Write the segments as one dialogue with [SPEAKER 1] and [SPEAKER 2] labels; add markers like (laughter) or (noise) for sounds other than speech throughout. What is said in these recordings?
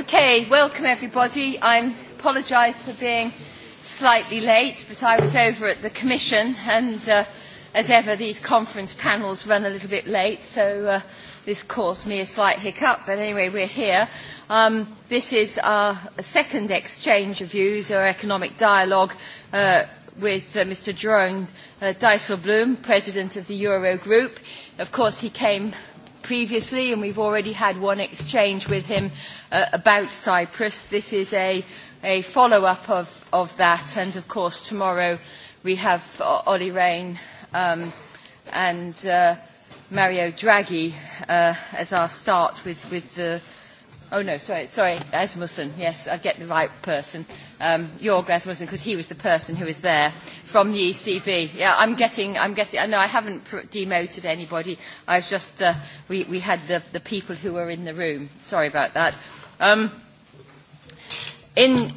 [SPEAKER 1] Okay, welcome everybody. I apologise for being slightly late, but I was over at the Commission, and uh, as ever, these conference panels run a little bit late, so uh, this caused me a slight hiccup, but anyway, we're here. Um, this is our second exchange of views, or economic dialogue, uh, with uh, Mr. Jerome uh, Dijsselbloem, President of the Eurogroup. Of course, he came previously, and we've already had one exchange with him uh, about Cyprus. This is a, a follow-up of, of that, and of course tomorrow we have uh, Olli Rehn um, and uh, Mario Draghi uh, as our start with, with the Oh no, sorry, sorry, Asmussen. Yes, I get the right person. Um, Jorg Asmussen, because he was the person who was there from the ECB. Yeah, I'm getting, I'm getting. I know I haven't demoted anybody. I've just, uh, we, we had the, the people who were in the room. Sorry about that. Um, in,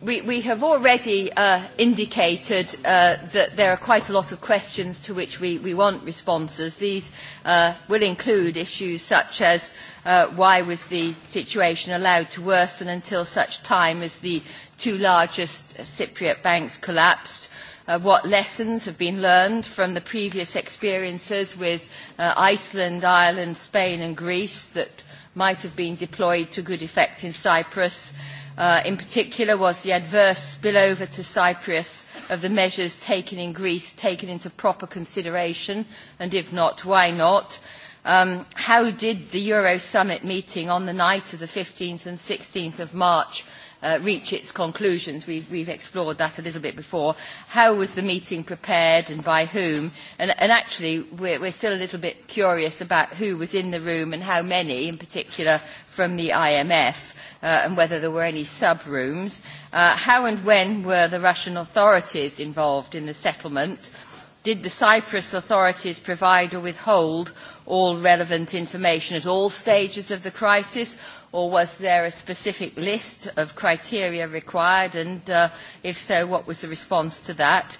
[SPEAKER 1] we, we have already uh, indicated uh, that there are quite a lot of questions to which we, we want responses. These uh, will include issues such as uh, why was the situation allowed to worsen until such time as the two largest Cypriot banks collapsed, uh, what lessons have been learned from the previous experiences with uh, Iceland, Ireland, Spain and Greece that might have been deployed to good effect in Cyprus, uh, in particular was the adverse spillover to Cyprus of the measures taken in Greece taken into proper consideration, and if not, why not? Um, how did the Euro summit meeting on the night of the 15th and 16th of March uh, reach its conclusions. We've, we've explored that a little bit before. How was the meeting prepared and by whom? And, and actually, we're, we're still a little bit curious about who was in the room and how many, in particular from the IMF uh, and whether there were any sub-rooms. Uh, how and when were the Russian authorities involved in the settlement? Did the Cyprus authorities provide or withhold all relevant information at all stages of the crisis, or was there a specific list of criteria required, and uh, if so, what was the response to that?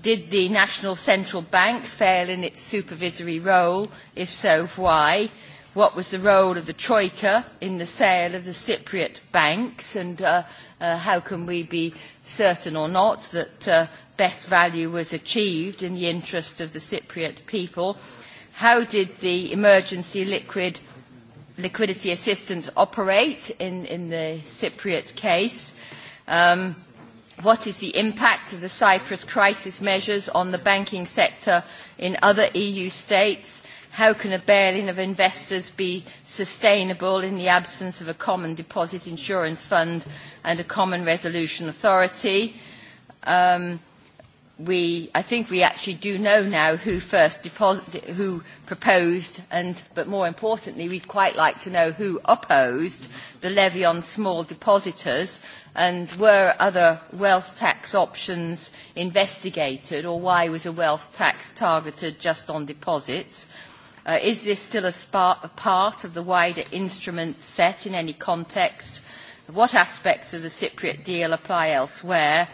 [SPEAKER 1] Did the National Central Bank fail in its supervisory role? If so, why? what was the role of the Troika in the sale of the Cypriot banks and uh, uh, how can we be certain or not that uh, best value was achieved in the interest of the Cypriot people. How did the emergency liquid, liquidity assistance operate in, in the Cypriot case? Um, what is the impact of the Cyprus crisis measures on the banking sector in other EU states? How can a bail-in of investors be sustainable in the absence of a common deposit insurance fund and a common resolution authority? Um, we, I think we actually do know now who first deposit, who proposed, and, but more importantly, we'd quite like to know who opposed the levy on small depositors and were other wealth tax options investigated or why was a wealth tax targeted just on deposits? Uh, is this still a, spa part of the wider instrument set in any context? What aspects of the Cypriot deal apply elsewhere?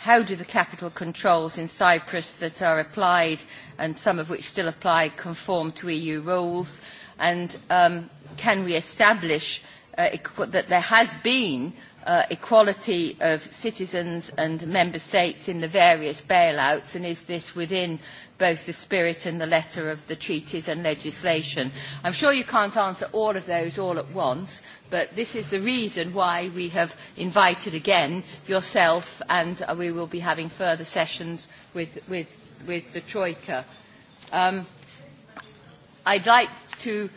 [SPEAKER 1] How do the capital controls in Cyprus that are applied and some of which still apply conform to EU rules? And um, can we establish uh, that there has been uh, equality of citizens and member states in the various bailouts and is this within both the spirit and the letter of the treaties and legislation. I'm sure you can't answer all of those all at once, but this is the reason why we have invited again yourself and uh, we will be having further sessions with, with, with the Troika. Um, I'd like to,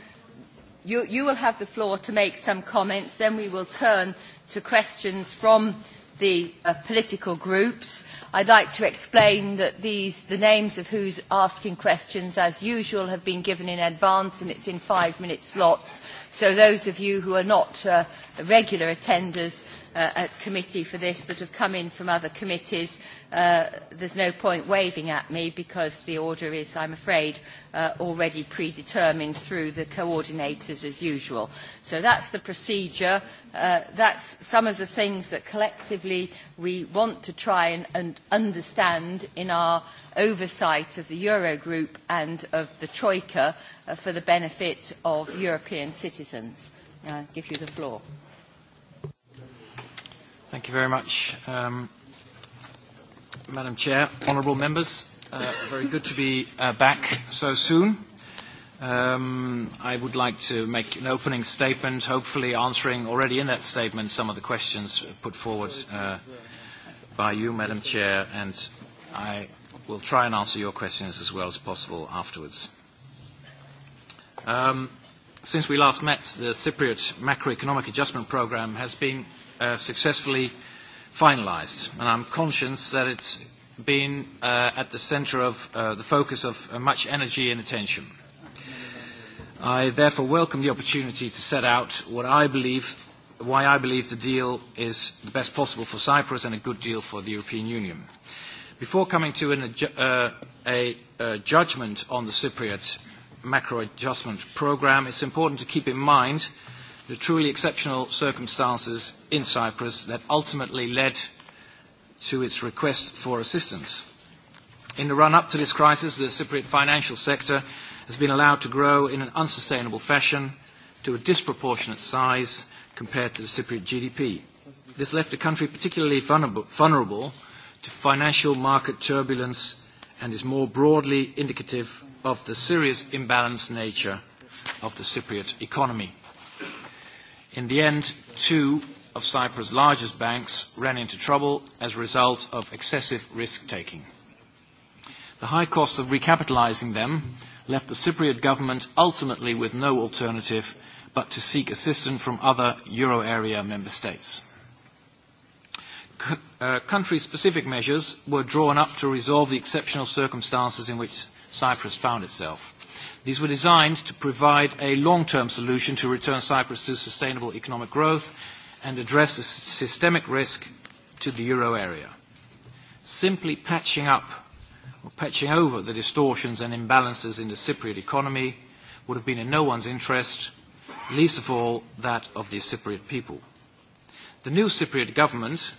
[SPEAKER 1] you, you will have the floor to make some comments, then we will turn to questions from the uh, political groups. I'd like to explain that these, the names of who's asking questions, as usual, have been given in advance and it's in five-minute slots. So those of you who are not uh, regular attenders uh, at committee for this that have come in from other committees, uh, there's no point waving at me because the order is, I'm afraid, uh, already predetermined through the coordinators as usual. So that's the procedure. Uh, that's some of the things that collectively we want to try and, and understand in our oversight of the Eurogroup and of the Troika uh, for the benefit of European citizens. Uh, give you the floor.
[SPEAKER 2] Thank you very much, um, Madam Chair, honourable members. Uh, very good to be uh, back so soon. Um, I would like to make an opening statement, hopefully answering already in that statement some of the questions put forward uh, by you, Madam Chair, and I will try and answer your questions as well as possible afterwards. Um, since we last met, the Cypriot Macroeconomic Adjustment Programme has been uh, successfully finalized. And I'm conscious that it's been uh, at the center of uh, the focus of uh, much energy and attention. I therefore welcome the opportunity to set out what I believe, why I believe the deal is the best possible for Cyprus and a good deal for the European Union. Before coming to an, uh, a, a judgment on the Cypriot macro adjustment program, it's important to keep in mind the truly exceptional circumstances in Cyprus that ultimately led to its request for assistance. In the run-up to this crisis, the Cypriot financial sector has been allowed to grow in an unsustainable fashion to a disproportionate size compared to the Cypriot GDP. This left the country particularly vulnerable to financial market turbulence and is more broadly indicative of the serious imbalanced nature of the Cypriot economy. In the end, two of Cyprus' largest banks ran into trouble as a result of excessive risk-taking. The high cost of recapitalizing them left the Cypriot government ultimately with no alternative but to seek assistance from other euro area member states. C uh, country-specific measures were drawn up to resolve the exceptional circumstances in which Cyprus found itself. These were designed to provide a long-term solution to return Cyprus to sustainable economic growth and address the systemic risk to the euro area. Simply patching up or patching over the distortions and imbalances in the Cypriot economy would have been in no one's interest, least of all that of the Cypriot people. The new Cypriot government,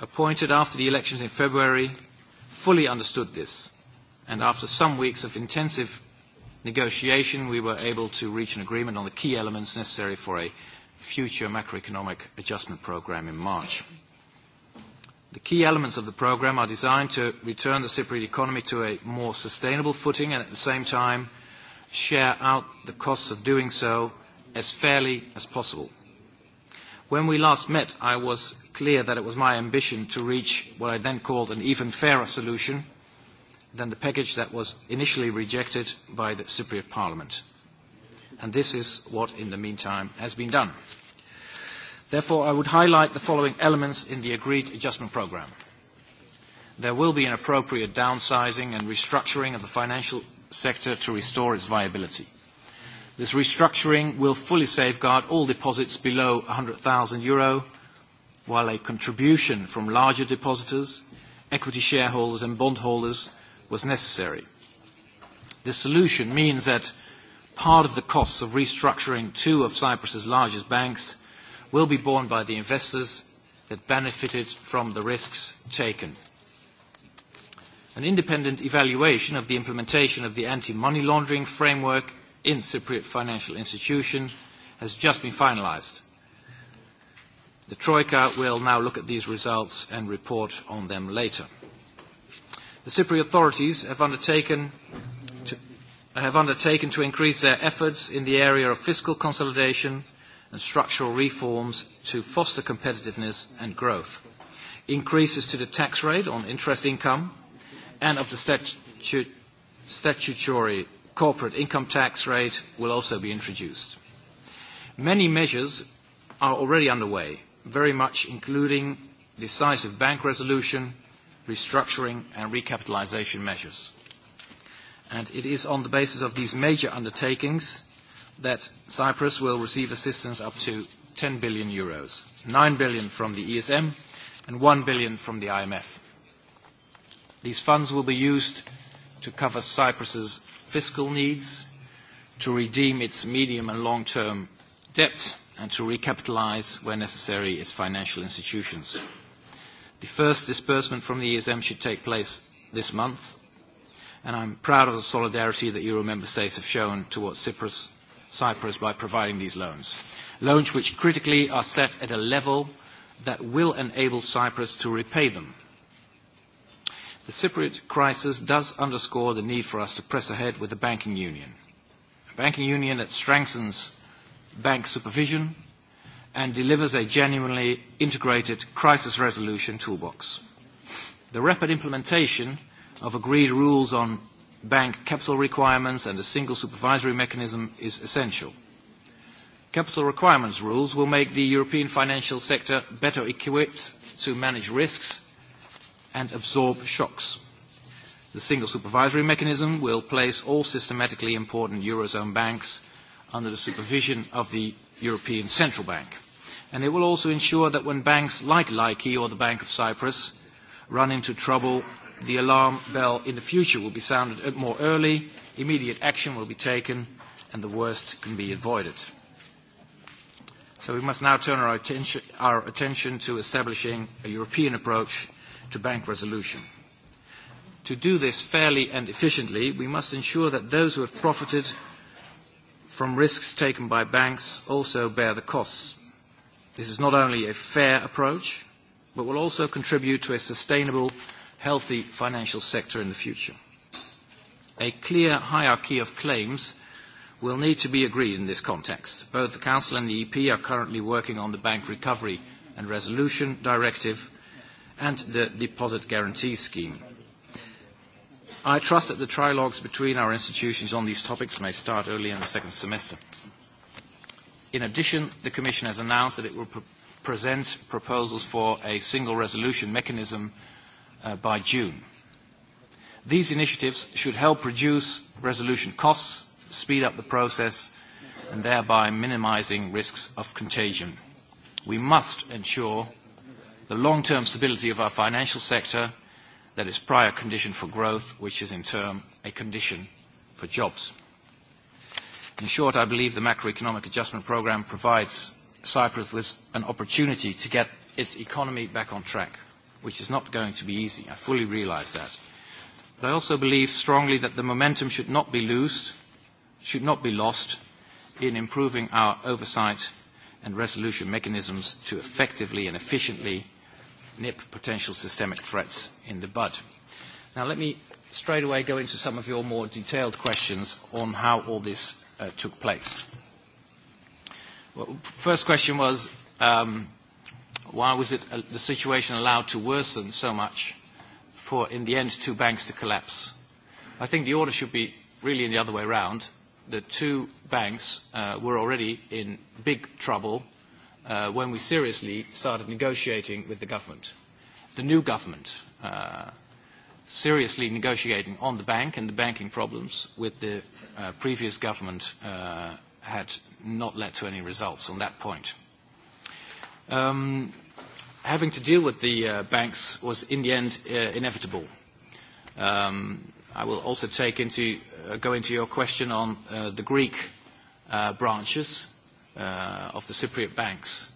[SPEAKER 2] appointed after the elections in February, fully understood this, and after some weeks of intensive negotiation, we were able to reach an agreement on the key elements necessary for a future macroeconomic adjustment programme in March. The key elements of the programme are designed to return the Cypriot economy to a more sustainable footing and at the same time share out the costs of doing so as fairly as possible. When we last met, I was clear that it was my ambition to reach what I then called an even fairer solution – than the package that was initially rejected by the Cypriot Parliament. And this is what, in the meantime, has been done. Therefore, I would highlight the following elements in the agreed adjustment programme. There will be an appropriate downsizing and restructuring of the financial sector to restore its viability. This restructuring will fully safeguard all deposits below 100,000 euro, while a contribution from larger depositors, equity shareholders and bondholders was necessary. This solution means that part of the costs of restructuring two of Cyprus's largest banks will be borne by the investors that benefited from the risks taken. An independent evaluation of the implementation of the anti-money laundering framework in Cypriot financial institution has just been finalised. The Troika will now look at these results and report on them later. The Cypriot authorities have undertaken to, have undertaken to increase their efforts in the area of fiscal consolidation and structural reforms to foster competitiveness and growth. Increases to the tax rate on interest income and of the statu statutory corporate income tax rate will also be introduced. Many measures are already underway, very much including decisive bank resolution, restructuring and recapitalization measures. it is on the basis of these major undertakings that Cyprus will receive assistance up to 10 billion euros, 9 billion from the ESM and 1 billion from the IMF. These funds will be used to cover Cyprus's fiscal needs, to redeem its medium and long-term debt, and to recapitalize, where necessary, its financial institutions. The first disbursement from the ESM should take place this month, and I'm proud of the solidarity that Euro member states have shown towards Cyprus, Cyprus by providing these loans. Loans which critically are set at a level that will enable Cyprus to repay them. The Cypriot crisis does underscore the need for us to press ahead with the banking union. A banking union that strengthens bank supervision, and delivers a genuinely integrated crisis resolution toolbox. The rapid implementation of agreed rules on bank capital requirements and a single supervisory mechanism is essential. Capital requirements rules will make the European financial sector better equipped to manage risks and absorb shocks. The single supervisory mechanism will place all systematically important Eurozone banks under the supervision of the European Central Bank and it will also ensure that when banks like Laiki or the Bank of Cyprus run into trouble, the alarm bell in the future will be sounded more early, immediate action will be taken, and the worst can be avoided. So we must now turn our attention, our attention to establishing a European approach to bank resolution. To do this fairly and efficiently, we must ensure that those who have profited from risks taken by banks also bear the costs. This is not only a fair approach, but will also contribute to a sustainable, healthy financial sector in the future. A clear hierarchy of claims will need to be agreed in this context. Both the Council and the EP are currently working on the Bank Recovery and Resolution Directive and the Deposit Guarantee Scheme. I trust that the trilogues between our institutions on these topics may start early in the second semester. In addition, the Commission has announced that it will pr present proposals for a single resolution mechanism uh, by June. These initiatives should help reduce resolution costs, speed up the process, and thereby minimizing risks of contagion. We must ensure the long-term stability of our financial sector that is prior condition for growth, which is in turn a condition for jobs. In short, I believe the macroeconomic adjustment programme provides Cyprus with an opportunity to get its economy back on track, which is not going to be easy. I fully realise that. But I also believe strongly that the momentum should not be loosed, should not be lost in improving our oversight and resolution mechanisms to effectively and efficiently nip potential systemic threats in the bud. Now let me straight away go into some of your more detailed questions on how all this uh, took place. Well, first question was, um, why was it uh, the situation allowed to worsen so much for, in the end, two banks to collapse? I think the order should be really in the other way around. The two banks uh, were already in big trouble uh, when we seriously started negotiating with the government. The new government, uh, seriously negotiating on the bank and the banking problems with the uh, previous government uh, had not led to any results on that point. Um, having to deal with the uh, banks was in the end uh, inevitable. Um, I will also take into, uh, go into your question on uh, the Greek uh, branches uh, of the Cypriot banks.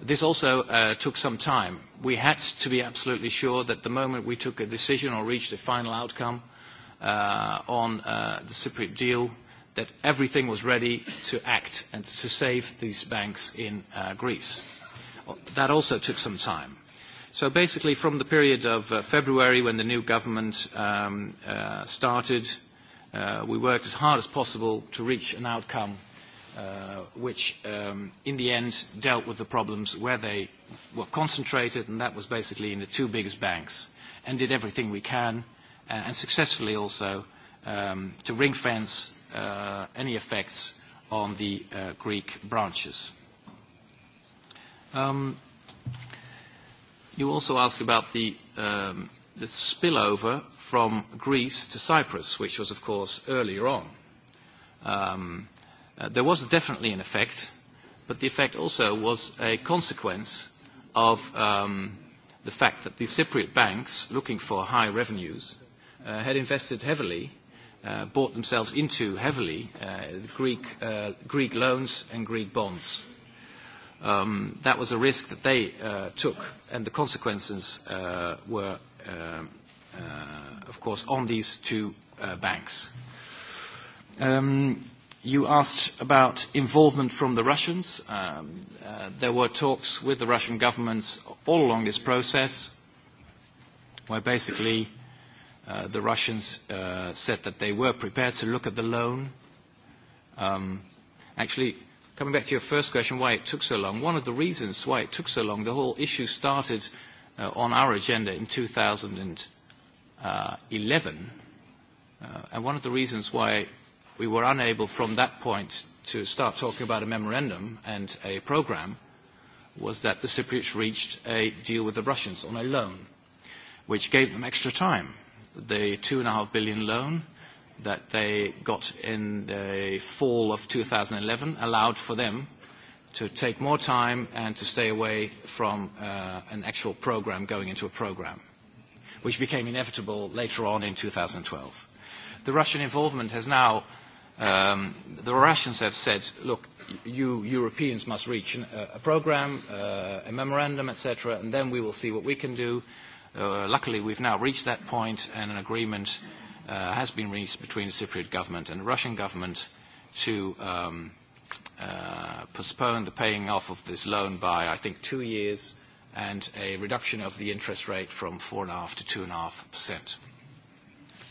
[SPEAKER 2] This also uh, took some time. We had to be absolutely sure that the moment we took a decision or reached a final outcome uh, on uh, the Cypriot deal, that everything was ready to act and to save these banks in uh, Greece. Uh, that also took some time. So basically from the period of uh, February when the new government um, uh, started, uh, we worked as hard as possible to reach an outcome uh, which um, in the end dealt with the problems where they were concentrated, and that was basically in the two biggest banks, and did everything we can, uh, and successfully also, um, to ring fence uh, any effects on the uh, Greek branches. Um, you also asked about the, um, the spillover from Greece to Cyprus, which was, of course, earlier on. Um, Uh, there was definitely an effect, but the effect also was a consequence of um, the fact that the Cypriot banks, looking for high revenues, uh, had invested heavily, uh, bought themselves into heavily uh, Greek, uh, Greek loans and Greek bonds. Um, that was a risk that they uh, took, and the consequences uh, were, uh uh, of course, on these two uh, banks. Um, you asked about involvement from the Russians. Um, uh, there were talks with the Russian governments all along this process where basically uh, the Russians uh, said that they were prepared to look at the loan. Um, actually, coming back to your first question, why it took so long, one of the reasons why it took so long, the whole issue started uh, on our agenda in 2011. Uh, uh, and one of the reasons why we were unable from that point to start talking about a memorandum and a program was that the Cypriots reached a deal with the Russians on a loan, which gave them extra time. The two and a half billion loan that they got in the fall of 2011 allowed for them to take more time and to stay away from uh, an actual program going into a program, which became inevitable later on in 2012. The Russian involvement has now Um, the Russians have said, look, you Europeans must reach an, uh, a program, uh, a memorandum, etc., and then we will see what we can do. Uh, luckily, we've now reached that point, and an agreement uh, has been reached between the Cypriot government and the Russian government to um, uh, postpone the paying off of this loan by, I think, two years and a reduction of the interest rate from 4.5 to 2.5 percent.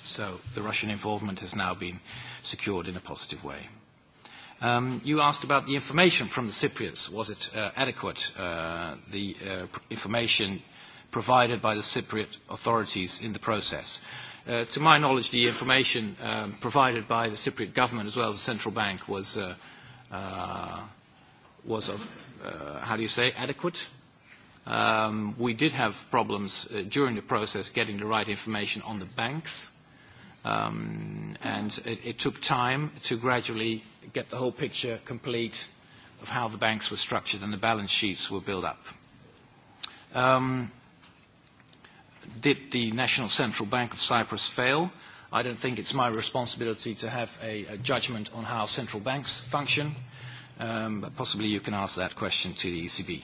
[SPEAKER 2] So the Russian involvement has now been secured in a positive way. Um, you asked about the information from the Cypriots. Was it uh, adequate, uh, the uh, information provided by the Cypriot authorities in the process? Uh, to my knowledge, the information um, provided by the Cypriot government as well as the central bank was, uh, uh, was of, uh, how do you say, adequate. Um, we did have problems uh, during the process getting the right information on the banks Um, and it, it took time to gradually get the whole picture complete of how the banks were structured and the balance sheets were built up. Um, did the National Central Bank of Cyprus fail? I don't think it's my responsibility to have a, a judgment on how central banks function, um, but possibly you can ask that question to the ECB.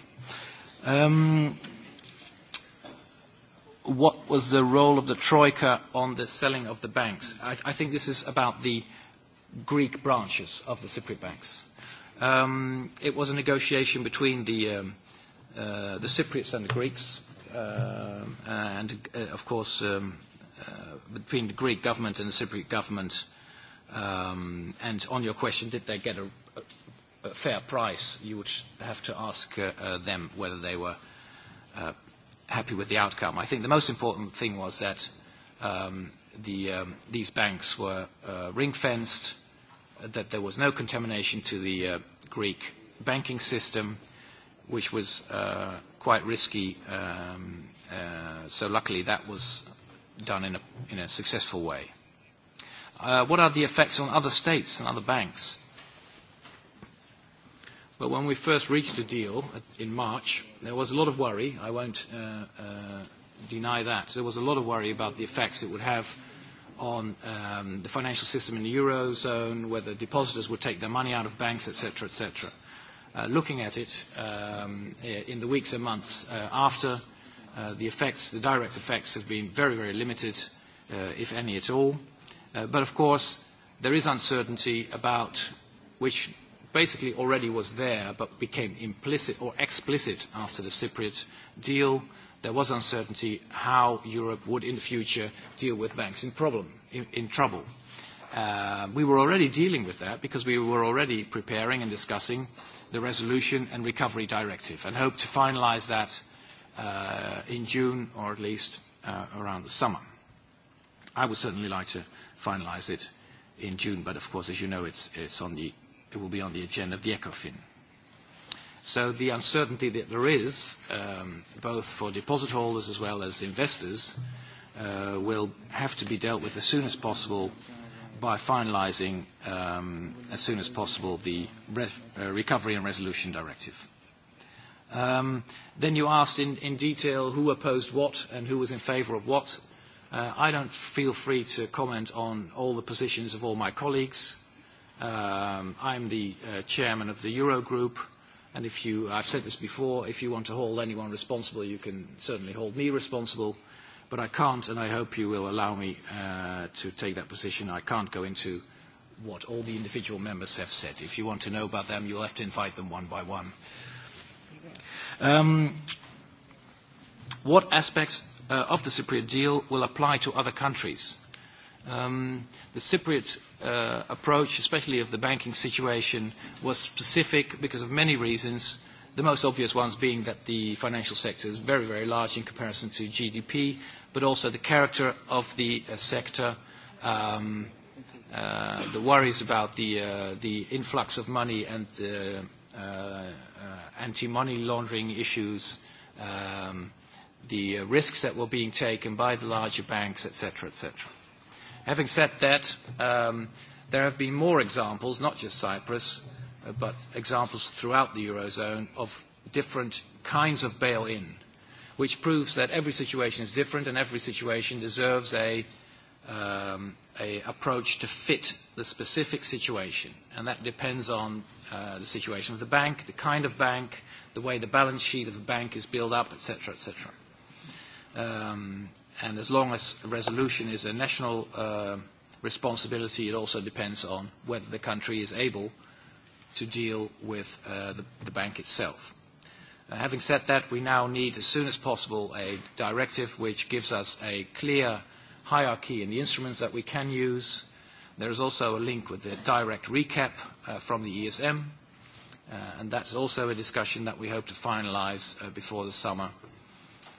[SPEAKER 2] Um, what was the role of the Troika on the selling of the banks? I, I think this is about the Greek branches of the Cypriot banks. Um, it was a negotiation between the, um, uh, the Cypriots and the Greeks, uh, and uh, of course um, uh, between the Greek government and the Cypriot government. Um, and on your question, did they get a, a, a fair price, you would have to ask uh, uh, them whether they were uh, happy with the outcome. I think the most important thing was that um, the, um, these banks were uh, ring-fenced, uh, that there was no contamination to the uh, Greek banking system, which was uh, quite risky. Um, uh, so luckily that was done in a, in a successful way. Uh, what are the effects on other states and other banks? But when we first reached a deal in March, there was a lot of worry. I won't uh, uh, deny that. There was a lot of worry about the effects it would have on um, the financial system in the Eurozone, whether depositors would take their money out of banks, etc., etc. Uh, looking at it um, in the weeks and months uh, after, uh, the effects, the direct effects have been very, very limited, uh, if any at all. Uh, but of course, there is uncertainty about which basically already was there but became implicit or explicit after the Cypriot deal. There was uncertainty how Europe would in the future deal with banks in, problem, in, in trouble. Uh, we were already dealing with that because we were already preparing and discussing the Resolution and Recovery Directive and hope to finalize that uh, in June or at least uh, around the summer. I would certainly like to finalize it in June, but of course, as you know, it's, it's on the it will be on the agenda of the ECOFIN. So the uncertainty that there is, um, both for deposit holders as well as investors, uh, will have to be dealt with as soon as possible by finalising um, as soon as possible the ref, uh, Recovery and Resolution Directive. Um, then you asked in, in detail who opposed what and who was in favour of what. Uh, I don't feel free to comment on all the positions of all my colleagues. Um, I'm the uh, chairman of the Eurogroup, and if you, I've said this before, if you want to hold anyone responsible, you can certainly hold me responsible, but I can't, and I hope you will allow me uh, to take that position. I can't go into what all the individual members have said. If you want to know about them, you'll have to invite them one by one. Um, what aspects uh, of the Cypriot deal will apply to other countries? Um, the Cypriot uh, approach, especially of the banking situation, was specific because of many reasons, the most obvious ones being that the financial sector is very, very large in comparison to GDP, but also the character of the uh, sector, um, uh, the worries about the, uh, the influx of money and uh, uh, uh anti-money laundering issues, um, the uh, risks that were being taken by the larger banks, etc., etc. Having said that, um, there have been more examples, not just Cyprus, uh, but examples throughout the Eurozone of different kinds of bail-in, which proves that every situation is different and every situation deserves a, um, a approach to fit the specific situation. And that depends on uh, the situation of the bank, the kind of bank, the way the balance sheet of a bank is built up, etc., etc. Um, And as long as a resolution is a national uh, responsibility, it also depends on whether the country is able to deal with uh, the, the bank itself. Uh, having said that, we now need, as soon as possible, a directive which gives us a clear hierarchy in the instruments that we can use. There is also a link with the direct recap uh, from the ESM, uh, and that's also a discussion that we hope to finalize uh, before the summer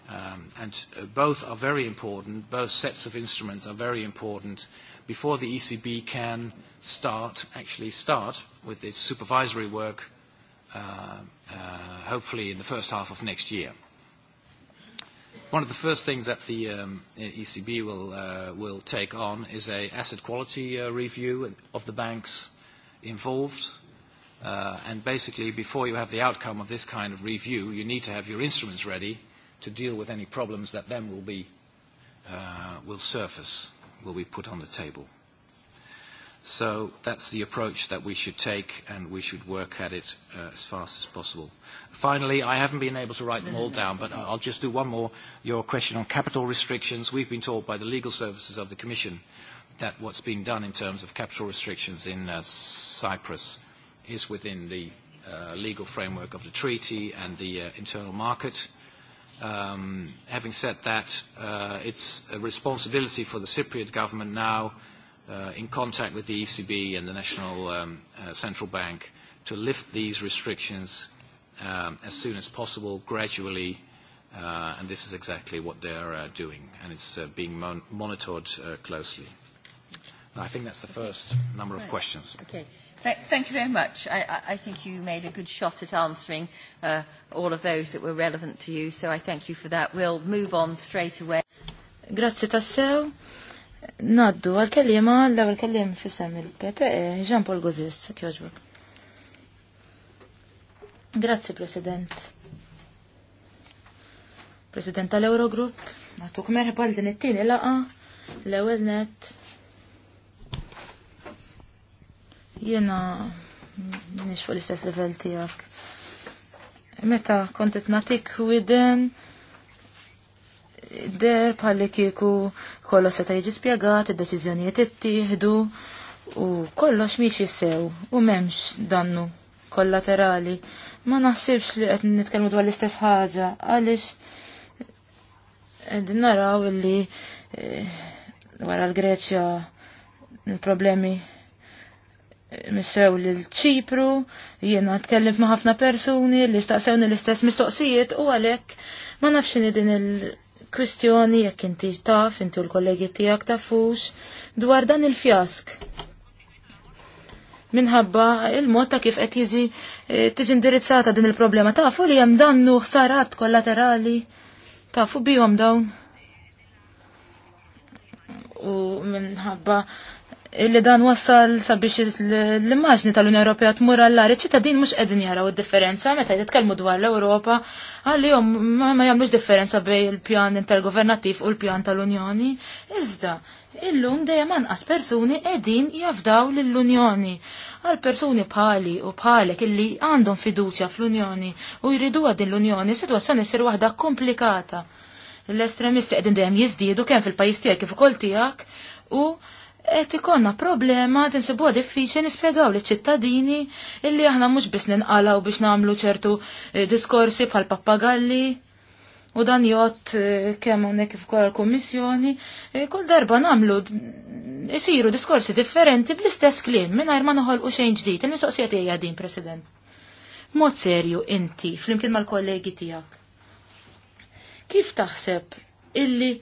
[SPEAKER 2] Um, and uh, both are very important, both sets of instruments are very important before the ECB can start, actually start with its supervisory work, uh, uh, hopefully in the first half of next year. One of the first things that the um, ECB will, uh, will take on is a asset quality uh, review of the banks involved. Uh, and basically, before you have the outcome of this kind of review, you need to have your instruments ready uh, to deal with any problems that then will be uh, will surface, will be put on the table. So that's the approach that we should take, and we should work at it uh, as fast as possible. Finally, I haven't been able to write them all down, but I'll just do one more. Your question on capital restrictions. We've been told by the legal services of the Commission that what's been done in terms of capital restrictions in uh, Cyprus is within the uh, legal framework of the treaty and the uh, internal market. Uh, Um, having said that, uh, it's a responsibility for the Cypriot government now, uh, in contact with the ECB and the National um, uh, Central Bank, to lift these restrictions um, as soon as possible, gradually, uh, and this is exactly what they're uh, doing, and it's uh, being mon monitored uh, closely. I think that's the first number of questions. Okay
[SPEAKER 1] thank you very much. I, I, think you made a good shot at answering uh, all of those that were relevant to you, so I thank you for that. We'll move on straight away. Grazie tassew.
[SPEAKER 3] Naddu għal-kellima, l-għal kellim fissam il-PPE, eh, Jean Paul Gozis, kjoġbuk. Grazie, President. President tal-Eurogrupp, għatuk merħba l-din it-tini laqa, l-ewel net, Jena nix fuq l-istess level tijak. Meta kontet natik id der bħalli kieku kollo seta jiġi spiegat, id it ittieħdu u kollox miex jissew u memx dannu kollaterali. Ma naħsibx li qed nitkellmu dwar l-istess ħaġa għaliex qed naraw li eh, wara l-Greċja il-problemi missew l-ċipru, jiena tkellimt ma' ħafna persuni li staqsewni l-istess mistoqsijiet u għalhekk ma nafxini din il-kwistjoni jekk inti taf, inti u l-kollegi tiegħek tafux dwar dan il-fjask. Minħabba il-mod ta' kif qed jiġi e, tiġi indirizzata din il-problema tafu li hemm dannu ħsarat kollaterali tafu bihom dawn. U minħabba illi dan wassal sabiex l-immaġni tal-Unjoni Ewropea tmur għall-għar, ċittadin mhux qegħdin jaraw id-differenza meta jitkellmu dwar l-Ewropa, għalihom ma jagħmlux differenza bejn il-pjan intergovernattiv u l-pjan tal-Unjoni. Iżda, illum dejjem anqas persuni qegħdin jafdaw lill-Unjoni. Għal persuni bħali u bħalek illi għandhom fiduċja fl-Unjoni u jridu din l-Unjoni, sitwazzjoni ssir waħda komplikata. L-estremisti qegħdin dejjem jiżdiedu kemm fil-pajjiż tiegħek kif ukoll tiegħek u Et ikonna problema tinsibuha diffiċli nispjegaw li ċittadini illi aħna mhux biss ninqalaw biex nagħmlu ċertu eh, diskorsi bħal pappagalli u dan jgħod eh, kemm hawnhekk kif kol l-Kummissjoni, eh, kull darba nagħmlu isiru diskorsi differenti bl-istess kliem mingħajr ma noħolqu xejn ġdid. Il-mistoqsija tiegħi din, President. Mod serju inti flimkien mal-kollegi tiegħek. Kif taħseb illi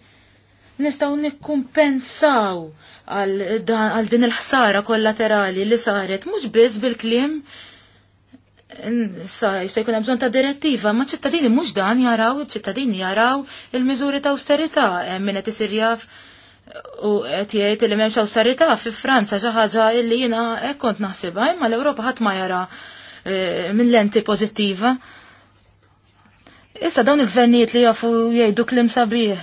[SPEAKER 3] nistaw nikkumpensaw għal din il-ħsara kollaterali li saret, mux biss bil-klim, sa jkun hemm bżonn ta' direttiva, ma' ċittadini mhux dan jaraw, ċittadini jaraw il-miżuri ta' austerità hemm min qed isir jaf u qed jgħid li m'hemmx awsterità fi Franza xi ħaġa li jiena hekk kont naħsibha, imma l-Ewropa ħadd ma jara eh, minn lenti pożittiva. Issa dawn il-gvernijiet li jafu jgħidu klim sabiħ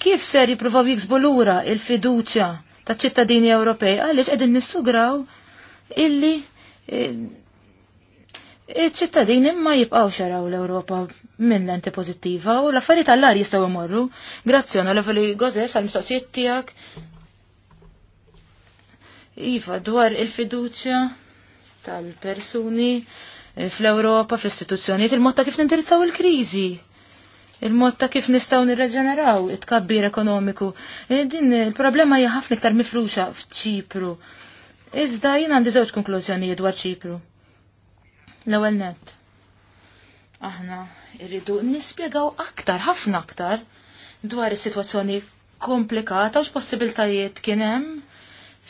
[SPEAKER 3] kif ser jippruvaw jiksbu lura il-fiduċja taċ ċittadini Ewropej għaliex qegħdin nissugraw illi e, iċ-ċittadini ma jibqgħu xaraw l-Ewropa minn lenti pożittiva u l-affarijiet għall jistaw jistgħu jmorru. Grazzi onorevoli Gozes għall-mistoqsijiet tiegħek. Iva, dwar il-fiduċja tal-persuni e, fl-Ewropa, fl-istituzzjonijiet, il motta kif nindirizzaw il-kriżi il-mod ta' kif nistaw nirreġeneraw it-kabbir ekonomiku. E, din il-problema hija ħafna iktar mifruxa f'ċipru. Iżda jien għandi żewġ konklużjonijiet dwar ċipru. L-ewwel nett. Aħna irridu nispjegaw aktar, ħafna aktar dwar is-sitwazzjoni komplikata u x'possibiltajiet kien hemm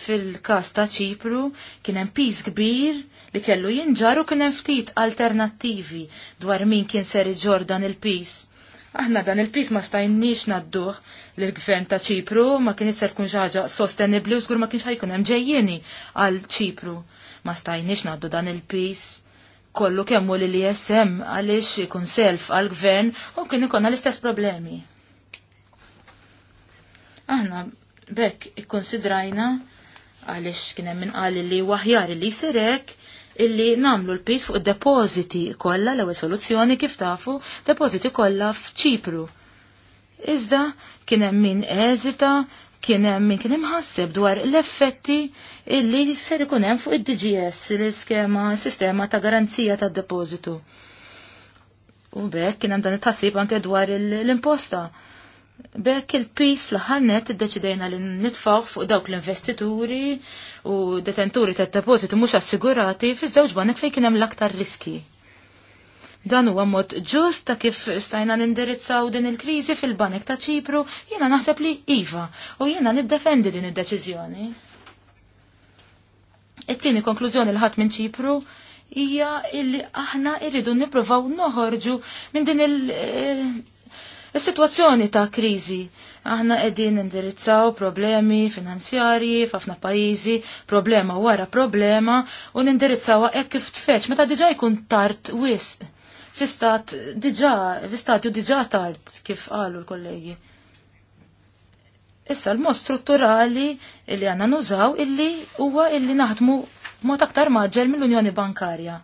[SPEAKER 3] fil-każ ta' ċipru kien hemm piż kbir li kellu jinġaru kien hemm ftit alternattivi dwar min kien ser dan il peace Aħna dan il-pis ma stajniex nadduh lill gvern ta' Ċipru, ma kien jisser tkun ħaġa sostenibli u żgur ma kienx xajkun hemm ġejjieni għal Ċipru. Ma stajniex naddu dan il-pis kollu kemm li l-ISM għaliex ikun self għall gvern u kien ikonna l-istess problemi. Aħna bekk ikkonsidrajna għaliex kien hemm min li waħjar li jsirek illi namlu l-pis fuq depoziti kollha l-ewwel soluzzjoni kif tafu depoziti kollha f'Ċipru. Iżda kien hemm min eżita, kien hemm min kien imħasseb dwar l-effetti illi ser ikun hemm fuq id-DGS l-iskema sistema ta' garanzija tad depozitu U bekk kien hemm dan it-tassib anke dwar l-imposta. l imposta Bekk il-pis fl-ħannet id-deċidejna li nitfaw fuq dawk l-investituri u detenturi ta' depozitu mhux assigurati fi żewġ banek fejn kien hemm l-aktar riski. Dan huwa mod ġust ta' kif stajna nindirizzaw din il-kriżi fil-banek ta' Ċipru, jiena naħseb li iva u jiena niddefendi din id-deċiżjoni. It-tieni konklużjoni l ħadd minn Ċipru hija illi aħna irridu nippruvaw noħorġu minn din il- eh, Is-sitwazzjoni ta' kriżi aħna qegħdin indirizzaw problemi finanzjarji f'ħafna pajjiżi, problema wara problema u nindirizzawha hekk kif tfeċ meta diġà jkun tard wisq. Fistat diġà, fistatju diġà tard kif qalu l-kollegi. Issa l-mod strutturali illi għanna nużaw illi huwa illi naħdmu mod aktar maġġel mill-Unjoni Bankarja.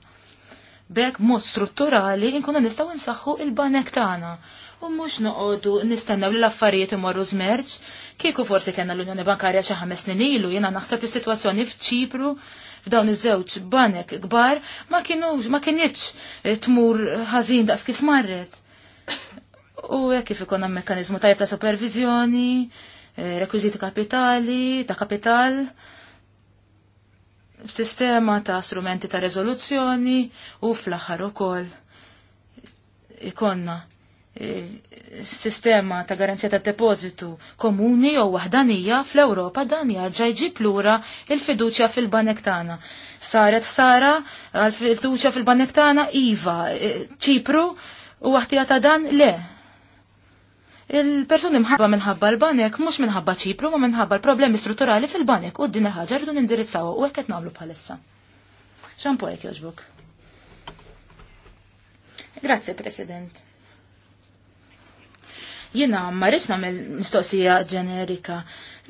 [SPEAKER 3] Bek mod strutturali nkunu nistgħu nsaħħu il-banek tagħna u mhux noqogħdu nistennew li l-affarijiet imorru zmerġ, Kieku forsi kellna l-Unjoni Bankarja xi ħames snin ilu jiena naħseb li sitwazzjoni f'Ċipru f'dawn iż-żewġ banek kbar ma kienux ma kienieċ eh, tmur ħażin daqs kif marret. U hekk kif ikun hemm mekkaniżmu tajb ta' supervizjoni, eh, rekwiżiti kapitali, ta' kapital b'sistema ta' strumenti ta' rezoluzzjoni u fl-aħħar ukoll ikonna E, sistema ta' garanzija ta' depożitu komuni jew waħdanija fl-Ewropa dan jarġa' jġib lura il-fiduċja fil-banek tagħna. Saret ħsara għal fiduċja fil-banek tagħna iva, e, ċipru u waħtija ta' dan le. Il-persuni mħabba minħabba l-banek mhux minħabba ċipru ma minħabba l-problemi strutturali fil-banek u d-dina ħaġa rridu nindirizzaw u hekk qed nagħmlu bħalissa. ċampu għek joġbuk. Grazie, President. Jina, ma rridx nagħmel mistoqsija ġenerika.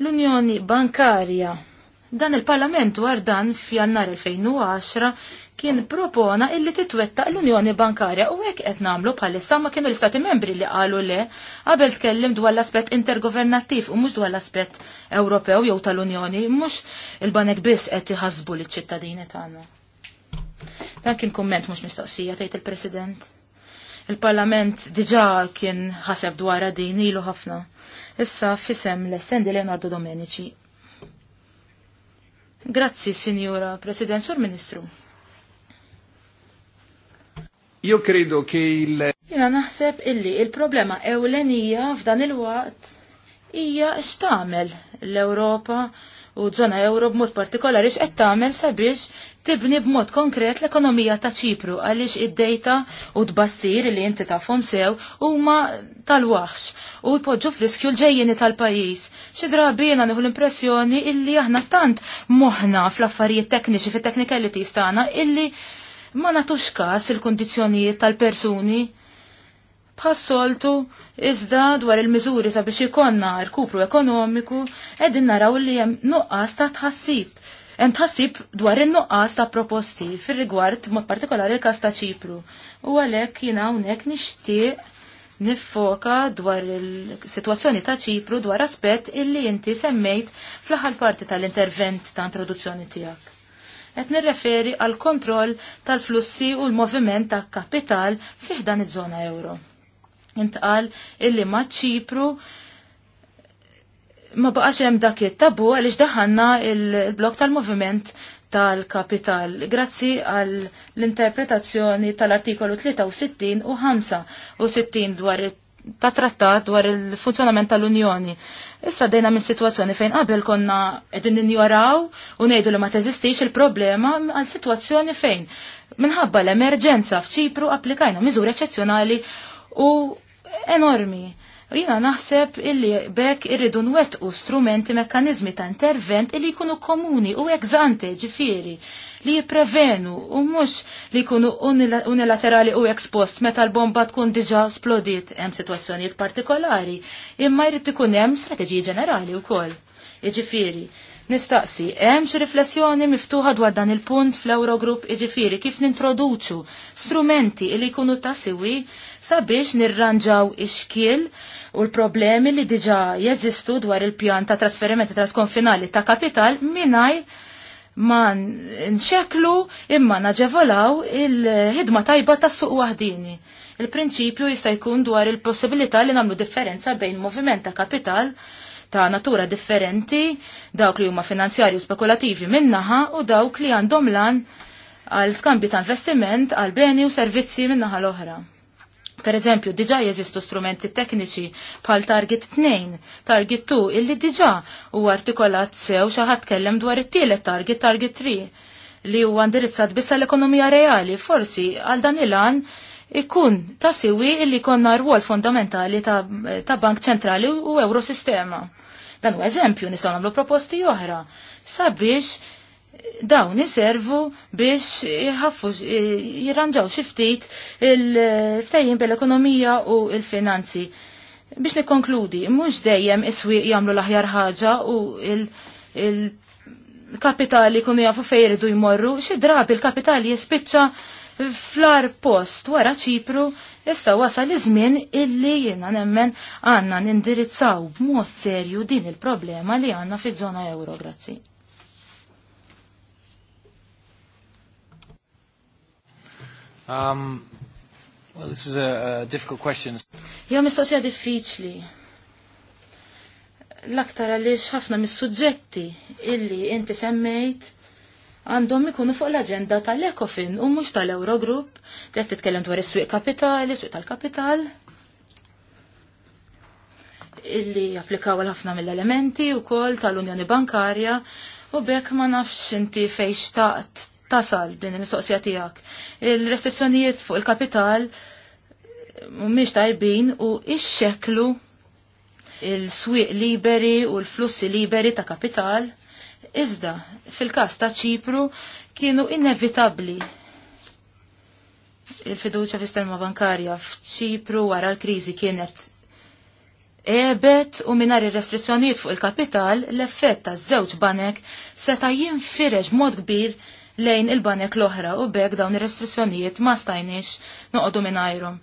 [SPEAKER 3] L-Unjoni Bankarja dan il-Parlament war dan f'Jannar 2010 kien propona illi titwettaq l-Unjoni Bankarja u għek qed nagħmlu bħalissa ma kienu l-Istati Membri li qalu le qabel tkellim dwar l-aspett intergovernattiv u mhux dwar l-aspett Ewropew jew tal-Unjoni, mhux il-banek biss qed iħasbu liċ-ċittadini tagħna. Dan kien kumment mhux mistoqsija tgħid il-President. Il-Parlament diġa kien ħaseb dwar din ilu ħafna. Issa fisem l-essendi Leonardo Domenici. Grazzi, Signora President, Sur Ministru.
[SPEAKER 2] Io credo che il...
[SPEAKER 3] Jina naħseb illi il-problema ewlenija f'dan il-waqt hija istamel l-Ewropa u żona Europa b'mod partikolari x'qed tagħmel sabiex tibni b'mod konkret l-ekonomija ta' ċipru għaliex id-dejta u tbassir li inti tafhom sew huma tal-waħx u jpoġġu friskju l-ġejjeni tal-pajjiż. Xi drabi jiena nieħu l-impressjoni illi aħna tant moħħna fl-affarijiet tekniċi fit-technicalities tagħna illi ma nagħtux każ il-kundizzjonijiet tal-persuni bħassoltu iżda dwar il-miżuri sabiex ikonna rkupru ekonomiku qegħdin naraw li hemm nuqqas ta' tħassib hemm tħassib dwar in-nuqqas ta' proposti fir-rigward mod partikolari l-każ ta' Ċipru. U għalhekk jiena hawnhekk nixtieq niffoka dwar il-sitwazzjoni ta' Ċipru dwar aspett illi inti semmejt fl-aħħar parti tal-intervent ta' introduzzjoni tiegħek. Qed nirreferi għal kontroll tal-flussi u l-moviment ta' kapital fih dan iż-żona euro. Intqal illi ma' Ċipru ma baqax hemm dak it-tabu għaliex daħanna il-blok tal-moviment tal-kapital. Grazzi għall interpretazzjoni tal-artikolu 63 u 65 dwar ta' trattat dwar il-funzjonament tal-Unjoni. Issa dejna minn situazzjoni fejn qabel konna qegħdin ninjoraw u ngħidu li ma teżistix il-problema għal situazzjoni fejn minħabba l-emerġenza f'Ċipru applikajna miżuri eċċezzjonali u enormi jina naħseb illi bekk irridu nwettqu strumenti mekkanizmi ta' intervent illi jkunu komuni u egzante ġifiri li jiprevenu u mux li jkunu unilaterali u ekspost meta l-bomba tkun diġa splodit hemm situazzjonijiet partikolari imma jrid ikun hemm strateġiji ġenerali wkoll. Iġifiri, Nistaqsi, hemm xi riflessjoni miftuħa dwar dan il-punt fl-Eurogroup iġifieri kif nintroduċu strumenti li jkunu ta' siwi sabiex nirranġaw ix-xkiel u l-problemi li diġà jeżistu dwar il-pjan ta' trasferimenti trasconfinali ta' kapital mingħajr ma nxeklu imma naġevolaw il-ħidma tajba ta' suq waħdini. Il-prinċipju jista' jkun dwar il-possibilità li nagħmlu differenza bejn moviment ta' kapital ta' natura differenti, dawk li huma finanzjarju spekulativi minnaħa u dawk li għandhom lan għal skambi ta' investiment għal beni u servizzi minnaħa l-oħra. Per eżempju, diġa jeżistu strumenti tekniċi bħal Target 2, Target 2, illi diġa u artikolat sew xaħat kellem dwar it-tielet Target, Target 3, li huwa indirizzat bissa l-ekonomija reali, forsi għal dan il-għan ikun ta' siwi illi konna rwol fondamentali ta', ta bank ċentrali u eurosistema. Dan u eżempju nistgħu nagħmlu proposti oħra sabiex dawn iservu biex jħaffu jirranġaw xi ftit il-ftejjin bil-ekonomija u l-finanzi. Biex nikkonkludi, mhux dejjem is-swieq jagħmlu l-aħjar ħaġa u il- kapitali kunu jafu fejridu jridu jmorru, xi drabi l-kapitali jispiċċa fl-ar post wara ċipru Issa wasal iż-żmien illi jiena nemmen għandna nindirizzaw b'mod serju din il-problema li għandna fiż-żona euro, grazzi.
[SPEAKER 2] Um, well, this is a, a difficult question.
[SPEAKER 3] Jo mistoqsija diffiċli. L-aktar għaliex ħafna mis-suġġetti illi inti semmejt għandhom ikunu fuq l-agenda tal-Ecofin u mhux tal-Eurogroup, qed titkellem dwar is-swieq kapitali, is-swieq tal-kapital illi applikaw ħafna mill-elementi u kol tal-Unjoni Bankarja u bekk ma nafx inti fej xtaqt tasal din il-mistoqsija tijak. Il-restrizzjonijiet fuq il-kapital mumiex tajbin u ix-xeklu il-swiq liberi u l-flussi liberi ta' kapital iżda fil-każ ta' Ċipru kienu inevitabbli il-fiduċa fis-sistema bankarja f'Ċipru wara l-kriżi kienet ebet u minar il-restrizzjoniet fuq il-kapital l-effett ta' żewġ banek seta' jinfireġ mod kbir lejn il-banek l-oħra u bekk dawn ir-restrizzjonijiet ma stajniex noqogħdu mingħajrhom.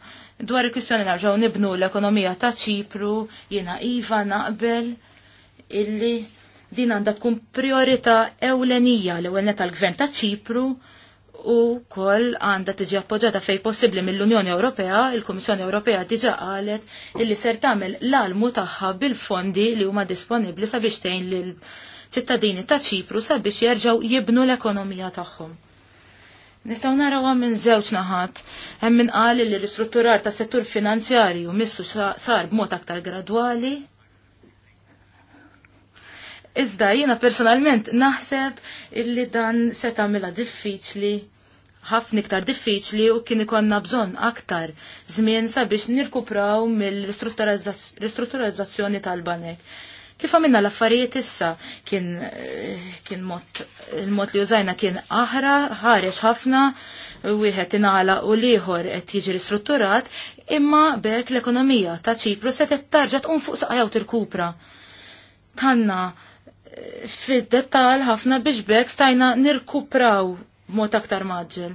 [SPEAKER 3] Dwar il-kwistjoni narġgħu nibnu l-ekonomija ta' Ċipru jiena iva naqbel illi din għandha tkun priorità ewlenija l ewwel tal-Gvern ta' Ċipru u kol għandha tiġi appoġġata fej possibbli mill-Unjoni Ewropea, il-Kummissjoni Ewropea diġa qalet illi ser tagħmel l-almu tagħha bil-fondi li huma disponibbli sabiex tgħin lill ċittadini ta' Ċipru sabiex jerġgħu jibnu l-ekonomija tagħhom. Nistaw naraw minn żewġ naħat, hemm min qal li l-istrutturar ta' settur finanzjarju missu sar b'mod aktar gradwali Iżda jiena personalment naħseb illi dan se tagħmilha diffiċli ħafna iktar diffiċli u kien ikonna bżonn aktar żmien sabiex nirkupraw mill-ristrutturizzazzjoni tal-banek. Kif għamilna l-affarijiet issa kien eh, kien mod il-mod li użajna kien aħra, ħareġ ħafna, wieħed inala u liħor qed jiġi ristrutturat, imma bekk l-ekonomija ta' Ċipru se tettarġa tqum fuq saqajaw tirkupra. Tanna fid-dettal ħafna biex bek stajna nirkupraw mod aktar maġġel.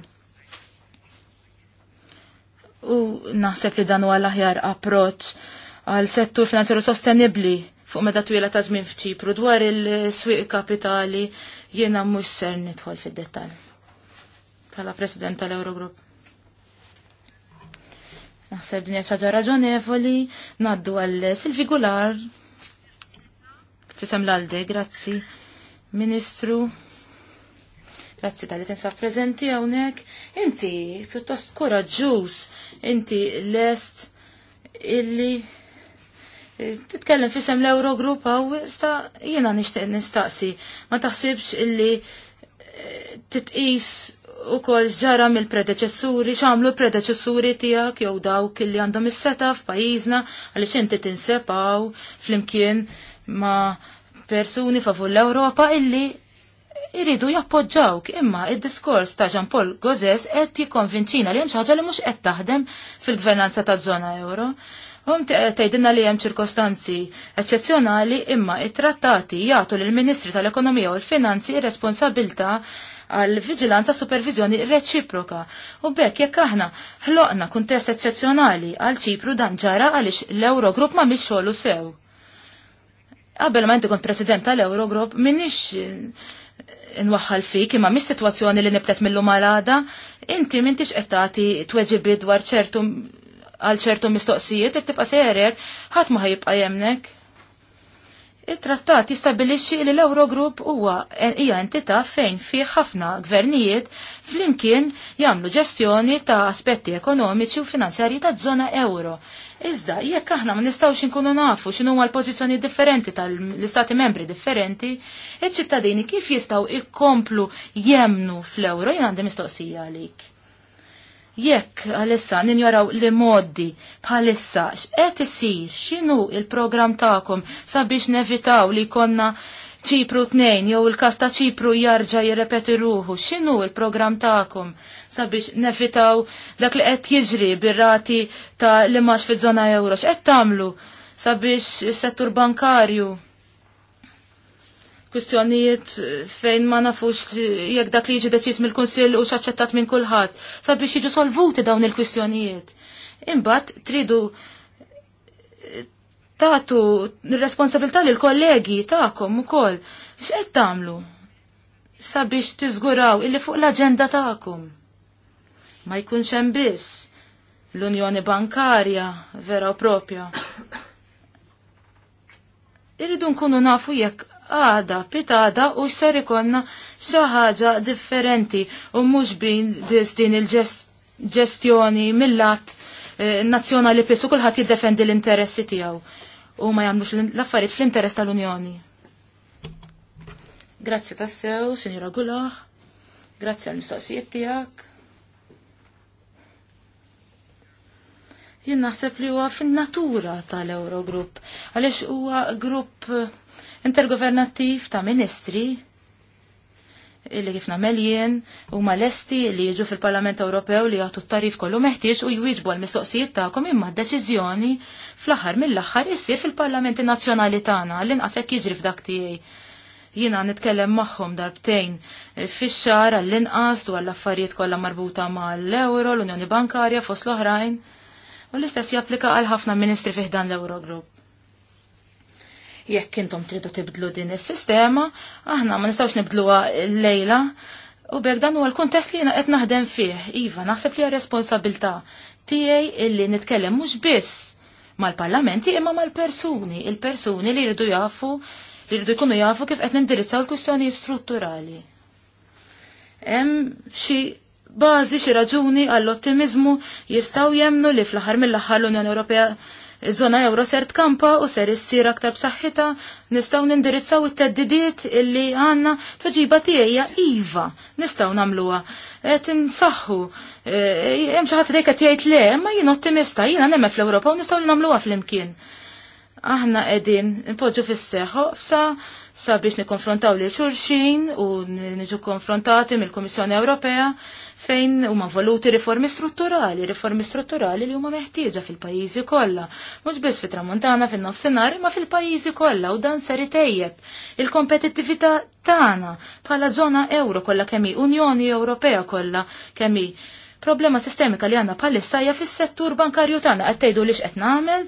[SPEAKER 3] U naħseb li dan huwa l-aħjar approċċ għal settur finanzjaru sostenibbli fuq meta twila ta' żmien f'Ċipru dwar il-swieq kapitali jiena mhux ser nidħol fid-dettall. Bħala President tal-Eurogrupp. Naħseb din xaġa raġonevoli, naddu għal Silvi Gular Fisem l-alde, grazzi. Ministru, grazzi tal-li tinsab prezenti għawnek. Inti, pjuttost koraġġuż, inti lest illi titkellem fisem l-Eurogrupp għaw, sta jena nishtiq nistaqsi. Ma taħsibx illi eh, titqis u kol ġara mill-predeċessuri, xamlu predeċessuri tijak jew dawk illi għandhom is-seta f'pajjiżna għaliex inti tinsepaw flimkien ma' persuni favur l-Ewropa illi jridu jappoġġawk imma id-diskors ta' Jean Paul Gozes qed jikkonvinċina li hemm xi ħaġa li mhux qed taħdem fil-gvernanza ta' żona euro. Hum tgħidilna li hemm ċirkostanzi eċċezzjonali imma it-trattati jagħtu lill ministri tal-Ekonomija u l-Finanzi responsabilta għal viġilanza supervizjoni reċiproka. U bekk jekk aħna ħloqna kuntest eċċezzjonali għal Ċipru dan ġara għaliex l-Eurogrupp ma mix sew. Qabel ma inti kont president tal-Eurogroup, minnix nwaħħal fik, imma mis situazzjoni li nibtet mill-lum għada, inti mintix qettati tweġibi dwar ċertu għal ċertu mistoqsijiet, jek tibqa serjek, ħadd ma ħajibqa jemnek. Il-trattat jistabilixxi li l-Eurogroup huwa hija entità fejn fih ħafna gvernijiet flimkien jagħmlu ġestjoni ta' aspetti ekonomiċi u finanzjarji ta' żona euro. Iżda, jekk aħna ma nistgħux inkunu nafu x'inhu huma l-pożizzjoni differenti tal-istati membri differenti, iċ-ċittadini kif jistgħu jkomplu jemnu fl-ewro jien għandi mistoqsija għalik. Jekk għalissa ninjoraw li modi bħalissa x'qed isir x'inhu il-programm tagħkom sabiex nevitaw li konna ċipru tnejn jew il kasta ta' ċipru jarġa' jirrepeti ruħu, x'inhu il-programm tagħkom sabiex nefitaw dak li qed jiġri bir-rati ta' li max fiż-żona euro, x'qed tagħmlu sabiex is-settur bankarju kustjonijiet fejn ma nafux jekk dak li jiġi deċiż mill-Kunsill u xaċċettat minn kulħadd sabiex jiġu solvuti dawn il-kwistjonijiet. Imbagħad tridu tatu responsabilità l kollegi ta'kom ukoll. X'qed tagħmlu? Sabiex tiżguraw illi fuq l-aġenda ta'kom. Ma jkunx hemm biss l-Unjoni Bankarja vera u propja. Irridu nkunu nafu jekk għada, pitada u xser ikonna xaħġa differenti u mux biz din il-ġestjoni mill-lat eh, nazzjonali nazjonali u kullħat jiddefendi l-interessi tijaw u ma jagħmlux l-affarijiet fl-interess tal-Unjoni. Grazzi tassew, Sinjora Gulah. Grazzi għal-mistoqsijiet tiegħek. Jien naħseb li huwa fin-natura tal-Eurogrupp, għaliex huwa grupp intergovernattiv ta' ministri illi kif nagħmel jien huma lesti li jiġu fil-Parlament Ewropew li jagħtu t-tarif kollu meħtieġ u jwieġbu għall-mistoqsijiet tagħkom imma d-deċiżjoni fl-aħħar mill-aħħar issir fil-Parlamenti Nazzjonali tagħna għall-inqas hekk jiġri f'dak tiegħi jina nitkellem magħhom darbtejn fix-xar għall-inqas u għall-affarijiet kollha marbuta mal-euro, l-Unjoni Bankarja fost l-oħrajn. U l-istess japplika għal ħafna ministri fiħdan l-Eurogroup. Jekk intom tridu tibdlu din is-sistema, aħna ma nistgħux nibdluha lejla. U bek dan huwa l-kuntest li jiena qed naħdem fih. Iva, naħseb li hija responsabilità tiegħi illi nitkellem mhux biss mal-parlamenti imma mal-persuni, il-persuni li jridu jafu li jridu jkunu jafu kif qed nindirizzaw l-kwistjoni strutturali. Hemm xi bażi xi raġuni għall-ottimizmu jistgħu jemnu li fl-aħħar mill-aħħar l-Unjoni Ewropea Iż-żona euro ser tkampa u ser issir aktar b'saħħita, nistgħu nindirizzaw it-teddidiet illi għandna tweġiba tiegħi iva nistgħu nagħmluha. Qed insaħħu eh, hemm xi ħadd qed jgħid le, ma jien ottimista jiena nemmen fl-Ewropa u nistgħu nagħmluha flimkien aħna qegħdin nipoġġu fis-seħħo fsa sabiex nikkonfrontaw li xurxin u niġu konfrontati mill-Kummissjoni Ewropea fejn huma voluti riformi strutturali, riformi strutturali li huma meħtieġa fil-pajjiżi kollha, mhux biss fit-Tramuntana fin-nofsinhar imma fil-pajjiżi kollha u dan ser itejjeb il-kompetittività tagħna bħala żona euro kollha kemm Unjoni Ewropea kollha kemm problema sistemika li għanna palissa hija fis-settur bankarju tagħna qed tgħidu lix qed nagħmel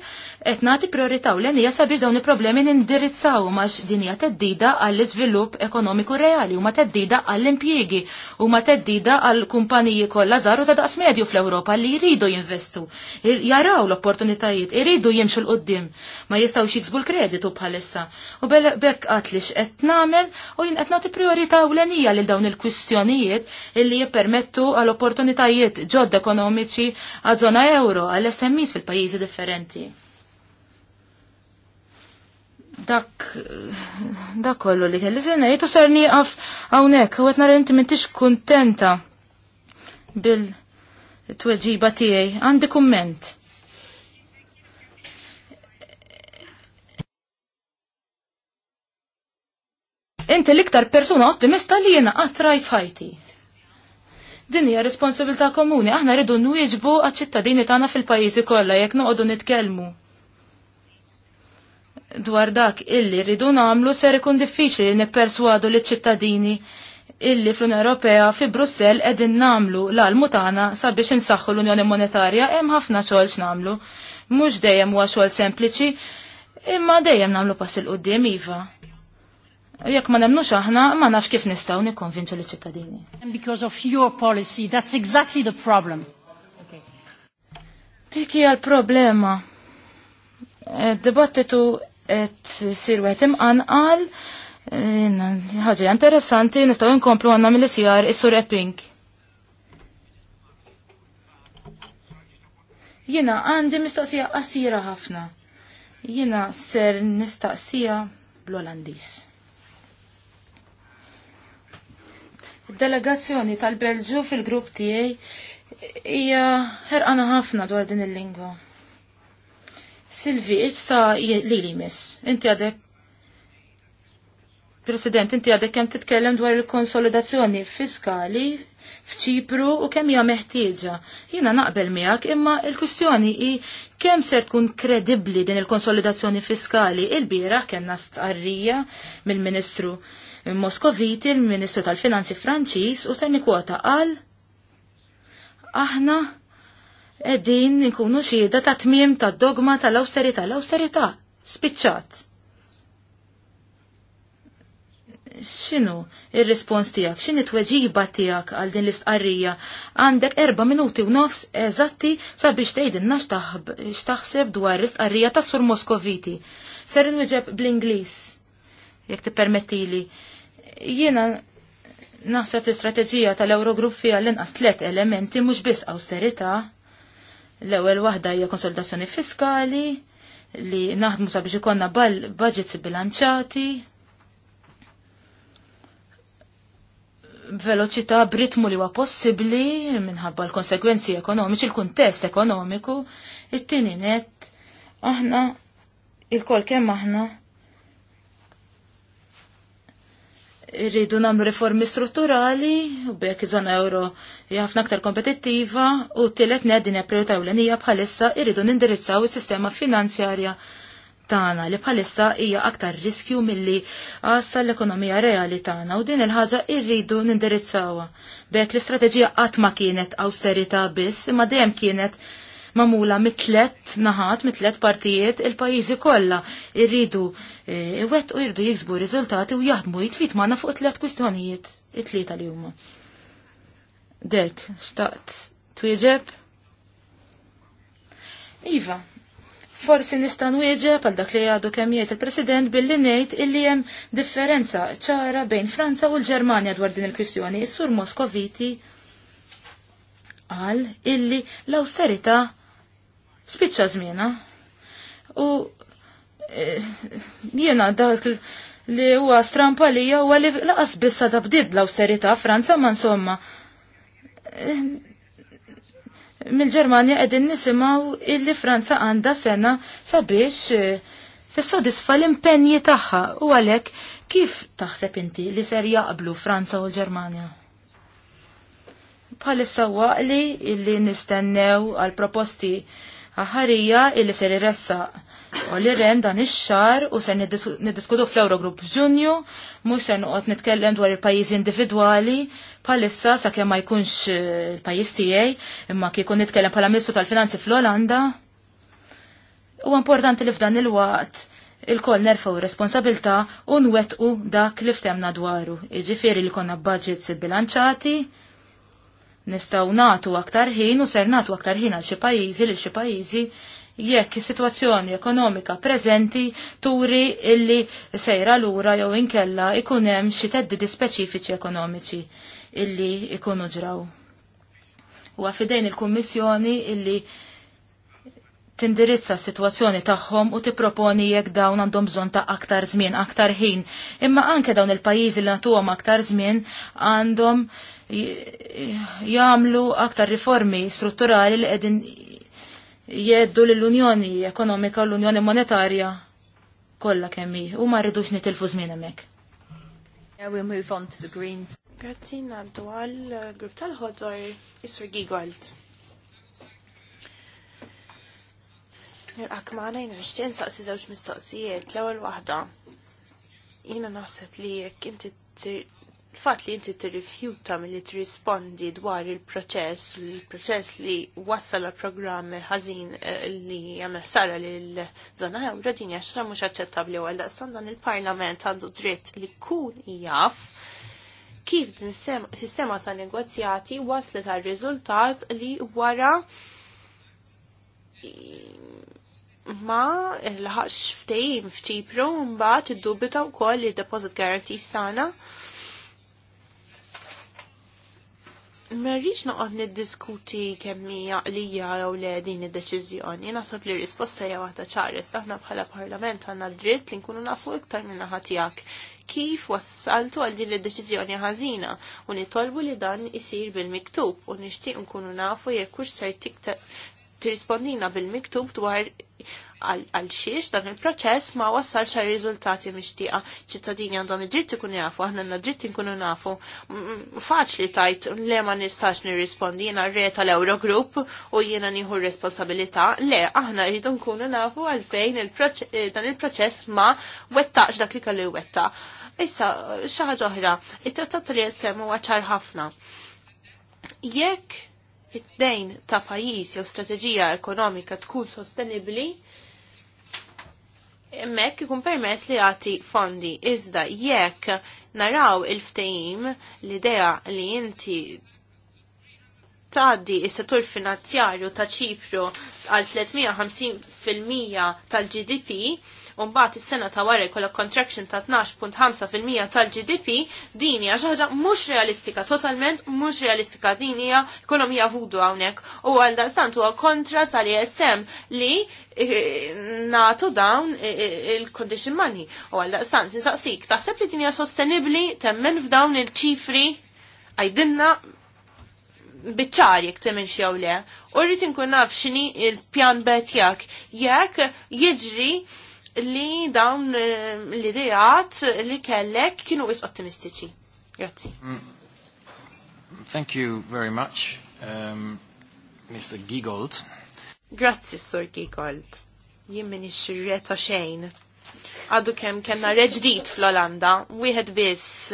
[SPEAKER 3] qed nagħti priorità l-għenija sabiex dawn il-problemi nindirizzaw għax din hija teddida għall-iżvilupp ekonomiku reali huma teddida għall-impjiegi huma teddida għall-kumpaniji kollha żaru ta' daqs medju fl-Ewropa li jridu jinvestu, jaraw l-opportunitajiet, jridu jimxu l-qoddim, ma jistgħux jiksbu l-kreditu bħalissa. U bekk għatlix qed nagħmel u jien qed nagħti priorità ewlenija lil dawn il-kwistjonijiet illi jippermettu għall-opportunitajiet affarijiet ġodda ekonomiċi għal żona euro għal SMEs fil-pajjiżi differenti. Dak, dak kollu li kelli zina, jitu sar niqaf għawnek, u għetna renti mintix kontenta bil-tweġiba tijaj. Għandi komment. inti l-iktar persuna ottimista li jena għatrajt ħajti. Din hija responsabilità komuni, aħna rridu nwieġbu għaċ-ċittadini tagħna fil-pajjiżi kollha jekk noqogħdu nitkellmu. Dwar dak illi rridu nagħmlu ser ikun diffiċli nipperswadu liċ ċittadini illi fl-Unjoni Ewropea fi Brussell qegħdin nagħmlu l-almu tagħna sabiex insaħħu l-Unjoni Monetarja hemm ħafna xogħol x'namlu. Mhux dejjem huwa xogħol sempliċi, imma dejjem nagħmlu pass il qudiem iva. Jekk ma nemnux aħna, ma nafx kif nistgħu nikkonvinċu li ċittadini. And because of your policy, that's exactly the problem. Dik hija l-problema. E, dibattitu qed sir wieħed imqanqal e, ħaġa interessanti nistgħu nkomplu għandna mill-isjar is-sur Epping. Jiena għandi mistoqsija qasira ħafna. Jiena ser nistaqsija bl-Olandiż. delegazzjoni tal-Belġu fil-grupp tiegħi hija ħerqana ħafna dwar din il-lingwa. Silvi, issa li li miss, inti għadek President, inti għadek kem titkellem dwar il-konsolidazzjoni fiskali f'Ċipru u kemm hija meħtieġa. Jiena naqbel miegħek imma l-kwistjoni hi kemm ser tkun kredibbli din il-konsolidazzjoni fiskali. Il-bieraħ kellna stqarrija mill-Ministru Moskoviti, il-Ministru tal-Finanzi Franċiż u ser nikwota qal aħna qegħdin nkunu xhieda ta' tmiem tad-dogma tal-awsterità, l-awsterità spiċċat xinu il-respons tijak, xin it-tweġiba tijak għal din l-istqarrija, għandek erba minuti u nofs eżatti sabiex tejdinna xtaħseb dwar l-istqarrija ta' sur Moskoviti. Ser nweġeb bl-Inglis, jek ti permettili. Jiena naħseb l-istrateġija tal-Eurogrupp fija l-inqas tlet elementi mhux biss austerita. L-ewwel waħda hija konsolidazzjoni fiskali li naħdmu sabiex ikonna budgets bilanċati veloċità b'ritmu li huwa possibbli minħabba l-konsekwenzi ekonomiċi, il-kuntest ekonomiku, it-tieni net aħna il-kol kemm aħna irridu nagħmlu riformi strutturali u bekk iż-żona euro ħafna aktar kompetittiva u t-tielet nedin hija priorità ewlenija bħalissa irridu nindirizzaw is-sistema finanzjarja T'ana li bħalissa hija aktar riskju milli għassa l-ekonomija reali tagħna u din il-ħaġa irridu nindirizzawha. Bek l-istrateġija qatt ma kienet austerita biss, imma dejjem kienet mamula mitlet naħat, mitlet partijiet il-pajizi kolla irridu e, wet u irridu jiksbu riżultati u jaħdmu jitfit maħna fuq tlet kustjonijiet, it-tlieta li huma. Dirk, xtaqt twieġeb? Iva, Forsi nista' nwieġeb għal dak li għadu kemm jgħid il-President billi ngħid illi hemm differenza ċara bejn Franza u l-Ġermanja dwar din il-kwistjoni. Is-Sur Moskoviti qal illi l-awsterità spiċċa żmiena. U eh, jiena dak li huwa strampa li huwa li laqas bissa ta' bdiet l-awsterità Franza ma insomma eh, mill-Ġermanja qegħdin nisimgħu illi Franza għandha sena sabiex eh, sodisfa' l-impenji tagħha u għalhekk kif taħseb inti li ser jaqblu Franza u l-Ġermanja? Bħalissa waqli illi nistennew għal proposti ħaħarija illi ser irressaq li Ren dan ix-xar u ser niddiskutu fl-Eurogroup f'Ġunju, mhux ser noqgħod nitkellem dwar il-pajjiżi individwali bħalissa sakemm ma jkunx eh, il-pajjiż tiegħi, imma kieku nitkellem bħala Ministru tal-Finanzi fl-Olanda. Huwa importanti li f'dan il-waqt il-koll nerfaw responsabilta u nwettqu dak li ftemna dwaru. Iġifieri li konna budgets bilanċati, nistgħu natu aktar ħin u ser natu aktar ħin għal xi pajjiżi lil xi pajjiżi jekk is-sitwazzjoni ekonomika preżenti turi illi sejra lura jew inkella ikun hemm xi teddidi speċifiċi ekonomiċi illi ikunu ġraw. Huwa fidejn il-Kummissjoni illi tindirizza s-sitwazzjoni tagħhom u tipproponi jekk dawn għandhom bżonn ta' aktar żmien, aktar ħin. Imma anke dawn il-pajjiżi li nagħtuhom aktar żmien għandhom jagħmlu aktar riformi strutturali li qegħdin jeddu l-Unjoni Ekonomika u l-Unjoni Monetarja kollha kemm hi u ma rridux nitilfu żmien hemmhekk.
[SPEAKER 1] Yeah, we'll move on to the Greens. Grazzi ngħaddu
[SPEAKER 4] eh, grupp tal-ħodor Isru Gigold. Nirqak maħna jina nishtiq nsaqsi żewġ mistoqsijiet l-ewwel waħda. Jiena naħseb li jekk inti l-fat li inti tirrifjuta milli tirrispondi dwar il-proċess, il-proċess li wassal għal programm ħażin eh, li jagħmel sara lil Zona ewra din jaxra mhux aċċettabbli għal daqstan dan il-Parlament għandu dritt li kun jaf kif din sistema ta' negozjati waslet għal riżultat li wara ma l-ħax ftejim fċipru mbagħad iddubita wkoll li deposit guarantee stana Merriċ noqgħod niddiskuti kemm hija qlija jew le din id-deċiżjoni. Naħseb li risposta hija waħda ċares. Aħna bħala Parlament għandna dritt li nkunu nafu iktar minn naħa tiegħek kif wassaltu għal din id-deċiżjoni ħażina u nitolbu li dan isir bil-miktub u nixtieq nkunu nafu jekk hux ser tirrispondina bil-miktub dwar għal xiex dan il-proċess ma wassalx għal riżultati mixtieqa. ċittadini għandhom id-dritt ikun jafu, aħna għandna dritt inkunu nafu. Mm, mm, faċli tajt le ma nistax nirrispondi jena re tal-Eurogrupp u jiena nieħu responsabilità. Le, aħna rridu nkunu nafu għalfejn eh, dan il-proċess ma wettaqx dak li kalli wetta. Issa, xaħġa oħra, it-trattat li jessem u ċar ħafna. Jekk id-dejn ta' pajis jew strateġija ekonomika tkun sostenibli, Mek ikun permess li għati fondi. Iżda jekk naraw il-ftejim l-idea li inti tgħaddi il settur finanzjarju ta' Ċipru għal 350% tal-GDP, mbagħad is-sena ta' wara jkollok contraction ta' 12.5% tal-GDP, din hija ħaġa mhux realistika totalment, mhux realistika din hija ekonomija vudu hawnhekk u għal daqstant huwa kontra tal-ISM li eh, natu dawn eh, eh, il-condition money. U għal daqstant insaqsik, taħseb li din hija sostenibbli temmen f'dawn il-ċifri għajdinna bitċar jek temmen xew le. U rrit nkun naf xini il-pjan bet jek jekk jiġri li dawn eh, l-idejat li kellek kienu is ottimistiċi.
[SPEAKER 2] Grazzi. Mm. Thank you very much, um, Mr. Giegold.
[SPEAKER 4] Grazzi, Sir Giegold. Jien minni xirreta xejn. Għadu kem kena reġdid fl-Olanda, wieħed biss,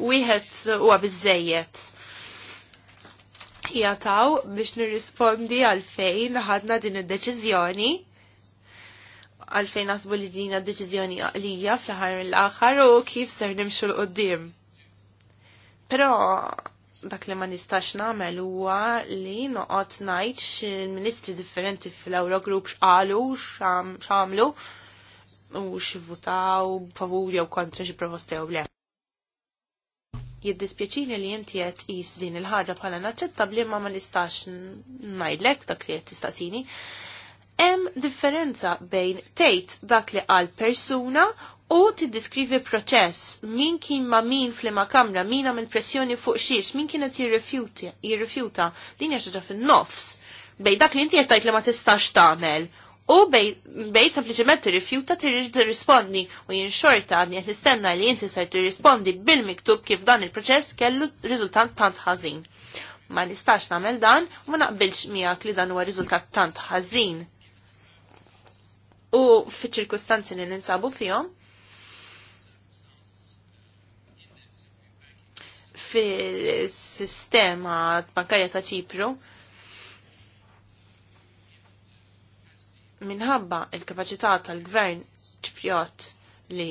[SPEAKER 4] wieħed huwa għabizzejiet. Jataw biex nirrispondi għalfejn ħadna din id-deċiżjoni għalfejn nasbu li dina deċiżjoni għalija fl-ħar mill-aħħar u kif ser nimxu l-qoddim. Pero dak li ma nistax nagħmel huwa li noqgħod ngħid ministri differenti fl-Eurogroup x'qalu x'għamlu u x'ivvutaw favur jew kontra xi proposti jew le. Jiddispjaċini li inti qed qis din il-ħaġa bħala naċċettabbli ma ma nistax ngħidlek dak li qed tistaċini Hemm differenza bejn tgħid dak li qal persuna u tiddiskrivi proċess, min kien ma min flima kamra, min għamil pressjoni fuq xiex, min kienet jirrifjuta, din hija jaxġa fin nofs bej dak li inti tgħid li ma tistax tagħmel u bej, sempliċement tirrifjuta tirrid tirrispondi u jien xorta għadni għet nistenna li inti ser tirrispondi bil-miktub kif dan il-proċess kellu riżultat tant ħażin. Ma nistax namel dan u ma naqbilx miegħek li dan huwa riżultat tant ħażin u fiċ-ċirkustanzi li ninsabu fihom. fil-sistema bankarja ta' ċipru minħabba il-kapacità tal-gvern ċipriot li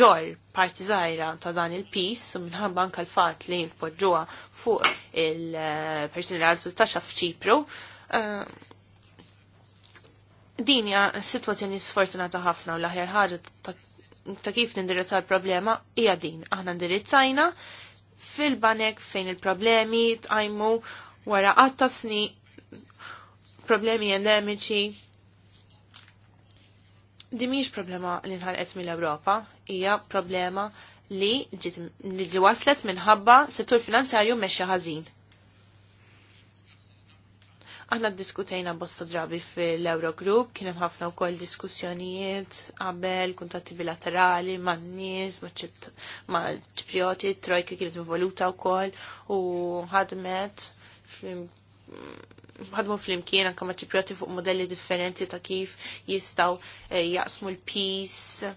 [SPEAKER 4] ġor parti zaħira ta' dan il-pis u minħabba anka l-fat li jpoġġuha fuq il-personi li għalsu taxa f'ċipru, eh, Din hija sitwazzjoni sfortunata ħafna u l-aħjar ħaġa ta' kif nindirizza l-problema hija din. Aħna ndirizzajna fil-banek fejn il-problemi tqajmu wara qatta sni problemi endemiċi. Din mhix problema li nħalqet mill-Ewropa, hija problema li li waslet minħabba settur finanzjarju mexxa ħażin Aħna ddiskutejna bosta drabi fil-Eurogroup, kien hemm ħafna wkoll diskussjonijiet qabel, kuntatti bilaterali man nies trojka kienet involuta wkoll u ħadmet ħadmu fl-imkien anka maċċiprioti fuq modelli differenti ta' kif jistaw eh, jaqsmu l-peace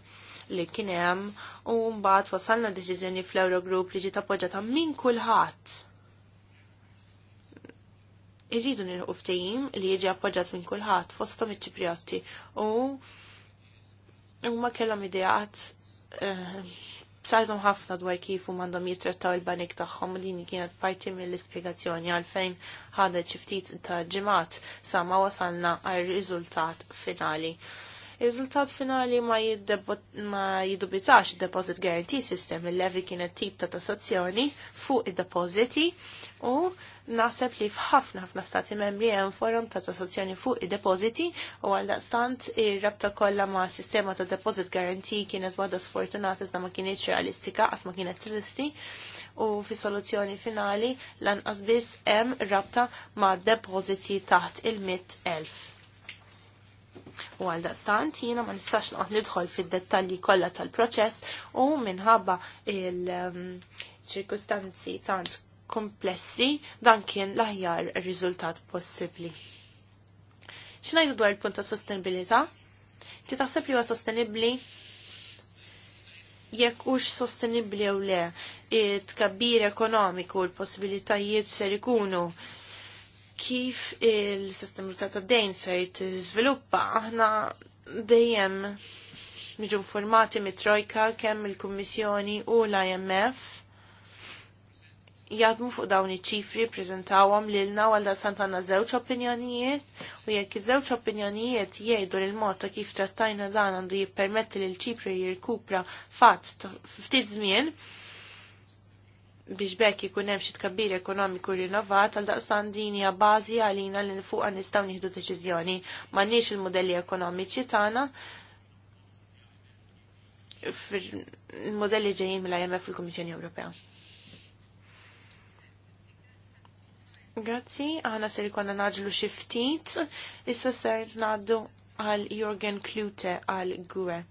[SPEAKER 4] li kien hemm u mbagħad wasalna deċiżjoni fl-Eurogroup li ġiet ta' minn kulħadd irridu nirħu ftehim li jiġi appoġġat minn kulħadd fosthom iċ-Ċipriotti u huma kellhom ideat eh, b'sajżhom ħafna dwar kif huma għandhom jittrattaw il-banik tagħhom u din kienet parti mill-ispjegazzjoni għalfejn ħadet xi ftit ta' ġimgħat sa ma wasalna għal riżultat finali. Ir-riżultat finali ma, ma jiddubitax id-deposit guarantee system il-levi kienet tip ta' tassazzjoni fuq id-depositi u naħseb li f'ħafna ħafna stati membri hemm forum ta' tassazzjoni fuq id-depositi u għal daqstant ir-rabta kollha ma' sistema ta' deposit guarantee kienet waħda sfortunata iżda ma kienx realistika qatt ma kienet teżisti u fi soluzzjoni finali lanqas biss hemm rabta ma' depositi taħt il-100,000. U għal daqstant jiena ma nistax noqgħod nidħol fid-dettalji kollha tal-proċess u minħabba il-ċirkustanzi um, tant komplessi dan kien l-aħjar riżultat possibbli. X'ngħidu dwar il-punt ta' sostenibilità? Ti taħseb li huwa sostenibbli jekk hux sostenibbli jew le, it-tkabbir ekonomiku l possibilitajiet ser ikunu kif il-sistem ta' dejn ser tiżviluppa. Aħna dejjem niġu informati mit-Trojka kemm il-Kummissjoni u l-IMF jadmu fuq dawn iċ-ċifri preżentawhom lilna għal dan sant għandna żewġ opinjonijiet u jekk iż-żewġ opinjonijiet jgħidu lil mod ta' kif trattajna dan għandu jippermetti lil ċipri jirkupra fatt ftit żmien, biex bekk ikun hemm xi tkabbir ekonomiku rinnovat għal daqstan din hija bażi għalina li fuqha nistgħu nieħdu deċiżjoni. M'għandniex il-modelli ekonomiċi tagħna il-modelli ġejjin mill-IMF fil-Kummissjoni Ewropea. Grazzi, għana ser ikonna naġlu xiftit, issa ser naddu għal Jorgen Klute għal Gue.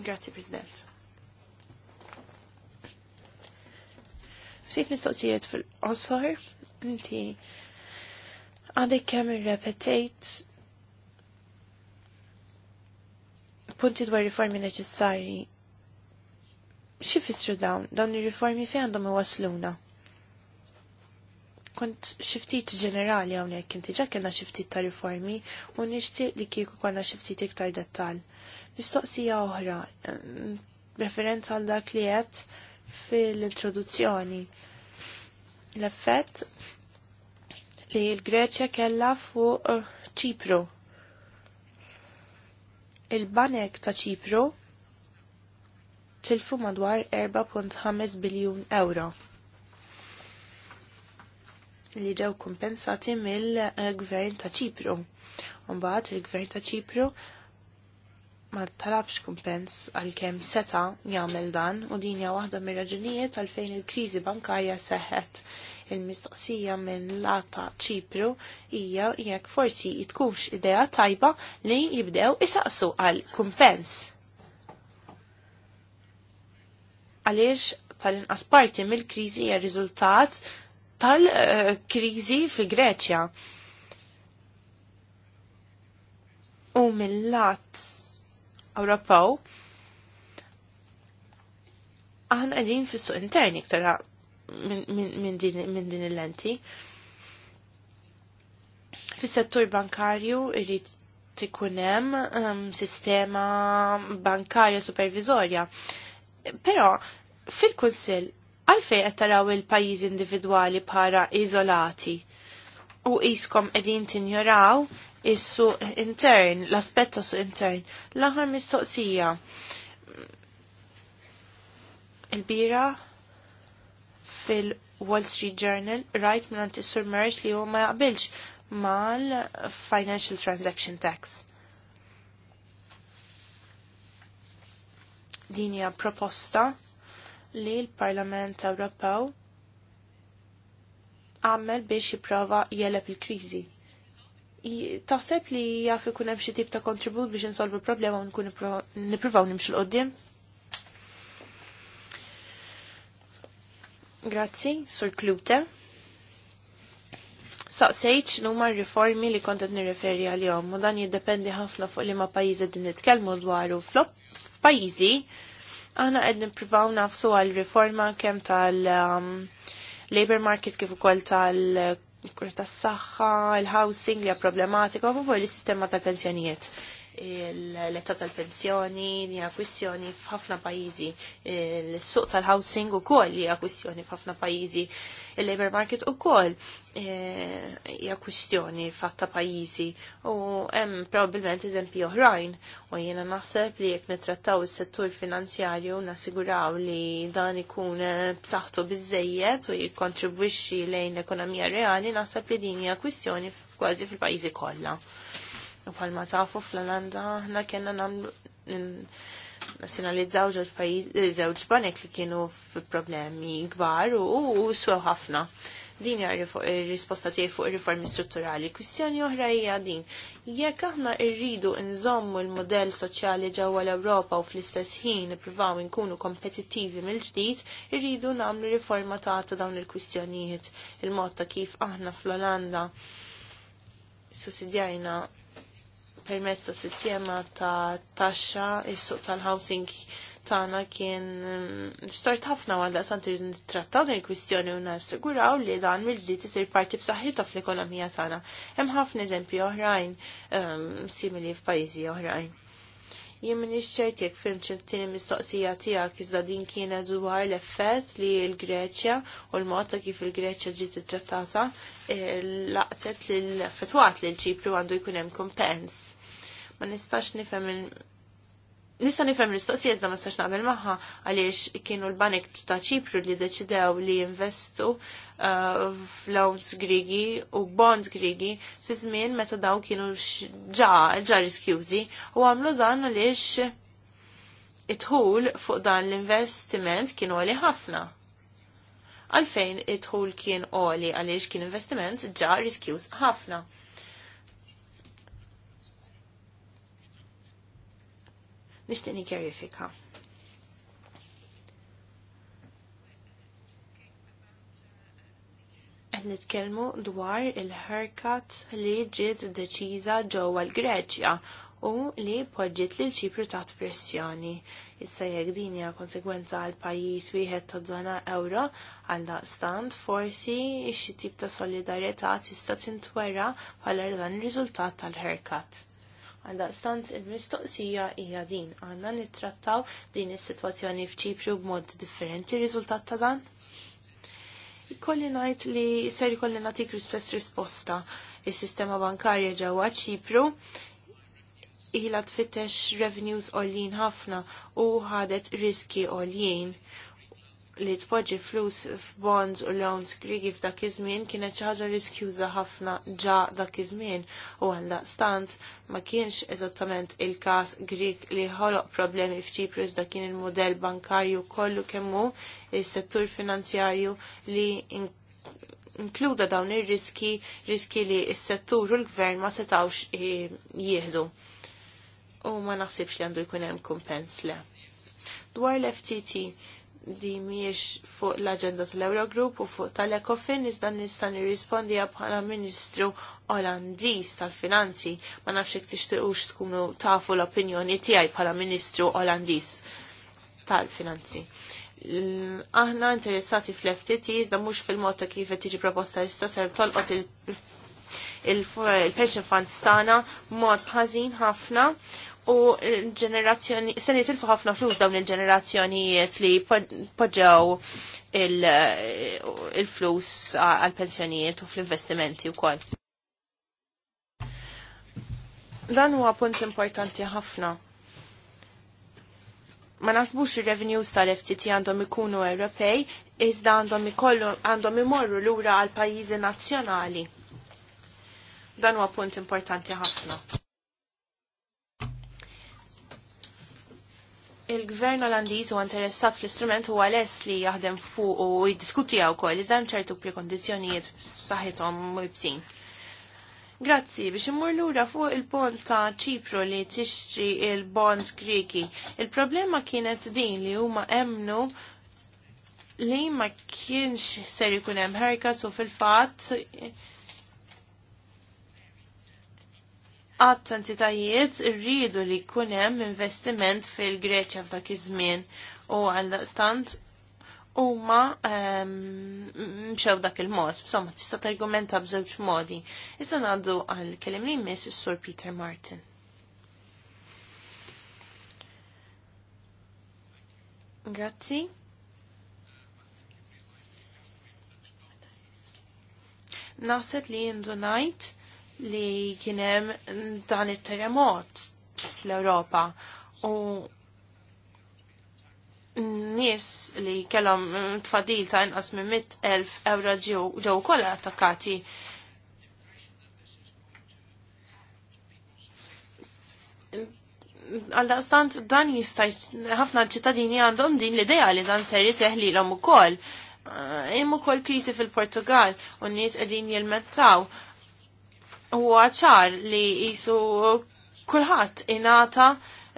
[SPEAKER 4] Grazzi, President. Ftit mistoqsijiet fil-qosor, inti għadek kemm irrepetejt punti dwar riformi neċessari. Xi fissru dawn? Dawn ir-riformi fejn għandhom iwasluna? Kont xi ftit ġenerali hawnhekk inti ġa kellna xi ftit ta' riformi u nixtieq li kieku konna xi ftit iktar dettall. Mistoqsija oħra, mm, referenza għal dak li qed fil-introduzzjoni l-effett li l-Greċja kella fuq eh, ċipru. Il-banek ta' ċipru tilfu madwar 4.5 biljun euro li ġew kompensati mill-gvern eh, ta' ċipru. Mbagħad il-gvern ta' ċipru ma talabx kumpens għal kem seta jagħmel dan u din hija waħda mir-raġunijiet għal fejn il-kriżi bankarja seħħet. Il-mistoqsija minn lata Ċipru hija jekk forsi jitkunx idea tajba li jibdew isaqsu għal kumpens. Għaliex tal-inqas parti mill-kriżi hija riżultat tal-kriżi fi Greċja. U mill-lat Ewropew aħna qegħdin fis-suq interni iktar minn din il-lenti. Fis-settur bankarju irrit tikun hemm um, sistema bankarja supervizorja. Però fil-Kunsill għalfejn qed taraw il-pajjiżi individwali bħala iżolati u iskom qegħdin tinjoraw is-suq intern, l aspetta su suq intern. L-aħħar mistoqsija. Il-bira fil-Wall Street Journal rajt minn is-Sur li huwa ma jaqbilx mal-Financial Transaction Tax. Din hija proposta li l-Parlament Ewropew għamel biex jipprova jeleb il-kriżi taħseb li jaf ikun hemm xi tip ta' kontribut biex insolvu l-problema u nkun nippruvaw nimxu l-qoddim? Grazzi, Sur Klute. Saqsejċ numma riformi li kontet nirreferi għal-jom, u dan jiddependi ħafna fuq li ma pajizi din nitkelmu dwaru flop pajizi, għana għed niprivaw nafsu għal-riforma kem tal-labor um, market kif ukoll tal il-kur tas saħħa il-housing li problematika u fuq il-sistema tal-pensjonijiet l-età tal-pensjoni, hija kwistjoni f'ħafna pajjiżi, l-suq tal-housing ukoll hija kwistjoni f'ħafna pajjiżi, il-labor market ukoll eh, hija kwistjoni fatta pajjiżi u hemm probabbilment eżempji oħrajn u jiena naħseb li jekk nittrattaw is-settur finanzjarju nassiguraw li dan ikun eh, b'saħħtu biżejjed u jikkontribwixxi lejn l-ekonomija reali naħseb li din hija kwistjoni kważi fil-pajjiżi kollha. Nukħal bħalma tafu fl-Olanda aħna kena namlu nazjonalizzaw eh, żewġ banek li kienu f'problemi kbar u sew ħafna. Din hija risposta tiegħi fuq ir-riformi strutturali. Kwistjoni oħra hija din. Jekk aħna rridu nżommu l-modell soċjali ġewwa l-Ewropa u fl-istess ħin nippruvaw inkunu kompetittivi mill-ġdid, irridu nagħmlu riforma ta' dawn il-kwistjonijiet. Il-mod ta' kif aħna fl-Olanda sussidjajna permezz ta' sistema ta' taxxa is-suq tal-housing tagħna kien mm, stort ħafna għal daqsan nittrattaw din il-kwistjoni u nassiguraw li dan mill-ġdid isir parti b'saħħitha fl-ekonomija tagħna. Hemm ħafna eżempji oħrajn ehm, simili f'pajjiżi oħrajn. Jien m'iniex ċert jekk fim ċertini mistoqsija tiegħek iżda din kienet dwar l-effett li l-Greċja u l-mod ta' kif il-Greċja ġiet ittrattata eh, laqtet lil li l ċipru għandu jkun hemm kompens ma nistax nifhem Nista' nifhem l-istoqsija iżda ma nistax naqbel magħha għaliex kienu l-banek ta' Ċipru li deċidew li jinvestu uh, f'lowns Grigi u bonds Grigi fi żmien meta daw kienu ġa ġa riskjużi u għamlu dan għaliex it-tħul fuq dan l-investiment kienu għali ħafna. Għalfejn it-tħul kien għoli għaliex kien investiment ġa riskjuż ħafna. nixtieq nikjarifika. Qed nitkellmu dwar il-ħerkat li ġiet deċiża ġewwa l-Greċja u li poġġiet lil ċipru ta' pressjoni. Issa jekk din hija konsegwenza għal pajjiż wieħed ta' żona ewro għal daqstant forsi xi tip ta' solidarjetà tista' tintwera bħala dan ir-riżultat tal-ħerkat. Għaldaqstant il-mistoqsija hija din għandna nittrattaw din is-sitwazzjoni f'Ċipru b'mod differenti riżultat ta' dan. Ikolli ngħid li ser ikolli natik l-istess risposta. il sistema bankarja ġewwa Ċipru ilha tfittex revenues għoljin ħafna u ħadet riski għoljin li tpoġġi flus f'bonds u loans grigi f'dak iż-żmien kienet xi ħaġa riskjuża ħafna ġa dak iż-żmien u għandha stant ma kienx eżattament il-każ Grik li ħoloq problemi f'Ċiprus da kien il-modell bankarju kollu kemmu is-settur finanzjarju li inkluda dawn ir-riski, riski li s-settur u l-gvern ma setawx eh, jieħdu. U ma naħsibx li għandu jkun hemm kumpens le. Dwar l-FTT, di miex fuq l-agenda tal-Eurogroup u fuq tal-Ecofin iżda nista' nirrispondi bħala Ministru Olandiż tal-Finanzi. Ma nafx jekk tixtiequx tkunu tafu l-opinjoni tiegħi bħala Ministru Olandiż tal-Finanzi. Aħna interessati fl-FTT iżda mhux fil-mod ta' kif qed tiġi proposta issa ser tolqot il-pension fund stana mod ħażin ħafna u l-ġenerazzjoni, se jitilfu ħafna flus dawn il-ġenerazzjonijiet li podġaw il-flus għal-pensjonijiet u fl-investimenti u koll. Dan huwa punt importanti ħafna. Ma nasbux il-revenues tal-FTT għandhom ikunu Ewropej, iżda għandhom ikollu għandhom imorru lura għal pajjiżi nazzjonali. Dan huwa punt importanti ħafna. il-gvern Olandiż huwa interessat fl-istrument huwa less li jaħdem fuq u jiddiskuti wkoll iżda hemm ċertu prekondizzjonijiet saħħithom mibsin. Grazzi, biex immur lura fuq il pont ta' ċipru li tixtri il-bond Greki. Il-problema kienet din li huma emnu li ma kienx ser jkun hemm ħerkas u fil-fatt għat entitajiet rridu li kunem investiment fil-Greċja f'dak iż-żmien u għal-stant huma ehm, mxew dak il-mod, b'somma tista' argumenta b'żewġ modi. Issa ngħaddu għal kelim li jmiss is-Sur Peter Martin. Grazzi. Naħseb li jindu ngħid li kienem dan il-terremot fl-Europa u nies li kellhom tfadil ta' inqas minn 100,000 euro ġew ġew attakkati Għalda stant dan jistaj, ħafna ċittadini għandhom din l-ideja li dan ser jiseħ l-om u koll. Immu koll krisi fil-Portugal u n-nis għedin jilmettaw huwa ċar li jisu kulħadd ingħata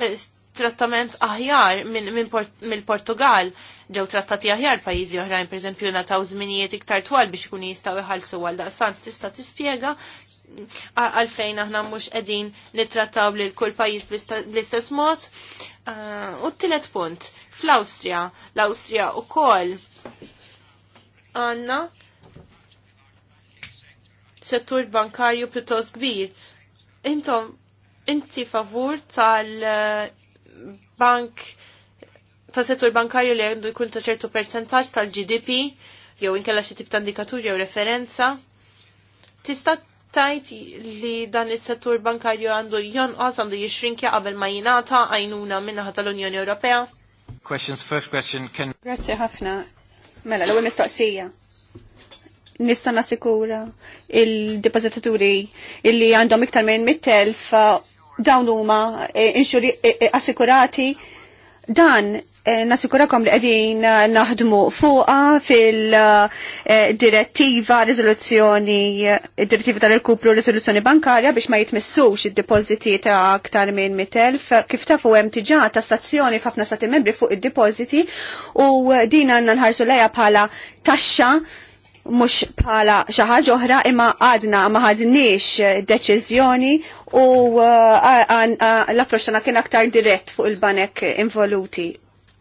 [SPEAKER 4] eh, trattament aħjar mill-Portugal ġew trattati aħjar pajjiżi oħrajn pereżempju nataw żminijiet iktar twal biex ikun jistgħu jħallsu għal daqsant tista' tispjega għalfejn aħna mhux qegħdin nittrattaw lil kull pajjiż bl-istess mod. Eh, u t-tielet punt, fl-Awstrija, l-Awstrija ukoll għandna settur bankarju pjuttost kbir. Intom, inti favur tal-bank eh, ta' settur bankarju li għandu jkun ta' ċertu percentaġġ tal-GDP jew inkella xi tip ta' indikatur jew referenza. Tista' tajt li dan is-settur bankarju għandu jonqos għandu jixrinkja qabel ma jingħata għajnuna minnaħa
[SPEAKER 5] tal-Unjoni Ewropea?
[SPEAKER 2] Questions, first question,
[SPEAKER 5] Grazie ħafna. Mela, l-ewwel mistoqsija nista' nasikura il-depozitaturi illi għandhom iktar minn mittelf eh, dawn huma eh, eh, assikurati dan nasikurakom li qegħdin naħdmu fuqa fil-direttiva riżoluzzjoni direttiva tal-kupru riżoluzzjoni bankarja biex ma jitmissux id-depożiti ta' aktar minn mitelf. Kif tafu hemm tiġà ta' stazzjoni f'ħafna stati membri fuq id-depożiti u din għandna nħarsu lejha bħala taxxa mux bħala xaħġa oħra imma għadna ma ħadniex deċiżjoni u uh, l tagħna kien aktar dirett fuq il-banek involuti.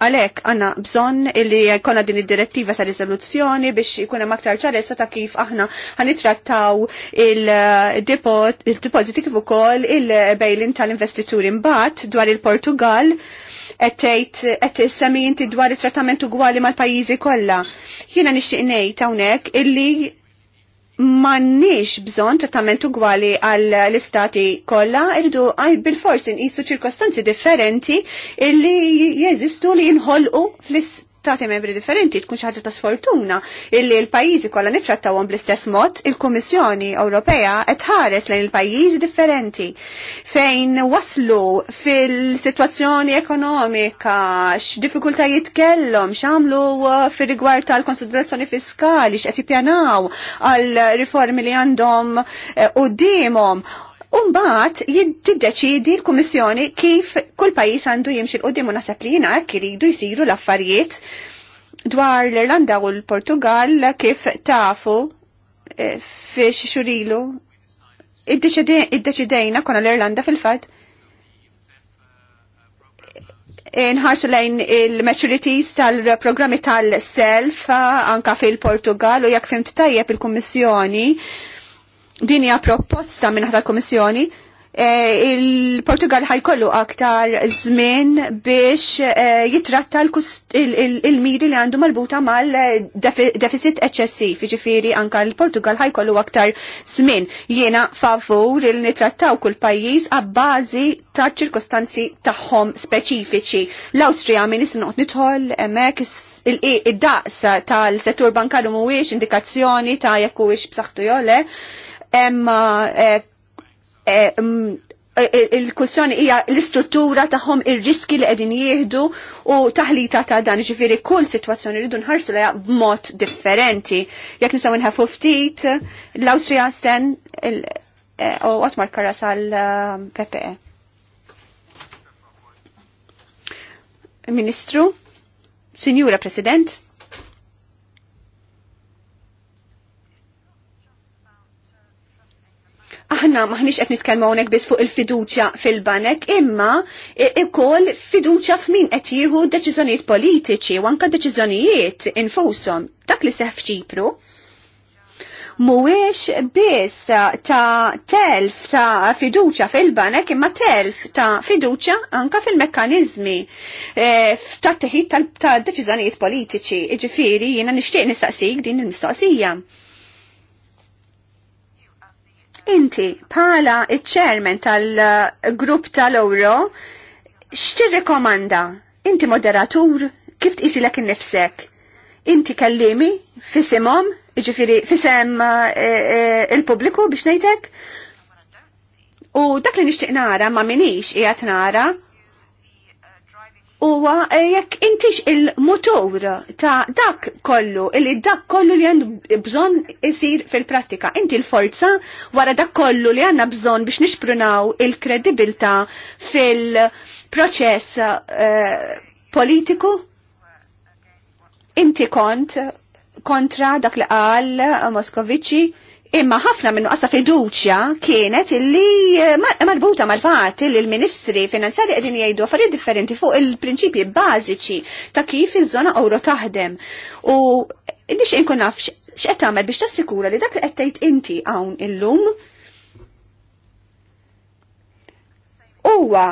[SPEAKER 5] Għalek għanna bżon illi jkonna din id-direttiva ta' rizoluzzjoni biex ikun hemm aktar ċarezza ta' kif aħna ħanitrattaw uh, il-depositi kif ukoll il-bejlin tal-investituri mbagħad dwar il-Portugal. il portugal tgħid qed issemmi dwar it-trattament ugwali mal-pajjiżi kollha. Jiena nixtieq ngħid hawnhekk illi m'għandniex bżonn trattament ugwali għall istati kollha, irridu bil forsin nqisu ċirkostanzi differenti illi jeżistu li jinħolqu fl-istati Tati membri differenti tkun xi ta' sfortuna illi l-pajjiżi kollha nittrattawhom bl-istess mod, il-Kummissjoni Ewropea qed ħares lejn il-pajjiżi differenti fejn waslu fil-sitwazzjoni ekonomika, x'diffikultajiet kellhom, x'għamlu uh, fil rigward tal-konsiderazzjoni fiskali, x'qed jippjanaw għal riformi li għandhom uh, qudiemhom. Uh, Umbat tiddeċidi l-Kummissjoni kif kull pajis għandu jimxi l-qoddim u nasab li jina kiridu jisiru l-affarijiet dwar l-Irlanda u l-Portugal kif tafu eh, fiex xurilu id-deċidejna kona l-Irlanda fil-fat Inħarsu eh, lejn il-maturities tal-programmi tal-self eh, anka fil-Portugal u jak fimt tajjeb il-Kommissjoni Din hija proposta minn ħata komissjoni e, il-Portugal ħajkollu aktar żmien biex e, jitratta il-miri li għandu marbuta mal-deficit e, eċċessiv, ġifiri anka l-Portugal ħajkollu aktar żmien. Jiena favur il nitrattaw kull pajjiż għabbażi ta' ċirkostanzi tagħhom speċifiċi. L-Awstrija min isnoqt nidħol hemmhekk id-daqs tal-settur bankarju mhuwiex indikazzjoni ta' jekk huwiex b'saħħtu jole emma eh, eh, eh, il-kussjoni hija l-istruttura tagħhom ir-riski li qegħdin jieħdu u taħlita ta' dan ġifieri kull sitwazzjoni rridu nħarsu lejha b'mod differenti. Jekk nisaw nħafu ftit l-Awstrija sten u Otmar Karas għal PPE. Ministru, Signora President, aħna maħniex qed nitkellmu hawnhekk biss fuq il-fiduċja fil-banek, imma ikoll fiduċja f'min qed jieħu deċiżjonijiet politiċi u anke deċiżjonijiet infushom dak li seħ f'Ċipru. Mhuwiex biss ta' telf ta' fiduċja fil-banek imma telf ta' fiduċja anka fil-mekkaniżmi eh, ta' teħid tal deċiżjonijiet politiċi. jiġifieri jiena nixtieq nistaqsik din il-mistoqsija. il mistoqsija Inti, pala il-ċermen tal-grupp tal-Euro, rekomanda? Inti moderatur? Kif tqisilek innifsek? Inti kallimi fisimhom, jiġifieri fisem eh, eh, il-pubbliku biex ngħidlek? U dak li nixtieq nara ma minix qiegħed nara huwa eh, jekk intix il-motor ta' dak kollu, illi dak kollu li għandu bżon isir fil-prattika. Inti l-forza wara dak kollu li għanna bżon biex nixprunaw il-kredibilta fil-proċess eh, politiku. Inti kont kontra dak li qal Moskovici Imma ħafna minnu qasta fiduċja kienet illi eh, marbuta mal-fat li l-ministri finanzjari qegħdin jgħidu affarijiet differenti fuq il-prinċipji bażiċi ta' kif iż-żona euro taħdem. U biex inkun naf x'qed tagħmel biex tassikura li dak li qed tgħid inti hawn illum huwa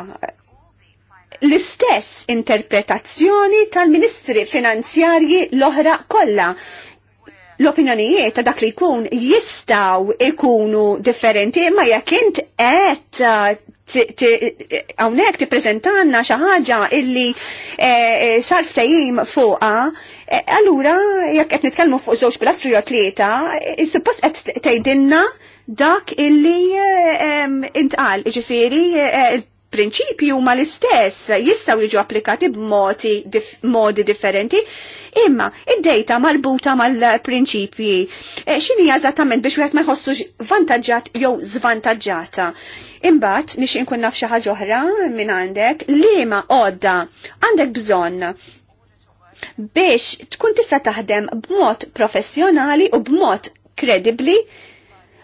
[SPEAKER 5] l-istess interpretazzjoni tal-ministri finanzjarji l-oħra kollha l-opinjonijiet ta' dak li jkun jistaw ikunu differenti, ma jekk int qed uh, hawnhekk tippreżentanna xi ħaġa illi eh, eh, sar ftehim fuqha, eh, allura jekk qed nitkellmu fuq żewġ pilastri jew tlieta, suppost qed tgħidilna dak illi intqal, ġifieri prinċipji huma l-istess jistgħu jiġu applikati b'modi dif modi differenti, imma id-dejta marbuta mal-prinċipji e, x'inhi eżattament biex wieħed ma jħossu vantaġġat jew żvantaġġata. Imbagħad nix inkun naf xi ħaġa oħra minn għandek liema għodda għandek bżonn biex tkun tista' taħdem b'mod professjonali u b'mod kredibli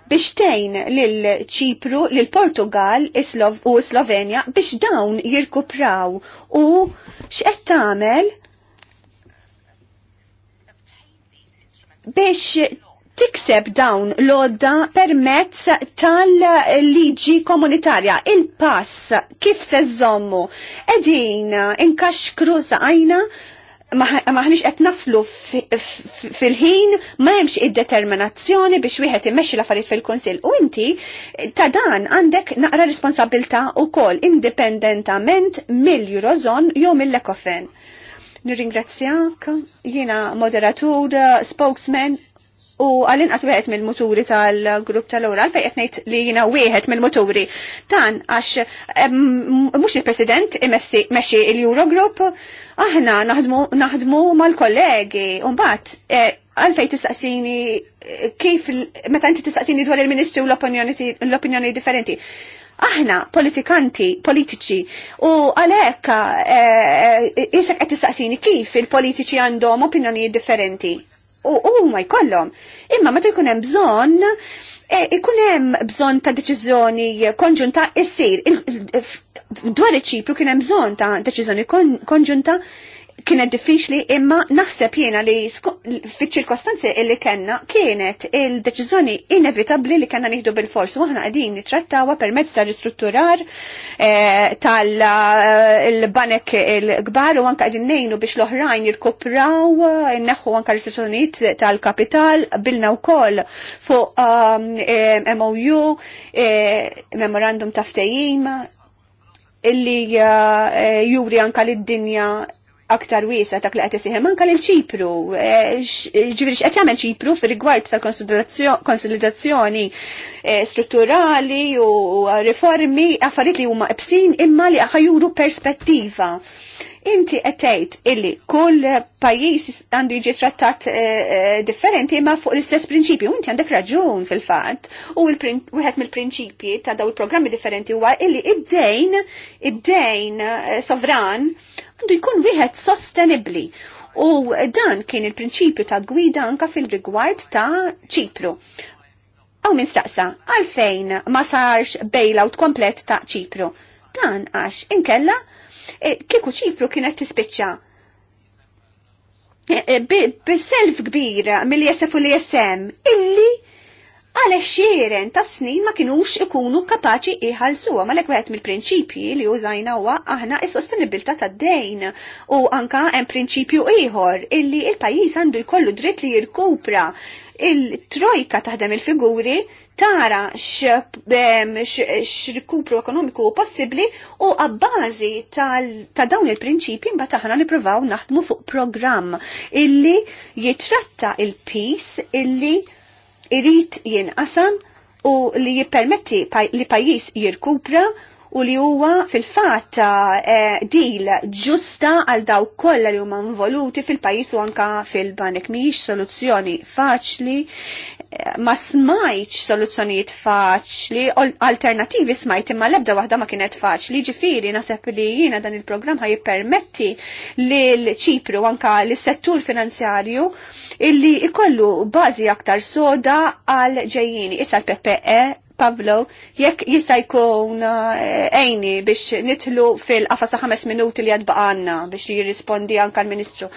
[SPEAKER 5] biex tejn lil-ċipru, l portugal u Slovenja biex dawn jirkupraw u x'qed tagħmel biex tikseb dawn l-odda permezz tal-liġi komunitarja. Il-pass, kif se zommu, edin inkaxkru saqajna maħnix qed naslu fil-ħin ma hemmx id-determinazzjoni biex wieħed immexxi l-affarijiet fil-Kunsill. U inti ta' dan għandek naqra responsabilità wkoll indipendentament mill-Eurozon jew mill-Ekofen. Nirringrazzjak, jiena moderatur, spokesman, u għal-inqas wieħed mill-muturi tal-grupp tal-oral fejn qed ngħid li jiena wieħed mill-muturi. tan, għax mhux il-President imexxi l-Eurogroup, aħna naħdmu mal-kollegi u mbagħad e, għalfej tistaqsini e, kif meta inti tistaqsini dwar il-Ministri u l-opinjoni differenti aħna politikanti, politiċi, u għalhekk jisek e, qed tistaqsini kif il-politiċi għandhom opinjonijiet differenti u huma jkollhom. Imma meta jkun hemm bżonn e, ikun hemm bżonn ta' deċiżjoni konġunta issir dwar iċ-Ċipru kien hemm bżonn ta' deċiżjoni konġunta kienet diffiċli imma naħseb jiena li fit ċirkostanzi illi kellna kienet il-deċiżjoni inevitabbli li kellna nieħdu bil-fors u aħna qegħdin nittrattawha permezz ta' ristrutturar eh, tal-banek eh, il-kbar u anke qegħdin nejnu biex l-oħrajn jirkupraw inneħħu anke restrizzjonijiet tal-kapital bilna wkoll fuq eh, MOU memorandum ta' ftehim illi juri anka lid dinja aktar wiesa ta' li qed manka anke lil Ċipru. E, ġifieri x'qed jagħmel Ċipru fir-rigward ta' konsolidazzjoni e, strutturali u riformi affarijiet li huma ebsin imma li għajuru perspettiva. Inti qed tgħid illi kull pajjiż għandu jiġi trattat e, differenti imma fuq l-istess prinċipju. Inti għandek raġun fil-fatt u wieħed mill-prinċipji ta' daw il-programmi differenti huwa illi id-dejn id-dejn sovran għandu jkun wieħed sostenibli. U dan kien il-prinċipju ta' gwida anka fil-rigward ta' ċipru. Aw minn staqsa, għalfejn ma sarx bailout komplet ta' ċipru. Dan għax inkella e, kieku ċipru kienet tispiċċa e, e, bis-self kbir mill-ISF u l-ISM illi għalex xieren ta' snin ma kinux ikunu kapaċi iħalsuha malek wieħed mill-prinċipji li użajna huwa aħna is-sostenibilità tad-dejn u anka hemm prinċipju ieħor illi il-pajjiż għandu jkollu dritt li jirkupra il-trojka taħdem il-figuri tara x-rikupru ekonomiku possibli u għabbażi ta' dawn il-prinċipi mbagħad aħna nippruvaw naħdmu fuq programm illi jitratta il-peace illi irrit jinqasam u li jippermetti li pajis jirkupra u li huwa fil-fatt eh, dil ġusta għal daw kollha li huma involuti fil-pajjiż u anka fil-banek mhijiex soluzzjoni faċli ma smajċ soluzzjonijiet faċli, alternativi smajt imma lebda waħda ma kienet faċli, ġifiri nasab li jiena dan il-programm ħaj permetti li l-ċipru anka l-settur finanzjarju illi ikollu bazi aktar soda għal ġejjini. Issa l-PPE, Pablo, jekk jista' jkun eh, ejni biex nitlu fil qafas ta' ħames minuti li għanna biex jirrispondi anka l-Ministru.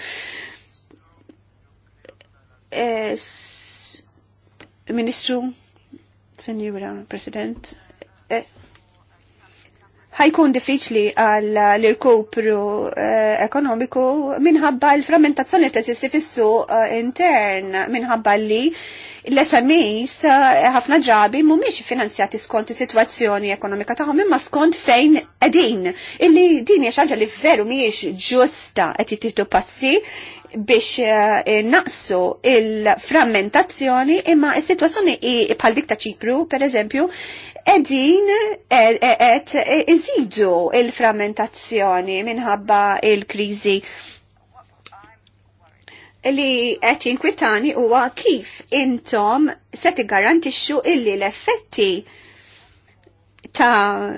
[SPEAKER 5] Eh, Ministru, Senjura President, eh, ħajkun diffiċli għal l-irkupru eh, ekonomiku minħabba l-frammentazzjoni ta' s fis-suq eh, intern, minħabba li l-SMEs ħafna ġabi mumiex finanzjati skont situazzjoni ekonomika tagħhom imma skont fejn qegħdin. Illi din hija li veru mhijiex ġusta qed jittieħdu passi biex eh, naqsu il-frammentazzjoni imma il sitwazzjoni bħal dik ta' Ċipru, per eżempju, edin e, e, et e, iżidu il-frammentazzjoni minħabba il-kriżi li qed jinkwitani huwa kif intom se tigarantixxu illi l-effetti ta'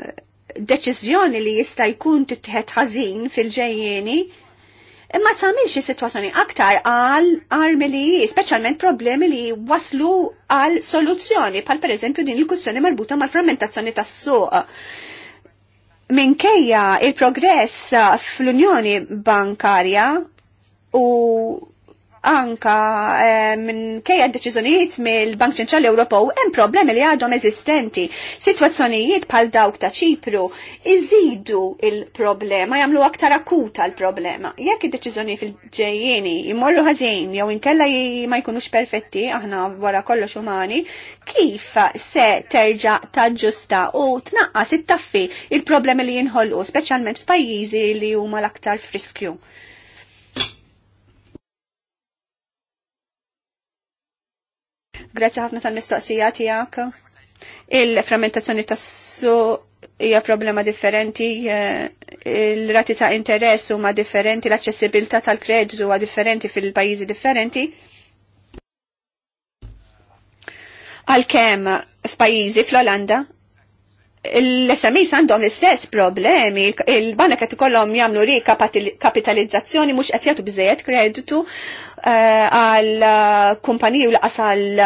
[SPEAKER 5] deċiżjoni li jista' jkun titħed ħażin fil-ġejjieni imma tagħmilx is-sitwazzjoni aktar għal armi li speċjalment problemi li waslu għal soluzzjoni bħal pereżempju din il-kussjoni marbuta mal-frammentazzjoni tas-suq minkejja il-progress fl-Unjoni Bankarja u anka eh, minn kejja deċiżjonijiet mill-Bank Ċentrali Ewropew hemm problemi li għadhom eżistenti. Sitwazzjonijiet bħal dawk ta' Ċipru iżidu il-problema, jagħmlu aktar akuta l-problema. Jekk id-deċiżjonijiet fil-ġejjieni jmorru ħażin jew inkella ma jkunux perfetti aħna wara kollox umani, kif se terġa' taġġusta u tnaqqas it-taffi il-problemi li jinħolqu speċjalment f'pajjiżi li huma l-aktar friskju. Grazzi ħafna tal-mistoqsija tiegħek. Il-frammentazzjoni tas-su hija problema differenti, eh, il-rati ta' interess huma differenti, l-aċċessibilità tal-kreditu huwa differenti fil-pajjiżi differenti. Għalkemm f'pajjiżi fl-Olanda l-SMEs għandhom l-istess problemi, il-bana qed ikollhom jagħmlu ri kapitalizzazzjoni mhux qed jagħtu biżejjed kreditu eh, għal eh, kumpaniji u laqas għal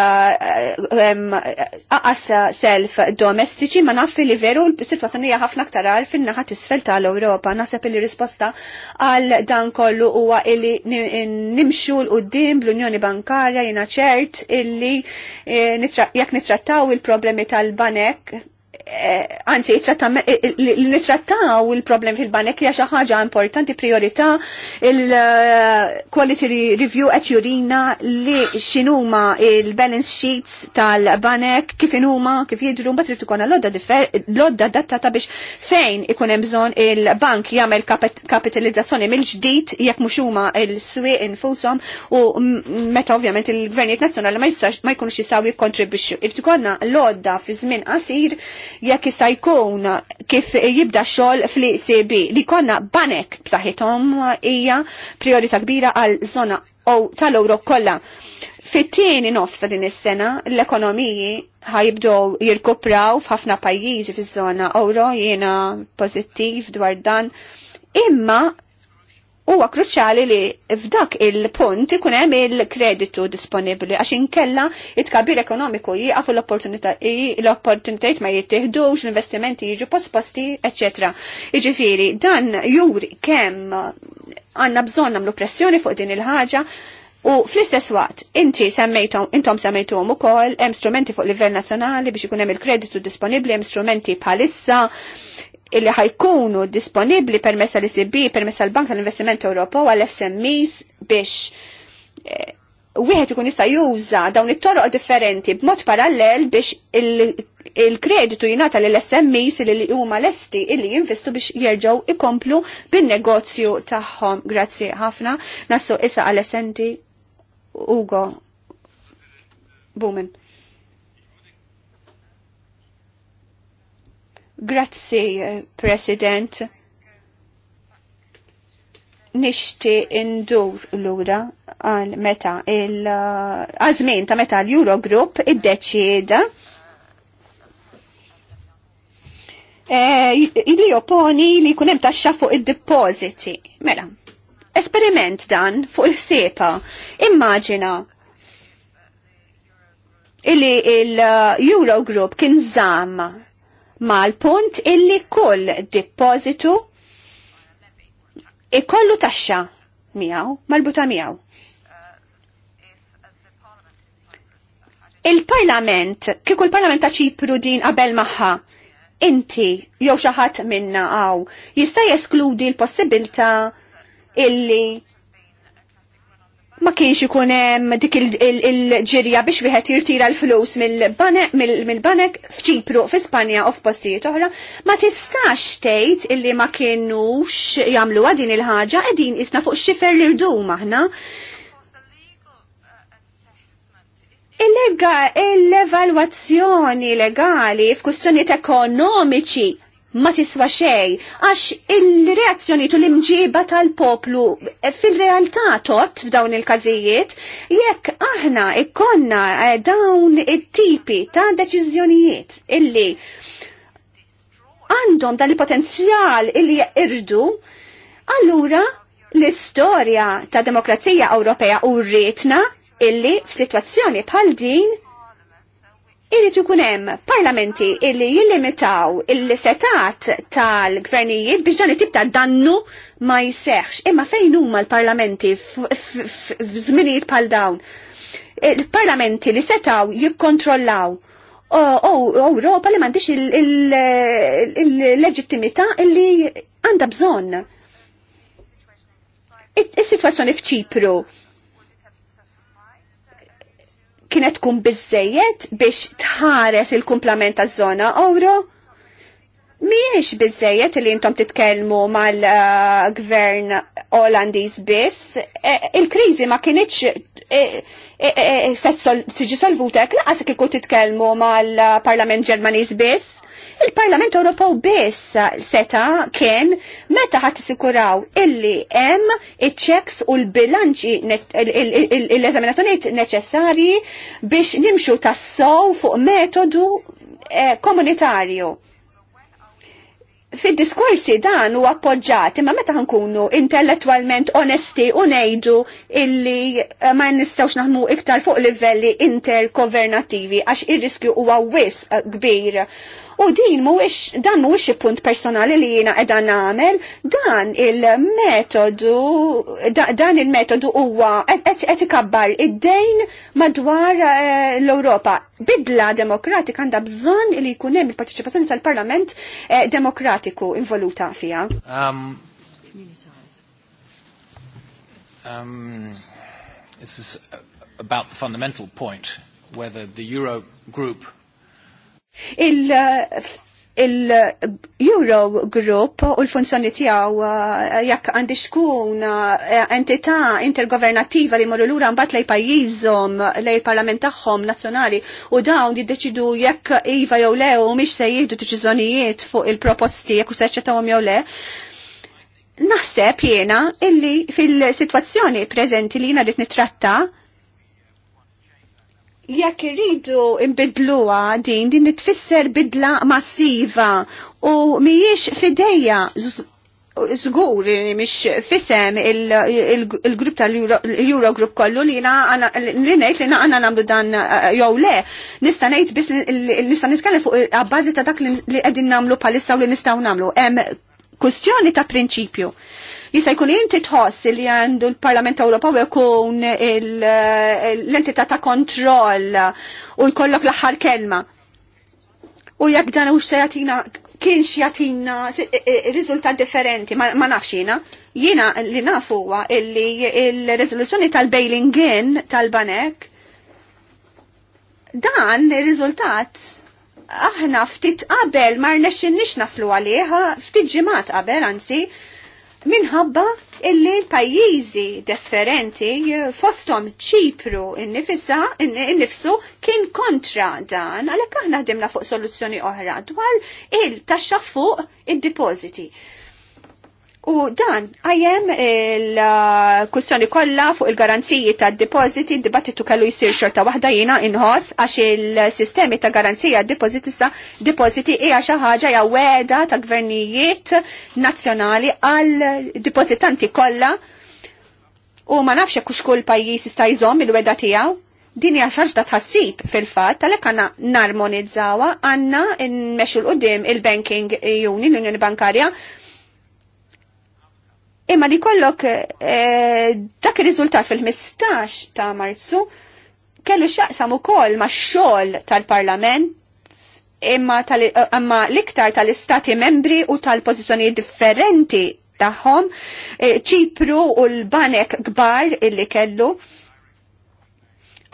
[SPEAKER 5] eh, self domestiċi ma naf li veru l-situazzjoni hija ħafna aktar għal fin-naħa tisfel tal-Ewropa. Naħseb li risposta għal dan kollu huwa li nimxu l qudiem bl-Unjoni Bankarja jiena ċert illi jekk nitrattaw il-problemi tal-banek Eh, anzi, eh, eh, nitrattaw il-problem fil-banek li xi ħaġa importanti priorità il-quality review qed jurina li x'inhuma il-balance sheets tal-banek kif inuma, kif jidhru mbagħad trid ikun l-odda adattata biex fejn ikun hemm bżonn il-bank jagħmel kapitalizzazzjoni mill-ġdid jekk mhux huma l-swieq infushom u meta ovvjament il-gvernijiet nazzjonali ma jkunux jistgħu jikkontribwixxu. Irid ikollna l-odda fi żmien qasir jekk jista' jkun kif jibda xogħol fl icb li konna banek b'saħħithom hija priorità kbira għal żona tal-Ewro kollha. Fit-tieni nofsa din is-sena l-ekonomiji ħajibdow jirkupraw f'ħafna pajjiżi fiż-żona Ewro jiena pożittiv dwar dan. Imma huwa kruċjali li f'dak il-punt ikun hemm il-kreditu disponibbli għax inkella it-kabir ekonomiku jieqaf l-opportunitajiet ma jittieħdux, l-investimenti jiġu posposti, eċetera. Jiġifieri dan juri kemm għandna bżonn nagħmlu pressjoni fuq din il-ħaġa U fl-istess waqt, inti semmejtom, intom semmejtom u hemm strumenti fuq livell nazzjonali biex ikun hemm il-kreditu disponibbli, hemm strumenti bħalissa illi ħajkunu disponibli permessa l-ICB, permessa l-Bank tal-Investiment Ewropew għal-SMEs biex eh, wieħed ikun jista' juża dawn it-toroq differenti b'mod parallel biex il-kreditu jingħata lil SMEs li huma lesti illi jinvestu biex jerġgħu ikomplu bin-negozju tagħhom. Grazzi ħafna. Nassu issa għal esenti Ugo Bumen. Grazzi, President. Nishti indur l-ura għal meta il-għazmin ta' meta l-Eurogroup id-deċida eh, li opponi li kunem taxxa fuq id-depositi. Mela, esperiment dan fuq il-sepa. Immaġina illi il-Eurogroup kien zamma mal-punt illi kull depositu ikollu taxxa miegħu marbuta miegħu. Il-parlament, kieku l parlament ta' ċipru din qabel maħħa, inti jew xi ħadd minna għaw jista' jeskludi l-possibilità illi ma kienx ikun hemm dik il-ġirja biex wieħed jirtira l-flus mill-banek f'Ċipru, f'Ispanja u f'postijiet oħra, ma tistax tgħid illi ma kienux jagħmluha din il-ħaġa qegħdin isna fuq xifer li rdum aħna. Il-evalwazzjoni legali f'kustjonijiet ekonomiċi ma tiswa xej, għax il-reazzjoni tu l-imġiba tal-poplu fil-realtà tot f'dawn il-każijiet, jekk aħna ikkonna eh, dawn it-tipi ta' deċiżjonijiet illi għandhom dan il-potenzjal illi irdu, allura l-istorja ta' demokrazija Ewropea u rritna illi f'sitwazzjoni bħal din irrid ikun hemm parlamenti illi jillimitaw il-setat tal-gvernijiet biex dan it ta' dannu ma jseħx. Imma fejn huma l-parlamenti f'żminijiet bħal dawn? Il-parlamenti li setaw jikkontrollaw Ewropa li m'għandix il-leġittimità illi għandha bżonn. Is-sitwazzjoni f'Ċipru kienet tkun bizzejiet biex tħares il-kumplament taż-żona euro? Miex bizzejiet li intom titkellmu mal-gvern Olandiż biss, e, il-kriżi ma kienieċ e, e, tiġi solvutek laqas kieku titkellmu mal-Parlament Ġermaniż biss. Il-Parlament Ewropew biss seta kien meta ħadd isikuraw illi hemm iċ-checks u l-bilanċi l-eżaminazzjonijiet neċessarji biex nimxu tassow fuq metodu eh, komunitarju. Fid-diskorsi dan huwa appoġġati ma meta nkunu intellettwalment onesti u ngħidu illi eh, ma nistgħux naħmu iktar fuq livelli intergovernattivi għax ir-riskju huwa wisq kbir U din mhuwiex dan mhuwiex il punt personali li jiena qiegħda nagħmel, dan il-metodu da, dan il-metodu huwa qed ikabbar id-dejn madwar uh, l-Ewropa. Bidla demokratika għandha bżonn li jkun hemm il-parteċipazzjoni tal-Parlament uh, demokratiku involuta fiha.
[SPEAKER 2] Um, um, this is about the fundamental point whether the Euro group
[SPEAKER 5] Il- il-Euro Group u l-funzjoni tiegħu eh, jekk għandi xkun eh, entità intergovernativa li morru lura mbagħad lej pajjiżhom lej parlament tagħhom nazzjonali u dawn jiddeċidu jekk iva jew le u mhix se jieħdu deċiżjonijiet fuq il-proposti jekk u se jew le. Naħseb jiena illi fil-sitwazzjoni preżenti li jiena rrid nitratta jekk irridu imbidluha din din tfisser bidla massiva u mhijiex fidejja Zgur, mhix fisem il-grupp tal-Eurogroup kollu li ngħid li nejt li dan eh, jew le. Nista ngħid biss nista nitkellem fuq għabbażi ta' dak li qegħdin nagħmlu palissa u li nistgħu nagħmlu. Hemm kustjoni ta' prinċipju. Jista' jkun inti tħoss li għandu l-Parlament Ewropew jkun eh, l-entità ta' kontroll u jkollok l-aħħar kelma. U jekk dan hux se kien kienx jagħtina riżultat differenti, ma nafx jiena. Jiena li naf huwa illi il-riżoluzzjoni tal-bailing in tal-banek dan ir-riżultat aħna ftit qabel ma rnexxinniex naslu għalih, ftit ġimgħat qabel anzi, minħabba illi pajjiżi differenti eh, fostom ċipru innifsu kien kontra dan, għalhekk aħna ħdimna fuq soluzzjoni oħra dwar il-taxxa fuq id-depożiti. il taxxa fuq id il depositi U dan, għajem il kustjoni kollha fuq il-garanziji ta' depositi, dibattitu kellu jisir xorta wahda jina inħoss għax il-sistemi ta' garanzija depositi sa' depositi hija xi ħaġa hija ta' gvernijiet nazzjonali għal depositanti kollha u ma nafx hekk kull pajjiż jista' jżomm il-weda tiegħu. Din hija xaġda tħassib fil-fatt tal għandna narmonizzawa għandna nmexxu l qoddim il-banking union, l-Unjoni Bankarja, Imma li kollok eh, dak ir-riżultat fil-15 ta' Marzu kellu xaqsam ukoll ma' xogħol tal-Parlament imma eh, l-iktar tal-istati membri u tal pozizjoni differenti tagħhom eh, ċipru u l-banek kbar illi kellu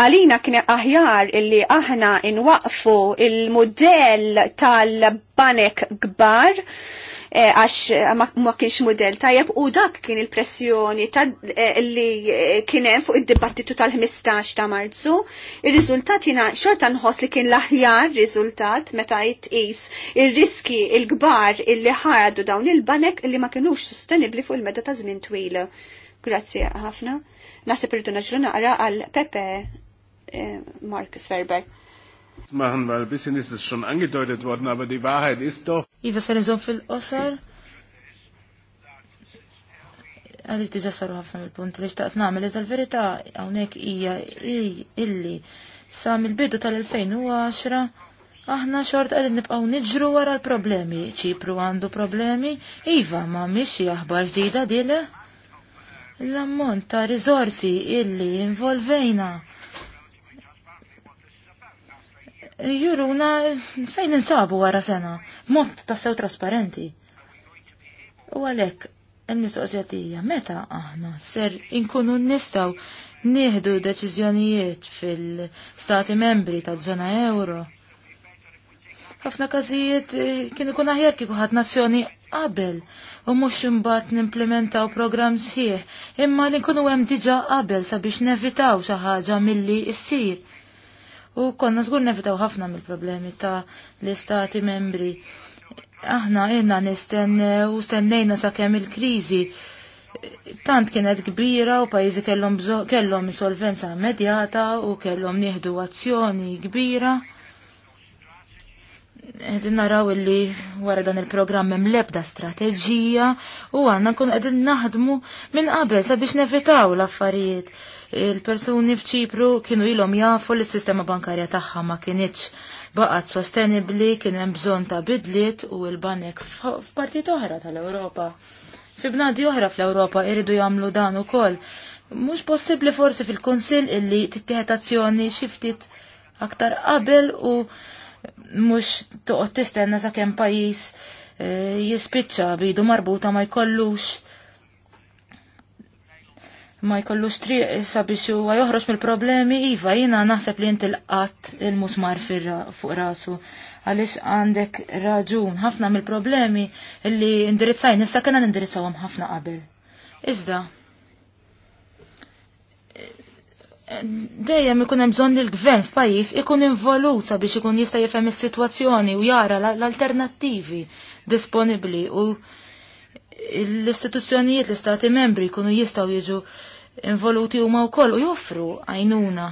[SPEAKER 5] għalina kien aħjar illi aħna inwaqfu il-modell tal-banek gbar Eh, għax eh, ma kienx model tajjeb u dak kien il-pressjoni eh, li kienem fuq id-dibattitu tal-15 ta' marzu. Il-riżultat jina xorta nħoss li kien l-aħjar riżultat meta jitqis il-riski il-gbar illi ħadu dawn il-banek li ma kienux sostenibli fuq il-meta ta' żmien twil. Grazzi ħafna. Nasib irdu naġru naqra għal Pepe Marcus Ferber
[SPEAKER 1] machen, weil ein bisschen ist es schon angedeutet worden, aber die Wahrheit ist doch.
[SPEAKER 3] Iva sani zon fil-qosar? Għalix diġa saru ħafna mill-punt li xtaqt namel, iżda l-verità hawnhekk hija illi sa mill-bidu tal-2010 aħna xort għedin nibqgħu niġru wara l-problemi. Ċipru għandu problemi, iva ma miexi aħbar ġdida dile. L-ammont ta' rizorsi illi involvejna juruna fejn insabu wara sena, mod tassew trasparenti. U għalek, il-mistoqsijatija, meta aħna ser inkunu nistaw nieħdu deċiżjonijiet fil-stati membri ta' zona euro. Ħafna każijiet eh, kienu kun aħjar kiku ħad nazzjoni qabel u mhux imbagħad nimplementaw program sħiħ, imma li nkunu hemm diġà qabel sabiex nevitaw xi ħaġa milli issir u konna żgur nevitaw ħafna mill-problemi ta' l-istati membri. Aħna jenna nistenne u stennejna sakemm il-kriżi tant kienet kbira u pajjiżi kellhom kellom insolvenza immedjata u kellhom nieħdu azzjoni kbira. Qegħdin naraw illi wara dan il-programm hemm lebda strateġija u għandna nkunu qegħdin naħdmu minn qabel sabiex nevitaw l-affarijiet il-persuni f'ċipru kienu ilhom jafu li s-sistema bankarja tagħha ma kienitx baqgħet sostenibbli kien hemm bżonn ta' bidliet u l-banek f'partit oħra tal-Ewropa. Fi bnadi oħra fl-Ewropa jridu jagħmlu dan ukoll. Mhux possibbli forsi fil-Kunsill illi tittieħed azzjoni xi ftit aktar qabel u mhux toqgħod tistenna sakemm pajjiż eh, jispiċċa bidu marbuta ma jkollux ma jkollux triq sabiex huwa joħroġ mill-problemi iva jiena naħseb li inti l-qatt il-musmar fuq rasu għaliex għandek raġun ħafna mill-problemi li indirizzaj, nissa kena nindirizzawhom ħafna qabel. Iżda dejjem ikun hemm bżonn il-gvern f'pajjiż ikun involut sabiex ikun jista' jifhem is-sitwazzjoni u jara l-alternattivi disponibbli u l-istituzzjonijiet l-istati membri kunu jistaw jiġu involuti u ma' u joffru għajnuna.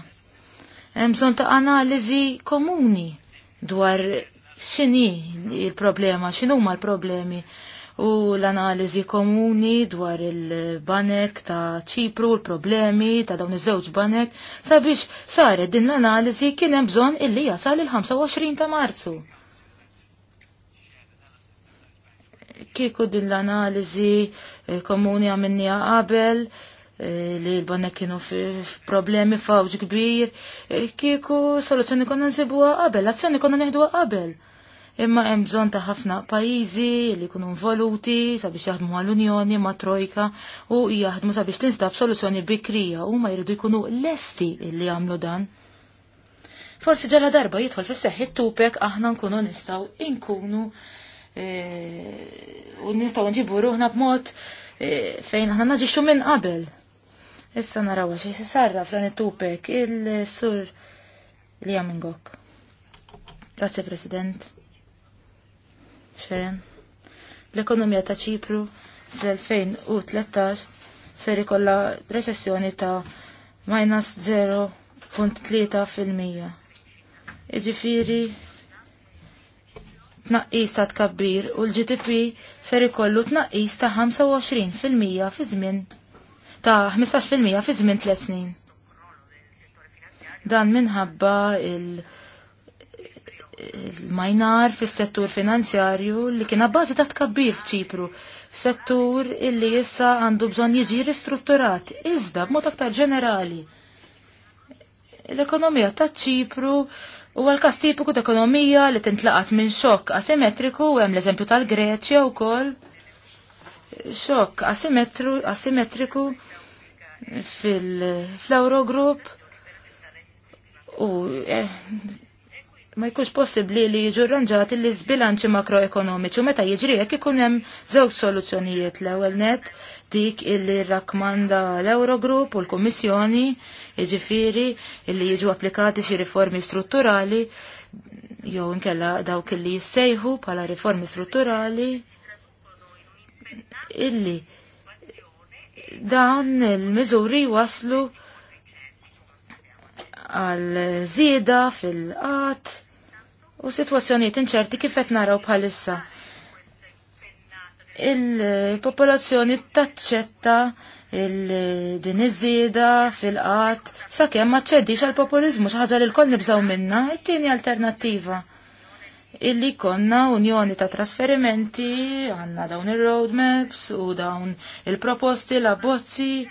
[SPEAKER 3] Mżon ta' analizi komuni dwar xini il-problema, xinu ma' l-problemi u l-analizi komuni dwar il-banek ta' ċipru, l-problemi ta' dawn iż-żewġ banek, sabiex saret din l-analizi kien hemm bżonn illi jasal il-25 ta' Marzu. kieku din l-analiżi eh, komuni għamennija qabel eh, li l-banna kienu f-problemi fawġ kbir, eh, kieku soluzzjoni konna nsibuha qabel, azzjoni konna neħdu qabel. Imma hemm bżonn ta' ħafna pajjiżi li jkunu involuti sabiex jaħdmu għall-Unjoni ma' Trojka u jaħdmu sabiex tinstab soluzzjoni bikrija u ma jridu jkunu lesti li jagħmlu dan. Forsi ġala darba jidħol fis-seħħ it-tupek aħna nkunu nistgħu inkunu E, u nistgħu nġibu ruħna b'mod e, fejn aħna naġixxu minn qabel. Issa narawa xi se sarra f'dan it-tupek il-sur li jamingok. Grazie President. Xeren. L-ekonomija ta' Ċipru fl-2013 ser ikolla recessjoni ta' minus 0.3 fil-mija. Iġifiri tnaqqis ta' tkabbir u l-GDP ser ikollu tnaqqis ta' 25% fi żmien ta' 15% fi żmien tliet snin. Dan minħabba il- il-majnar fis settur finanzjarju li kien bażi ta' tkabbir f'Ċipru, settur illi issa għandu bżonn jiġi ristrutturat, iżda b'mod aktar ġenerali. L-ekonomija ta' Ċipru U għal-kas tipiku ta' ekonomija li tintlaqat minn xokk asimetriku, hemm l-eżempju tal-Greċja wkoll. Xokk asimetriku fil-Eurogroup u eh, ma jkunx possibbli li jiġu rranġati l-izbilanċi makroekonomiċi u meta jiġri jekk ikun hemm żewġ soluzzjonijiet l-ewwel net dik illi rakmanda l eurogrupp u l-Kommissjoni, iġifiri illi jiġu applikati xi riformi strutturali, jew inkella dawk illi jissejħu bħala riformi strutturali, illi dawn il-miżuri waslu għal zida fil-qat u situazzjoniet inċerti kif qed naraw bħalissa il-popolazzjoni taċċetta il-din iż-żieda fil-qat sakemm ma ċeddix għal populizmu xi ħaġa li l-koll nibżgħu minnha, it-tieni alternattiva illi konna unjoni ta' trasferimenti, għanna dawn il-roadmaps u dawn il-proposti, la bozzi,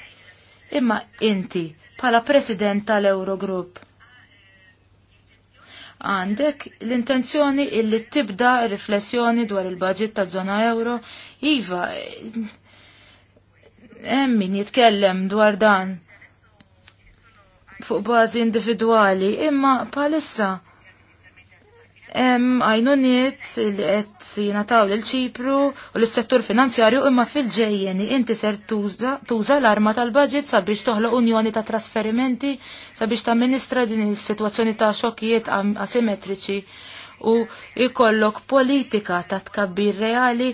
[SPEAKER 3] imma inti, pala president tal-Eurogroup, għandek l-intenzjoni illi tibda riflessjoni dwar il-budget ta' zona euro. Iva, emmin jitkellem dwar dan fuq bazi individuali, imma palissa Em għajnu niet li qed jingħataw lil ċipru u l-settur finanzjarju imma fil-ġejjeni inti ser tuża l-arma tal-budget sabiex toħloq unjoni ta' trasferimenti sabiex tamministra din is-sitwazzjoni ta' xokkijiet asimetriċi u ikollok politika ta' tkabbir reali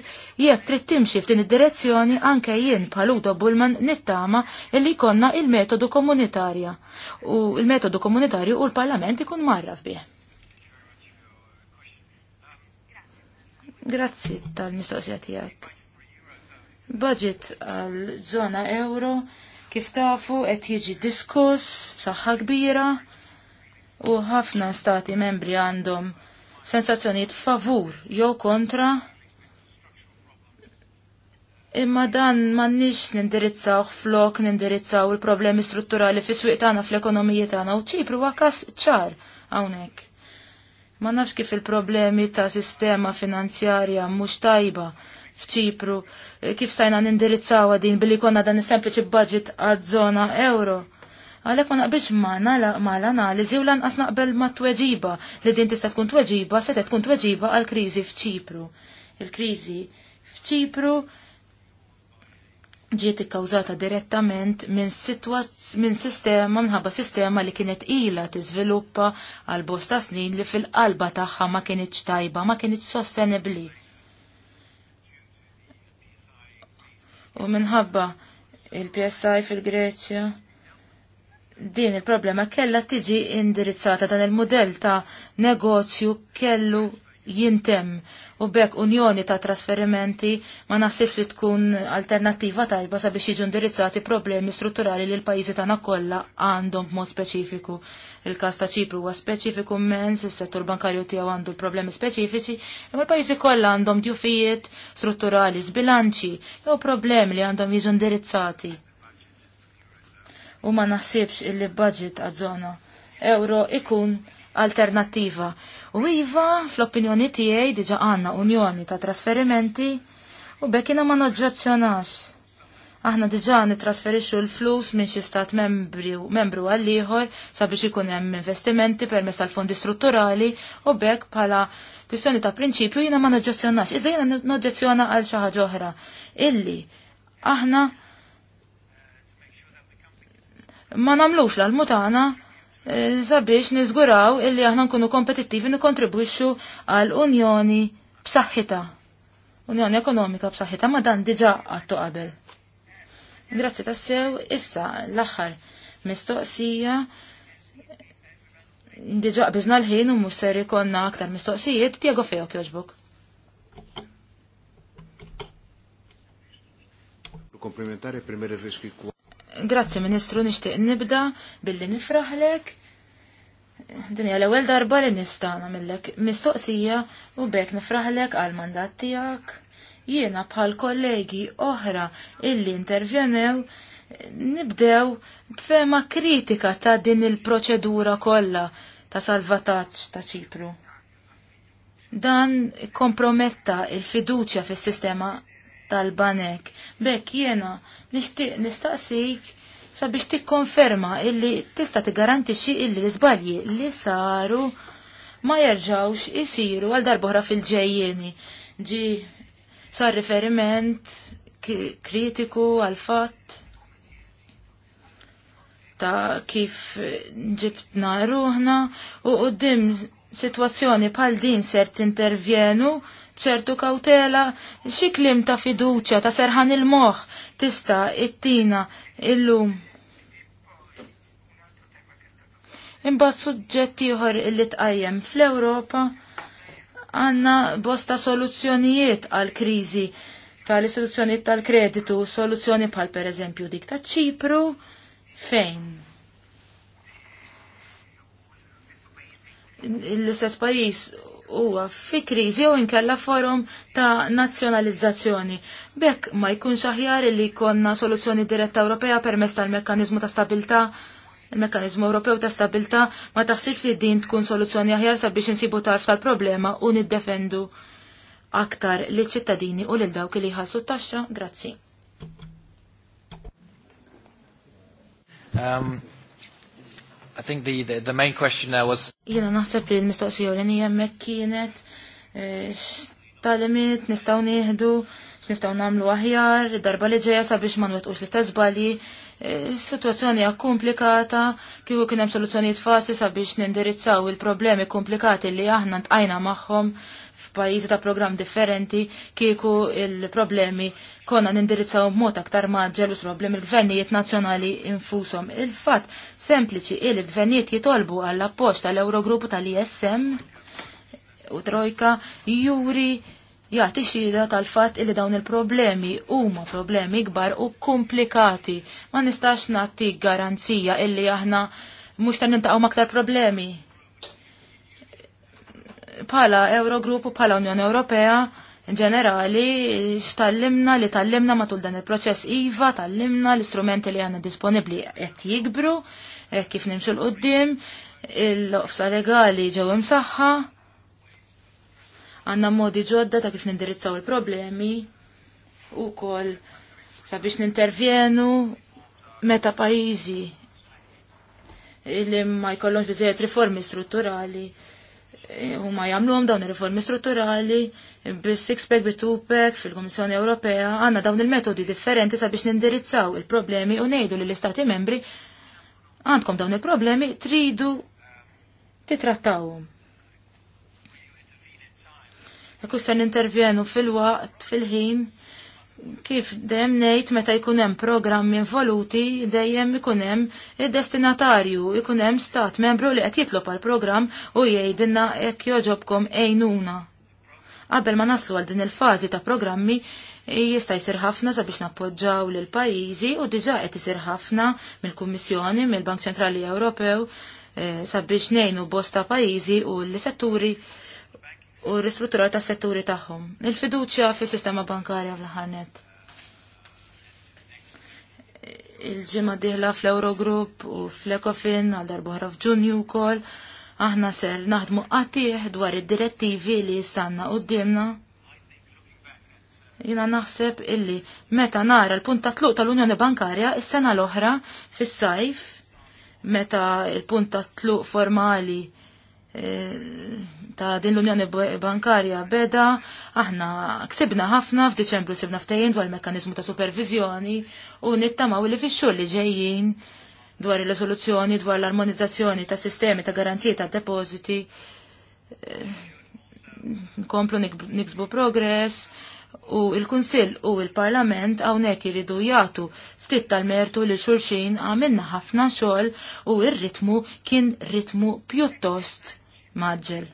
[SPEAKER 3] jekk trid timxi f'din id-direzzjoni anke jien bħaluta Bullman nittama illi jkollna il-metodu komunitarja u il-metodu komunitarju u l-Parlament ikun marraf bih. Grazzi tal-mistoqsija tiegħek. Budget għal żona euro kif tafu qed jiġi diskuss b'saħħa kbira u ħafna stati membri għandhom sensazzjonijiet favur jew kontra Imma dan m'għandniex nindirizzaw flok nindirizzaw il-problemi strutturali fis-swieq tagħna fl-ekonomija tagħna u ċipru għakas każ ċar hawnhekk. Ma nafx kif il-problemi ta' sistema finanzjarja mhux tajba f'Ċipru, kif stajna nindirizzaw din billi konna dan is-sempliċi budget għad zona euro. Għalek ma naqbilx ma l-analiżi u lanqas naqbel ma tweġiba li din tista' tkun tweġiba se tkun tweġiba għal kriżi f'Ċipru. Il-kriżi f'Ċipru ġiet ikkawżata direttament minn min sistema minħabba sistema li kienet ila tiżviluppa għal bosta snin li fil-qalba tagħha ma kienitx tajba, ma kienitx sostenibbli. U minħabba il-PSI fil-Greċja din il-problema kella tiġi indirizzata dan il-modell ta' negozju kellu jintem u bekk unjoni ta' trasferimenti ma naħsib li tkun alternattiva tajba sabiex jiġu indirizzati problemi strutturali li l-pajjiżi tagħna kollha għandhom b'mod speċifiku. Il-każ ta' Ċipru huwa speċifiku mens, is-settur bankarju tiegħu għandu problemi speċifiċi, imma l-pajjiżi kollha għandhom djufijiet strutturali, sbilanċi jew problemi li għandhom jiġu indirizzati. U ma naħsibx il-budget għaż-żona euro ikun alternattiva. U iva, fl-opinjoni tiegħi diġa għanna unjoni ta' trasferimenti u bekkina ma noġġazzjonax. Aħna diġa nitrasferixxu l-flus minn xi stat membru għall ieħor sabiex ikun hemm investimenti permezz tal-fondi strutturali u bekk bħala kwistjoni ta' prinċipju jiena ma noġġazzjonax. Iżda jiena noġġazzjona għal xi ħaġa oħra illi aħna ma namlux l-almutana Eh, sabiex niżguraw illi aħna nkunu kompetittivi nikontribwixxu għal unjoni b'saħħitha. Unjoni ekonomika b'saħħitha ma dan diġà għattu qabel. Grazzi tassew, issa l-aħħar mistoqsija diġà biżna l-ħin u mhux ser ikonna aktar mistoqsijiet, Diego fejok jogħġbok. Komplementari primer riski Grazzi Ministru nixtieq nibda billi nifraħlek. Din hija l-ewwel darba li nista' nagħmellek mistoqsija u bek nifraħlek għal mandat tiegħek. Jiena bħal kollegi oħra illi intervjenew nibdew b'fema kritika ta' din il-proċedura kollha ta' salvataġġ ta' Ċipru. Dan komprometta il-fiduċja fis-sistema tal-banek. Bekk jiena nixtieq nistaqsik sabiex tikkonferma illi tista' tigarantixxi illi l-iżbalji li saru ma jerġawx isiru għal darbohra fil-ġejjeni. Ġi sar riferiment kritiku għal fatt ta' kif ġibtna ruħna u għoddim situazzjoni bħal din ser tintervjenu bċertu kautela xi klim ta' fiduċja ta' serħan il-moħ tista' ittina illum. Imbagħad suġġett ieħor illi tqajjem fl-Ewropa għandna bosta soluzzjonijiet għal kriżi tal-istituzzjonijiet tal-kreditu, soluzzjoni bħal pereżempju dik ta' Ċipru fejn l-istess pajis huwa fi kriżi jew inkella forum ta' nazzjonalizzazzjoni. Bekk ma jkunx aħjar li jkollna soluzzjoni diretta Ewropea permess tal-mekkaniżmu ta' stabilta, il-mekkaniżmu Ewropew ta' stabilità ma taħsibx li din tkun soluzzjoni aħjar sabiex insibu tarf tal-problema u niddefendu aktar li ċittadini u lil dawk li jħassu t-taxxa. Grazzi.
[SPEAKER 2] Um, I think the, the, the main question there was...
[SPEAKER 3] Jena naħseb li l-mistoqsija u l-inni jemmek kienet eh, x-talimit nistaw nieħdu x-nistaw namlu aħjar, darba li ġeja sabiex ma nwetqux l-istess eh, situazzjoni hija komplikata, kieku kien hemm soluzzjonijiet faċli sabiex nindirizzaw il-problemi komplikati li aħna ntqajna magħhom f'pajjiżi ta' programm differenti kieku il-problemi konna nindirizzaw b'mod aktar maġġel u problemi l-gvernijiet nazzjonali infushom. Il-fatt sempliċi il gvernijiet jitolbu għall appoġġ tal-Eurogruppu tal-ISM u Trojka juri jagħti xhieda tal-fatt li dawn il-problemi huma problemi kbar u komplikati. Ma nistax nagħti garanzija illi aħna mhux ta' nintaqgħu maktar problemi pala Eurogrupp u pala Unjoni Ewropea ġenerali x'tallimna li tallimna matul dan il-proċess iva, tallimna l-istrumenti li għandna disponibbli qed jikbru, eh, kif nimxu l qudiem il loqsa legali ġew imsaħħa, għandna modi ġodda ta' kif nindirizzaw il-problemi u kol sabiex nintervjenu meta pajjiżi li ma jkollhomx biżejjed riformi strutturali huma jagħmluhom dawn il riformi strutturali bis 6 pack bil 2 pack fil-Kummissjoni Ewropea għandna dawn il-metodi differenti sabiex nindirizzaw il-problemi u ngħidu l istati membri għandkom dawn il-problemi tridu titrattawhom. Jekk se intervjenu fil waqt fil ħin kif dem ngħid meta jkun hemm programm involuti dejjem ikun hemm id-destinatarju, ikun hemm stat membru li qed jitlob għal programm u jgħidilna hekk joġobkom għejnuna. Qabel ma naslu għal din il-fażi ta' programmi, jista' jsir ħafna sabiex nappoġġaw lil pajjiżi u diġà qed isir ħafna mill-Kummissjoni, mill-Bank Ċentrali Ewropew eh, sabiex ngħinu bosta pajjiżi u l-setturi u ristrutturar ta' setturi tagħhom. Il-fiduċja fis-sistema bankarja fl ħanet Il-ġimgħa diħla fl-Eurogroup u fl-Ecofin għal darbohra f'Ġunju wkoll aħna ser naħdmu qattih dwar id-direttivi li jissanna qudiemna. Jina naħseb illi meta nara l-punt ta' tluq tal-Unjoni Bankarja is-sena l-oħra fis-sajf meta l punt ta' tluq formali Eh, ta' din l-Unjoni Bankarja beda, aħna ksibna ħafna f'Diċembru sibna Ftejn dwar il mekanizmu ta' supervizjoni u nittamaw li fix xogħol li ġejjin dwar il-resoluzzjoni dwar l-armonizzazzjoni ta' sistemi ta' garanzija ta' depositi eh, nkomplu niksbu progress u il-Kunsill u il-Parlament hawnhekk iridu jagħtu ftit tal-mertu li xulxin għamilna ħafna xogħol u ir-ritmu kien ritmu pjuttost maġġel.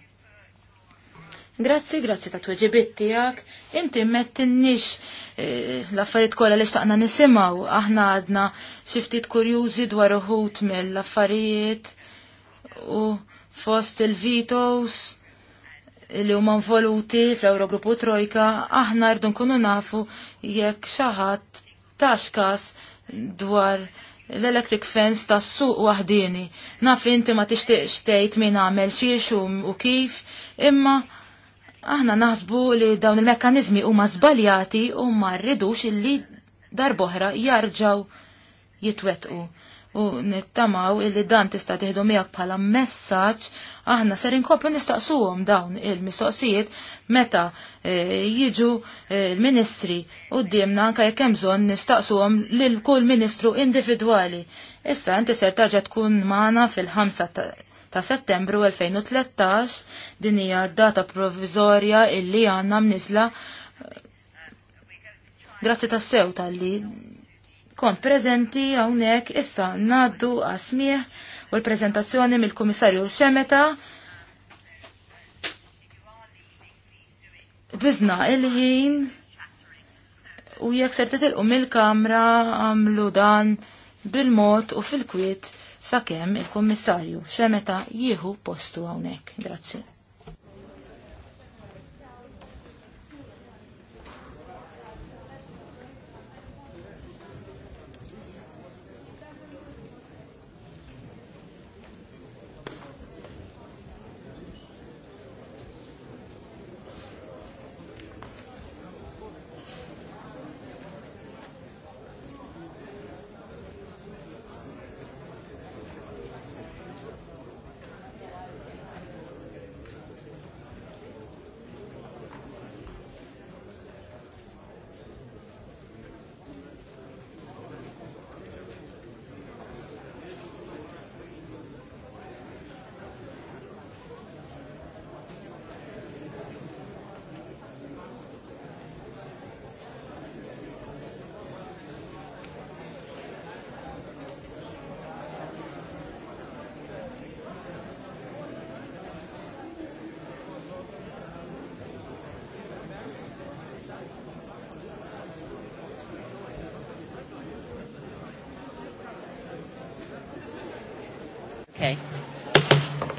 [SPEAKER 3] Grazzi, grazzi ta' tweġibit tijak. Inti mettinnix eh, l-affarijiet kollha li xtaqna nisimgħu, aħna għadna xi ftit kurjużi dwar uħut mill-affarijiet u fost il-vitos li huma involuti fl-Eurogruppu Trojka, aħna rdu nkunu nafu jekk xi ħadd taxkas dwar l-electric fence ta' suq wahdini. Naf inti ma tixtieqx tgħid min għamel xiex u kif, imma aħna naħsbu li dawn il-mekkaniżmi huma żbaljati u ma rridux illi darboħra jarġaw jitwetqu u nittamaw illi dan tista' tiħdu miegħek bħala messaġġ aħna ser inkopru nistaqsuhom dawn il-mistoqsijiet meta e, jiġu e, l-ministri qudiemna anke jekk hemm bżonn nistaqsuhom lil kull ministru individwali. Issa inti ser tarġa' tkun magħna fil ħamsa ta' settembru 2013 din hija data provizorja illi għandna mnisla e, Grazzi tassew tal-li kont prezenti hawnhekk issa ngħaddu għasmieħ u l prezentazzjoni mill-Kummissarju Xemeta bizna il-ħin u jekk ser titilqu mill-kamra għamlu dan bil-mod u fil-kwiet sakemm il-Kummissarju xemeta jieħu postu hawnhekk. Grazzi.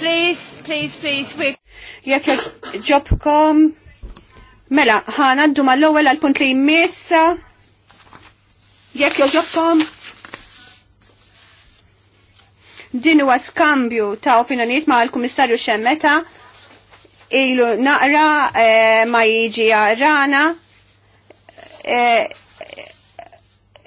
[SPEAKER 1] please, please, please, wait.
[SPEAKER 5] Jekk ġobkom, mela, ħana għaddu mal-ewwel għal-punt li jmissa. Jekk joġobkom, din huwa skambju ta' opinjoniet ma' l-Kummissarju Xemmeta ilu naqra eh, ma jiġi rana eh,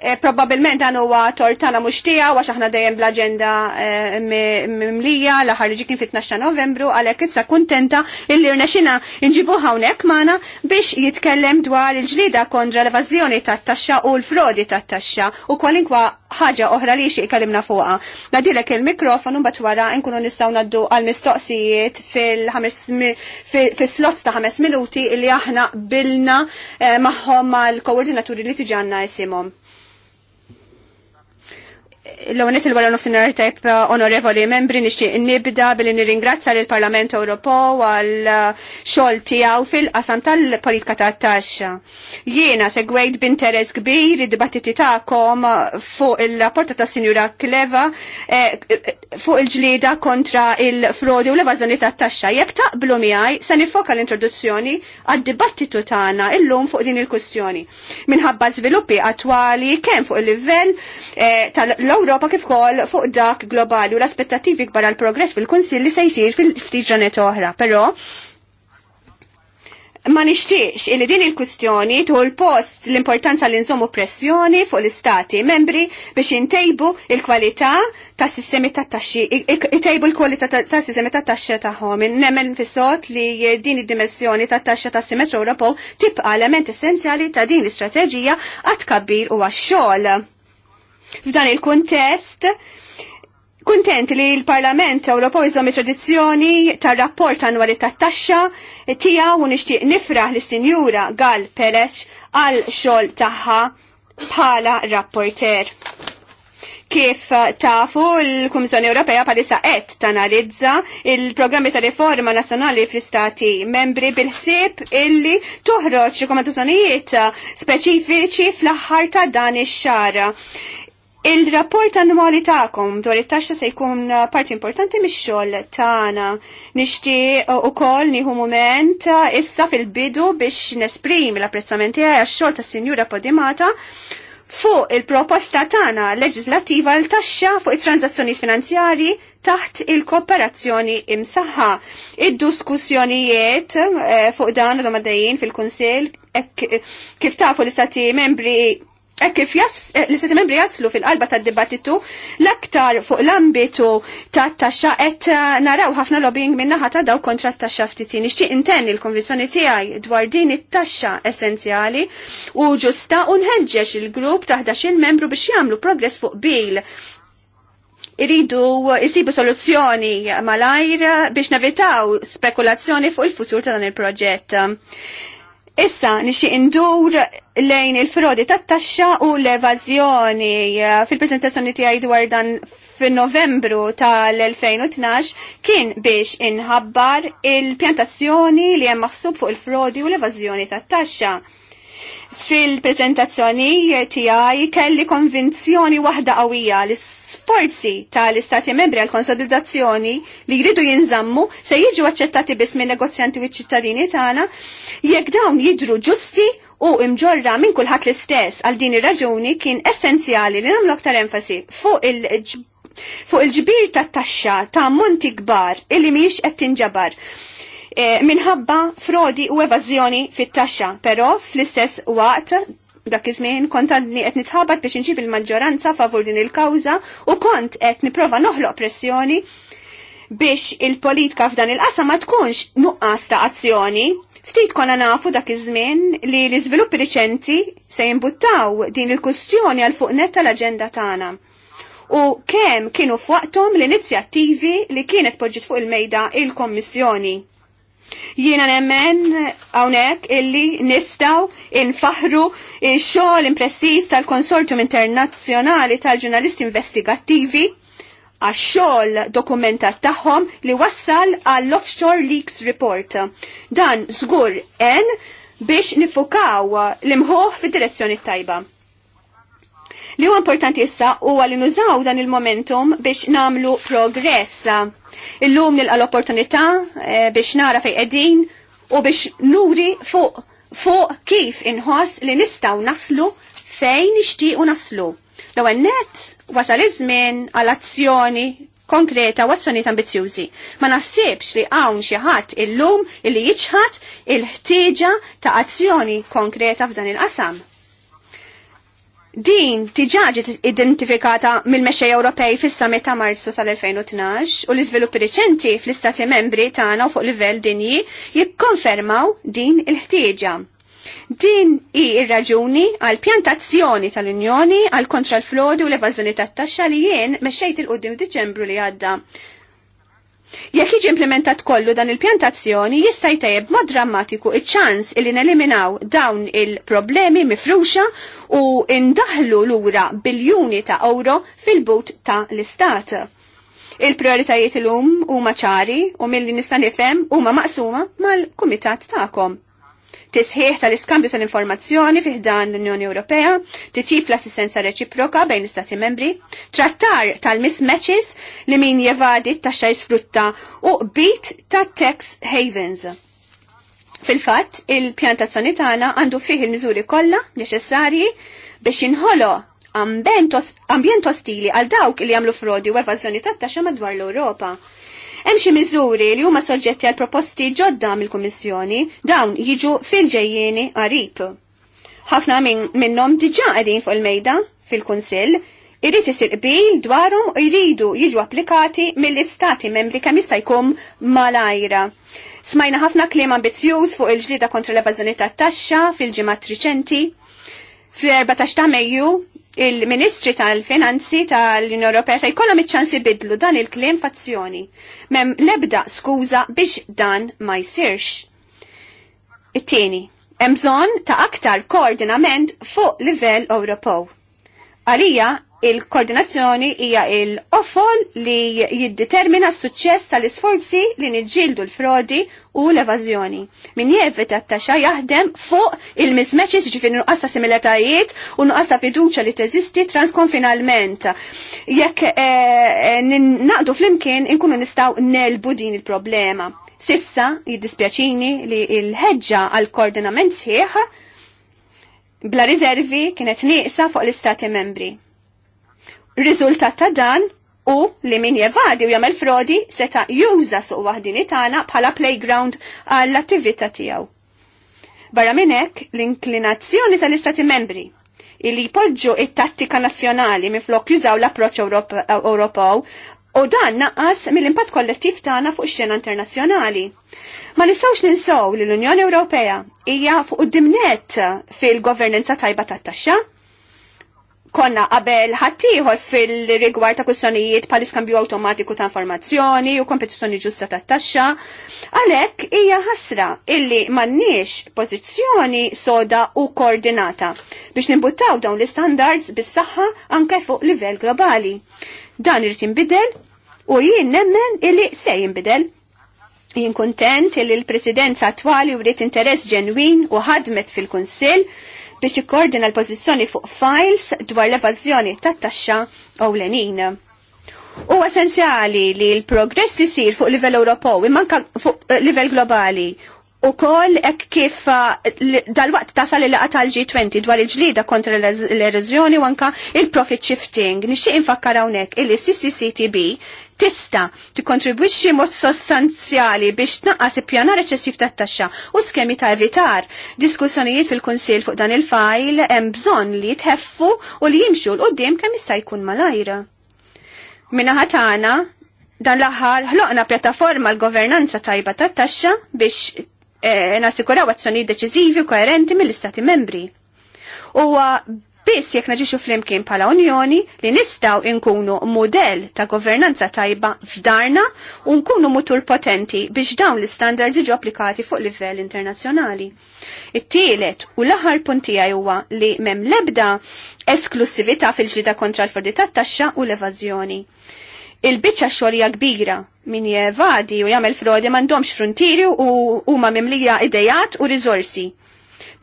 [SPEAKER 5] Eh, probabilment dan huwa tortana mhux tiegħu għax aħna dejjem bl-aġenda eh, mimlija l-aħħar li ġikin fit-12 ta' Novembru għalhekk issa kuntenta illi rnexxina nġibu hawnhekk magħna biex jitkellem dwar il-ġlida kontra l-evażjoni tat-taxxa u l-frodi tat-taxxa u kwalinkwa ħaġa oħra li xi kellimna fuqha. Nadilek il-mikrofonu mbagħad wara nkunu nistgħu naddu għal-mistoqsijiet fil-slots ta' ħames minuti li aħna bilna eh, magħhom mal-koordinaturi li tiġanna jisimhom l-għonet il-wara nofsinar tajb eh, onorevoli membri nixtieq nibda billi nirringrazzja lill parlament Ewropew għal eh, xogħol tiegħu fil-qasam tal-politika tat-taxxa. Jiena segwejt b'interess kbir id-dibattiti tagħkom eh, fuq il-rapporta ta' Sinjura Kleva fuq il-ġlieda kontra il-frodi u l-evażjoni tat-taxxa. Jekk taqblu miegħi se nifoka l-introduzzjoni għad-dibattitu tagħna illum fuq din il-kwistjoni. Minħabba żviluppi attwali kemm fuq il-livell tal-law l ewropa kif ukoll fuq dak globali u l-aspettattivi kbar għal progress fil kunsilli li se jsir fil-ftit ġranet oħra, però ma nixtiex illi din il-kustjoni l post l-importanza li nżommu pressjoni fuq l-istati membri biex intejbu il-kwalità ta' sistemi ta' taxxi, intejbu l-kwalità ta' sistemi ta' taxxa tagħhom. Nemmen fissot li din id-dimensjoni ta' taxxa ta' simestru Ewropew tibqa element essenzjali ta' din l-istrateġija għat kabbir u għax-xogħol F'dan il-kuntest, Kuntent li l-Parlament Ewropew iżomm tradizzjoni tar-rapport annwali tat-taxxa tiegħu u nixtieq nifraħ li sinjura Gal Perex għal xogħol tagħha bħala rapporter. Kif tafu l-Kummissjoni Ewropea palissa qed tanalizza il-programmi ta' riforma nazzjonali fl-istati membri bil-ħsieb illi toħroġ rekomendazzjonijiet speċifiċi fl-aħħar ta' dan ix xara Il-rapport annwali ta'kom dwar it-taxxa se jkun uh, parti importanti mix-xogħol tagħna. Nixtieq uh, ukoll nieħu mument uh, issa fil-bidu biex nesprimi l-apprezzament tiegħi għax-xogħol tas-Sinjura Podimata fuq il-proposta tagħna leġislattiva l taxxa fuq it-transazzjoni finanzjarji taħt il-kooperazzjoni imsaħħa. Id-diskussjonijiet fuq dan l għaddejjin fil-Kunsill kif tafu l-istati membri E kif l se membri jaslu fil-qalba tad dibattitu l-aktar fuq l-ambitu ta' taxxa qed e, naraw ħafna lobbying minnaħa ta' daw kontra t-taxxa ftit. Nixtieq intenni l konvinzjoni tiegħi dwar din it-taxxa essenzjali u ġusta u nħeġġeġ il-grupp ta' 11 membru biex jagħmlu progress fuq bil iridu jisibu soluzzjoni malajr biex navitaw spekulazzjoni fuq il-futur ta' dan il-proġett Issa nixi indur lejn il-frodi tat-taxxa u l-evażjoni fil-preżentazzjoni tiegħi dwar dan fin-Novembru tal-2012 kien biex inħabbar il-pjantazzjoni li hemm maħsub fuq il-frodi u l-evażjoni tat-taxxa fil-prezentazzjoni tiegħi kelli konvinzjoni waħda qawwija li sforzi tal-Istati Membri għal konsolidazzjoni li jridu jinżammu se jiġu aċċettati biss minn negozjanti u ċittadini tagħna jekk dawn jidru ġusti u imġorra minn kulħadd l-istess għal din ir-raġuni kien essenzjali li nagħmlu aktar enfasi fuq il- fuq il-ġbir tat-taxxa ta' monti kbar illi mhijiex qed tinġabar Eh, minħabba frodi u evażjoni fit-taxxa, però fl-istess waqt dak iż-żmien kont għandni qed nitħabat biex inġib il-maġġoranza favur din il-kawża u kont qed nipprova noħloq pressjoni biex il-politika f'dan il-qasam ma tkunx nuqqas ta' azzjoni. Ftit konna nafu dak iż-żmien li l iżviluppi riċenti se jimbuttaw din il-kustjoni għal fuq netta l-aġenda tagħna. U kemm kienu f'waqthom l-inizjattivi li kienet poġġiet fuq il-mejda il-Kommissjoni. Jiena nemmen hawnhekk illi nistgħu infaħru xogħol impressiv tal-Konsortium Internazzjonali tal-Ġurnalisti Investigattivi għax-xogħol dokumentat tagħhom li wassal għall-Offshore Leaks Report. Dan żgur en biex nifukaw l-imħuħ fid-direzzjoni tajba. Li huwa importanti issa huwa li nużaw dan il-momentum biex namlu progress. Illum nilqa l-opportunità eh, biex nara fejn qegħdin u biex nuri fuq fuq kif inħoss li nistgħu naslu fejn nixtiequ naslu. L-ewwel nett wasal iż-żmien għal azzjoni konkreta u azzjonijiet ambizjużi. Ma naħsibx li hawn xi ħadd illum illi jiġħad il-ħtieġa ta' azzjoni konkreta f'dan il-qasam. Din tiġaġi identifikata mill-mexxej Ewropej fis-summit ta' Marzu tal-2012 u l-iżviluppi riċenti fl-istati membri tagħna fuq livell dinji jikkonfermaw din il-ħtieġa. Din hi ir-raġuni għal pjantazzjoni tal-Unjoni għal kontra l-frodi u l-evażjoni tat-taxxa li jien mexxejt il-qudiem Diċembru li għadda Jekk jiġi implementat kollu dan il-pjantazzjoni jista' jtejjeb mod drammatiku iċ-ċans il neliminaw dawn il-problemi mifruxa u indaħlu lura biljuni ta' euro fil-but ta' l-istat. Il-prioritajiet l um huma ċari u mill-li nista' nifhem huma maqsuma mal-kumitat tagħkom tisħiħ tal-iskambju tal-informazzjoni fih dan l-Unjoni Ewropea, titjib l-assistenza reċiproka bejn l-Istati membri, trattar tal-mismatches li min jevadi taxxa jisfrutta u bit ta' tax havens. Fil-fatt, il-pjantazzjoni tagħna għandu fih il-miżuri kollha neċessarji biex inħolo ambjent ostili għal dawk li jagħmlu frodi u evażjoni tat-taxxa madwar l-Ewropa Hemm xi miżuri li huma soġġetti għal proposti ġodda mill-Kummissjoni dawn jiġu fil-ġejjieni qarib. Ħafna minnhom diġà qegħdin fuq il-mejda fil-Kunsill irid isir qbil dwarhom u jridu jiġu applikati mill-istati membri kemm jista' jkun malajra. Smajna ħafna kliem ambizzjuż fuq il-ġlida kontra l-evażjoni tat-taxxa fil-ġimgħat riċenti. Fl-14 ta' Mejju il-Ministri tal-Finanzi tal-Unjoni Ewropea se jkollhom iċ-ċans ibidlu dan il-kliem fazzjoni. Mem lebda skuża biex dan ma jsirx. It-tieni, hemm bżonn ta' aktar koordinament fuq livell Ewropew. Għalija Il-koordinazzjoni hija il-ofol li jiddetermina s-suċċess tal-isforzi li niġġieldu l-frodi u l-evażjoni. Min jevita t-taxxa jaħdem fuq il mismeċis ġifin nuqqas ta' similaritajiet u nuqqas ta' fiduċa li teżisti transkonfinalment. Jekk eh, eh, naqdu flimkien inkunu nistaw nelbu din il-problema. Sissa jiddispjaċini li il-ħeġġa għal koordinament sħiħ bla riservi kienet nieqsa fuq l-istati membri. Riżultat ta' dan u li min jevadi u jagħmel frodi seta' juża suq waħdini tagħna bħala playground għall attivita tiegħu. Barra minn hekk l-inklinazzjoni tal-Istati Membri illi jpoġġu it-tattika nazzjonali flok jużaw l-approċċ Ewropew u dan naqas mill-impatt kollettiv tagħna fuq ix-xena internazzjonali. Ma nistgħux ninsaw li l-Unjoni Ewropea hija fuq dimnet fil-governanza tajba tat-taxxa konna qabel ħattijħor fil-rigward ta' kussjonijiet pal iskambju automatiku ta' informazzjoni u kompetizzjoni ġusta ta' taxxa. Għalhekk hija ħasra illi m'għandniex pożizzjoni soda u koordinata biex nimbuttaw dawn l-standards bis-saħħa anke fuq livell globali. Dan irid jinbidel u jien nemmen illi se jinbidel. Jien kontent li l-presidenza attwali u interess ġenwin u ħadmet fil-Kunsill biex ikkoordina l-pożizzjoni fuq files dwar l-evażjoni tat-taxxa ewlenin. U essenzjali li l-progress isir fuq livell Ewropew imma fuq eh, livell globali u kol ek kif uh, dal-waqt tasal il tal G20 dwar il-ġlida kontra l erizjoni u anka il-profit shifting. Nixtieq infakkar hawnhekk il-CCCTB tista tikkontribwixxi mod sostanzjali biex tnaqqas ippjanar eċċessiv tat-taxxa u skemi ta' evitar. Diskussjonijiet fil-Kunsill fuq dan il-fajl hemm bżonn li jitħeffu u li jimxu l qudiem kemm jista' jkun malajra. Minaħa tagħna dan l-aħħar ħloqna pjattaforma l-governanza tajba tat-taxxa biex E, nasikuraw azzjoni deċiżivi u koerenti mill-Istati membri. U biss jekk naġixu flimkien bħala Unjoni li nistaw inkunu model ta' governanza tajba f'darna u nkunu mutur potenti biex dawn l-standards iġu applikati fuq livell internazzjonali. It-tielet u l-aħħar puntija huwa li mem lebda esklusivita fil-ġlida kontra l t taxxa u l-evażjoni il-biċċa xorija kbira min jevadi u jagħmel frodi m'għandhomx frontieri u huma mimlija idejat u riżorsi.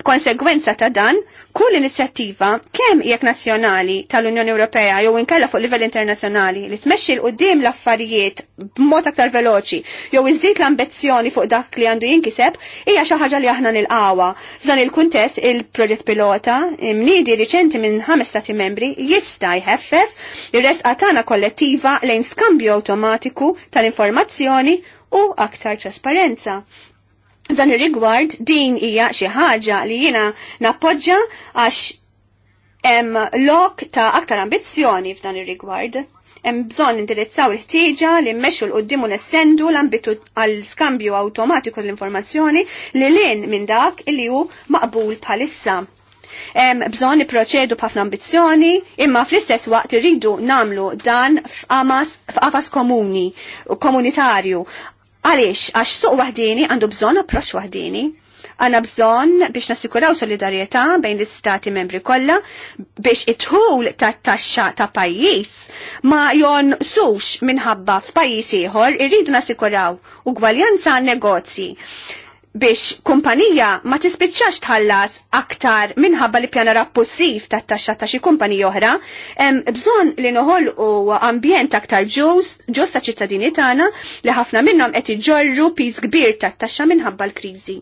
[SPEAKER 5] Konsegwenza ta' dan, kull inizjattiva kemm jekk nazzjonali tal-Unjoni Ewropea jew inkella fuq livell internazzjonali li tmexxi l qudiem l-affarijiet b'mod aktar veloċi jew iżdid l-ambizzjoni fuq dak li għandu jinkiseb hija xi ħaġa li aħna nilqawha. F'dan il kuntess il-proġett pilota mniedi riċenti minn ħames stati membri jista' jħeffef ir-resqa tagħna kollettiva lejn skambju awtomatiku tal-informazzjoni u aktar trasparenza. Dan ir-rigward din hija xi ħaġa li jiena nappoġġa għax hemm lok ta' aktar ambizzjoni f'dan ir-rigward. Hemm bżonn indirizzaw il-ħtieġa li mmexxu l qudiem u nestendu l-ambitu għal skambju awtomatiku l-informazzjoni li lin minn dak li hu maqbul bħalissa. Hemm bżonn niproċedu b'ħafna ambizzjoni, imma fl-istess waqt irridu namlu dan f'qafas komuni, komunitarju, Għaliex, għax suq wahdini għandu bżon approċ wahdini. Għanna bżon biex nassikuraw solidarieta bejn l-istati membri kollha biex itħul ta' taxxa ta' pajjiż ma jon sux minħabba f'pajjiż ieħor irridu nassikuraw ugwaljanza negozji biex kumpanija ma tispiċċax tħallas aktar minħabba li pjana rappussiv ta' taxxa ta' xi kumpanija oħra, bżonn li noħolqu ambjent aktar ġus, ġus ta' ċittadini tagħna li ħafna minnhom qed iġorru piż kbir ta' taxxa minħabba l-kriżi.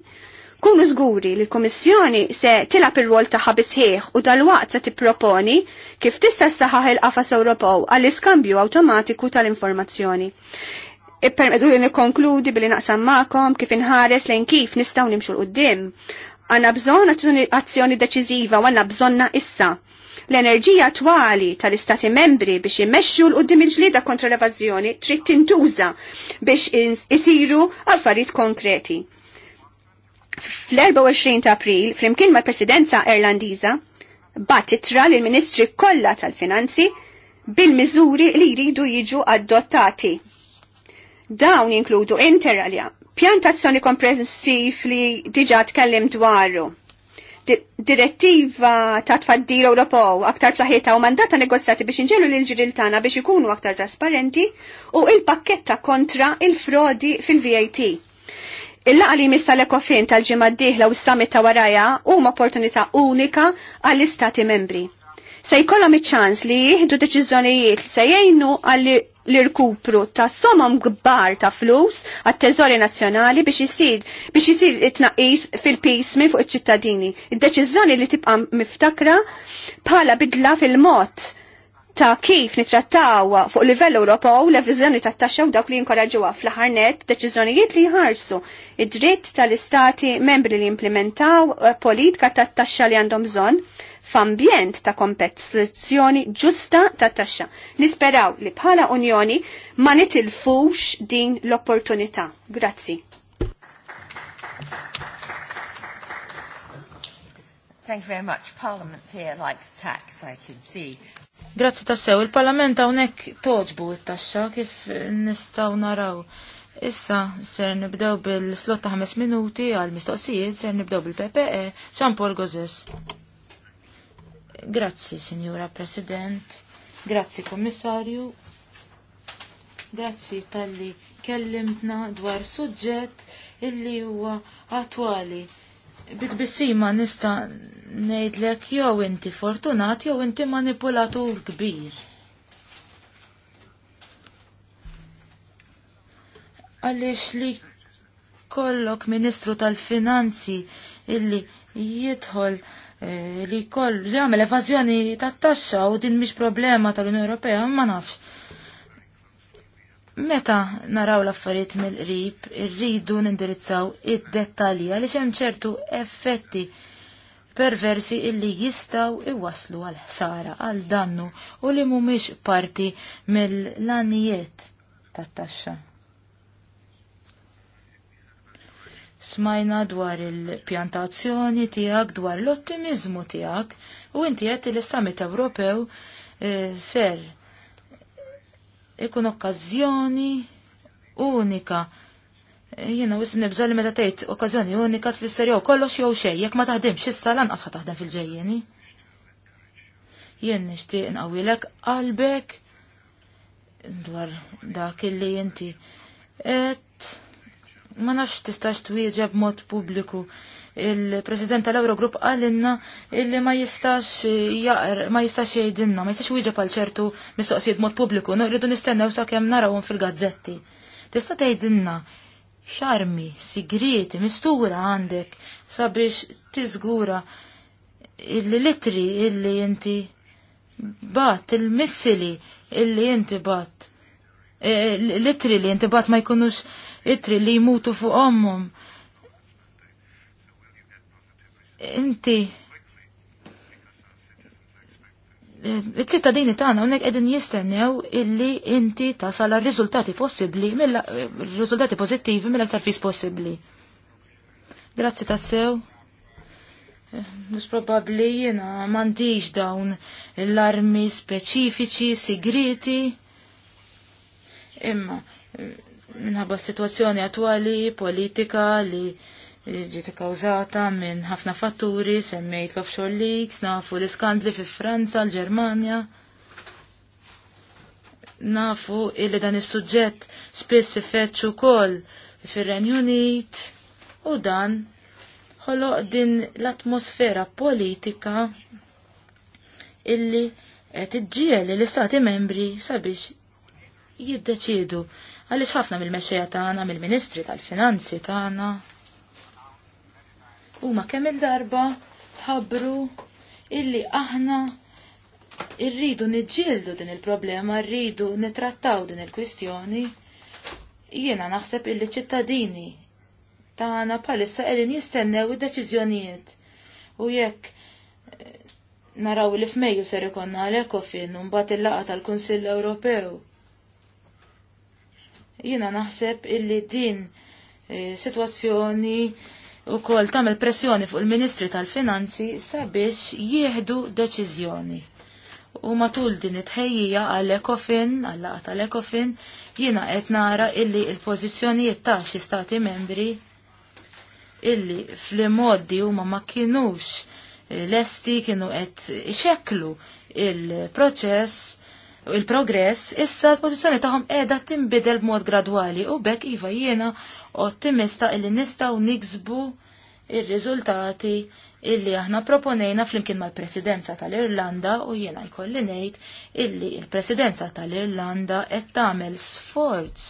[SPEAKER 5] Kunu żguri li l-Kummissjoni se tilab ir-rol tagħha bisħieħ u dal-waqt se tipproponi kif tista' saħaħ il-qafas Ewropew għall-iskambju awtomatiku tal-informazzjoni ippermedu li nikonkludi billi naqsam maqom kif inħares lejn kif nistgħu nimxu l qoddim Għandna bżonn azzjoni deċiżiva u għandna bżonna issa. L-enerġija twali tal-istati membri biex jimmexxu l qoddim il-ġlieda kontra l-evażjoni trid tintuża biex isiru affarijiet konkreti. Fl-24 ta' April, flimkien mal-Presidenza Irlandiża, bat itra lill ministri kollha tal-Finanzi bil-miżuri li jridu jiġu adottati Dawn jinkludu interalja, pjantazzjoni komprensiv li diġa tkellim dwaru, direttiva ta' tfaddil Ewropew aktar saħħita u mandata negozjati biex inġelu lil ġiril tagħna biex ikunu aktar trasparenti u il-pakketta kontra il-frodi fil-VAT. Il-laqa li mista l-ekofin tal-ġimgħa d-dieħla u s-summit ta' warajja huma opportunità unika għall-istati membri se jkollhom iċ-ċans li jieħdu deċiżjonijiet li se jgħinu għalli l-irkupru ta' somam gbar ta' flus għat teżori nazzjonali biex jisir biex jisir it-naqis fil-pismi fuq iċ-ċittadini. Id-deċiżjoni li tibqa' miftakra bħala bidla fil-mod ta' kif nitrattaw fuq livell Ewropew l viżjoni ta' taxxa u dawk li jinkoraġuha fl-aħħar net deċiżjonijiet li jħarsu id-dritt tal-istati membri li implementaw politika ta' taxxa li għandhom bżonn f'ambjent ta' kompetizzjoni ġusta ta' taxxa. Nisperaw li bħala Unjoni ma nitilfux din l-opportunità. Grazzi.
[SPEAKER 1] Thank you very much. Parliament here likes tax, I can see.
[SPEAKER 3] Grazzi tassew, il-parlament hawnhekk toġbu it-taxxa kif nistgħu naraw. Issa ser nibdew bil-slot ta' 5 minuti għal mistoqsijiet, ser nibdew bil-PPE, ċampol Paul Grazzi, Signora President. Grazzi, Kommissarju. Grazzi tal-li kellimtna dwar suġġett illi huwa attwali. Bikbissima nista' ngħidlek jew inti fortunat jew inti manipulatur kbir. Għaliex li kollok Ministru tal-Finanzi illi jidħol Eh, li koll li għamel evażjoni tat-taxxa u din mhix problema tal-Unjoni Ewropea ma nafx. Meta naraw l-affarijiet mill-qrib, irridu nindirizzaw id-dettalji għaliex hemm ċertu effetti perversi illi jistaw iwaslu għal ħsara għal dannu u li mumiex parti mill-lanijiet tat-taxxa. Smajna dwar il-pjantazzjoni tijak, dwar l-ottimizmu tijak, u inti għed li summit Ewropew eh, ser ikun okkazjoni unika. Eh, jena, wis nibża li meta tgħid okkażjoni unika tfisser jew kollox jew xejn, jekk ma taħdim issa lanqas asħa taħdem fil-ġejjeni. Jien nixtieq inqawilek qalbek dwar dak illi inti ma nafx tistax twieġeb mod pubbliku. Il-President tal-Eurogrupp għalinna illi ma jistax jaqr, ma jistax jgħidilna, ma jistax wieġeb għal ċertu mistoqsijiet mod pubbliku, no rridu nistennew sakemm narawhom fil-gazzetti. Tista' tgħidilna xarmi, sigriti, mistura għandek sabiex tiżgura il-litri illi inti bat, il-missili illi inti bat, eh, litri li inti bat ma jkunux itri li jmutu fuq ommum. Inti iċ-ċittadini tagħna hawnhekk qegħdin jistennew illi inti tasal riżultati possibbli riżultati pożittivi mill-aktar fis possibbli. Grazzi tassew. Mus probabbli jiena m'għandix dawn l-armi speċifiċi, sigriti. Imma minħabba situazzjoni attwali politika li ġiet kawżata minn ħafna fatturi semmejt l-offshore leaks, nafu l-iskandli fi Franza, l-Ġermanja. Nafu illi dan is-suġġett spiss ifetxu wkoll fir-Renju Unit u dan ħoloq din l-atmosfera politika illi qed iġġieli l-istati membri sabiex jiddeċiedu. Għaliex ħafna mill-mexxejja tagħna, mill-Ministri tal-Finanzi tagħna. Huma kemm il-darba ħabru illi aħna irridu niġġieldu din il-problema, rridu nitrattaw din il-kwistjoni. Jiena naħseb illi ċittadini tagħna bħalissa qegħdin jistennew id-deċiżjonijiet u jekk eh, naraw li f'Mejju ser ikonna l-ekofin u mbagħad il-laqgħa tal-Kunsill Ewropew. Jina naħseb illi din eh, situazzjoni u kol tamel pressjoni fuq il-Ministri tal-Finanzi sabiex jieħdu deċizjoni. U matul din it-ħejjija għall-Ekofin, għall-laqat tal-Ekofin, jina qed nara illi il-pożizzjonijiet ta' xi stati membri illi fl-modi huma ma kinux eh, lesti kienu qed ixekklu il-proċess il-progress, issa l-pozizjoni tagħhom qiegħda tinbidel b'mod gradwali u bekk iva jiena ottimista illi nistgħu niksbu ir-riżultati il illi aħna proponejna flimkien mal-Presidenza tal-Irlanda u jiena jkolli ngħid illi il-Presidenza tal-Irlanda qed tagħmel sforz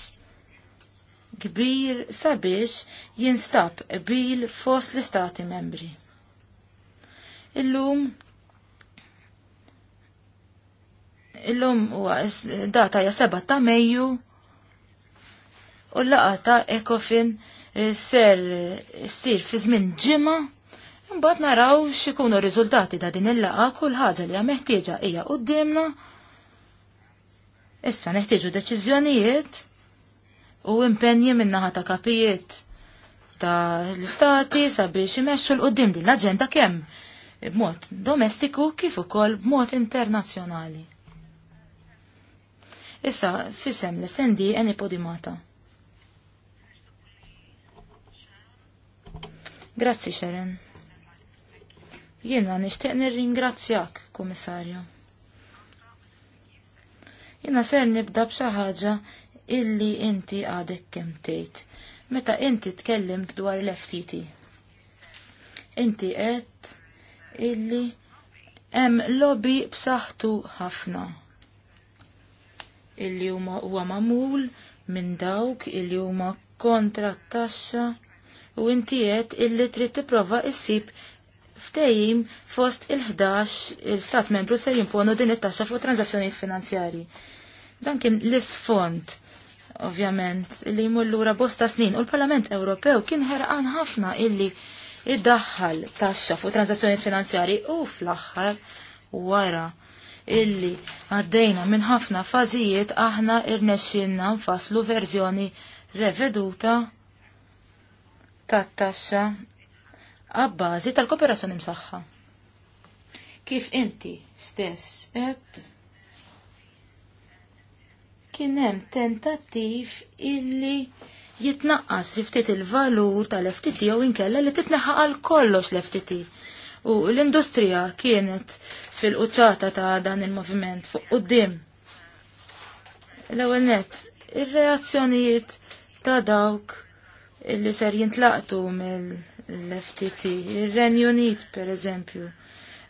[SPEAKER 3] kbir sabiex jinstab bil fost l-istati membri. Illum Illum huwa data ja 7 ta' Mejju u l-laqa ta' Ekofin eh, ser sir fi żmien ġima Mbagħad naraw x'ikunu r-riżultati ta' din il-laqa kull ħaġa li hija meħtieġa hija quddiemna, Issa neħtieġu deċiżjonijiet u impenji minnaħa ta' kapijiet ta' l-istati sabiex imexxu l-qoddim din l-aġenda kemm b'mod domestiku kif ukoll b'mod internazzjonali. Issa, fissem li sendi eni podimata. Grazzi, Sharon. Jiena nishtiq nirringrazzjak, Kummissarju. Jiena ser nibda b'xi ħaġa illi inti għadek kemm tgħid. Meta inti tkellimt dwar l-FTT. Inti għed illi hemm lobby b'saħħtu ħafna illi huma huwa mamul minn dawk illi huma kontra t-taxxa u inti qed illi trid tipprova issib ftehim fost il-11 il-Stat membru se jimponu din it-taxxa fuq transazzjonijiet finanzjarji. Dan kien l-isfond ovvjament li jmur lura bosta snin u l-Parlament Ewropew kien ħerqan ħafna illi iddaħħal taxxa fuq tranzazzjonijiet finanzjarji u fl-aħħar wara illi għaddejna minn ħafna fażijiet aħna irnexxinna nfasslu verżjoni reveduta tat-taxxa għabbażi tal-kooperazzjoni msaħħa. Kif inti stess qed kien hemm tentattiv illi jitnaqqas li ftit il-valur tal-FTT jew inkella li titneħħaq għal kollox l-FTT u l-industrija kienet fil-quċċata ta' dan il-moviment fuq qudiem. L-ewwel nett, ir-reazzjonijiet ta' dawk illi ser jintlaqtu mill-FTT, ir-Renju Unit pereżempju.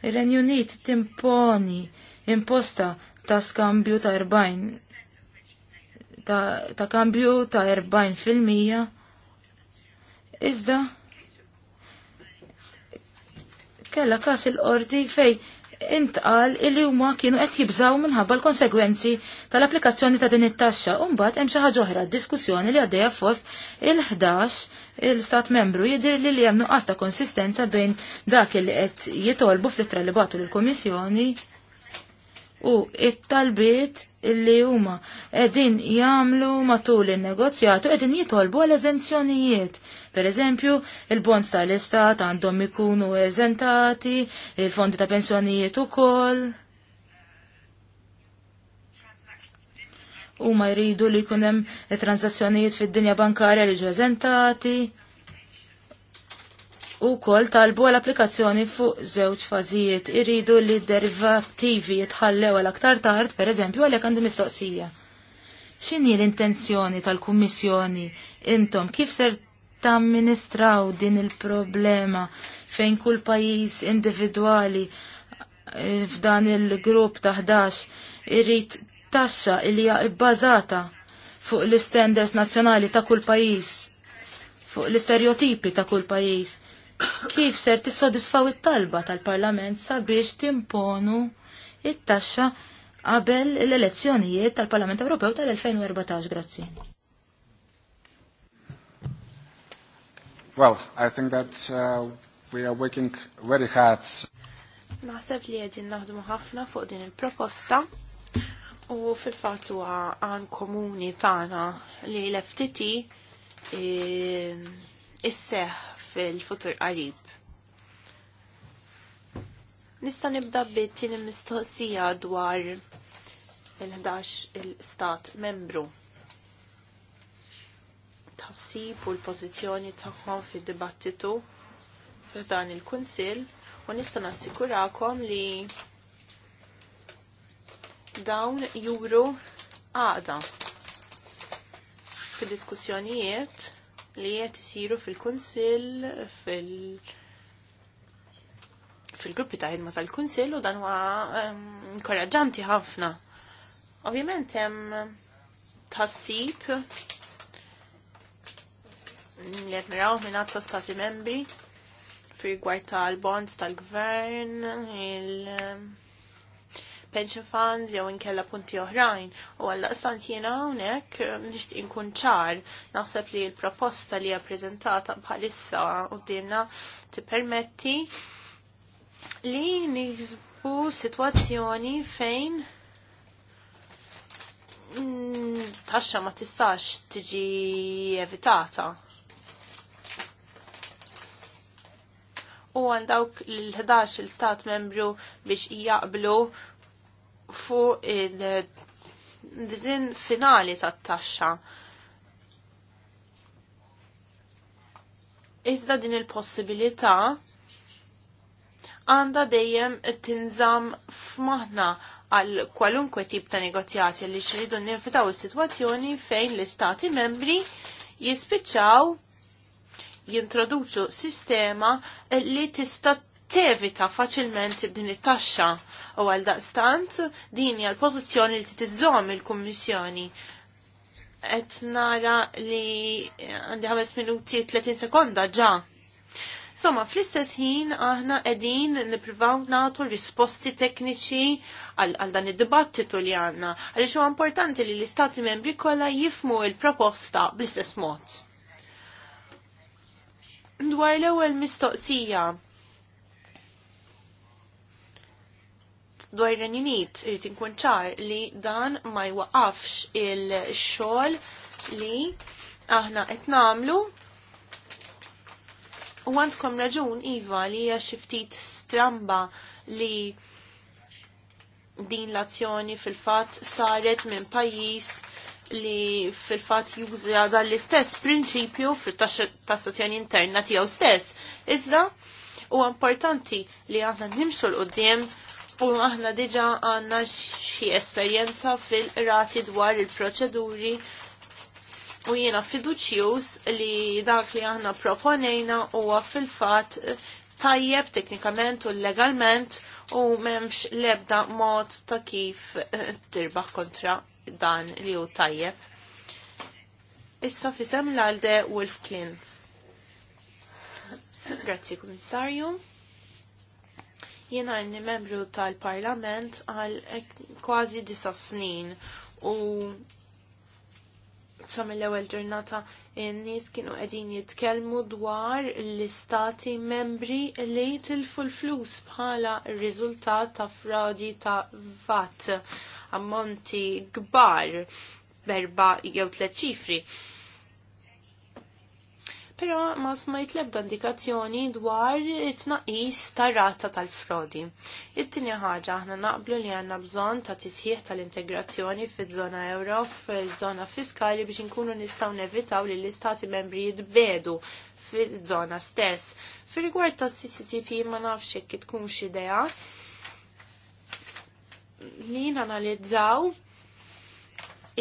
[SPEAKER 3] Ir-Renju Unit timponi imposta ta' skambju ta' erbajn ta', kambju ta' erbajn fil-mija. Iżda kella kas il-qorti fej intqal illi huma kienu qed jibżaw minħabba l-konsegwenzi tal-applikazzjoni ta' din it-taxxa. u mbagħad hemm xi ħaġa oħra diskussjoni li għaddejja fost il-11 il-Stat membru jidir li li hemm nuqqas ta' konsistenza bejn dak li qed jitolbu fl-ittra li bagħtu lill-Kummissjoni u it-talbiet illi huma qegħdin jagħmlu matul in-negozjatu qegħdin jitolbu għal eżenzjonijiet. Pereżempju, il-bonds tal-istat għandhom ikunu eżentati, il-fondi ta' pensjonijiet ukoll. U ma jridu li jkun hemm transazzjonijiet fid-dinja bankarja li ġu eżentati u kol talbu għal-applikazzjoni fuq żewġ fażijiet. Irridu li derivativi jitħallew għal-aktar tard, per eżempju, għalek għandi mistoqsija. X'inhi l-intenzjoni tal-Kummissjoni intom kif ser tamministraw din il-problema fejn kull pajjiż individwali eh, f'dan il-grupp taħdax irrit taxxa li hija bbażata fuq l-standards nazzjonali ta' kull pajjiż, fuq l-istereotipi ta' kull pajjiż kif ser tissodisfaw it-talba tal-Parlament sabiex timponu it-taxxa qabel l-elezzjonijiet tal-Parlament Ewropew tal-2014. Grazzi.
[SPEAKER 2] Well, I think that uh, we are working very hard.
[SPEAKER 4] Naħseb li għedin naħdmu ħafna fuq din il-proposta u fil fatu huwa għan komuni tagħna li l-FTT eh, isseħ fil-futur qarib. Nista' nibda bit-tieni mistoqsija dwar il-11 il-stat membru. Tassib u l-pożizzjoni tagħhom fid-dibattitu f'dan il-Kunsill u nista' nassikurakom li dawn juru għada fid-diskussjonijiet li qed isiru fil-Kunsill fil- fil-gruppi ta' ħidma tal-Kunsill u dan huwa ehm, inkoraġġanti ħafna. Ovvjament hemm tassib li qed niraw minn ta' stati membri fir-rigward tal-bonds tal-gvern, il- pension funds jew inkella punti oħrajn u għallaqstant jena hawnhekk eh, nixtieq inkun ċar naħseb li l-proposta li hija ppreżentata bħalissa dinna tippermetti li nixbu sitwazzjoni fejn mm, taxxa ma tistax tiġi evitata. U għandawk l-11 il-stat membru biex jaqblu fuq il-dizin finali tat-taxxa. Iżda din il-possibilità għanda dejjem tinżam f'maħna għal kwalunkwe tip ta' negozjati li xridu nifitaw is-sitwazzjoni fejn l-istati membri jispiċċaw jintroduċu sistema li tista' tevita faċilment din it-taxxa u għal daqstant din hija l-pożizzjoni li tiżżomm il-Kummissjoni. Qed nara li għandi 5 minuti 30 sekonda ġa. Somma, fl-istess ħin aħna qegħdin nippruvaw nagħtu risposti tekniċi għal dan id-dibattitu li għandna, għaliex huwa importanti li l-Istati membri kollha jifmu l-proposta bl-istess mod. Dwar l-ewwel mistoqsija dwar ir Unit irid inkun ċar li dan ma jwaqafx il-xogħol li aħna qed nagħmlu u għandkom raġun Iva li hija xi ftit stramba li din l-azzjoni fil-fatt saret minn pajjiż li fil fatt juża dan l-istess prinċipju fit tassazzjoni interna tiegħu stess. Iżda, u importanti li aħna nimxu l qudiem U aħna diġa għanna xie esperienza fil-rati dwar il-proċeduri u jiena fiduċjus li dak li aħna proponejna huwa fil-fat tajjeb teknikament u legalment u memx lebda mod ta' kif eh, tirbaħ kontra dan li hu tajjeb. Issa fisem l-għalde Wolf Klins. Grazzi, Komissarju. Jena għalni membru tal-parlament għal kważi disa snin u sa l ewwel ġurnata n-nies kienu qegħdin jitkellmu dwar l-istati membri li tilfu l-flus bħala r-riżultat ta' frodi ta' VAT ammonti kbar berba jew tliet ċifri però ma smajt lebda indikazzjoni dwar it naqis ta' rata tal-frodi. it tini ħaġa aħna naqblu li għanna bżon ta' tisħiħ tal-integrazzjoni fil-żona euro fil-żona fiskali biex inkunu nistaw nevitaw li l-istati membri jitbedu fil-żona stess. Fil-rigward ta' CCTP ma nafx jekk tkun x'idea li nanalizzaw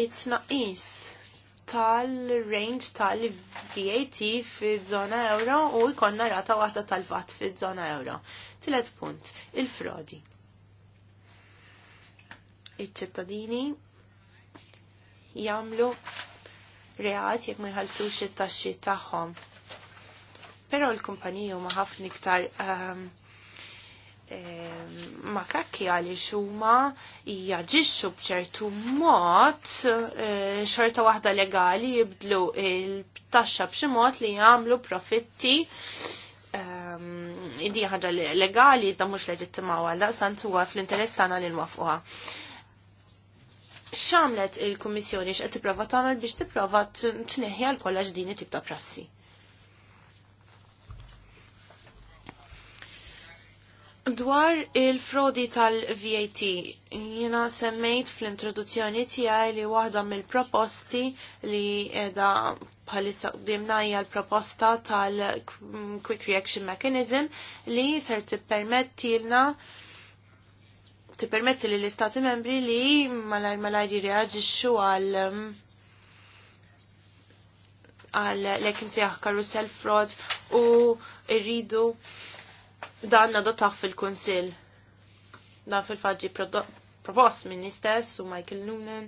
[SPEAKER 4] it naqis tal-range tal-VAT fil-zona euro u jkonna rata waħda tal-VAT fil-zona euro. Tilet punt, il-frodi. Iċ-ċittadini jamlu reħat jekk ma xittaxi it-taxxi tagħhom. Però l-kumpaniji huma ħafna iktar um, Ehm, Ma kakki għali huma jaġixxu bċertu mod eh, xorta waħda legali jibdlu il-taxxa b'xi mod li jagħmlu profitti idi ehm, ħaġa legali iżda mhux leġittima għal daqsant huwa fl-interess tagħna li nwaffquha. X'għamlet il-Kummissjoni x'qed tipprova tagħmel biex tipprova tneħħi għal kollha x'din it-tip ta' prassi? Dwar il-frodi tal-VAT, jina semmejt fl-introduzzjoni tijaj li waħda mill-proposti li edha bħalissa qdimna hija l-proposta tal-Quick Reaction Mechanism li ser tippermettilna tippermetti li l-Istati membri li malar malar jirreagġixxu għal mm, għal l-ekin sejħ karusel fraud u rridu dan taħ fil-Kunsil. Dan fil faġi propost minn stess u Michael Noonan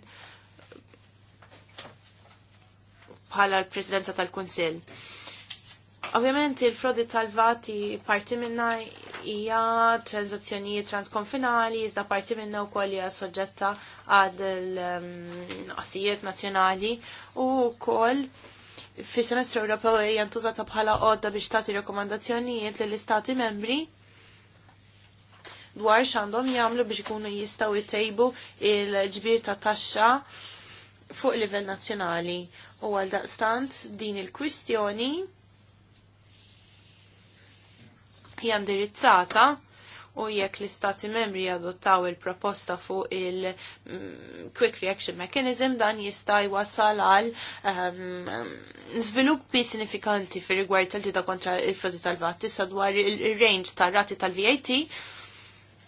[SPEAKER 4] bħala l-presidenza tal-Kunsil. Ovvjament il-frodi tal-vati parti minna hija tranzazzjonijiet transkonfinali, iżda parti minna u koll hija soġġetta għad l-qasijiet mm, nazzjonali u koll fi semestru Ewropew hija ntużata bħala għodda biex tagħti rekomandazzjonijiet lill istati membri dwar x'għandhom jagħmlu biex ikunu jistgħu jtejbu il-ġbir ta' taxxa fuq livell nazzjonali. U għal daqstant din il-kwistjoni hija indirizzata u jekk l-istati membri adottaw il-proposta fuq il-Quick mm, Reaction Mechanism dan jista' wasal għal żviluppi ehm, sinifikanti fir rigward tal tita kontra il-frodi tal-vat issa dwar il-range tar-rati tal-VAT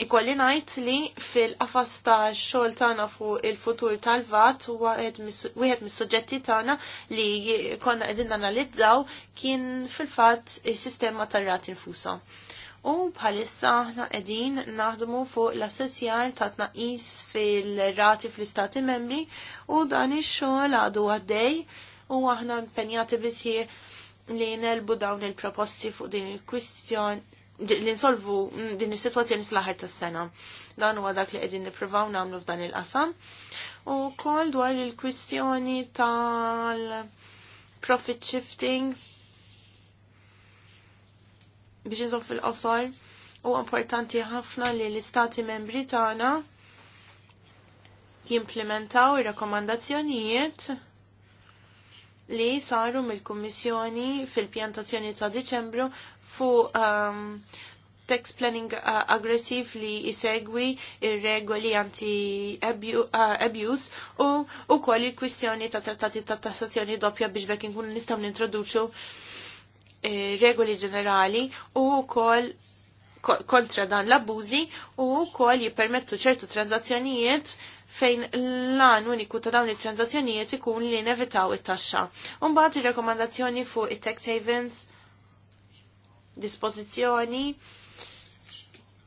[SPEAKER 4] Ikolli najt li fil-qafas ta' xol tana fuq il-futur tal-vat u għed mis-soġġetti tana li konna għedin analizzaw kien fil-fat il-sistema tal rati infusa. U bħalissa aħna qegħdin naħdmu fuq l-assessjar ta' tnaqis fil-rati fl-istati membri u dan ix-xogħol għadu għaddej u aħna impenjati bisħi li nelbu dawn il-proposti fuq din il-kwistjon li nsolvu din is-sitwazzjoni sl-aħħar tas-sena. Dan huwa dak li qegħdin nippruvaw nagħmlu f'dan il-qasam. U koll dwar il-kwistjoni tal-profit shifting biex nżomm fil-qosol u importanti ħafna li l-istati membri tagħna jimplementaw ir-rakkomandazzjonijiet li saru mill-Kummissjoni fil-pjantazzjoni ta' Diċembru fuq um, tax planning uh, aggressiv li jisegwi ir-regoli anti uh, abuse u u il-kwistjoni ta' trattati ta' tassazzjoni doppja biex bekk inkunu nistgħu nintroduċu Eh, regoli ġenerali u wkoll kontra dan l-abbużi u wkoll jippermettu ċertu tranzazzjonijiet fejn l-lan uniku ta' dawn it-tranzazzjonijiet ikun li nevitaw it-taxxa. Umbagħad ir-rekomandazzjoni fuq it-tax havens, dispożizzjoni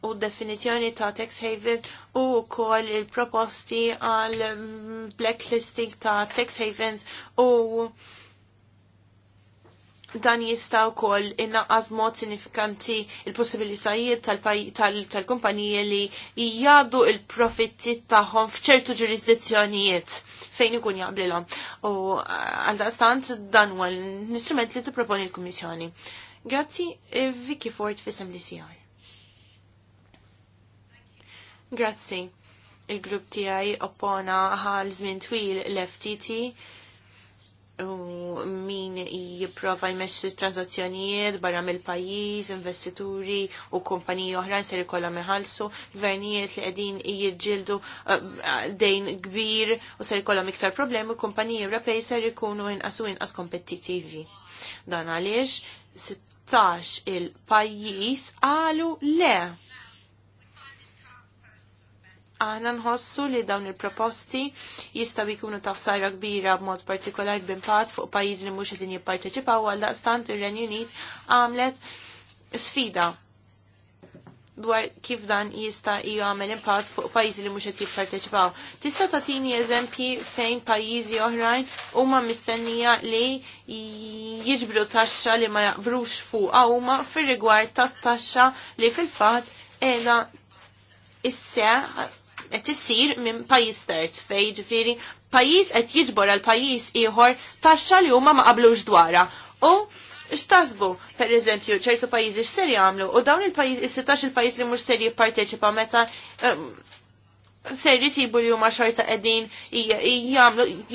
[SPEAKER 4] u definizjoni ta' tax haven u kol il-proposti għal mm, blacklisting ta' tax havens u dan jista' wkoll inna mod sinifikanti il-possibilitajiet tal-kumpaniji li jgħadu il-profitti tagħhom f'ċertu ġurisdizzjonijiet fejn ikun jaqblilhom. U uh, għaldaqstant dan huwa l instrument li tipproponi l-Kummissjoni. Grazzi eh, Vicky Ford f'isem li CR. Grazzi. Il-grupp tiegħi oppona għal żmien twil l-FTT u min jipprova jmessi transazzjonijiet barra mill-pajjiż, investituri u kumpaniji oħra ser ikollhom meħalsu, gvernijiet li qegħdin jiġġieldu eh, dejn kbir u ser ikollhom iktar problemi u kumpaniji Ewropej ser ikunu inqas u inqas kompetittivi. Dan għaliex 16 il-pajjiż qalu le Aħna nħossu li dawn il-proposti jistaw jkunu sajra kbira b'mod partikolari b'impatt fuq pajjiżi li mhux qegħdin jipparteċipaw għal daqstant ir-Renju Unit għamlet sfida dwar kif dan jista' jagħmel impatt fuq pajjiżi li mhux qed jipparteċipaw. Tista' tagħtini eżempji fejn pajjiżi oħrajn huma mistennija li jiġbru taxxa li ma jaqbrux għaw ma fir-rigward tat-taxxa li fil-fatt qiegħda isseħ qed issir minn pajjiż terz fejn ġifieri pajjiż qed jiġbor għal pajjiż ieħor taxxa li huma ma qablux dwarha. U x'tasbu, pereżempju, ċertu pajjiżi x'ser jagħmlu u dawn il-pajjiż is-16 il-pajjiż li mhux ser jipparteċipa meta um, ser jisibu li huma xorta qegħdin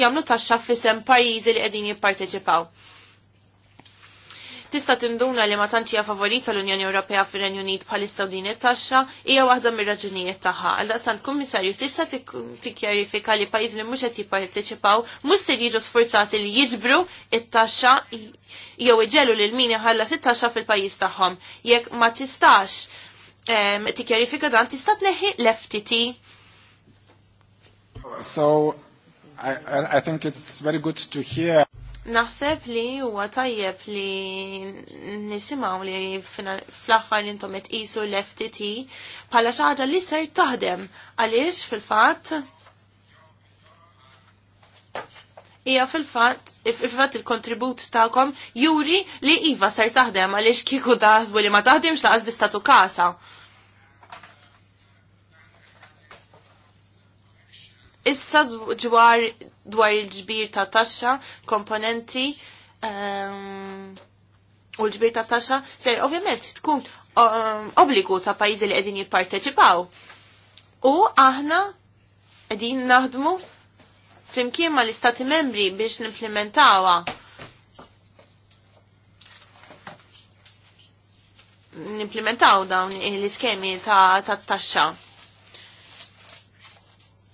[SPEAKER 4] jagħmlu taxxa f'isem pajjiżi li qegħdin jipparteċipaw tista' tinduna li ma tantx hija favorita l-Unjoni Ewropea fir-Renju Unit bħalissa din it-taxxa hija waħda mir-raġunijiet tagħha. Għal daqsan kummissarju tista' tikkjarifika li pajjiż li mhux qed jipparteċipaw mhux se jiġu sforzati li jiġbru it-taxxa jew iġelu lil min iħallas it-taxxa fil-pajjiż tagħhom. Jekk ma tistax tikkjarifika dan tista' tneħħi l-FTT.
[SPEAKER 2] So I, I think it's very good to hear
[SPEAKER 4] Naħseb li huwa tajjeb li nisimaw li fl-aħħar intom qed qisu l-FTT bħala xi ħaġa li ser taħdem għaliex fil-fatt Ija fil-fat, fil-fat il-kontribut ta'kom juri li Iva ser taħdem għaliex kiku daħsbu li ma taħdimx laqas bistatu kasa. Issa dwar dwar il-ġbir ta' taxxa, komponenti ehm, u l-ġbir ta' taxxa, ser ovvjament tkun um, obbligu ta' pajjiżi li qegħdin jipparteċipaw. U aħna qegħdin naħdmu flimkien ma' l-istati membri biex nimplementawha Nimplementaw dawn l-iskemi ta' taxxa. Ta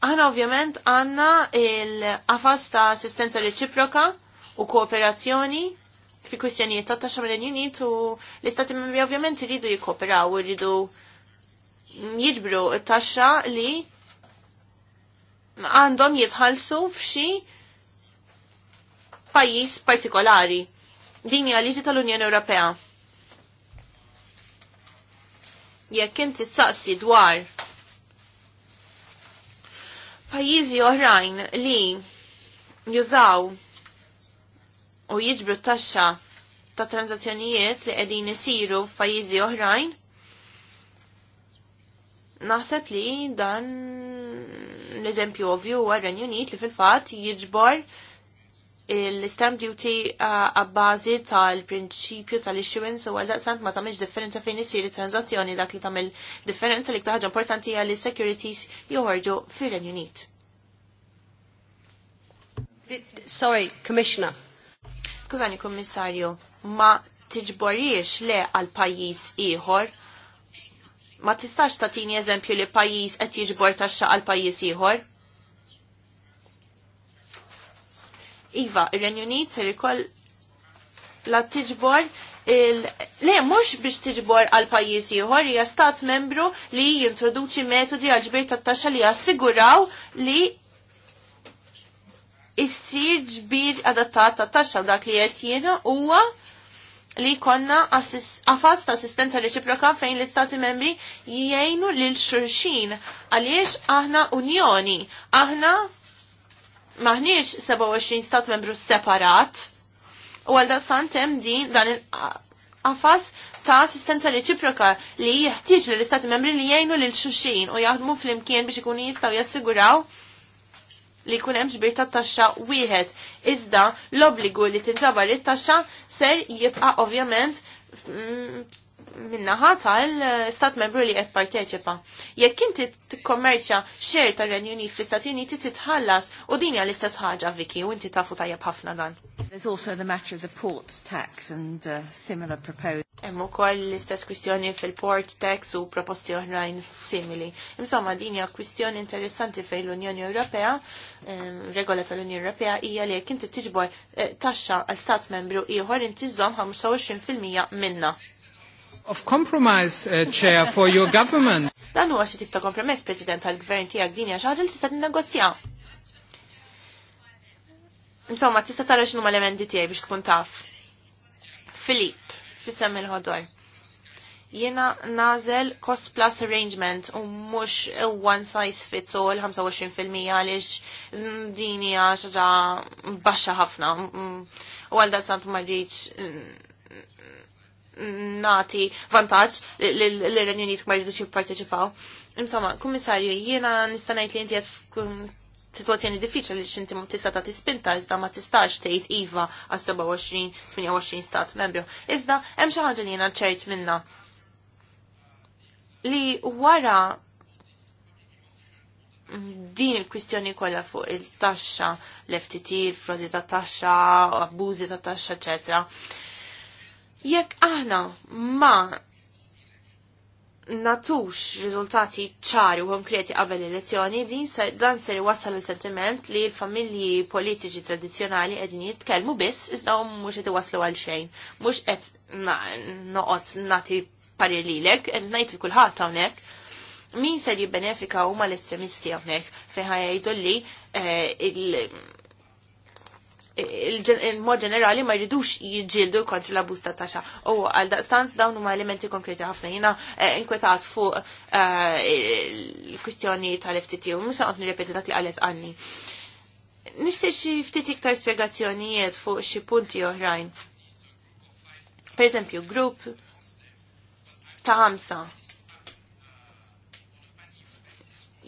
[SPEAKER 4] Aħna ovvjament għanna il-qafas ta' assistenza reċiproka u kooperazzjoni fi kwistjonijiet ta' taxxa mill-Unit u l-Istati Membri ovvjament iridu jikkooperaw u jridu jiġbru t-taxxa li għandhom jitħallsu f'xi pajjiż partikolari. Din hija liġi tal-Unjoni Ewropea. Jekk inti taqsi dwar Pajjiżi oħrajn li jużaw u jiġbru taxxa ta' tranzazzjonijiet li qegħdin isiru f'pajjiżi oħrajn, naħseb li dan l-eżempju ovju huwa Renju Unit li fil-fatt jiġbor il-stamp duty uh, għabbażi tal-prinċipju tal-issuance u għal-daqsant ma tamiex differenza fejn isir transazzjoni dak li tamil differenza li ktaħġa importanti għal securities joħorġu fir-Renju Unit. Sorry, Commissioner. Skużani, Kommissarju, ma tiġborriex le għal pajjiż ieħor ma tistax tatini eżempju li pajjiż qed jiġbor taxxa għal pajjiż ieħor? Iva, ir-Renju Unit ser ikoll la tiġbor il... Le, mhux biex tiġbor għal pajjiż ieħor hija stat membru li jintroduċi metodi għal ġbir tat-taxxa li jassiguraw li issir ġbir adattat tat-taxxa dak li qed jiena huwa li konna għafas ta' assistenza reċiproka fejn l-istati membri jgħinu lil xurxin għaliex aħna unjoni, aħna maħniex 27 stat membru separat u għal hemm din dan il-qafas ta' assistenza reċiproka li jeħtieġ li l-istati membri li jgħinu lil xuxin u jaħdmu fl-imkien biex ikunu jistgħu jassiguraw li jkun hemm xbir ta' taxxa wieħed. Iżda l-obbligu li tinġabar it-taxxa ser jibqa' ovvjament mm, ħata l stat membru li qed parteċipa. Jekk inti tikkommerċja kommerċa xer renju Unit fl-Istati Uniti titħallas u din hija l-istess ħaġa Viki u inti tafu tajjeb ħafna dan.
[SPEAKER 1] There's also the matter of the ports tax and uh, similar proposals.
[SPEAKER 4] Hemm ukoll l-istess kwistjoni fil-port tax u proposti oħrajn simili. Insomma din hija kwistjoni interessanti fejn l-Unjoni Ewropea, regola tal-Unjoni Ewropea hija li jekk inti tiġbor eh, taxxa għal stat membru ieħor inti żżomm 25% minna
[SPEAKER 2] of compromise, uh, Chair, for your government.
[SPEAKER 4] (laughs) Dan huwa xi tip ta' kompromess, President, tal-gvern tiegħek din hija xi ħaġa li tista' tinnegozja. Insomma, tista' tara x'inhu l-emendi tiegħi biex tkun taf. Filip, fissem il-ħodor. Jiena nażel cost plus arrangement u mhux one size fits all 25% għaliex mm, din hija xaġa baxxa ħafna mm, mm. u għal dan sant ma rridx nati vantaġġ l-Renju Unit ma jridux jipparteċipaw. Insomma, kummissarju, jiena nista' ngħid li inti qed situazzjoni diffiċli li xinti ma tista' ta' tispinta iżda ma tistax tgħid iva għas 27-28 stat membru. Iżda hemm xi ħaġa li jiena ċert minna li wara din il-kwistjoni kollha fuq il-taxxa, l-FTT, il-frodi ta' taxxa, abbużi ta' taxxa, eċetera Jekk aħna ma natux riżultati ċari u konkreti qabel l-elezzjoni, din dan ser iwassal il-sentiment li l-familji politiċi tradizjonali qegħdin jitkellmu biss iżda mhux qed iwasslu għal xejn. Mhux qed noqgħod nagħti parir lilek, qed ngħid li kulħadd hawnhekk. Min ser jibbenefika huma l-estremisti hawnhekk fejn ħajdu li eh, il-mod ġenerali ma jridux jġildu kontra l-abus ta' taxa. U għal daqstanz dawn huma elementi konkreti ħafna jina eh, inkwetat fuq eh, il-kwistjoni tal-FTT u musa għotni nirrepeti dak li għalet għanni. Nishtiq xi ftit iktar spjegazzjonijiet fuq xi punti oħrajn. Per eżempju, grupp ta' ħamsa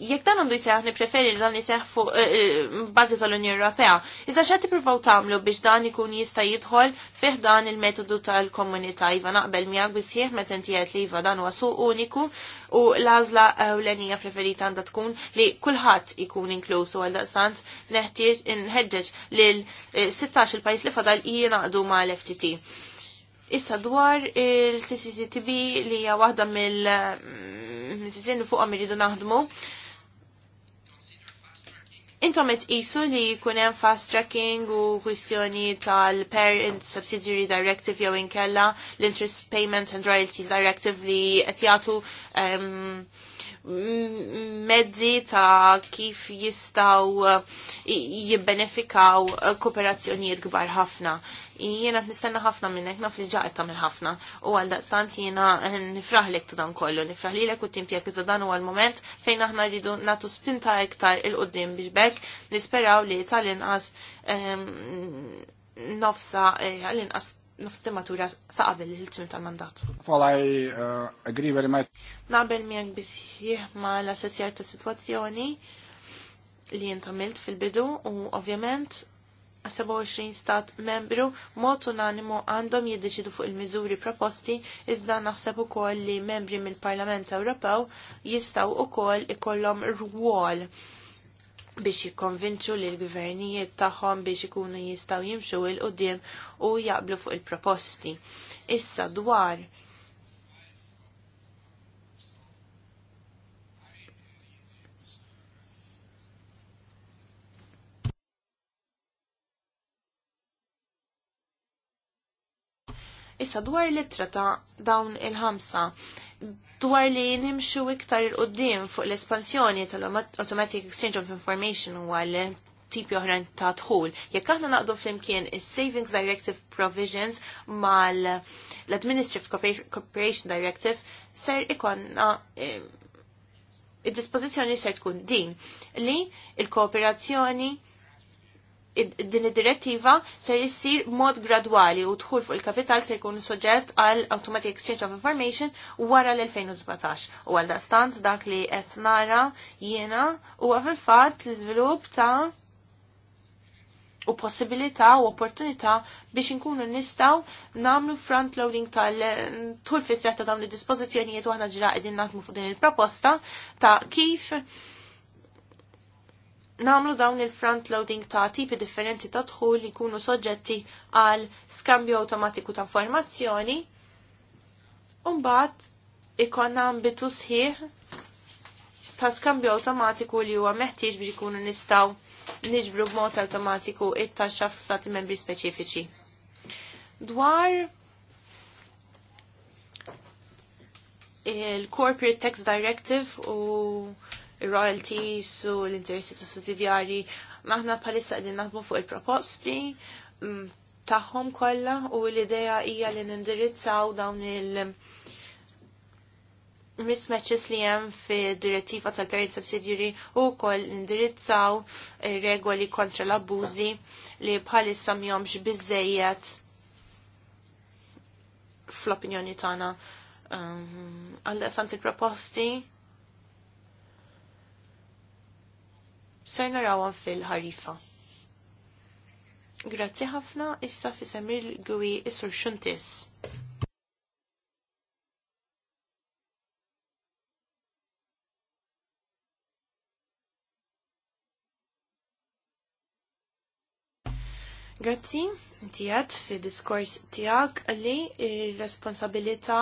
[SPEAKER 4] jekk dan għandu jseħ preferi dan jseħ fuq eh, eh, bazi tal-Unjoni Ewropea. Iżda xa tippruvaw tagħmlu biex dan ikun jista' jidħol fih dan il-metodu tal-komunità iva naqbel miegħek bisħieħ meta inti li iva dan huwa suq uniku u l-għażla ewlenija preferita għandha tkun li kulħadd ikun inkluż u għal daqsant neħtieġ inħeġġeġ lil 16 eh, il-pajjiż li fadal jingħaqdu mal-FTT. Issa dwar il ccctb li hija waħda mm, mill-sizin fuqhom iridu naħdmu, Intom et isu li jkun hemm fast tracking u kwistjoni tal-Parent Subsidiary Directive jew inkella l-Interest Payment and Royalties Directive li qed jagħtu um, mezzi ta' kif jistaw eh, jibbenefikaw eh, kooperazzjonijiet gbar ħafna jiena t-nistenna ħafna minnek, naf li ġaqet tamil ħafna. U għal daqstant jiena eh, nifraħlek t-dan kollu, nifraħlilek u t-tim tijak iżda dan u għal moment fejn aħna rridu natu spinta iktar il-qoddim biex bek, nisperaw li tal-inqas ehm, nofsa, eh, għal-inqas nofs tematura saqabel il tim tal-mandat.
[SPEAKER 5] Well, I uh, agree very much.
[SPEAKER 4] Naqbel miegħek bisħieħ ma l-assessjar ta' situazzjoni li jintamilt fil-bidu u ovvjament 27 stat membru mod unanimu għandhom jiddeċidu fuq il-miżuri proposti iżda naħseb ukoll li membri mill-Parlament Ewropew jistgħu ukoll ikollhom rwol biex jikkonvinċu li l-gvernijiet tagħhom biex ikunu jistgħu jimxu il qudiem u jaqblu fuq il-proposti. Issa dwar Issa dwar l-ittra ta' dawn il-ħamsa, dwar li nimxu iktar il-qoddim fuq l-espansjoni tal-Automatic Exchange of Information u għal tipi oħrajn ta' tħul. Jekk aħna naqdu flimkien is-Savings Directive Provisions mal l-Administrative Cooperation Directive ser ikonna e, id-dispożizzjoni ser tkun din li il-kooperazzjoni din id-direttiva ser jissir mod gradwali u dħul fuq il-kapital ser kun soġġett għal Automatic Exchange of Information wara l-2017. U għal stanz dak li qed nara jiena u fil fatt l-iżvilupp ta' u possibilità u opportunità biex inkunu nistaw namlu front loading tal-tul fis dawn id-dispożizzjonijiet u aħna ġra qegħdin naħdmu fuq din il-proposta ta' kif namlu dawn il-front loading ta' tipi differenti ta' tħul li jkunu soġġetti għal skambju automatiku ta' informazzjoni. Umbat ikonna bitu sħiħ ta' skambju automatiku li huwa meħtieġ biex ikunu nistaw niġbru b'mod automatiku it-taxxa f'stati membri speċifiċi. Dwar il-Corporate Tax Directive u royalties u l-interessi ta' sussidjari. Maħna bħalissa qegħdin naħdmu fuq il-proposti mm, tagħhom kollha u l-idea hija li nindirizzaw dawn il- mismatches li hemm fid-direttiva tal-parent subsidiary u kol indirizzaw regoli kontra l-abbużi li bħalissa mjomx bizzejiet fl-opinjoni tagħna. Um, Għalla sant il-proposti ser narawan fil-ħarifa. Grazzi ħafna issa fi semir Gwi issur Xuntis. Grazzi, tijat fi diskors tijak li responsabilita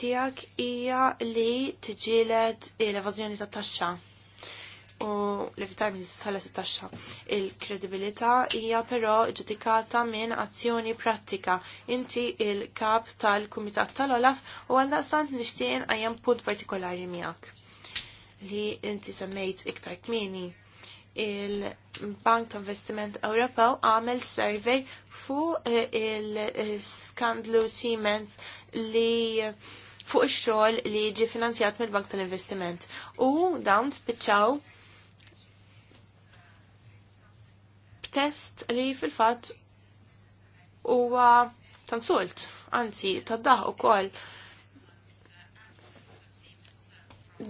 [SPEAKER 4] tijak ija li tġilet l-evazjoni ta' taxxa u l-iftar minn tala 16. Il-kredibilità hija però ġudikata minn azzjoni prattika. Inti il-kap tal-Kumitat tal-Olaf u sant nishtien għajem punt partikolari miegħek li inti semmejt iktar kmini. Il-Bank ta' Investiment Ewropew għamel survey fuq eh, il-skandlu Siemens li fuq ix-xogħol li jiġi finanzjat mill-Bank tal-Investiment. U dawn spiċċaw test li fil-fat huwa tansult, anzi taddaħ ukoll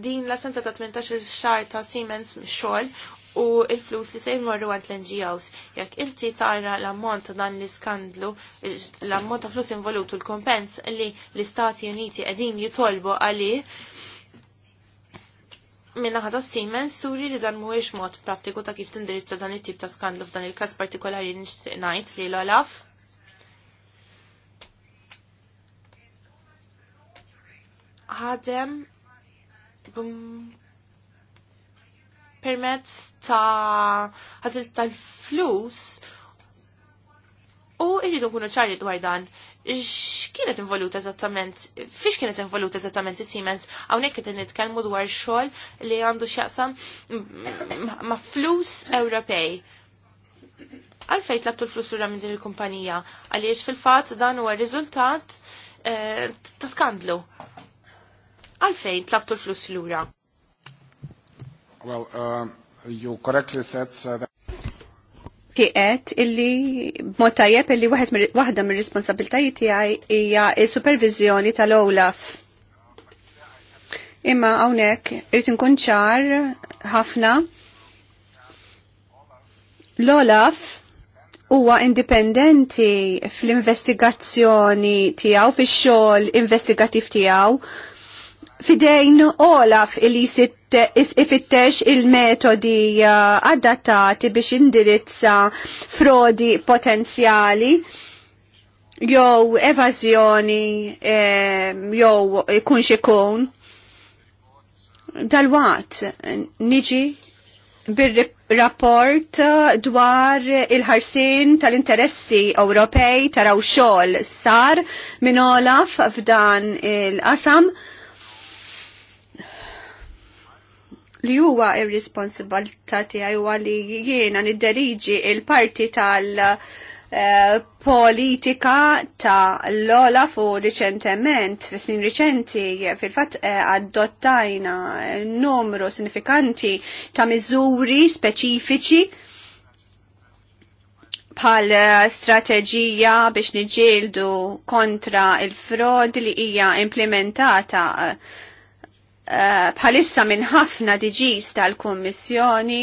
[SPEAKER 4] din l senza ta' 18 xar ta' Siemens xogħol u il-flus li se jmorru għant l-NGOs. Jekk inti tara l-ammont ta' dan l-iskandlu, l-ammont ta' flus involutu l-kompens li l-Istati Uniti qegħdin jitolbu għalih, minna ħata Siemens suri li dan muwiex mod prattiku ta' kif tindirizza dan it-tip ta' skandlu f'dan il-każ partikolari nixtieq ngħid li l-Olaf. Ħadem permezz ta' ħażil tal-flus u irridu kunu ċari dwar dan x'kienet involuta eżattament, fiex kienet involuta eżattament is-Siemens, hawnhekk qed nitkellmu dwar xogħol li għandu x'jaqsam ma' flus Ewropej. Għalfejn tlabtu l-flus lura minn din il-kumpanija, għaliex fil-fatt dan huwa riżultat eh, ta' skandlu. Għalfejn tlabtu l-flus lura.
[SPEAKER 2] Well, uh, you correctly said that
[SPEAKER 5] tiqet illi b'mod tajjeb illi waħda mir-responsabiltajiet tiegħi hija l-supervizjoni tal-OLAF. Imma hawnhekk irid inkun ċar ħafna l-Olaf huwa indipendenti fl-investigazzjoni tiegħu, fix-xogħol investigattiv tiegħu fidejn Olaf illi jsir ifittex il-metodi uh, adattati biex indirizza frodi potenzjali jew evażjoni ehm, jew ikun xikun. Dal-waqt niġi bir-rapport dwar il-ħarsin tal-interessi Ewropej taraw xogħol sar minn Olaf f'dan il-qasam. il qasam li huwa ir-responsabilità tiegħi huwa li jiena niddiriġi il-parti tal- eh, politika ta' l-ola fu riċentement, fi snin riċenti, fil-fat eh, adottajna numru sinifikanti ta' miżuri speċifiċi bħal eh, strateġija biex niġildu kontra il-frod li hija implementata Eh, bħalissa minn ħafna diġis tal-Kummissjoni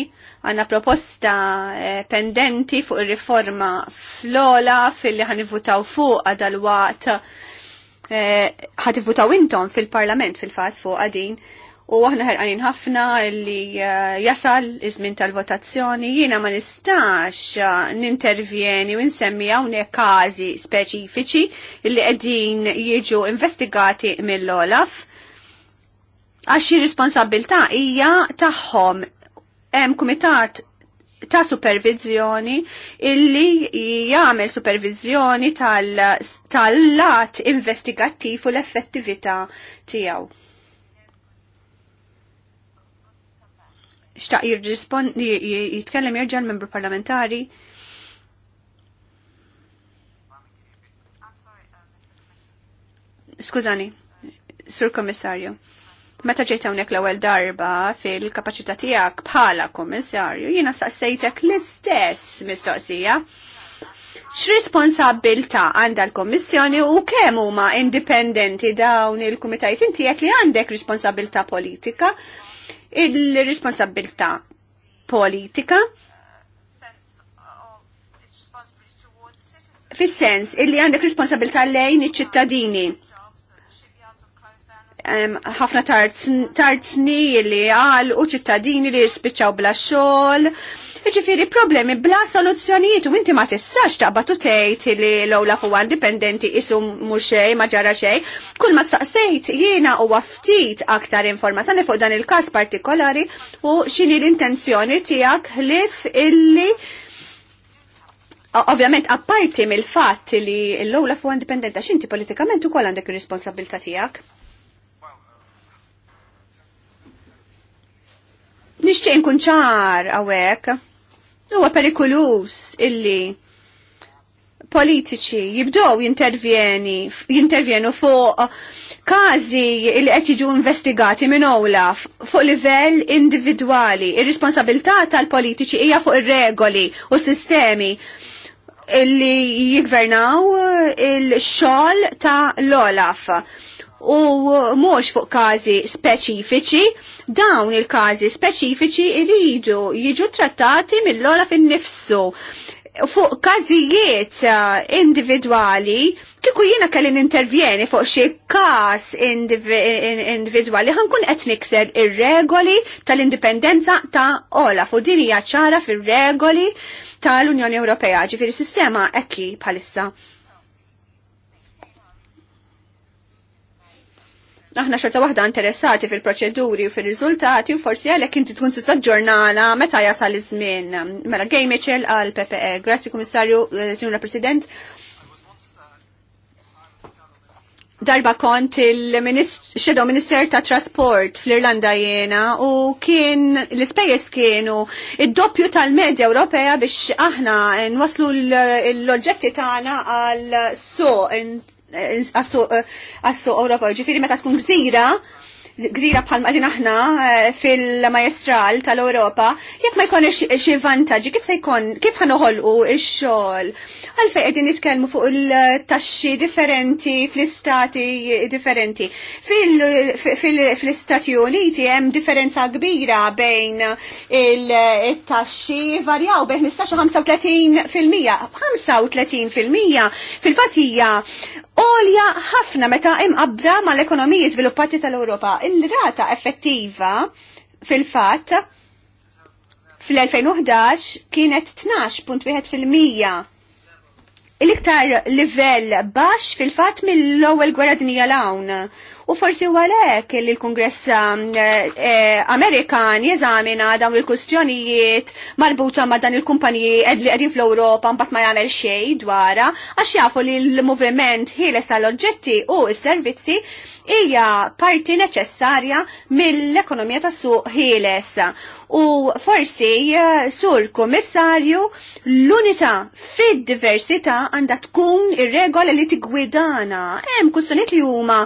[SPEAKER 5] għanna proposta eh, pendenti fuq ir-riforma fl-ola fil-li ħanivutaw fuq għadal-waqt eh, ħativutaw intom fil-parlament fil-fat fuq għadin u aħna ħerqanin ħafna li jasal iż-żmien tal-votazzjoni jiena ma nistax nintervjeni u nsemmi hawnhekk każi speċifiċi li qegħdin jiġu investigati mill-Olaf għax responsabilta responsabilità hija tagħhom hemm kumitat ta' supervizjoni illi jagħmel supervizjoni tal-lat investigattiv u l-effettività tiegħu. Xtaq jitkellem jirġan membru parlamentari. Skużani, Sur Komissarju. Meta ġejt hawnhekk l-ewwel darba fil-kapaċità tiegħek bħala kummissarju, jiena saqsejtek l-istess mistoqsija. X'responsabilità għandha l-Kommissjoni u kemm huma indipendenti dawn il-kumitajt inti li għandek responsabilità politika, il-responsabbiltà politika fis-sens illi għandek responsabilità lejn iċ-ċittadini ħafna tard snin li għal u ċittadini li jispiċċaw bla xogħol. Ġifieri problemi bla soluzzjonijiet u inti ma tistax taqbad u tgħid li l-ewla huwa indipendenti isu mhux xejn ma ġara xejn. Kull ma staqsejt jiena huwa ftit aktar informazzjoni fuq dan il-każ partikolari u x'inhi l-intenzjoni tiegħek ħlif illi Ovvjament, apparti mill-fatt li l-lowla fuq indipendenta, xinti politikament u kol għandek il-responsabilta tijak? Nixtieq nkun ċar hawnhekk. Huwa perikulus illi politiċi jibdow jintervjeni, jintervjenu fuq każi li qed jiġu investigati minn Olaf fuq livell individwali. Ir-responsabilità tal-politiċi hija fuq ir-regoli u sistemi illi jigvernaw il-xogħol ta' l-Olaf u mhux fuq każi speċifiċi, dawn il-każi speċifiċi iridu jiġu trattati mill-ola fin-nifsu fuq kazijiet eh, individuali, kiku jiena kelli nintervjeni fuq xi każ individwali ħankun qed nikser ir-regoli tal-indipendenza ta' Olaf u din hija ċara fir-regoli tal-Unjoni Ewropea, ġifieri sistema ekki bħalissa aħna xorta waħda interessati fil-proċeduri u fil-riżultati u forsi għalek inti tkun sitta ġurnala meta jasal iż-żmien. Mela Gay Mitchell għal PPE. Grazzi Komissarju, eh, Signora President. darba kont il-Shadow Minister ta' Trasport fl-Irlanda jena u kien l-ispejjeż kienu id-doppju tal-Medja Ewropea biex aħna nwaslu l-oġġetti tagħna għal so għassu eh, Ewropa. Ġifiri meta tkun gżira, gżira bħal din aħna eh, fil-majestral tal-Europa, jekk ma jkun xi vantaġġi, kif se jkun, kif ħanoħolqu u xogħol Għalfejn qegħdin nitkellmu fuq il-taxxi differenti fl-istati differenti. Fil-Istati Uniti hemm differenza kbira bejn il-taxxi varjaw bejn 35 fil-mija fil-fatija olja ħafna meta imqabda mal-ekonomiji sviluppati tal-Ewropa. Il-rata effettiva fil-fatt fl-2011 kienet 12.1% il-iktar livell baxx fil-fatt mill-ewwel gwerra dinja l awn U forsi għalek li l-Kongress um, eh, eh, Amerikan jeżamina dawn il-kustjonijiet marbuta ma dan il-kumpaniji edli għedin fl-Europa mbat ma jagħmel xej dwara, għax jafu li l-moviment ħieles għall-oġġetti u s-servizzi hija parti neċessarja mill-ekonomija tas suq ħieles. U forsi eh, sur komissarju l-unità fid-diversità għandha tkun ir-regola li tigwidana. Hemm kustjonijiet li huma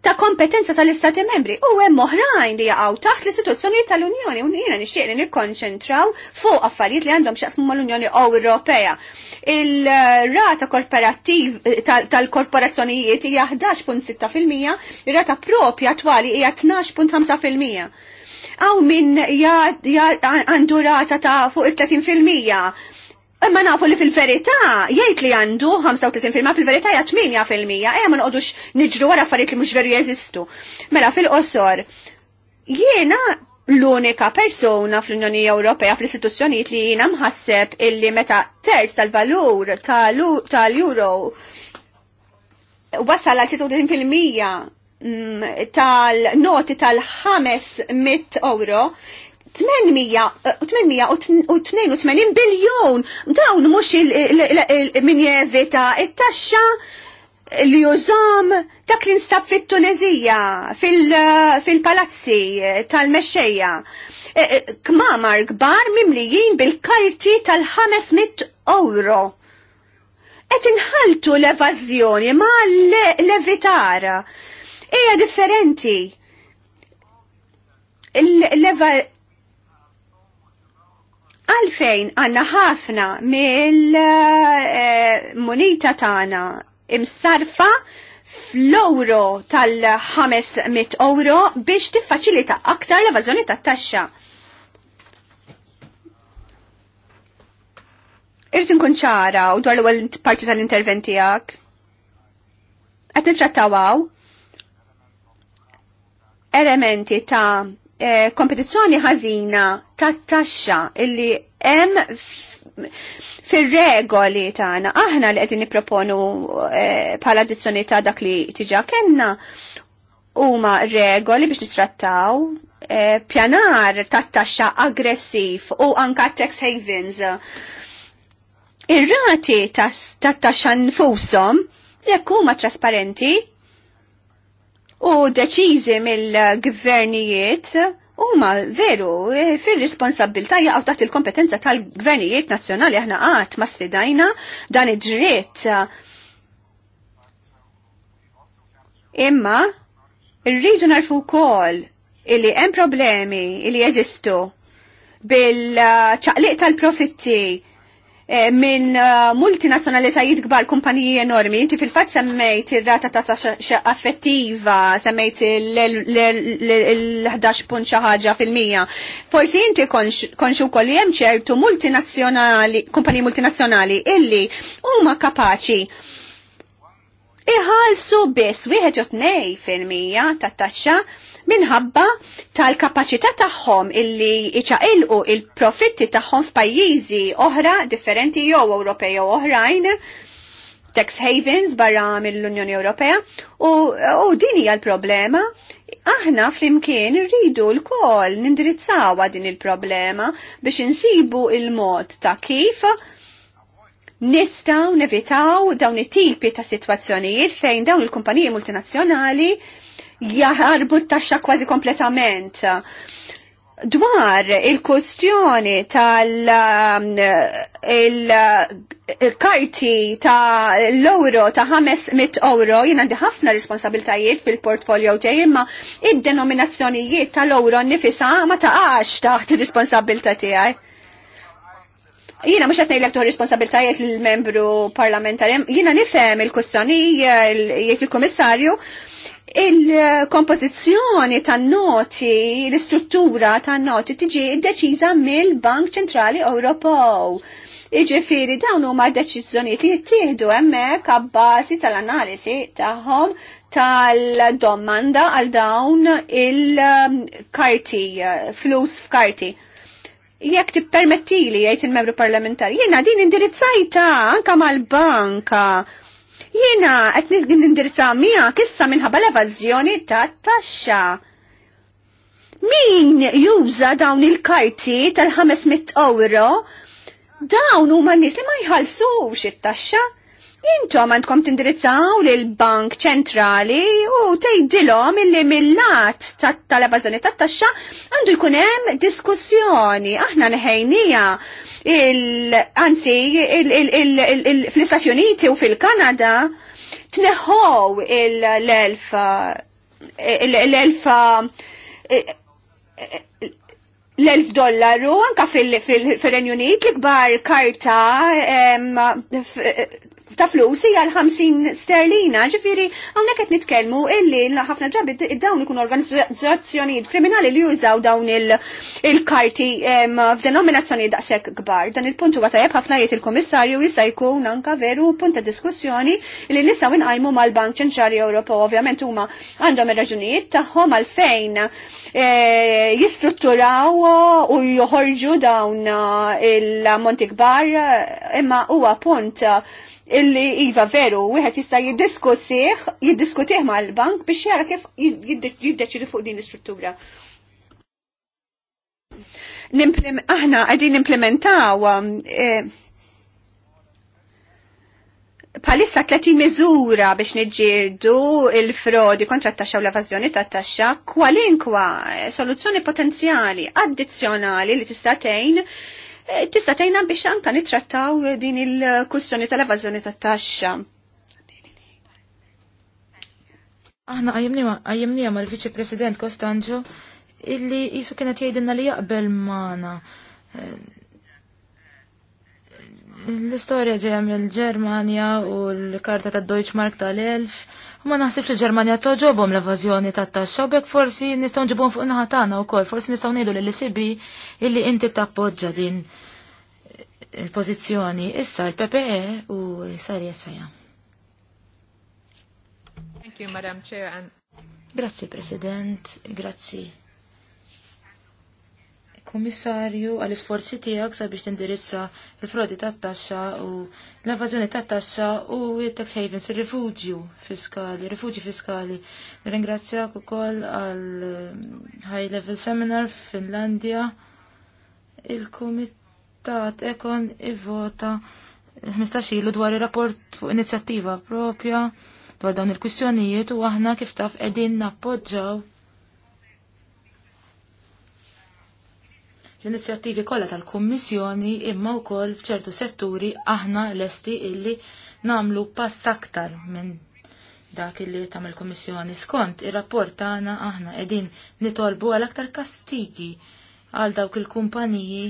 [SPEAKER 5] ta' kompetenza tal-Istati membri u hemm oħrajn li jaqgħu taħt l-istituzzjonijiet tal-Unjoni u jiena nixtieq li nikkonċentraw fuq affarijiet li għandhom x'jaqsmu mal-Unjoni Ewropea. Il-rata korporattiv tal-korporazzjonijiet hija 11.6%, ir-rata propja twali hija 12.5%. Aw minn għandu rata ta' fuq il-30%. Imma nafu li fil-verità jgħid li għandu 35% fil-verità hija 8%, ejja ma noqogħdux niġru wara affarijiet li mhux veru jeżistu. Mela fil-qosor, jiena l-unika persona fl-Unjoni Ewropea fl-istituzzjonijiet li jiena mħasseb illi meta terz tal-valur tal-euro wasal għal 30% mm, tal-noti tal-500 euro, 882 eh, biljon dawn mhux min jevita it-taxxa li jużom dak li nstab fit-Tunezija eh, fil-palazzi eh, tal-mexxejja. Kmamar kbar mimlijin bil-karti tal-500 euro. Et inħaltu l-evażjoni ma l-levitar. Eja differenti l fejn għanna ħafna mill-munita eh, tagħna imsarfa fl-euro tal-500 euro biex tiffaċilita aktar l-evażjoni tat-taxxa. Irrid nkun ċara u dwar l-ewwel parti tal-intervent tiegħek. Qed nittrattaw elementi ta' eh, kompetizzjoni ħażina ta' taxxa illi hemm fir-regoli tagħna aħna li qegħdin nipproponu eh, bħala addizzjoni ta' dak li tiġa kellna huma regoli biex nittrattaw eh, pjanar tat-taxxa aggressiv u anka tax havens. Ir-rati tat-taxxa nfushom jekk huma trasparenti u deċiżi mill-gvernijiet huma veru e, fir responsabilta jaqgħu taħt il-kompetenza tal-gvernijiet nazzjonali aħna qatt ma sfidajna dan id-dritt. Imma rridu narfu wkoll illi hemm problemi illi jeżistu bil-ċaqliq tal-profitti Eh, minn eh, multinazzjonalitajiet kbar kumpaniji enormi. Inti fil-fatt semmejt ir-rata ta' taxxa affettiva, semmejt l-11 punt xaħġa ħaġa fil-mija. Forsi inti konxu wkoll hemm ċertu multinazzjonali, kumpaniji multinazzjonali illi huma kapaċi iħalsu biss wieħed jew tnej fil-mija ta' taxxa minħabba tal-kapacità tagħhom illi iċaqilqu il-profitti tagħhom f'pajjiżi oħra differenti jew Ewropej jew oħrajn tax havens barra mill-Unjoni Ewropea u, u din hija l-problema aħna flimkien rridu l-kol nindirizzawa din il-problema biex insibu il-mod ta' kif nistaw nevitaw dawn it-tipi ta' situazzjonijiet fejn dawn il-kumpaniji multinazzjonali jaħarbu t-taxxa kważi kompletament. Dwar il-kustjoni tal-karti um, uh, ta' l-euro ta' 500 euro, jien għandi ħafna responsabiltajiet fil-portfolio tiegħi, imma id-denominazzjonijiet tal-euro nifisa ma għax taħt ir-responsabilità tiegħi. Jina mux għatnej l-ektu responsabiltajiet l-membru parlamentari, jina nifem il-kussjoni jek il-komissarju il-kompozizjoni tan noti, l-istruttura tan noti tiġi deċiża mill-Bank Ċentrali Ewropew. Iġifiri dawn huma deċiżjonijiet li jittieħdu hemmhekk abbażi tal-analisi tagħhom tal-domanda għal dawn il-karti, flus f'karti jekk tippermettili jgħid il-membru parlamentari, jiena din indirizzajta anka mal-banka. Jiena qed nindirizza miha issa minħabba l-evażjoni tat-taxxa. Min juża dawn il-karti tal-500 euro? Dawn huma nies li ma jħallsux it-taxxa. Intom għandkom tindirizzaw lil bank ċentrali u tgħidilhom illi mill-lat tal-evażjoni tat-taxxa għandu jkun hemm diskussjoni. Aħna neħejnija anzi fl-Istati Uniti u fil-Kanada tneħħow l-elfa l-elfa 1000 dollaru anka fil-Renju Unit l-ikbar karta ta' flus hija l-50 sterlina, ġifieri hawnhekk qed nitkellmu illi ħafna drabi dawn ikun organizzazzjonijiet kriminali li jużaw dawn il-karti f'denominazzjoni daqshekk kbar. Dan il-punt huwa tajjeb ħafna jgħid il-Kummissarju jista' jkun anka veru punt ta' diskussjoni li nistgħu inqajmu mal-Bank Ċentrali Ewropew. Ovvjament huma għandhom ir-raġunijiet tagħhom għalfejn e, jistrutturaw u joħorġu dawn il-monti e, kbar imma huwa punt illi iva veru, wieħed jista' jiddiskutih, jiddiskutih mal-bank biex jara kif jiddeċidi fuq din l-istruttura. Aħna qegħdin implementaw um, eh, palissa 30 miżura biex niġġieldu il-frodi kontra t-taxxa u l evazjoni tat-taxxa kwalinkwa soluzzjoni potenzjali addizzjonali li tista' tgħin E, tista' tajna biex anka nittrattaw din il kustjoni tal-evażjoni tat-taxxa.
[SPEAKER 3] Aħna għajemni għam il-Viċi President Kostanġo illi jisu kienet jajdinna li jaqbel maħna. E, L-istoria ġeja mill-Germania u l-karta ta' deutschmark Mark tal elf Ma naħsib li ġermania toġobom l evazjoni tat-taxxa u bekk forsi nistgħu ġibom fuq naħatana tagħna wkoll, forsi nistgħu ngħidu lil sibi e illi inti tappoġġa din il-pożizzjoni. Issa l-PPE u sar jessaja.
[SPEAKER 5] Thank you, Madam Chair. And...
[SPEAKER 3] Grazzi, President. Grazzi. Komissarju, għal-isforzi tiegħek sabiex tindirizza il-frodi tat-taxxa u l evazjoni ta' tassa u tax havens, il-rifugju fiskali, rifugju fiskali. Ringrazzja ukoll għal um, High Level Seminar f'Finlandja. Il-Kumitat Ekon i-vota 15 ilu dwar ir-rapport fuq inizjattiva propja dwar dawn il-kwistjonijiet u aħna kif taf qegħdin nappoġġaw l-inizjattivi kollha tal-Kummissjoni imma wkoll f'ċertu setturi aħna lesti illi namlu pass aktar minn dak illi tagħmel kummissjoni skont ir-rapport tagħna aħna qegħdin nitolbu għal aktar kastigi għal dawk il-kumpaniji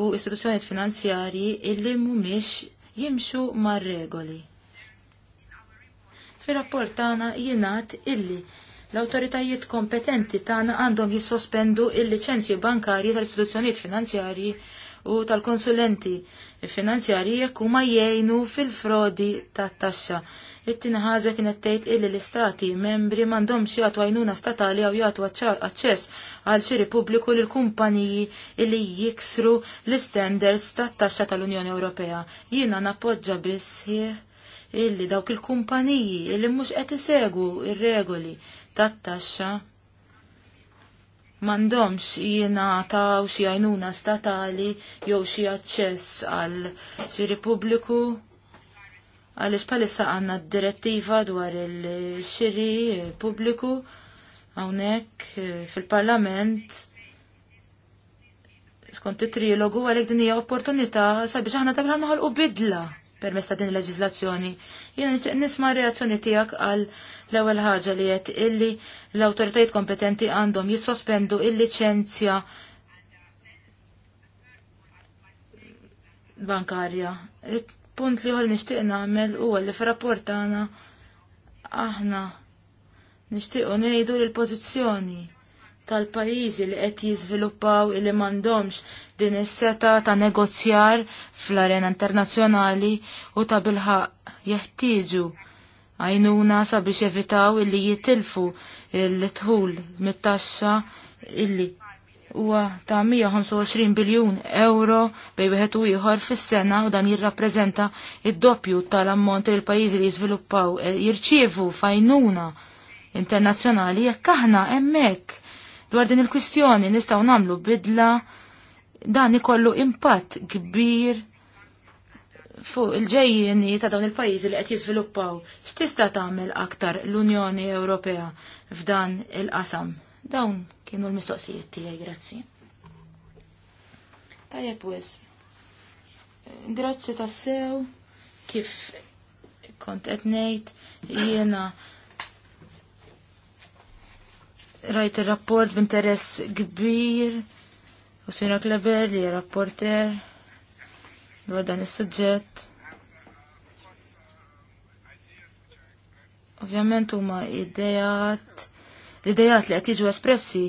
[SPEAKER 3] u istituzzjonijiet finanzjarji illi mhumiex jimxu mar-regoli. Fir-rapport tagħna jingħad illi L-autoritajiet kompetenti tagħna għandhom jissospendu il-liċenzji bankarji tal-istituzzjonijiet finanzjarji u tal-konsulenti finanzjarji jekk huma jgħinu fil-frodi tat-taxxa. It-tieni ħaġa kienet tgħid illi l-istati membri m'għandhomx jagħtu għajnuna statali jew jagħtu aċċess għal xiri pubbliku lil kumpaniji illi jiksru l-standards tat-taxxa tal-Unjoni Ewropea. Jiena nappoġġa biss illi dawk il-kumpaniji illi mhux qed isegu ir-regoli tat-taxxa mandomx jiena taw xi għajnuna statali jew xi aċċess għal xi Repubbliku għaliex palissa għandna d-direttiva dwar il-xiri pubbliku hawnhekk eh, fil-Parlament skont it-trilogu għalhekk din hija opportunità sabiex aħna tabla noħolqu bidla permess ta' din il-leġislazzjoni. Jena nixtieq nisma' reazzjoni tiegħek għal l-ewwel ħaġa li jett illi l-awtoritajiet kompetenti għandhom jissospendu il-liċenzja bankarja. Il-punt li ħol nixtieq nagħmel huwa li f'rapport tagħna aħna nixtiequ ngħidu l-pożizzjoni tal-pajjiżi li qed jiżviluppaw li m'għandhomx din is-seta ta' negozjar fl-arena internazzjonali u ta' bilħaq jeħtieġu għajnuna sabiex jevitaw illi jitilfu l-tħul mit-taxxa illi huwa ta' 125 biljun euro bej wieħed u ieħor fis-sena u dan jirrappreżenta id-doppju tal-ammont li l-pajjiżi li jiżviluppaw eh, jirċievu fajnuna internazzjonali jekk aħna hemmhekk Dwar din il-kwistjoni nistgħu nagħmlu bidla dan ikollu impatt kbir fuq il-ġejjeni ta' dawn il-pajjiżi li qed jiżviluppaw. X'tista' tagħmel aktar l-Unjoni Ewropea f'dan il-qasam? Dawn kienu l-mistoqsijiet tiegħi, grazzi. Tajjeb wis. Grazzi tassew kif kont qed ngħid jiena rajt il-rapport b'interess kbir u Sina Kleber li rapporter dwar dan is-suġġett. Ovvjament huma idejat l-idejat li qed jiġu espressi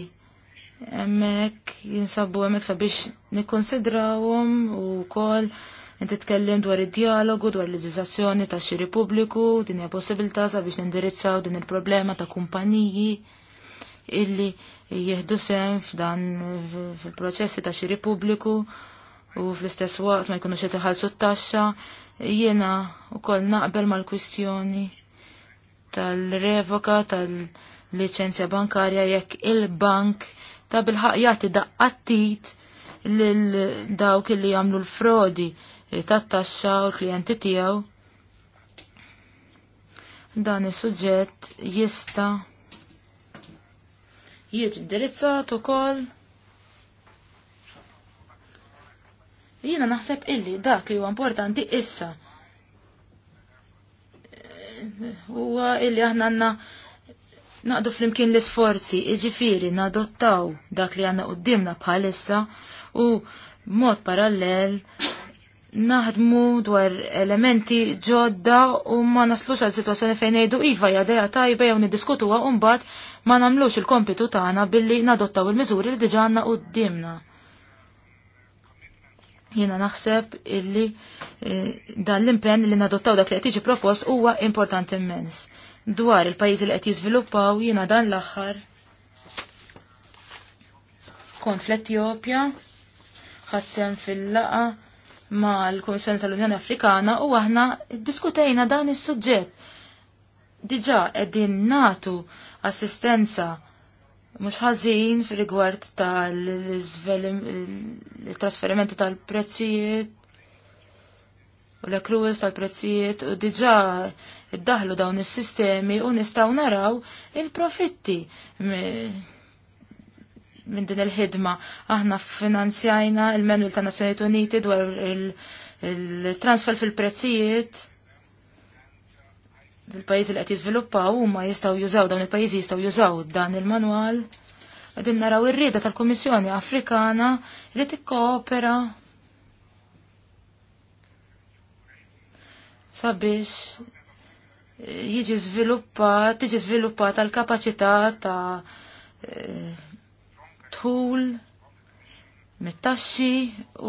[SPEAKER 3] hemmhekk jinsabu hemmhekk sabiex nikkonsidrawhom u inti tkellem dwar id-dialogu dwar l-leġiżazzjoni tax xiri pubbliku, din hija possibilità sabiex nindirizzaw din il-problema ta' kumpaniji illi jieħdu sem f'dan fil-proċessi ta' xi Repubbliku u fl-istess waqt ma jkunu xi iħallsu t-taxxa jiena wkoll naqbel mal-kwistjoni tal-revoka tal-liċenzja bankarja jekk il-bank ta' bil-ħaq jagħti daqqattit lil dawk li jagħmlu l-frodi tat-taxxa u l-klijenti tiegħu dan is-suġġett jista' jiet indirizzat ukoll. Jiena naħseb illi dak li huwa importanti issa huwa illi aħna għandna naqdu flimkien l-isforzi, iġifiri nadottaw dak li għanna qoddimna bħalissa u mod parallel naħdmu dwar elementi ġodda u ma naslux għal situazzjoni fejn ngħidu iva jadeja tajba jew niddiskutuha u mbagħad ma namlux il-kompitu tagħna billi nadottaw il-miżuri li u għandna dimna Jiena naħseb illi eh, dan l-impenn li nadottaw dak li qed jiġi propost huwa importanti immens. Dwar il-pajjiżi li qed jiżviluppaw jiena dan l-aħħar kont fl-Etjopja, ħadsem fil-laqa ma' l-Komissjoni tal-Unjoni Afrikana u aħna diskutejna dan is-suġġett. Diġà qegħdin natu assistenza mhux ħażin fil rigward tal-trasferimenti tal-prezzijiet u l-accruals tal-prezzijiet u diġa id-daħlu dawn is-sistemi u nistgħu naraw il-profitti minn din il-ħidma. Aħna finanzjajna il-Menwil ta' Nazzjonijiet Uniti dwar il-transfer fil-prezzijiet il-pajjiżi li qed jiżviluppaw huma jistgħu jużaw dawn il-pajjiżi jistgħu jużaw dan il-manwal. Qegħdin naraw ir-rieda tal-Kummissjoni Afrikana li tikkoopera sabiex jiġi żviluppat, tiġi żviluppat tal-kapaċità ta' eh, tħul mit-taxxi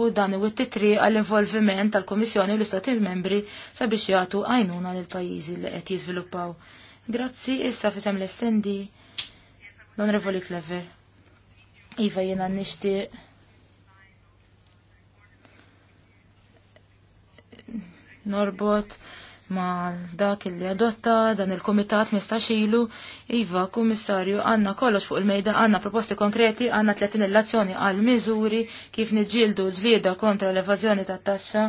[SPEAKER 3] u dan t titri għall-involviment tal-Komissjoni u l-Istati membri sabiex jagħtu għajnuna l pajjiżi li qed jiżviluppaw. Grazzi issa fisem l-essendi l onrevoli Clever. Iva jiena nixtieq norbot ma dak li adotta dan il-komitat mistaxilu, Iva, kummissarju, għanna kollox fuq il-mejda, għanna proposti konkreti, għanna tletin il-lazzjoni għal miżuri kif nġildu ġlida kontra l-evazjoni ta' taxxa,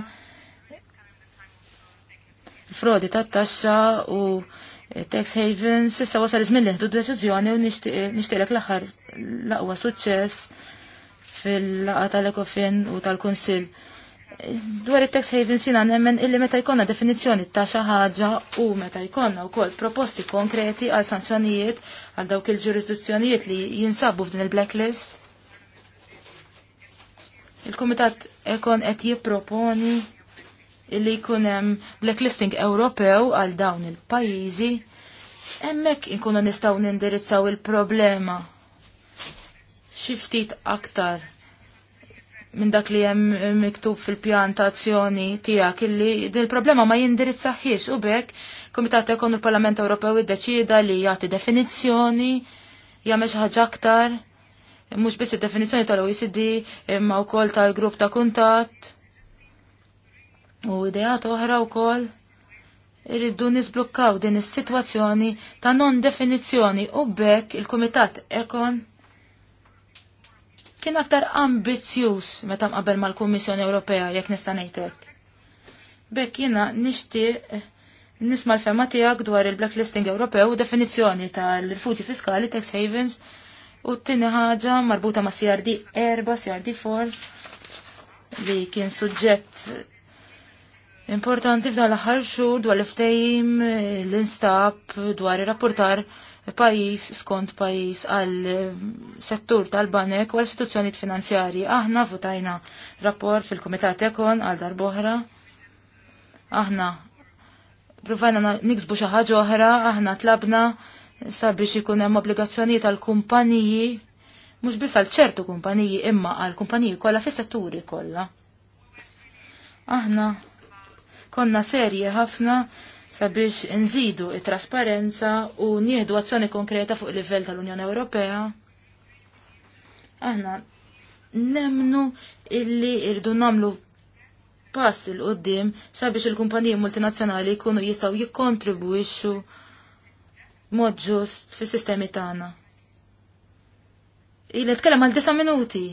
[SPEAKER 3] frodi ta' taxxa u eh, tax havens, sissa wasal izmin liħdu deċiżjoni u nishtielek l-aħħar laqwa suċċess fil-laqa tal-Ekofin u tal-Kunsill dwar it-tax havens jina nemmen illi meta jkonna definizzjoni ta' xi ħaġa u meta jkonna wkoll proposti konkreti għal sanzjonijiet għal dawk il-ġurisdizzjonijiet li jinsabu f'din il-blacklist. Il-Kumitat ekon qed jipproponi illi jkun hemm blacklisting Ewropew għal dawn il-pajjiżi hemmhekk inkunu nistgħu nindirizzaw il-problema xi ftit aktar minn dak li hemm miktub fil-pjan ta' azzjoni tiegħek illi il problema ma jindirizzaħħiex u bekk Komitat Ekonu l-Parlament Ewropew iddeċida li jagħti definizzjoni jagħmel xi ħaġa aktar mhux biss id-definizzjoni tal-OECD imma wkoll tal-grupp ta' kuntatt u ideat oħra wkoll irridu nisblukkaw din is-sitwazzjoni ta' non definizzjoni u bekk il-Kumitat Ekon kien aktar ambizzjuż meta mqabel mal-Kummissjoni Ewropea jekk nista' ngħidlek. Bekk jiena nixtieq nisma' l-fema tiegħek dwar il-blacklisting Ewropew u definizzjoni tal-rifuġi fiskali tax havens u t-tieni ħaġa marbuta ma' CRD 4, CRD 4 li kien suġġett Importanti f'dan l-aħħar xhur dwar l-ftehim l-instab dwar ir-rapportar pajis skont pajis għal eh, settur tal-banek u għal istituzzjonijiet finanzjarji. Aħna votajna rapport fil-Komitat Ekon għal darboħra. Aħna provajna niksbu xi ħaġa oħra, aħna tlabna sabiex ikun hemm obbligazzjonijiet għal kumpaniji mhux biss għal ċertu kumpaniji imma għal kumpaniji kollha fis-setturi kollha. Aħna konna serje ħafna sabiex nżidu it-trasparenza u nieħdu azzjoni konkreta fuq il-livell tal-Unjoni Ewropea. Aħna nemnu illi irdu namlu pass il qoddim sabiex il-kumpaniji multinazzjonali jkunu jistaw jikkontribwixxu mod ġust fis-sistemi tagħna. Ili tkellem għal disa' minuti.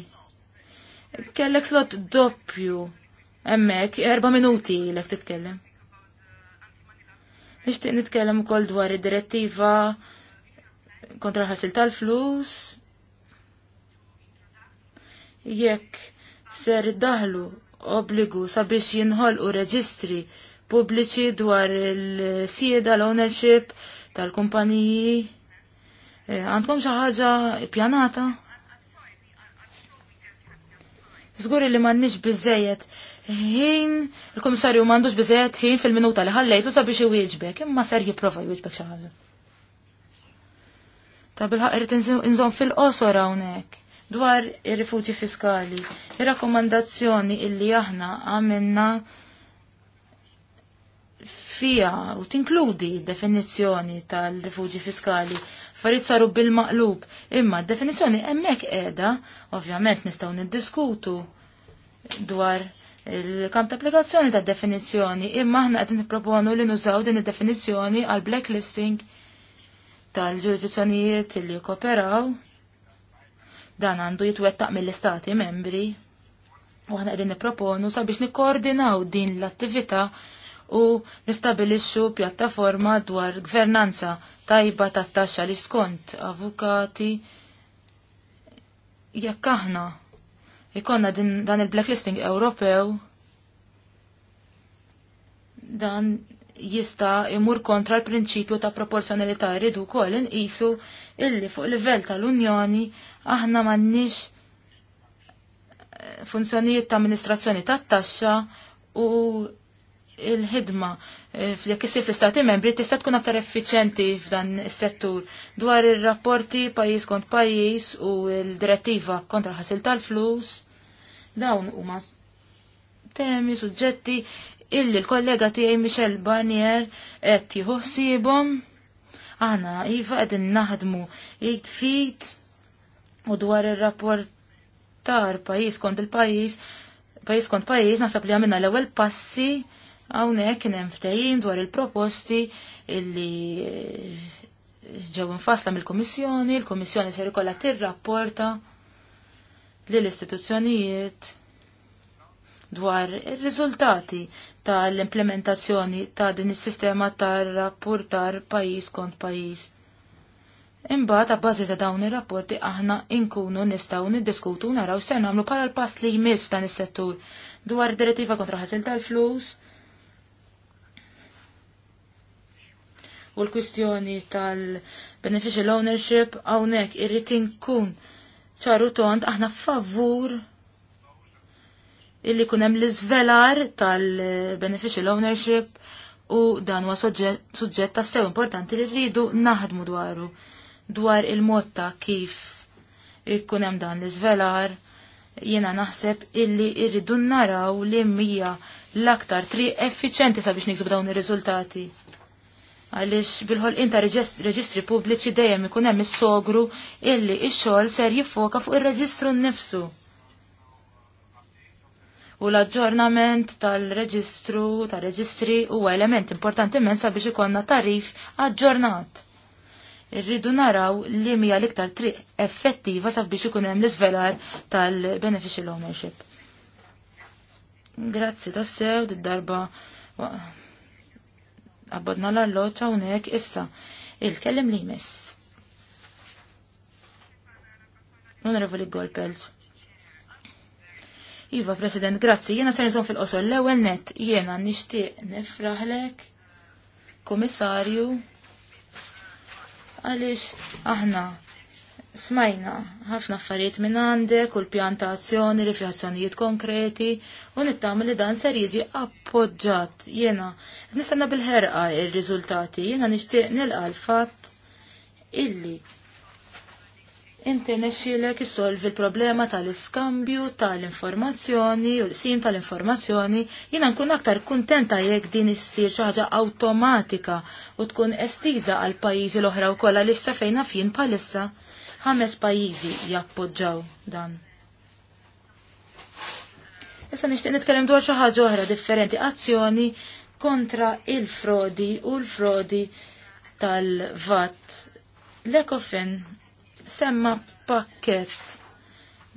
[SPEAKER 3] Kellek slot doppju. hemmhekk erba' minuti ilek titkellem. Nixtieq nitkellem ukoll dwar id-direttiva kontra ħasil tal-flus. Jekk ser iddaħlu obbligu sabiex jinħolqu reġistri pubbliċi dwar il-sieda l-ownership tal-kumpaniji. Eh, għandkom xi ħaġa pjanata? Żgur li m'għandniex biżejjed ħin, il-komissarju mandux bizet ħin fil-minuta li ħallejtu sabiex iwieġbek, imma ser jipprova jwieġbek xi ħaġa. Ta' bil-ħaq irrit nżon fil-qosor hawnhekk dwar ir-rifuġi fiskali. Ir-rakkomandazzjoni illi aħna għamilna fija u tinkludi definizzjoni tal-rifuġi fiskali farid saru bil-maqlub imma definizzjoni emmek edha ovvjament nistaw niddiskutu dwar il-kamp ta' applikazzjoni ta' definizzjoni, imma aħna għed nipproponu li nużaw din id-definizzjoni għal blacklisting tal-ġurisdizzjonijiet li kooperaw dan għandu jitwettaq mill-istati membri u ħna għedin niproponu sabiex nikkoordinaw din l-attività u nistabilixxu pjattaforma dwar gvernanza tajba tat-taxxa li skont avukati jekk aħna ikonna din, dan il-blacklisting Ewropew dan jista imur kontra l-prinċipju ta' proporzjonalità jridu wkoll inqisu illi fuq livell tal-Unjoni aħna m'għandniex eh, funzjonijiet ta' amministrazzjoni tat-taxxa u il-ħidma Eh, f'jekk isir fl-istati membri tista' tkun aktar effiċenti f'dan is-settur dwar ir-rapporti pajjiż kont pajjiż u l-direttiva kontra ħasil tal-flus. Dawn huma temi suġġetti illi l-kollega tiegħi Michel Barnier qed jieħu ħsiebhom. Aħna iva qegħdin naħdmu eight feet u dwar ir-rapportar pajjiż kont il-pajjiż pajjiż kont pajjiż naħseb li għamilna l-ewwel passi Hawnhekk kienem hemm ftehim dwar il-proposti illi ġew fasla mill-Kummissjoni, il-Kummissjoni ser tir tirrapporta lill istituzzjonijiet dwar ir-riżultati tal-implementazzjoni ta' din is-sistema tar rapportar pajjiż kont pajjiż. Imbagħad abbażi ta' dawn ir-rapporti aħna inkunu nistgħu niddiskutu naraw se nagħmlu bħala l-pass li jmiss f'dan is-settur dwar direttiva kontra ħasil tal-flus, u l-kwistjoni tal-beneficial ownership hawnhekk irrid inkun ċaru tont aħna favur illi kunem hemm l-iżvelar tal-beneficial ownership u dan huwa suġġett tassew importanti li rridu naħdmu dwaru dwar il-mod ta' kif ikun hemm dan l-iżvelar jiena naħseb illi irridu naraw li mija l-aktar tri effiċenti sabiex niksbu dawn ir-riżultati għaliex bil-ħolqien ta' reġistri pubbliċi dejjem ikun hemm is-sogru illi x-xogħol ser jiffoka fuq ir-reġistru nnifsu. U l-aġġornament tal-reġistru tar-reġistri huwa element importanti minn sabiex ikonna tarif aġġornat. Irridu naraw li mija l-iktar triq effettiva sabiex ikun hemm l-iżvelar tal-beneficial ownership. Grazzi tassew, id darba abbadna l arloċa hawnhekk issa il-kellim li jmiss. Onorevoli Golpelġ. Iva, President, grazzi. Jena ser nżon fil-qosor l-ewel net. Jena nishtiq nifraħlek, komissarju, għalix aħna Smajna ħafna affarijiet minn għandek u l-pjantazzjoni, rifjazzjonijiet konkreti u nittam li dan ser jiġi appoġġat jena. Nistanna bil-ħerqa il-riżultati, jena nixtieq nilqa l-fatt illi inti nexxielek issolvi l-problema tal-iskambju tal-informazzjoni u l-sim tal-informazzjoni jiena nkun aktar kuntenta jekk din issir xi ħaġa awtomatika u tkun estiża għal pajjiżi l-oħra wkoll għaliex sa fejn jien bħalissa ħames pajjiżi jappoġġaw dan. Issa nixtieq nitkellem dwar xi ħaġa oħra differenti, azzjoni kontra il-frodi u l-frodi tal-vat. L-Ekofin semma pakket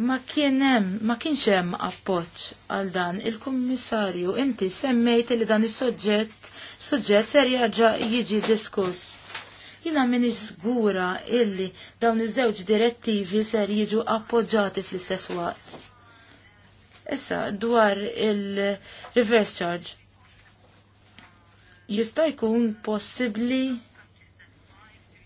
[SPEAKER 3] ma kienem, ma kienx hemm appoġġ għal dan il-kummissarju inti semmejt li dan is-soġġett soġġett ser jiġi diskuss Jina minni zgura illi dawn iż-żewġ direttivi ser jiġu appoġġati fl-istess waqt. Issa, dwar il-reverse charge. Jista' jkun possibbli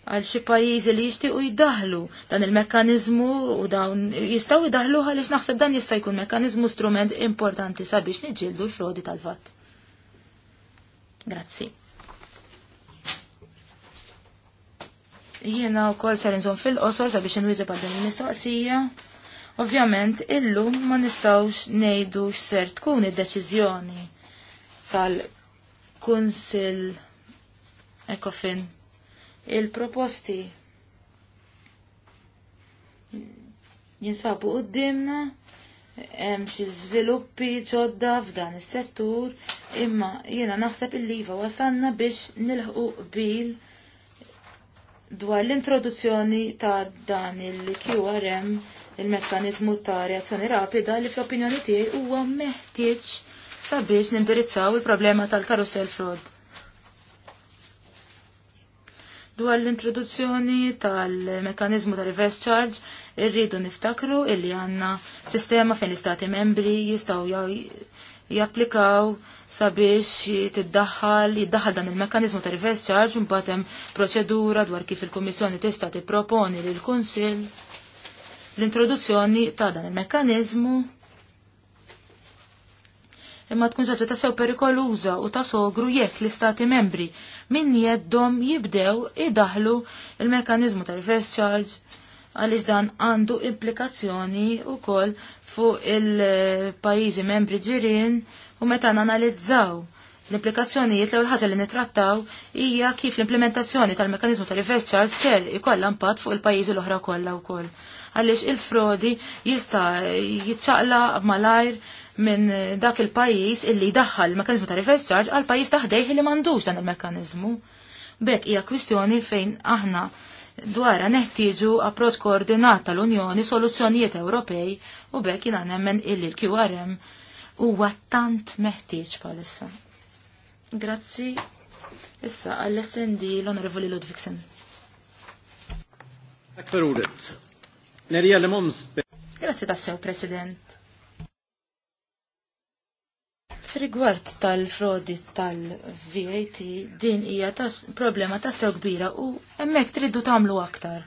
[SPEAKER 3] għal xi pajjiżi li jixtiequ jdaħlu dan il-mekkaniżmu u dawn jistgħu jdaħlu għaliex naħseb dan jista' jkun mekkaniżmu strument importanti sabiex niġġieldu l-frodi tal-fatt. Grazzi. Jiena wkoll ser inżomm fil-qosor sabiex inwieġeb għal il-mistoqsija. Ovvjament, illum ma nistawx nejdu x'ser tkun id-deċiżjoni tal-Kunsil Ekofin. Il-proposti jinsabu qudiemna hemm xi żviluppi ġodda f'dan is-settur, imma jiena naħseb il-liva wasanna biex nilħu qbil dwar l-introduzzjoni ta' dan il-QRM il-mekkanizmu ta' reazzjoni rapida li fl-opinjoni tiegħi huwa meħtieġ sabiex nindirizzaw il-problema tal-karusel fraud. Dwar l-introduzzjoni tal-mekkanizmu ta' reverse charge, irridu niftakru illi għanna sistema fejn l-istati membri jistaw japplikaw sabiex tiddaħħal, jiddaħħal dan il mekanizmu ta' reverse charge mbagħad hemm proċedura dwar kif il-Kummissjoni tista' tipproponi lil kunsill l-introduzzjoni ta' dan il mekanizmu imma tkun ġaġa ta' sew perikoluża u ta' sogru jekk l-istati membri min jeddom jibdew idaħlu il mekanizmu ta' reverse charge għaliex dan għandu implikazzjoni u koll fuq il-pajizi membri ġirin U meta nanalizzaw l-implikazzjonijiet l-ewwel ħaġa li nitrattaw hija kif l-implementazzjoni tal-mekkaniżmu ta' reverse charge ser ikollha impatt fuq il-pajjiżi l-oħra kollha wkoll. Għaliex il-frodi jista' jiċċaqla malajr minn dak il-pajjiż illi jdaħħal il-mekkaniżmu ta' reverse charge għal pajjiż taħdejh li m'għandux dan il-mekkaniżmu. Bekk hija kwistjoni fejn aħna dwar neħtieġu approċ koordinat tal-Unjoni soluzzjonijiet Ewropej u bekk jiena nemmen illi l-QRM huwa tant meħtieġ bħalissa. Grazzi issa għall di l-Onorevoli Ludvigsen.
[SPEAKER 4] Akbar ordet. Nerja
[SPEAKER 3] Grazzi tassew, President. F'rigward tal-frodi tal-VAT, din hija tas problema tassew kbira u hemmhekk tridu tagħmlu aktar.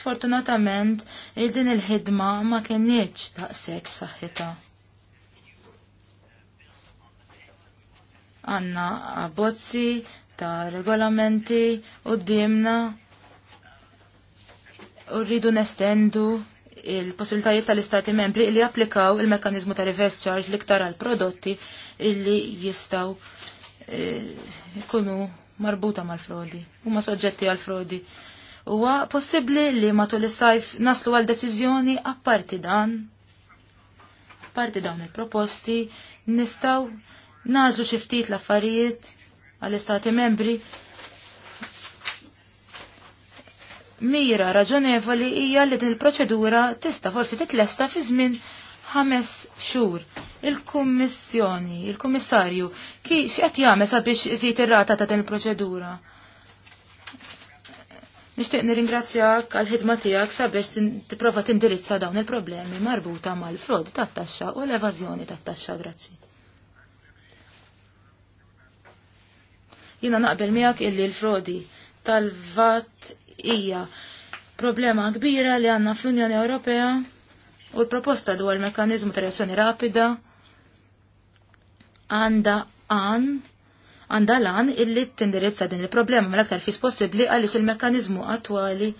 [SPEAKER 3] Sfortunatament, il-din il-ħidma ma kienieċ taqsek b'saħħitha. għanna bozzi ta' regolamenti u d-dimna u rridu nestendu il-possibilitajiet tal-istati membri li applikaw il-mekanizmu ta' reverse charge liktar għal prodotti illi jistaw ikunu e, marbuta mal-frodi u ma soġġetti għal-frodi. Huwa possibbli li matul is-sajf naslu għal deċiżjoni apparti dan, apparti dawn il-proposti, nistaw nażlu xi ftit l-affarijiet għall-istati membri mira raġonevoli hija li din il-proċedura tista' forsi titlesta fi żmien ħames xhur. Il-kummissjoni, il-kummissarju, ki x'qed jagħmel sabiex iżid ir-rata ta' din il-proċedura? Nixtieq nirringrazzjak għall ħidma tiegħek sabiex tipprova tindirizza dawn il-problemi marbuta mal-frodi tat-taxxa u l-evażjoni tat-taxxa, grazzi. Jina naqbel miegħek illi l-frodi tal-vat hija problema kbira li għanna fl-Unjoni Ewropea u l-proposta dwar l-mekkaniżmu ta' reazzjoni rapida għanda għan għanda lan illi tindirizza din il-problema mal-aktar fis possibli għaliex il-mekkanizmu attwali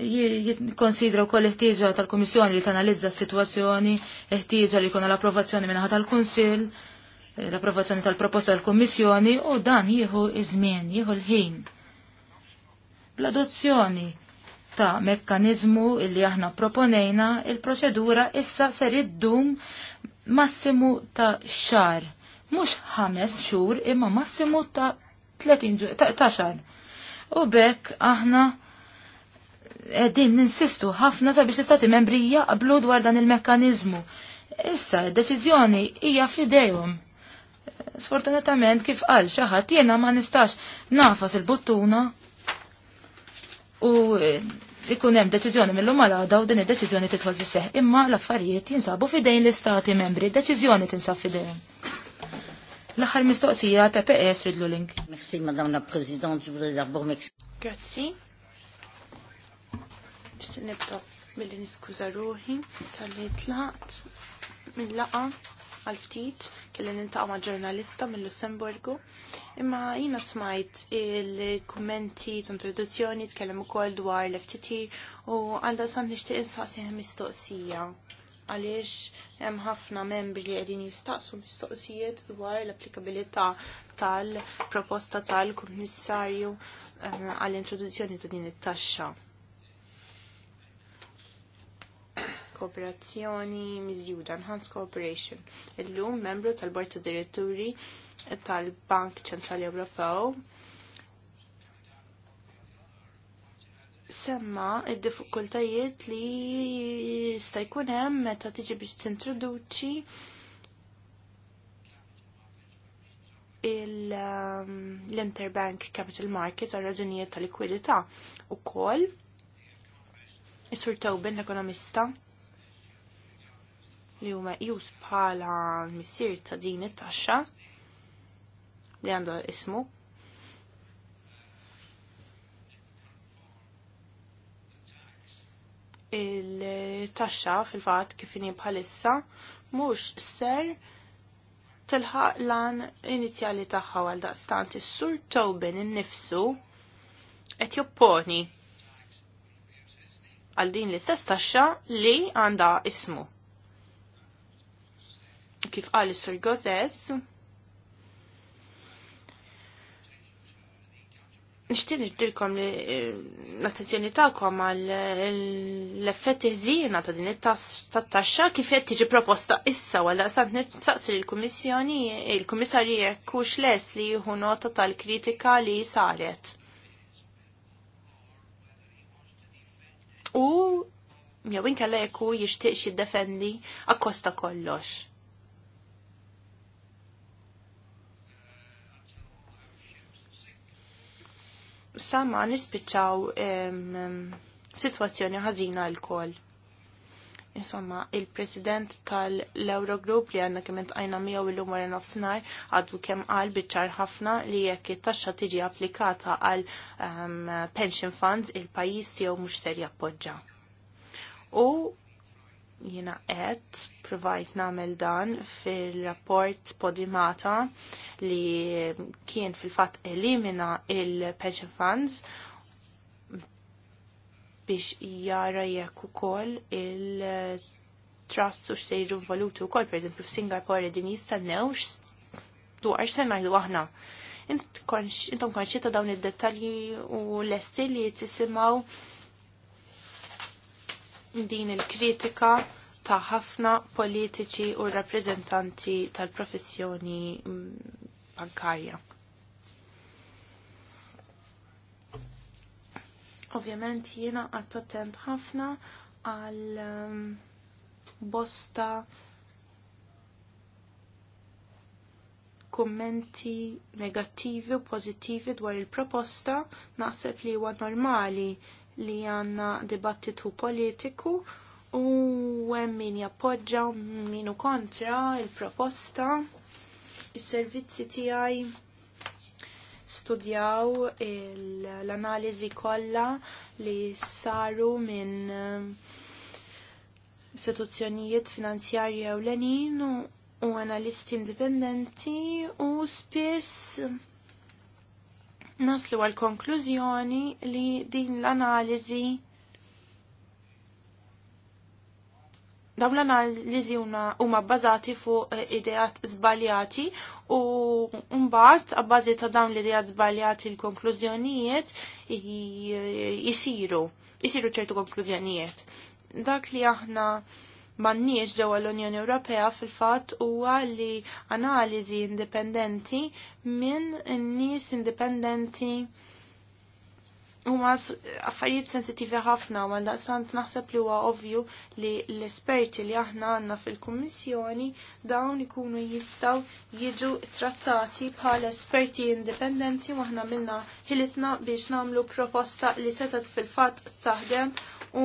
[SPEAKER 3] jikkonsidra wkoll ħtieġa tal-Kummissjoni li tanalizza s-sitwazzjoni, ħtieġa li kuna l-approvazzjoni minn tal-Kunsill, Eh, l-approvazzjoni tal-proposta tal-Kommissjoni u dan jieħu iż-żmien, jieħu l-ħin. Bl-adozzjoni ta' mekkanizmu illi aħna proponejna, il-proċedura issa ser iddum massimu ta' xar. Mux ħames xur imma massimu ta' 30 ta', ta xar. U bekk aħna din ninsistu ħafna sabiex l-istati membri jaqblu dwar dan il-mekkanizmu. Issa, id-deċizjoni hija fidejhom sfortunatament kif qal xi ħadd jiena ma nistax nafas il-buttuna u eh, ikun hemm deċiżjoni mill-lum għal u din id-deċiżjoni tidħol fis-seħ. Imma l-affarijiet jinsabu fidejn l-istati membri, deċiżjoni tinsab fidejn. L-aħħar mistoqsija PPS e, Ridlu Link. Merci Madame la Présidente, je voudrais d'abord m'excuser.
[SPEAKER 4] Grazzi. Nixtieq nibda billi niskuża ruħi tal-li tlaqt mill-laqa għal-ftit kelli nintaqa ma' ġurnalista mill-Lussemburgu. Imma jina smajt il-kommenti ta' introduzzjoni tkellem ukoll dwar l-FTT u għandha san nixtieq insaqsi mistoqsija għaliex hemm ħafna membri li qegħdin jistaqsu mistoqsijiet dwar l-applikabilità tal-proposta tal-Kummissarju eh, għall-introduzzjoni ta' din it-taxxa kooperazzjoni miżjuda Enhanced Cooperation. Illum membru tal-Bord ta' Diretturi tal-Bank Ċentrali Ewropew semma id-diffikultajiet li sta jkun hemm meta tiġi biex tintroduċi um, l-Interbank Capital Market għal raġunijiet tal likwidità u kol is-sur Tobin l-ekonomista li huma jus bħala missier ta' din it-taxxa li għandu ismu. Il-taxxa fil-fatt kif inhi bħalissa mhux ser tilħaq lan inizjali tagħha għal daqstant is-sur Tobin innifsu qed jopponi għal din l-istess taxxa li għandha ismu kif eh, għal sur gozess. nishtin nġdilkom li l-attenzjoni ta'kom għal l-effetti ħzina ta' din it-taxxa kif qed tiġi proposta issa wala sant nitsaqsi l-Kummissjoni il-Kummissarji kux les li jieħu nota tal-kritika li saret. U jew inkella jekk hu jixtieq jiddefendi akkosta kollox. sama nispiċaw nispiċċaw f'sitwazzjoni ħażina l-kol. Insomma, il-president tal-Eurogroup li għanna kement għajna miegħu illum wara nofsinhar għadu kemm qal biċċar ħafna li jekk it-taxxa tiġi applikata għal pension funds il-pajjiż tiegħu mhux ser jappoġġa. U jina qed provajt namel dan fil-rapport Podimata li kien fil-fat elimina il-pension funds biex jara jekk ukoll il-trust u xsejġu valuti ukoll, per eżempju f'Singapore din jistennew dwar se ngħidu aħna. Intom konxi dawn id-dettalji u lesti li tisimgħu din il-kritika ta' ħafna politiċi u rappreżentanti tal-professjoni mm, bankarja. Ovvjament jiena għat attent ħafna għal mm, bosta kummenti negattivi u pozittivi dwar il-proposta naħseb li huwa normali li għanna dibattitu politiku u għem min jappoġġa minu kontra il-proposta. Is-servizzi tijaj tiegħi studjaw l-analiżi kollha li saru minn eh, istituzzjonijiet finanzjarji ewlenin u analisti indipendenti u spiss naslu għal konklużjoni li din l-analiżi dawn l-analiżi huma bbażati fuq eh, ideat żbaljati u mbagħad abbażi ta' dawn l-ideat żbaljati l-konklużjonijiet jisiru jisiru ċertu konklużjonijiet. Dak li aħna m'għandniex ġewwa l-Unjoni Ewropea fil-fatt huwa li analiżi indipendenti minn nies indipendenti huma affarijiet sensittivi ħafna u għandaqsant naħseb li huwa ovvju li l-esperti li aħna għandna fil-Kummissjoni dawn ikunu jistgħu jiġu trattati bħala esperti indipendenti u aħna milna ħilitna biex nagħmlu proposta li setgħet fil-fatt taħdem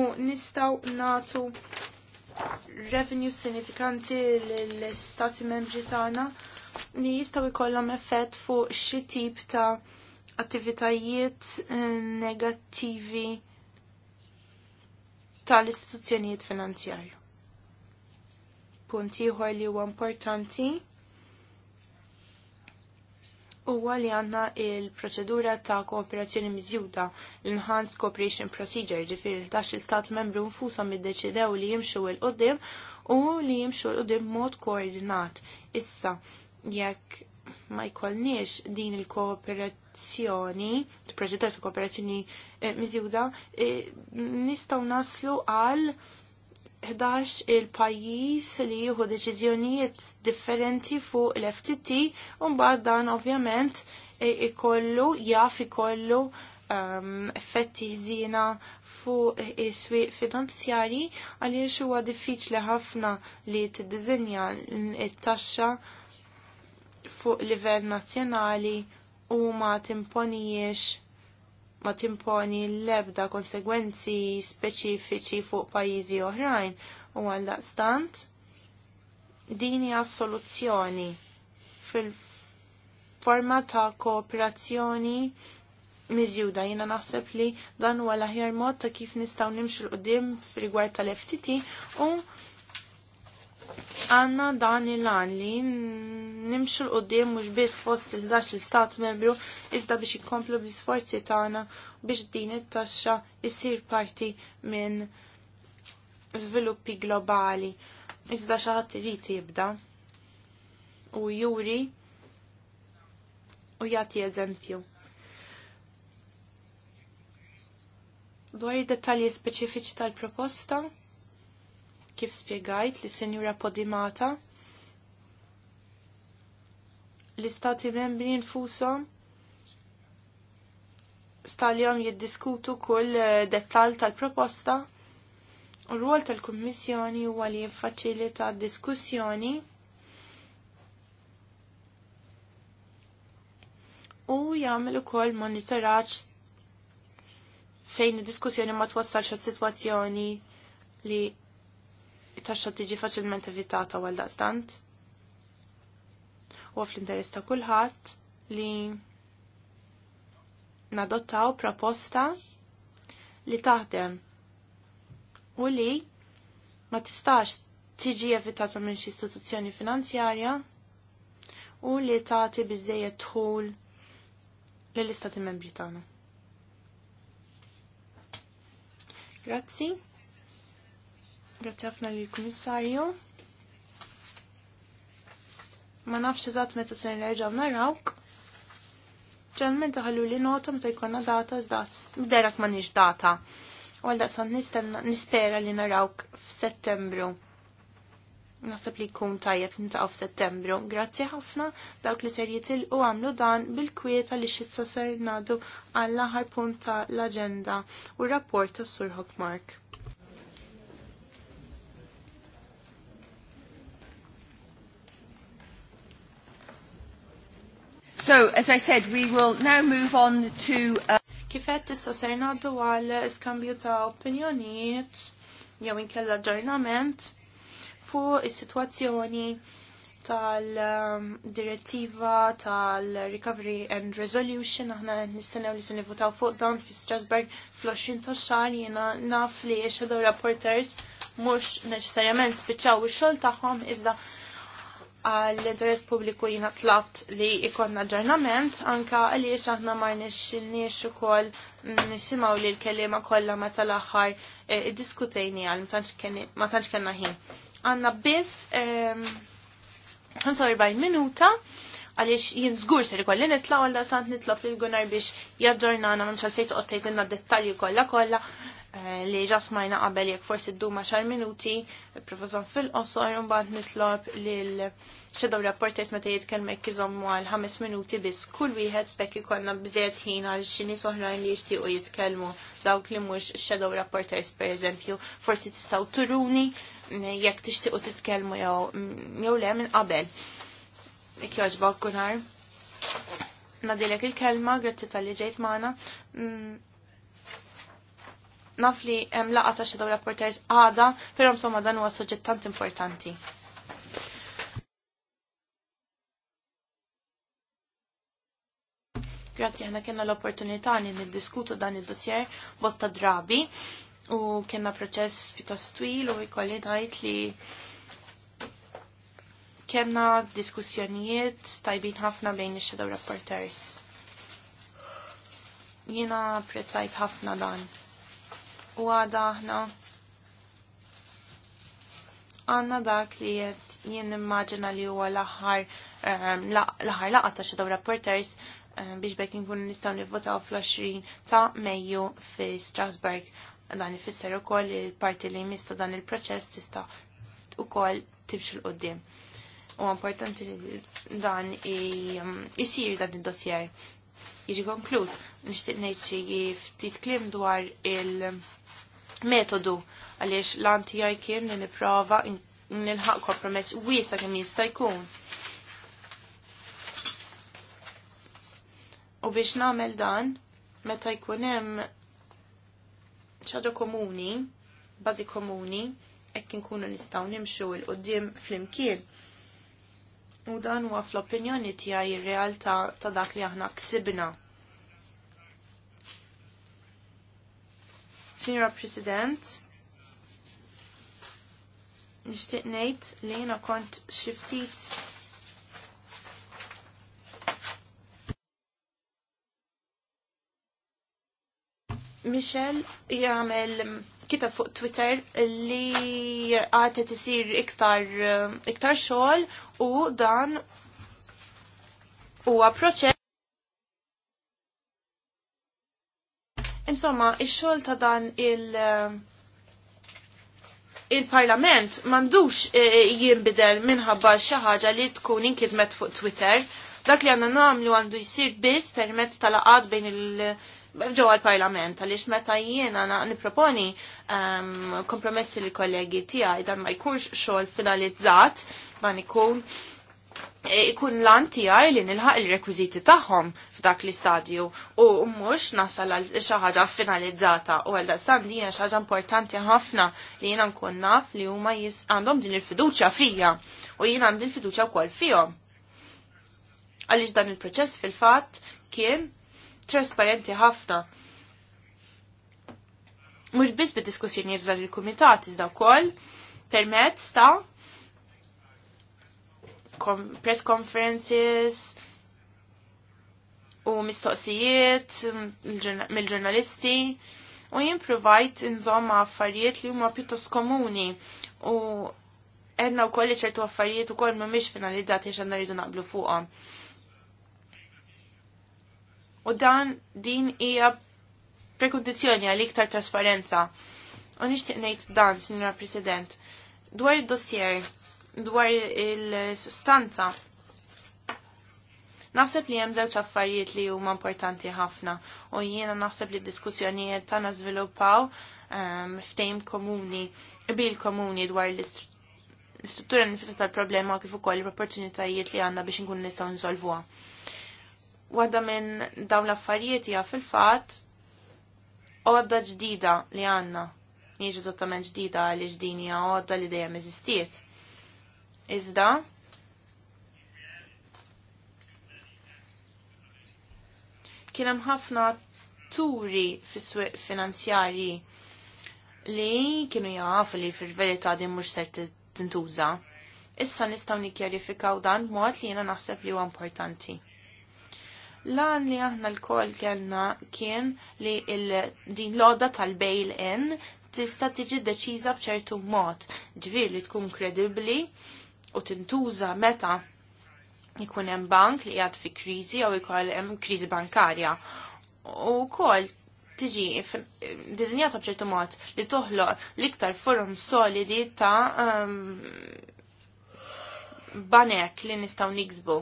[SPEAKER 4] u nistgħu nagħtu revenue sinifikanti l-Stati membri tagħna li jistgħu jkollhom effett fuq xi tip ta' attivitajiet eh, negattivi tal-istituzzjonijiet finanzjarji. Punt ieħor li huwa importanti huwa li għanna il-proċedura ta' kooperazzjoni miżjuda l-Enhanced Cooperation Procedure ġifir il-tax il-stat membru nfusom id-deċidew li jimxu l-qoddim u li jimxu l-qoddim mod koordinat. Issa, jekk ma jkollniex din il-kooperazzjoni, il-proċedura ta' kooperazzjoni eh, miżjuda, eh, nistaw naslu għal 11 il pajjiż li juhu deċiżjonijiet differenti fuq l-FTT un dan ovvjament ikollu jaf ikollu ehm, effetti ħżina fuq is-swieq finanzjari għaliex huwa diffiċli ħafna li tiddiżenja it-taxxa fuq livell nazzjonali u ma timponijiex ma timponi l-ebda konsegwenzi speċifiċi fuq pajjiżi oħrajn u għal daqstant dini għas soluzzjoni fil-forma ta' kooperazzjoni miżjuda jina naħseb li dan huwa l-aħjar mod ta' kif nistgħu nimxu l qudiem rigward tal-FTT u għanna dan il għanli li nimxu l-qoddim mux biss fost il-11 stat membru iżda biex ikomplu bl forzi tagħna biex din it-taxxa issir parti minn żviluppi globali. Iżda xi ħadd irid jibda u juri u jagħti eżempju. Dwar i dettalji speċifiċi tal-proposta, kif spiegajt li Senjura Podimata l-istati membri nfusom staljom jiddiskutu kull eh, dettal tal-proposta u rwol tal-Kummissjoni huwa li jiffaċilita diskussjoni u jagħmel ukoll monitoraċ fejn id-diskussjoni ma twassalx xa sitwazzjoni li it-taxxa tiġi faċilment evitata għal daqstant. U fl-interess ta' kulħadd li nadottaw proposta li taħdem u li ma tistax tiġi evitata minn xi istituzzjoni finanzjarja u li tagħti biżejjed dħul lill-istati membri tagħna. Grazzi. Grazzi ħafna lill kummissarju Ma nafx eżatt meta se nerġgħu narawk. Ġalment taħallu li nota meta jkollna data żdat. Derek m'għandniex data. Għal daqsan nispera li narawk f'Settembru. Nasab li jkun tajjeb nintaqgħu f'Settembru. Grazzi ħafna dawk li ser jitilqu għamlu dan bil-kwieta li xissa ser ngħadu għall-aħħar punt tal-aġenda u r rapport tas-Sur Hockmark.
[SPEAKER 1] So, as I said, we will now move on to... Uh... Kifet
[SPEAKER 4] issa serna naddu iskambju ta' opinjonijiet jew inkella ġornament fuq is-sitwazzjoni tal-direttiva um, tal-Recovery and Resolution aħna nistennew li se nivutaw fuq dan fi Strasbourg fl-20 ta' xahar jiena naf li shadow rapporters mhux neċessarjament spiċċaw ix-xogħol tagħhom iżda għall-interess pubbliku jina tlabt li ikonna ġarnament, anka għaliex aħna ma il-nix u kol nisimaw li l-kelima kolla ma tal eh, id diskutejni għal, ma tanċ kena ħin. Għanna bis 45 ehm, minuta, għaliex jien zgur ser ikolli nitla għalda sant nitla fil gunar biex jadġornana minn xalfejt qottejt inna dettalji kolla kolla Eh, li ġasmajna smajna qabel jekk forsi dduma xar minuti, professor fil-qosor, mbagħad nitlob lil xedaw rapporters meta jitkellmu jekk iżommu għal ħames minuti biss kull wieħed bekk ikollna bżejjed ħin għal xi nies oħrajn li jixtiequ jitkellmu dawk li mhux xedaw rapporters pereżempju forsi tistgħu turuni mm, jekk tixtiequ titkellmu jew mm, jew le minn qabel. Jekk jogħġbok kunar. Nadilek il-kelma, grazzi tal-li ġejt magħna mm, naf li hemm laqa ta' xi rapporters għada, però insomma dan huwa suġġett tant importanti. Grazzi ħana kena l-opportunità li niddiskutu dan il-dossier bosta drabi u kena proċess pjuttost twil u jkolli tajt li kena diskussjonijiet tajbin ħafna bejn ix-shadow rapporters. Jiena apprezzajt ħafna dan u għada ħna. għanna dak li jett jien immaġina li huwa l-aħħar ehm, l-aħħar laqgħa ta' xedaw rapporters ehm, biex bekk inkunu nistgħu nivvotaw fl-20 ta' Mejju fi Strasburg. Dan ifisser ukoll il-parti li jmista dan il-proċess tista' ukoll tibx l-qoddim. U importanti li dan jisir dan id-dossier jiġi konkluż. Nixtieq ngħid xi ftit kliem dwar il- metodu għaliex l-antijaj kien li niprofa nilħaq kompromess wiesa kemm jista' jkun. U biex nagħmel dan, meta jkun hemm ċaġa komuni, bażi komuni, hekk inkunu nistgħu nimxu l qudiem flimkien. U dan huwa fl-opinjoni tiegħi r realtà ta' dak li aħna ksibna Signora President, nishtiq nejt li jina kont xiftit Michel jgħamil kitab fuq Twitter li għate isir iktar, iktar xol u dan huwa proċess Insomma, il xogħol ta' dan il- eh, il-parlament mandux eh, jinbidel minħabba xi ħaġa li tkun inkidmet fuq Twitter. Dak li għandna nagħmlu għandu jsir biss permezz tal għad bejn il- ġewwa għal parlament għaliex meta jiena nipproponi ehm, kompromessi li kollegi tiegħi dan ma jkunx xogħol finalizzat dan ikun E, ikun lan tiegħi li nilħaq il-rekwiżiti tagħhom f'dak l-istadju u mhux nasal għal xi ħaġa finalizzata u għal dan din xi ħaġa importanti ħafna li jina nkun naf li huma għandhom din il-fiduċja fija u jiena għandi l-fiduċja wkoll fihom. Għaliex dan il-proċess fil-fatt kien trasparenti ħafna. Mhux biss bid-diskussjoni f'dan il-kumitat iżda wkoll permezz ta' press conferences u mistoqsijiet mill-ġurnalisti u jimprovajt nżomma affarijiet li huma pjuttost komuni u edna u kolli ċertu affarijiet u koll mumiex finalizzati xan rridu naqblu fuqhom. U dan din hija prekondizjoni għal iktar trasparenza. U nixtieq ngħid dan, Sinjora President, dwar id-dossier dwar il-sustanza. Naħseb li hemm żewġ affarijiet li huma importanti ħafna u jiena naħseb li diskussjonijiet tagħna żviluppaw um, ehm, ftejm komuni, bil komuni dwar l-istruttura nifisa tal-problema kif ukoll l-opportunitajiet li għandna biex nkun nistgħu nżolvuha. Waħda minn dawn l-affarijiet hija fil-fatt għodda ġdida li għandna. Mhijiex eżattament ġdida għaliex din hija għodda li dejjem eżistiet Iżda, kien hemm ħafna turi fis-swieq finanzjarji li kienu jafu li fil-verità din mhux ser tintuża. Issa nistgħu nikkjarifikaw dan b'mod li jiena naħseb li huwa importanti. Lan li aħna l koll kellna kien li din l-oda tal-bail-in tista' tiġi deċiża b'ċertu mod, ġvir li tkun kredibbli u tintuża meta jkun hemm bank li qiegħed fi kriżi jew ikoll hemm kriżi bankarja. U wkoll tiġi ddisinjata b'ċertu mod li toħloq l-iktar forum solidi ta' um, banek li nistgħu niksbu.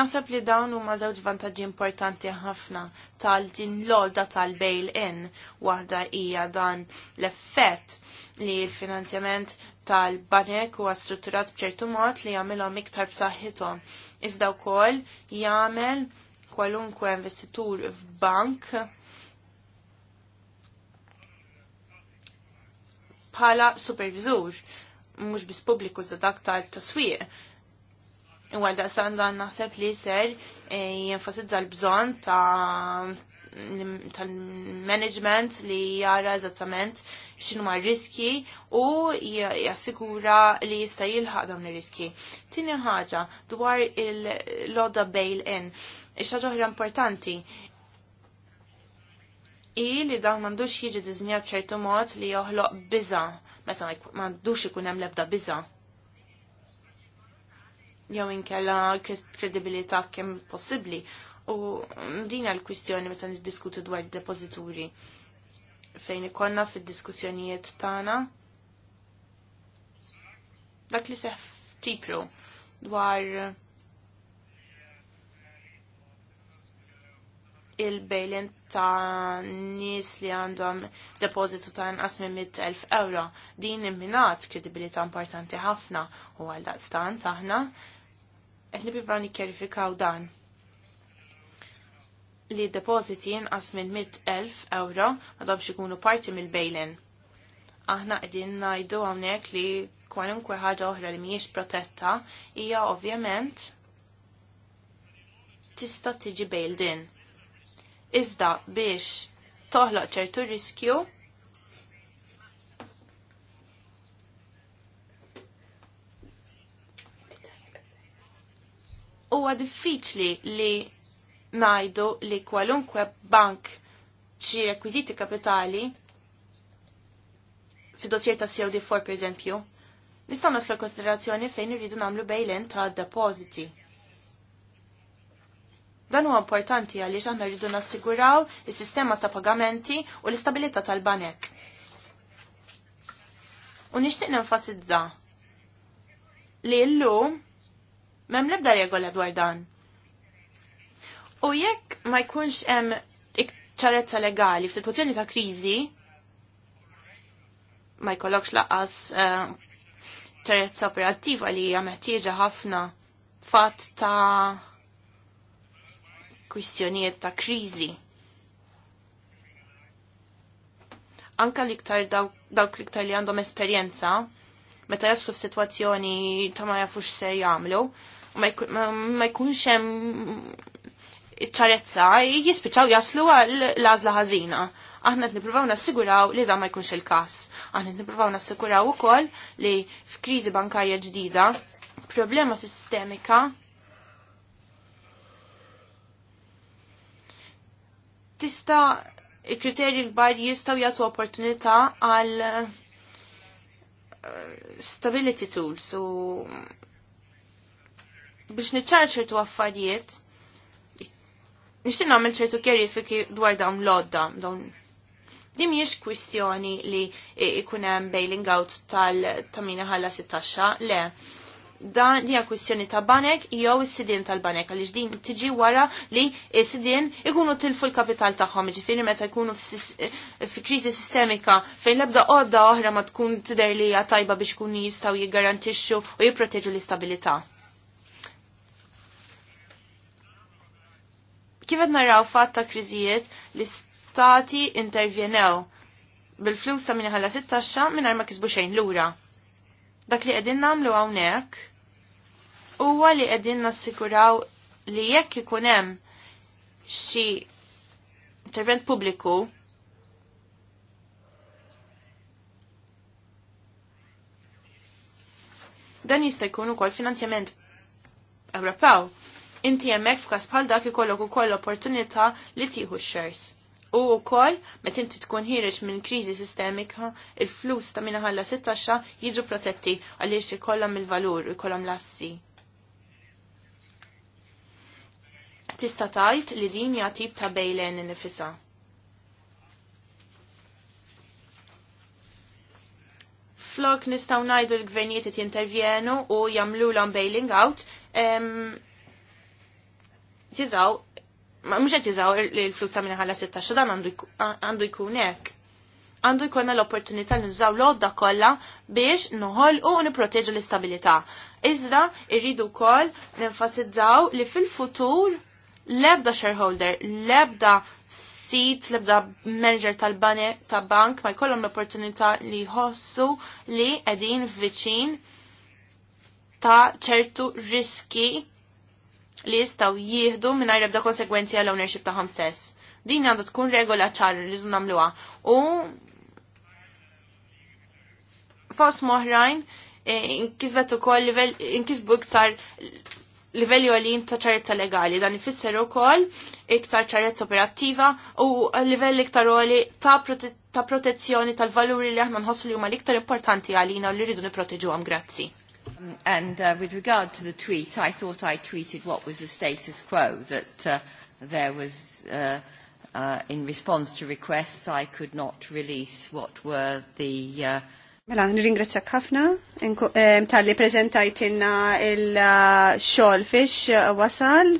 [SPEAKER 4] Nasab li dawn huma żewġ vantaġġi importanti ħafna tal din l-olda tal-bail-in waħda hija dan l-effett li l-finanzjament tal-banek huwa strutturat b'ċertu mod li jagħmilhom iktar b'saħħithom. Iżda wkoll jagħmel kwalunkwe investitur f'bank bħala supervizur, mhux biss pubbliku iżda dak tal-taswieq. U għal daqsan dan naħseb li ser eh, jenfasizza l-bżon ta' tal-management li jara eżattament xinu ma' riski u jassigura li jista' jilħaq dawn ir-riski. Tieni ħaġa dwar il-loda bail-in. Ix-ħaġa oħra importanti i li dan m'għandux jiġi dizinjat b'ċertu mod li joħloq biża meta m'għandux ikun hemm l-ebda biża jew inkella kredibilità kemm possibbli. U mm, dina l-kwistjoni meta niddiskutu dwar depozituri fejn ikonna fid-diskussjonijiet tagħna. Dak li seħ tipru dwar il-bejlen ta' nis li għandhom depozitu ta' nqas minn 100.000 euro. Din imminat kredibilità importanti ħafna u għal daqstan taħna. Eħni bivra nikjerifikaw dan li d-depositi jinqas minn 100.000 euro għadhomx ikunu parti mill bailin Aħna qegħdin ngħidu hawnhekk li kwalunkwe ħaġa oħra li mhijiex protetta hija ovvjament tista' tiġi bail din. Iżda biex toħloq ċertu riskju huwa diffiċli li najdu li kwalunkwe bank xi rekwiziti kapitali fi dossier ta' COD4 per eżempju, nistaw naslu konsiderazzjoni fejn irridu namlu bejlen ta' depositi. Dan huwa importanti għaliex aħna rridu nassiguraw is-sistema ta' pagamenti u l-istabilità tal-banek. U nixtieq nenfasizza li llum m'hemm l-ebda regola dwar dan. U jekk ma jkunx hemm ċarezza legali f'sitwazzjoni ta' kriżi ma jkollokx laqqas eh, ċarezza operattiva li hija meħtieġa ħafna fatt ta' kwistjonijiet ta' kriżi. Anka liktar dawk liktar li għandhom esperjenza meta jaslu f'sitwazzjoni ta' ma jafux se jagħmlu, ma jkunx hemm ċarezza jispiċaw jaslu għal lażla ħażina. Aħna qed nipruvaw nassiguraw li dan ma jkunx il-każ. Aħna nippruvaw nassiguraw ukoll li f'kriżi bankarja ġdida problema sistemika tista' il-kriterji l-bar jistaw jagħtu opportunità għal eh, stability tools u biex niċċar ċertu affarijiet Nishtin nagħmel ċertu kjerifiki dwar dawn l-odda, dawn Di kwistjoni li ikunem hemm bailing out tal-tamina ħalla 16, le dan hija kwistjoni ta' banek jew is-sidien tal-banek għaliex din tiġi wara li is-sidien ikunu tilfu l-kapital tagħhom, ġifieri meta jkunu eh, fi krizi sistemika fejn l-ebda oħra ma tkun tidher li hija tajba biex kun jistgħu jiggarantixxu u jipproteġu l istabilita Kif qed naraw fatt ta' kriżijiet li stati intervjenew bil-flus ta' min ħalla taxxa mingħajr ma kisbu xejn lura. Dak li qegħdin nagħmlu hawnhekk huwa li qegħdin nassikuraw li jekk ikun hemm xi intervent pubbliku dan jista' jkun ukoll finanzjament Ewropew inti hemmhekk f'każ bħal dak ikollok ukoll opportunità li tieħu x U U wkoll meta inti tkun ħireġ minn kriżi sistemika, il-flus ta' min ħalla sittaxxa jiġu protetti għaliex ikollhom il-valur, u ikollhom lassi. Tista' tajt li din hija tip ta' bejlen nifisa. flok nistaw najdu l-gvernijiet intervjenu u jamlu l bailing out, tizaw, ma mhux qed jiżaw il-flus ta' minna ħalla 16 dan għandu jkun hekk. Għandu jkollna l-opportunità li nżaw l-odda kollha biex nħol u nipproteġu l-istabilità. Iżda irridu wkoll nenfasizzaw li fil-futur l-ebda shareholder, l-ebda sit, l-ebda manager tal-bane ta' bank ma jkollhom l-opportunità li jħossu li qegħdin viċin ta' ċertu riski li jistaw jieħdu mingħajr ebda konsegwenzi għall ownership tagħhom stess. Din għandu tkun regola ċar li rridu nagħmluha. U fos moħrajn e, inkisbet ukoll livell inkisbu iktar livelli għalin ta' ċarezza legali, dan ifisser ukoll iktar ċarezza operattiva u livelli iktar għali ta' protezzjoni tal-valuri li aħna nħossu li huma l-iktar
[SPEAKER 1] importanti għalina u li rridu niproteġu għam grazzi. And uh, with regard to the tweet, I thought I tweeted what was the status quo, that uh, there was, uh, uh, in response to requests, I could not release what were the... Uh,
[SPEAKER 5] Mela, Kafna ħafna tal-li prezentajtina il-xol uh, fiex uh, wasal.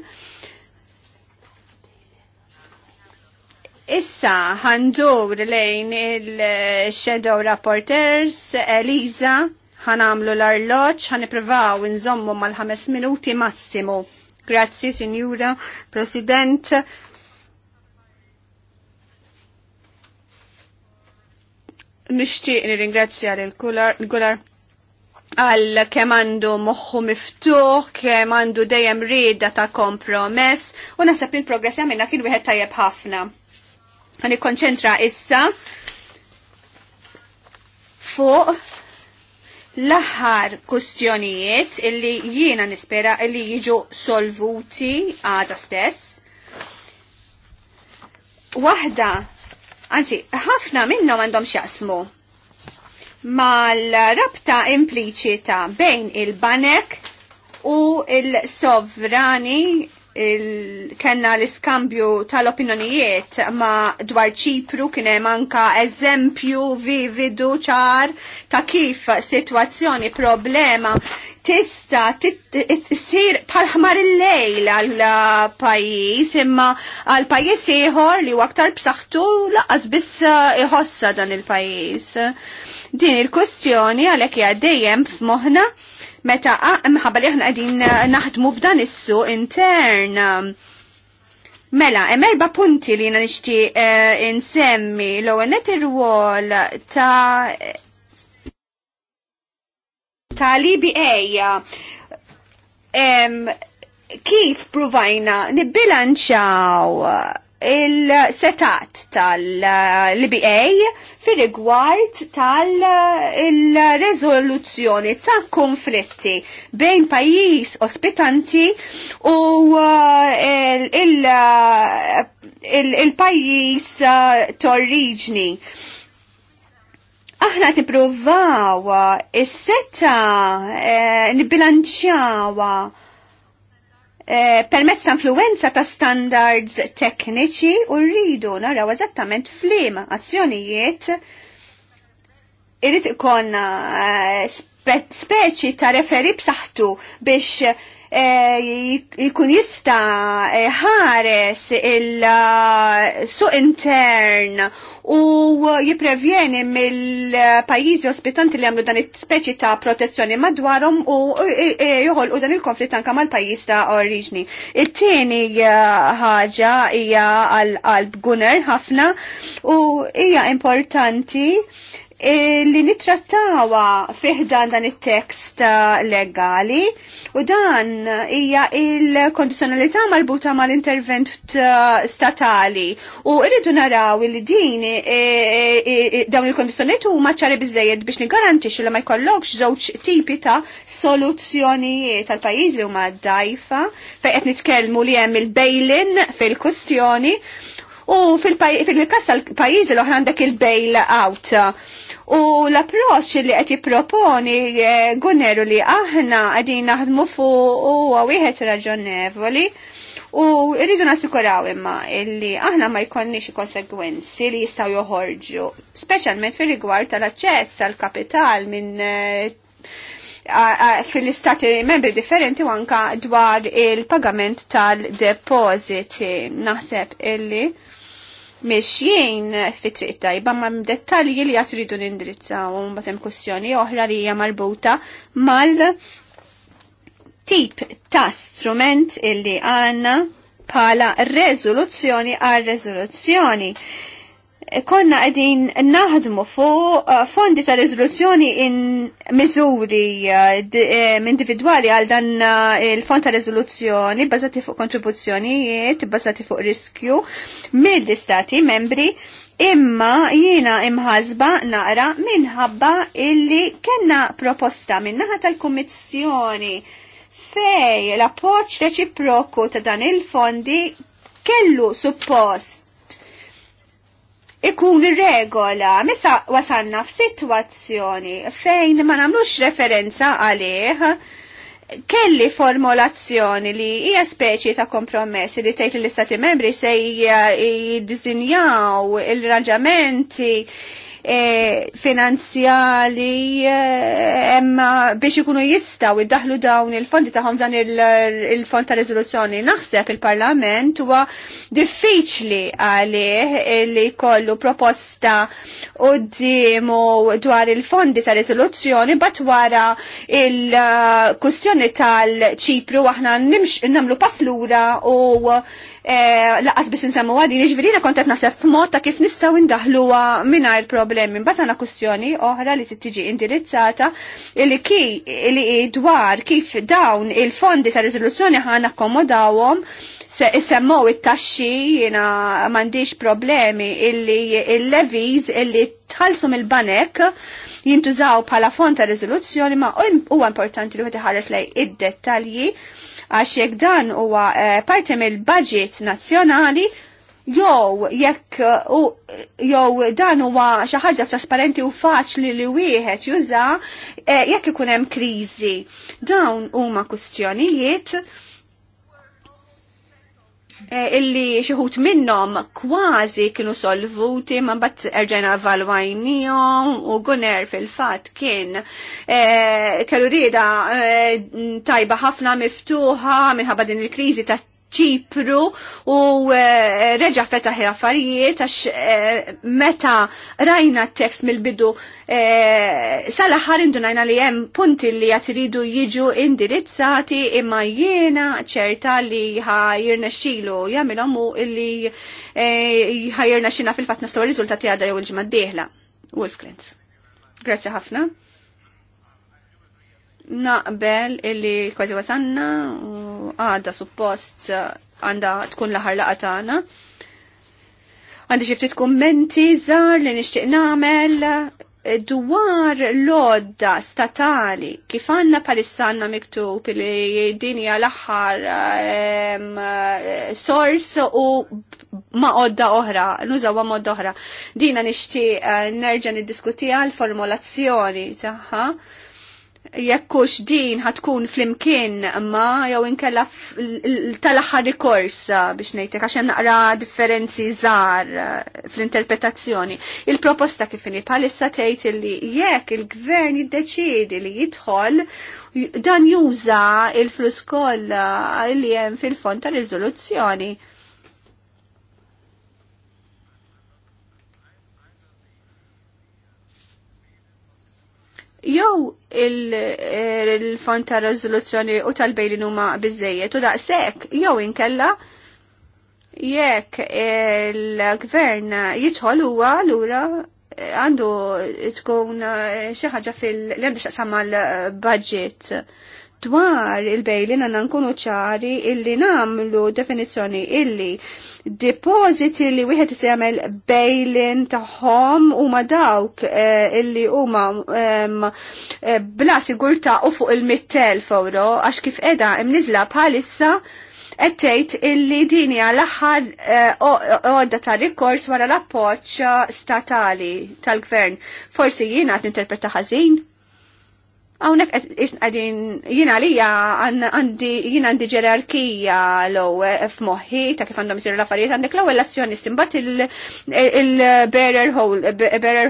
[SPEAKER 5] Issa ħandur lejn il-Shadow uh, Rapporters, Eliza ħanamlu l-arloċ, ħaniprivaw nżommu mal-ħames minuti massimu. Grazzi, Signora President. Nishtiq nir-ingrazzja l-Gular għal kemandu għandu moħħu miftuħ, kemandu għandu dejjem rida ta' kompromess, u nasab il-progress għamilna kien wieħed tajjeb ħafna. Għani konċentra issa fuq l-aħħar kustjonijiet illi jiena nispera illi jiġu solvuti għada stess. Waħda, anzi, ħafna minnhom għandhom xjaqsmu mal-rabta impliċita bejn il-banek u il-sovrani kellna l-iskambju tal-opinjonijiet ma dwar ċipru kien hemm anka eżempju vividu ċar ta' kif sitwazzjoni problema tista tsir bħal ħmar il-lejl għal pajjiż imma għal pajjiż ieħor li aktar b'saħħtu laqas biss iħossa dan il-pajjiż. Din il-kustjoni għalhekk hija dejjem f'moħħna meta mħabba li aħna qegħdin eh, naħdmu f'dan is intern. Um, mela, hemm erba' punti li jiena nixtieq eh, insemmi l-ewwel net ir-rwol ta' ta' l-IBA e kif provajna nibbilanċaw il-setat tal-LBA fir rigward tal-rezoluzzjoni ta' konflitti bejn pajis ospitanti u uh, il-pajis uh, uh, torriġni. Aħna t is-seta, nibilanċjawa Eh, permezz ta' influenza ta' standards tekniċi u rridu naraw eżattament flim azzjonijiet irrid ikonna eh, speċi ta' referi b'saħħtu biex eh, jkun jista ħares il-suq intern u jiprevjeni mill-pajjiżi ospitanti li għamlu dan it-speċi ta' protezzjoni madwarhom u e, e, e, joħol u dan il-konflitt anka mal-pajjiż ta' oriġni. It-tieni ħaġa hija għal qalb Gunner ħafna u hija importanti E, li nitrattawa fiħdan dan il-tekst uh, legali u dan hija il-kondizjonalità marbuta mal-intervent uh, statali u irridu naraw li din e, e, dawn il kondizjonalità huma ċari biżejjed biex nigarantix li ma jkollokx żewġ tipi ta' soluzzjonijiet tal-pajjiż li huma dajfa fejn qed nitkellmu li hemm il-bejlin fil-kustjoni u fil-kas tal-pajjiżi l-oħra għandek il-bail out U l-approċ li qed jipproponi eh, Gunneru li aħna qegħdin naħdmu fuq huwa wieħed raġonevoli. U rridu nasikuraw imma illi aħna ma jkollniex konsegwenzi li jistaw joħorġu, speċjalment fir rigward tal-aċċess għall kapital minn eh, fil-istati membri differenti u anka dwar il-pagament tal-depositi. Naħseb illi mexjien fit-triq tajba ma' dettalji li għat ridu nindirizzaw u hemm kussjoni oħra li hija marbuta mal tip ta' strument illi għanna pala rezoluzzjoni għal rezoluzzjoni konna għedin naħdmu fuq uh, fondi ta' rezoluzzjoni in miżuri uh, eh, individuali għal dan uh, il-fond ta' rezoluzzjoni bazati fuq kontribuzzjonijiet, bazati fuq riskju mill-istati membri imma jiena imħazba naqra minħabba illi kena proposta minnaħat tal-Kummissjoni fej l-appoċ reċiproku ta' dan il-fondi kellu suppost ikun regola. Misa wasanna f'sitwazzjoni fejn ma nagħmlux referenza għalih kelli formulazzjoni li hija speċi ta' kompromessi li tgħid l-istati membri se jiddisinjaw il-raġamenti E, finanzjali e, emma biex ikunu jistaw iddaħlu dawn il-fondi taħom dan il-fond ta' rezoluzzjoni. Naħseb il-parlament huwa diffiċli għalih li kollu proposta u dimu dwar il-fondi ta' rezoluzzjoni bat wara il-kustjoni tal-ċipru aħna nimx namlu paslura u Eh, laqas biss nsemmu għadin, ġvirina jiġifieri kontet nasef f'mod ta' kif nistaw indaħluwa minna il-problemi. Mbata għana kustjoni oħra li t-tiġi indirizzata li ki li dwar kif dawn il-fondi ta' rizoluzzjoni ħana komodawom se semmow it-taxxi jina mandiġ problemi illi il-leviz illi tħalsum il-banek jintużaw bħala fond ta' rizoluzzjoni ma' huwa importanti li ħares lej id-dettalji għax jekk dan huwa eh, parti mill-budget nazzjonali, jew jekk eh, jew dan huwa xi ħaġa trasparenti u faċli li wieħed juża eh, jekk ikun hemm kriżi. Dawn huma kustjonijiet Eh, illi xieħut minnom kważi kienu solvuti ma bat erġajna valwajnijom u guner fil-fat kien eh, kellu rida eh, tajba ħafna miftuħa minħabba din il-krizi ta' ċipru u eh, reġa fetaħi affarijiet għax eh, meta rajna t-tekst mill-bidu eh, sal indunajna li hemm punti li jatridu jiġu indirizzati imma jiena ċerta li ħajirna xilu jagħmilhom u li ħajirna xina fil-fatt nistgħu riżultati għadha jew il-ġimgħa d Wolf Klintz. Grazzi ħafna naqbel illi kważi wasanna u għadda suppost għanda tkun laħar laqa tagħna. Għandi xi ftit kummenti żgħar li nixtieq nagħmel eh, dwar l-odda statali kif għandna għandna miktub li dinja l-aħħar sors u ma' odda oħra, nuża ma' odda oħra. Dina nixtieq eh, nerġa' niddiskutija l-formulazzjoni tagħha jekkux din ħatkun flimkien ma jew inkella tal-aħħar rikors uh, biex ngħidlek għax hemm naqra differenzi żgħar uh, fl-interpretazzjoni. Il-proposta kif inhi bħalissa tgħid illi jekk il-gvern jiddeċiedi li jidħol dan juża il-flus kollha li hemm fil-fond ta' riżoluzzjoni jew il-fond eh, ta' rezoluzzjoni u tal-bejlin huma bizzejiet u daqshekk jew inkella jekk il-gvern jitħol huwa lura eh, għandu tkun eh, xi ħaġa fil għandu x'aqsam mal-budget dwar il-bejlin għandna nkunu ċari illi namlu definizzjoni illi depositi li wieħed se jagħmel bail-in tagħhom huma dawk eh, illi huma ehm, eh, bla bla ta' u fuq il mittel fawro għax kif qiegħda niżla bħalissa qed tgħid illi din hija l-aħħar eh, għodda ta' rikors wara l-appoġġ statali tal-gvern. Forsi jien qed ninterpreta ħażin? Għawnek għadin jina li għandi jina għandi ġerarkija l-għu eh, f'moħħi ta' kif għandhom jisiru l-affarijiet għandek l-għu l-azzjonisti mbatt il-bearer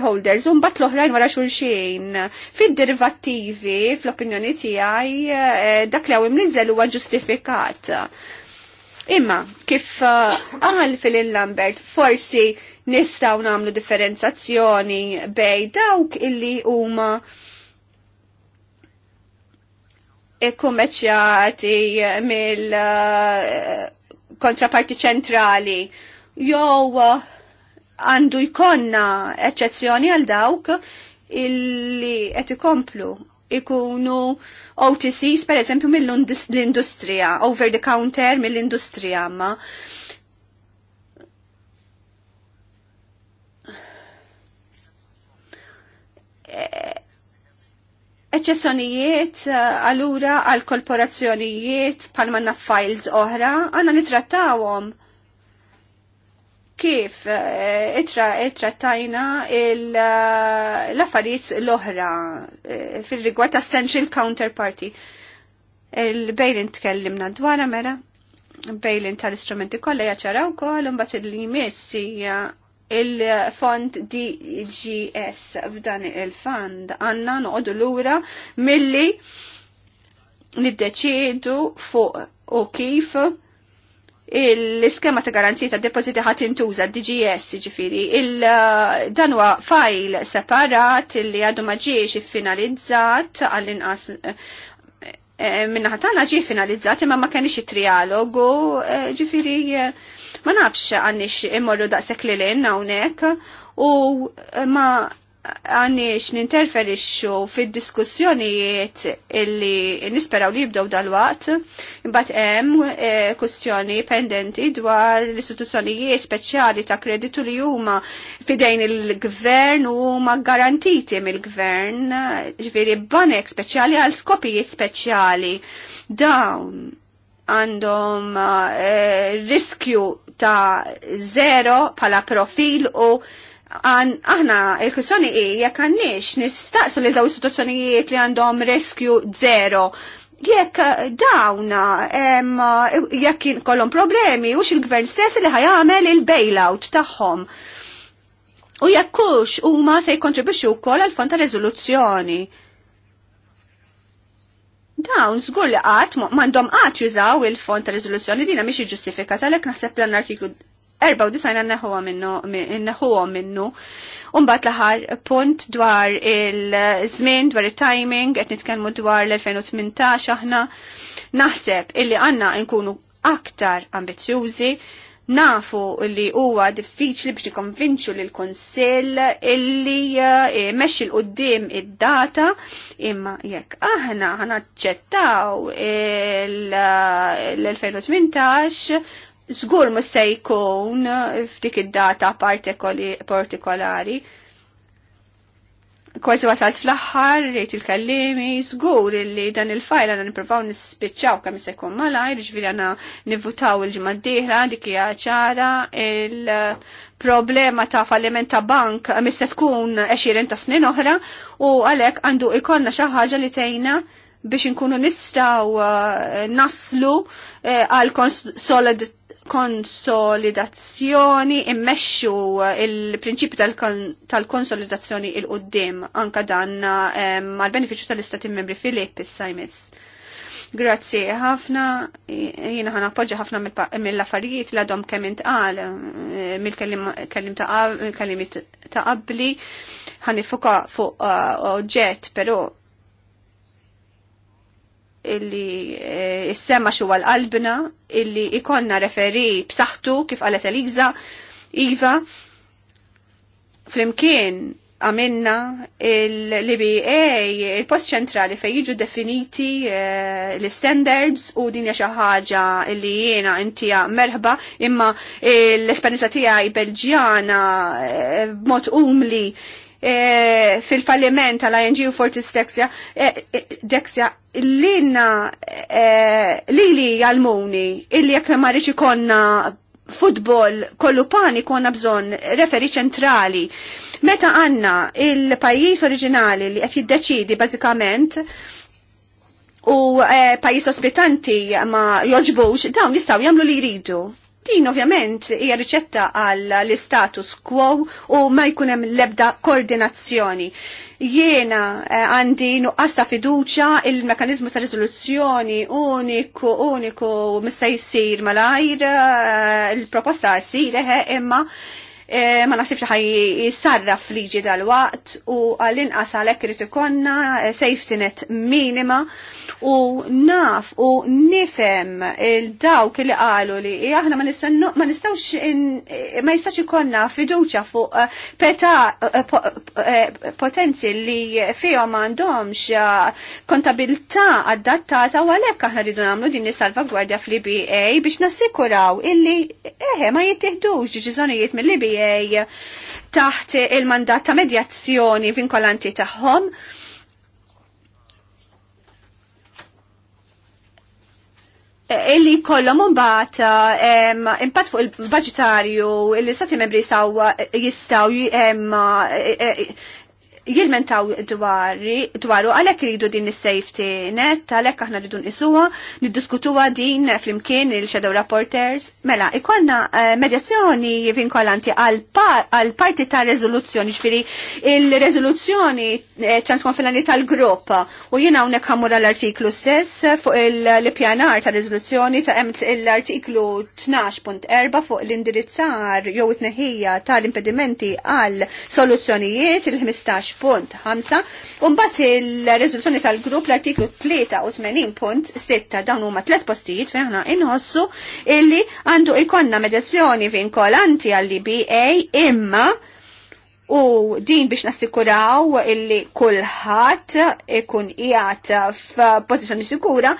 [SPEAKER 5] holders un bat l-oħrajn wara xulxin. Fid-derivativi, fl-opinjoni għaj, eh, dak li għu imnizzel huwa ġustifikat. Imma, kif għal eh, fil-Lambert, forsi nistaw namlu differenzazzjoni bej dawk illi huma kummerċjati mill eh, kontraparti ċentrali jew eh, għandu jkonna eċċezzjoni għal dawk illi qed ikomplu ikunu OTCs per eżempju mill-industrija, over the counter mill-industrija ma. E eċessonijiet għalura eh, għal korporazzjonijiet palma na files oħra għanna nitrattawom. kif eh, itra trattajna eh, l-affarijiet l-oħra fil-rigward ta' Central counterparty. Il-bejlin tkellimna dwar mela, bejlin tal-istrumenti kollha jaċaraw kol, mbagħad il-li jmiss hija il-fond DGS f'dan il-fond għanna noqdu l-ura milli niddeċidu fuq u kif l-iskema ta' garanzija ta' depoziti ħat intuża DGS ġifiri. Dan huwa fajl separat li għadu ma ġiex finalizzat għall-inqas eh, minna ħatana ġie finalizzat imma ma kenix trialogu eh, ġifiri eh, Ma nafx għannix immorru daqsek li l-in u ma għannix ninterferixxu fid-diskussjonijiet illi nisperaw li jibdow dal-waqt, imbat hemm eh, kustjoni pendenti dwar l-istituzzjonijiet speċjali ta' kreditu li huma fidejn il-gvern u huma garantiti mill-gvern, ġviri banek speċjali għal skopijiet speċjali. Dawn għandhom uh, riskju ta' zero pala profil u għan aħna il-kwistjoni i jekk għannix nistaqsu li daw istituzzjonijiet li għandhom riskju zero jekk dawna jekk kollhom problemi u il-gvern stess li ħajamel il-bailout tagħhom. U jekkux huma se jkontribwixxu wkoll għal fond ta' riżoluzzjoni. Dawn żgur li qatt m'għandhom qatt jużaw il-fond ta' riżoluzzjoni dina mhix tal għalhekk naħseb dan l-artiklu 94 għanneħuwa minnu, neħuwa minnu. Umbat laħar punt dwar il-żmien, dwar il-timing, qed nitkellmu dwar l-2018 aħna naħseb illi għanna nkunu aktar ambizjużi nafu li huwa diffiċli biex nikonvinċu lil konsell illi jmexxi eh, l qudiem id-data imma jekk aħna ħanaċċettaw eh, l-2018 Zgur mus se jkun f'dik id-data partikolari kważi wasalt fl-aħħar, rejt il-kallimi, zgur illi dan il-fajl għana niprofaw nispiċċaw kemm se jkun malajr, ġviri għana nivutaw il-ġimgħa dik hija ċara il-problema ta' falliment ta' bank mista tkun 20 ta' snin oħra u għalhekk għandu ikonna xi ħaġa li tgħinna biex inkunu nistaw eh, naslu eh, għal konsolidazzjoni konsolidazzjoni immexxu il-prinċipju tal-konsolidazzjoni tal il-qoddim anka dan ehm, mal benefiċċju tal-istati membri Filip is-Sajmis. Grazzi ħafna, jiena ħana poġġa ħafna mill-affarijiet li għadhom kemm intqal eh, mill-kellim ta' qabli ħanifuka fuq eh, oġġett, però illi eh, s-sema xuwa l-qalbna, illi ikonna referi b'saħħtu kif għalet Eliza, Iva, flimkien għamilna l-IBA, il-post ċentrali fej jiġu definiti eh, l-standards u dinja xaħġa li jena intija merħba imma l-esperienza tijaj belġjana eh, mot umli E, fil-falliment tal-ING u Fortis Dexia, e, e, Dexia l-lina li li għalmuni illi jek marriċi konna futbol kollu pani konna bżon referi ċentrali. Meta għanna il-pajis oriġinali li għet jiddeċidi bazikament u pajis ospitanti ma joġbux, dawn jistaw jamlu li jridu. Din ovvjament hija riċetta għall istatus quo u ma jkun hemm l-ebda koordinazzjoni. Jiena eh, għandi nuqqas ta' fiduċja il-mekanizmu ta' riżoluzzjoni uniku uniku mista' jsir malajr eh, il-proposta jsir eh, imma ma nasibx ħaj jisarraf liġi dal-waqt u għallin għasalek għalhekk irid ikonna safety net minima u naf u nifhem il-dawk li qalu li aħna ma nistawx ma jistax ikonna fiduċja fuq peta potenzi li ma għandhomx kontabilità adattata u għalhekk aħna rridu nagħmlu din is-salvagwardja fl-IBA biex nassikuraw illi eħe ma jittieħdux deċiżjonijiet mill-IBA CIA taħt il-mandat ta' medjazzjoni vinkolanti tagħhom. illi kollom mbagħad impatt fuq il-budgetarju illi stati membri saw jistgħu jilmentaw dwaru għalhekk iridu din is-safety net, għalhekk aħna rridu nqisuha, niddiskutuha din flimkien il-shadow rapporters. Mela, ikollna eh, medjazzjoni vinkolanti għal parti ta' rezoluzzjoni, ġviri il-rezoluzzjoni ċanskonfinali eh, tal-grupp u jiena hawnhekk ħammur l-artiklu stess fuq il-pjanar ta' rezoluzzjoni ta' emt l-artiklu 12.4 fuq l-indirizzar jew it-neħija tal-impedimenti għal soluzzjonijiet il-15 un bat il rezoluzjoni tal-grupp l-artiklu 83.6 dawn huma tlet postijiet fejn aħna inħossu illi għandu ikonna mediazzjoni vinkolanti għall-IBA imma U din biex nassikuraw illi kullħat ikun qiegħed f'pożizzjoni sikura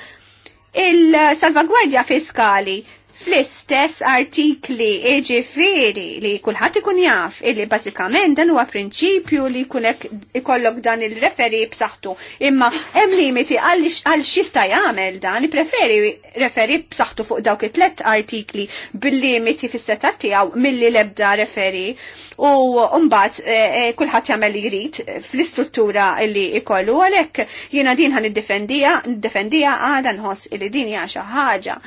[SPEAKER 5] il-salvagwardja fiskali fl-istess artikli eġifiri li kulħadd ikun jaf illi bażikament dan huwa prinċipju li jkunek ikollok dan il-referi b'saħħtu. Imma hemm limiti għal xista' jagħmel dan preferi referi b'saħħtu fuq dawk it-tlet artikli bil-limiti fis-seta tiegħu milli lebda referi u mbagħad eh, eh, kulħadd jagħmel li jrid fl-istruttura li ikollu għalhekk jiena din ħan niddefendija, niddefendija għada nħoss illi din hija xi ħaġa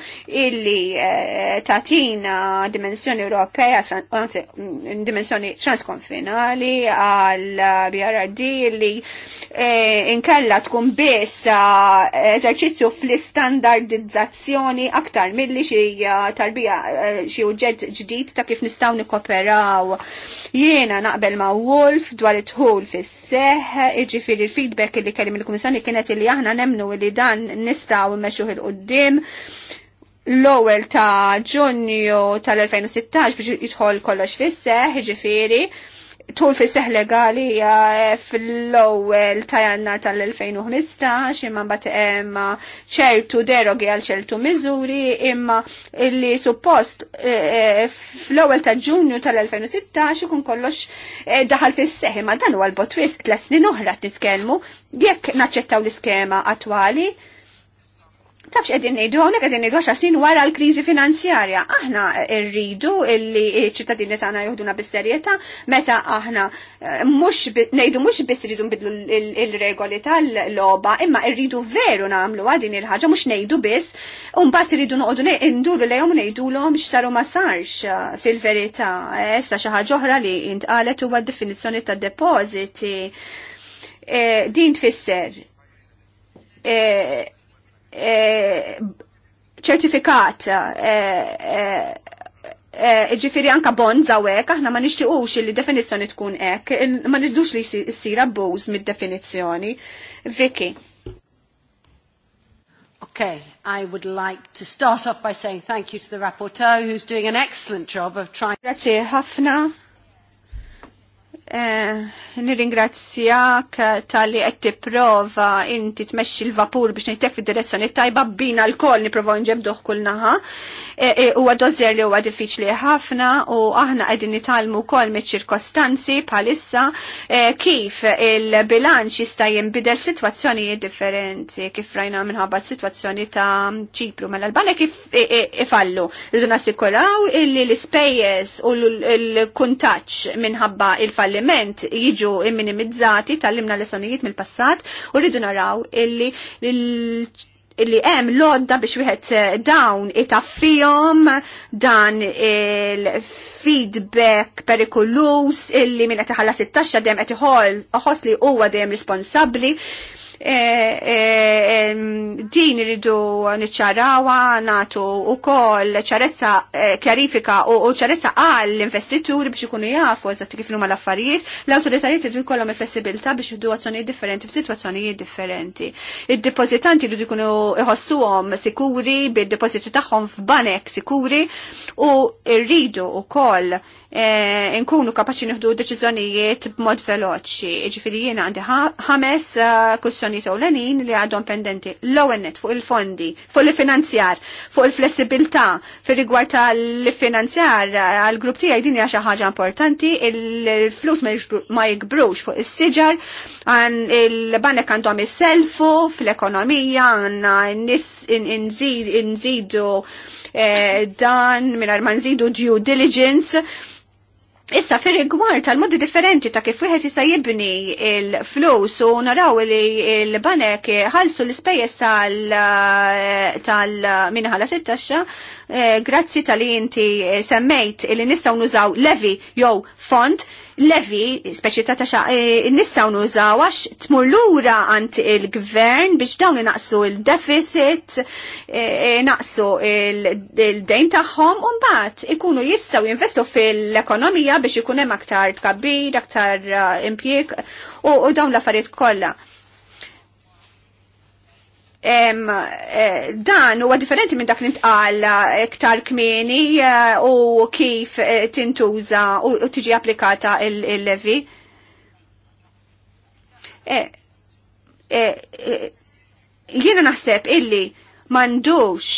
[SPEAKER 5] illi eh, tatina dimensjoni Ewropea, anzi mm, dimensjoni transkonfinali għal BRRD li e, inkella tkun biss eżerċizzju fl-istandardizzazzjoni aktar milli xi tarbija e, xie uġġed ġdid ta' kif nistgħu nikkoperaw. Jiena naqbel ma' Wolf dwar it ħul fis-seħ, iġifieri l-feedback li kellim il-Kummissjoni kienet li aħna nemnu li dan nistgħu meċuħ il qoddim l-ewwel ta' Ġunju tal-2016 biex jidħol kollox fis-seħ, ġifieri tul fis seħ legali fl-ewwel ta' jannar tal-2015 imma mbagħad hemm ċertu derogi għal ċertu miżuri imma li suppost eh, eh, fl-ewwel ta' Ġunju tal-2016 ikun kollox eh, daħal fis seħ imma dan huwa l-botwis tliet snin oħra nitkellmu jekk naċċettaw l-iskema attwali Tafx edin nejdu, għonek edin nejdu xasin wara l-krizi finanzjarja. Aħna rridu illi ċittadini tagħna juhduna bisterjeta, meta aħna eh, mux nejdu mux biss rridu nbidlu il-regoli tal-loba, imma rridu veru namlu għadin il-ħagġa, mux nejdu biss, unbat rridu noqdu induru lejom nejdu l xsaru ma sarx eh, fil-verita. Esta eh, xaħġa oħra li intqalet huwa d-definizzjoni ta' depoziti. Din tfisser E, ċertifikat e, e, ġifiri anka bond zawek, aħna ma nishtiqux li definizjoni tkun ek, ma nidux li s-sira buż mid-definizjoni. Vicky.
[SPEAKER 1] Okay, I would like to start off by saying thank you to the rapporteur who's doing an excellent job of trying... Grazie, ħafna
[SPEAKER 5] Eh, nirringrazzjak tal-li qed tipprova inti tmexxi l-vapur biex ngħidlek fid-direzzjoni tajba bina l-koll niprovaw nġebduh kull naħa huwa e, e, dożer li huwa diffiċli ħafna u aħna qegħdin nitalmu wkoll miċ-ċirkostanzi bħalissa e, kif il-bilanċ jista' jinbidel f'sitwazzjonijiet differenti kif rajna minħabba situazzjoni ta' ċipru mal-Albania kif ifallu. Rridu nassikuraw illi l-ispejjeż u l-kuntaċ minħabba il-falliment jiġu minimizzati tal-limna l-esonijiet mill-passat u rridu naraw illi li hemm lodda biex wieħed eh, dawn itaffihom dan il-feedback perikulus illi min qed iħallas it-taxxa dejjem qed iħoss li huwa dejjem responsabbli E, e, e, din iridu niċċarawa natu u koll ċarezza kjarifika u ċarezza għall investituri biex ikunu jafu eżatti kif huma l-affarijiet, l-awtoritajiet irid ikollhom il-flessibilità biex jiddu azzjonijiet differenti f'sitwazzjonijiet differenti. id depozitanti jridu jkunu iħossuhom sikuri bid-depożiti tagħhom f'banek sikuri u rridu wkoll E, nkunu kapaċi nħdu deċiżjonijiet b'mod veloċi. Ġifieri jiena għandi ħames e, kwistjonijiet ewlenin li għadhom pendenti. L-ewwel fuq il-fondi, fuq il-finanzjar, fuq il-flessibilità fir-rigward tal-finanzjar e, għall-grupp tiegħi din hija xi ħaġa importanti, il-flus ma jikbrux fuq is-siġar, il-banek għandhom is-selfu fl-ekonomija, għandna nżidu dan minn ma nżidu due diligence Issa fir rigward tal-modi differenti ta' kif wieħed jista' jibni l flus u naraw li l-banek ħalsu l-ispejjeż tal eh, eh, minħala sittaxxa eh, grazzi tal inti semmejt li nistgħu nużaw levi jew font levi, speċi ta' taxa, e, nistaw nużaw għax tmur lura għant il-gvern biex dawn e, e, naqsu il-deficit, naqsu il-dejn tagħhom u mbagħad ikunu jistaw jinvestu fil-ekonomija biex ikun hemm aktar tkabbir, aktar impjieg u dawn l-affarijiet kollha uh, dan huwa differenti minn dak li ntqal eh, iktar kmieni eh, u kif tintuża u tiġi applikata il-levi. Jiena naħseb illi m'għandux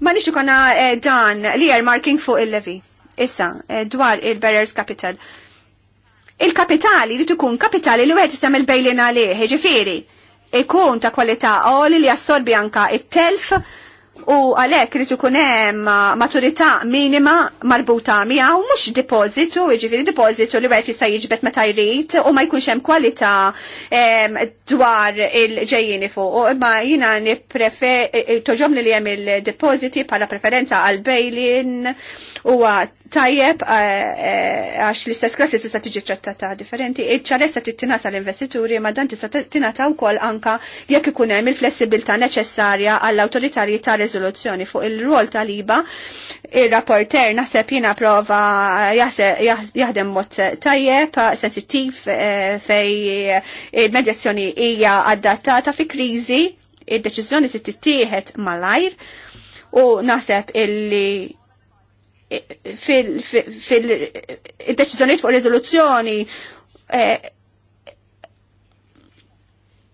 [SPEAKER 5] Ma nixu kona dan li marking fuq il-levi. Issa, dwar il-barriers capital il-kapitali li tukun kapitali li wieħed isem il-bejlin għalih, ġifieri, ikun ta' kwalità għoli li jassorbi anka it-telf u għalhekk li tukun hemm maturità minima marbuta u mhux depozitu, jiġifieri depozitu li wieħed jista' jiġbed meta jrid u ma jkunx hemm kwalità dwar il-ġejjini fuq. Imma jiena nipprefer eh, eh, toġomni li hemm il depoziti bħala preferenza għal bejlin għat tajjeb eh, eh, għax l-istess klassi tista' tiġi trattata differenti, iċ-ċarezza tittinata l-investituri ma dan tista' tingħata wkoll anka jekk ikun hemm il-flessibilità neċessarja għall awtoritarji ta' riżoluzzjoni fuq il-rol tal-IBA, ir-rapporter naħseb jiena prova jaħdem mod tajjeb, sensittiv eh, fej il-medjazzjoni hija adattata fi kriżi, id-deċiżjoni tittieħed malajr u naħseb illi fil-deċizjoniet fuq rezoluzzjoni eh,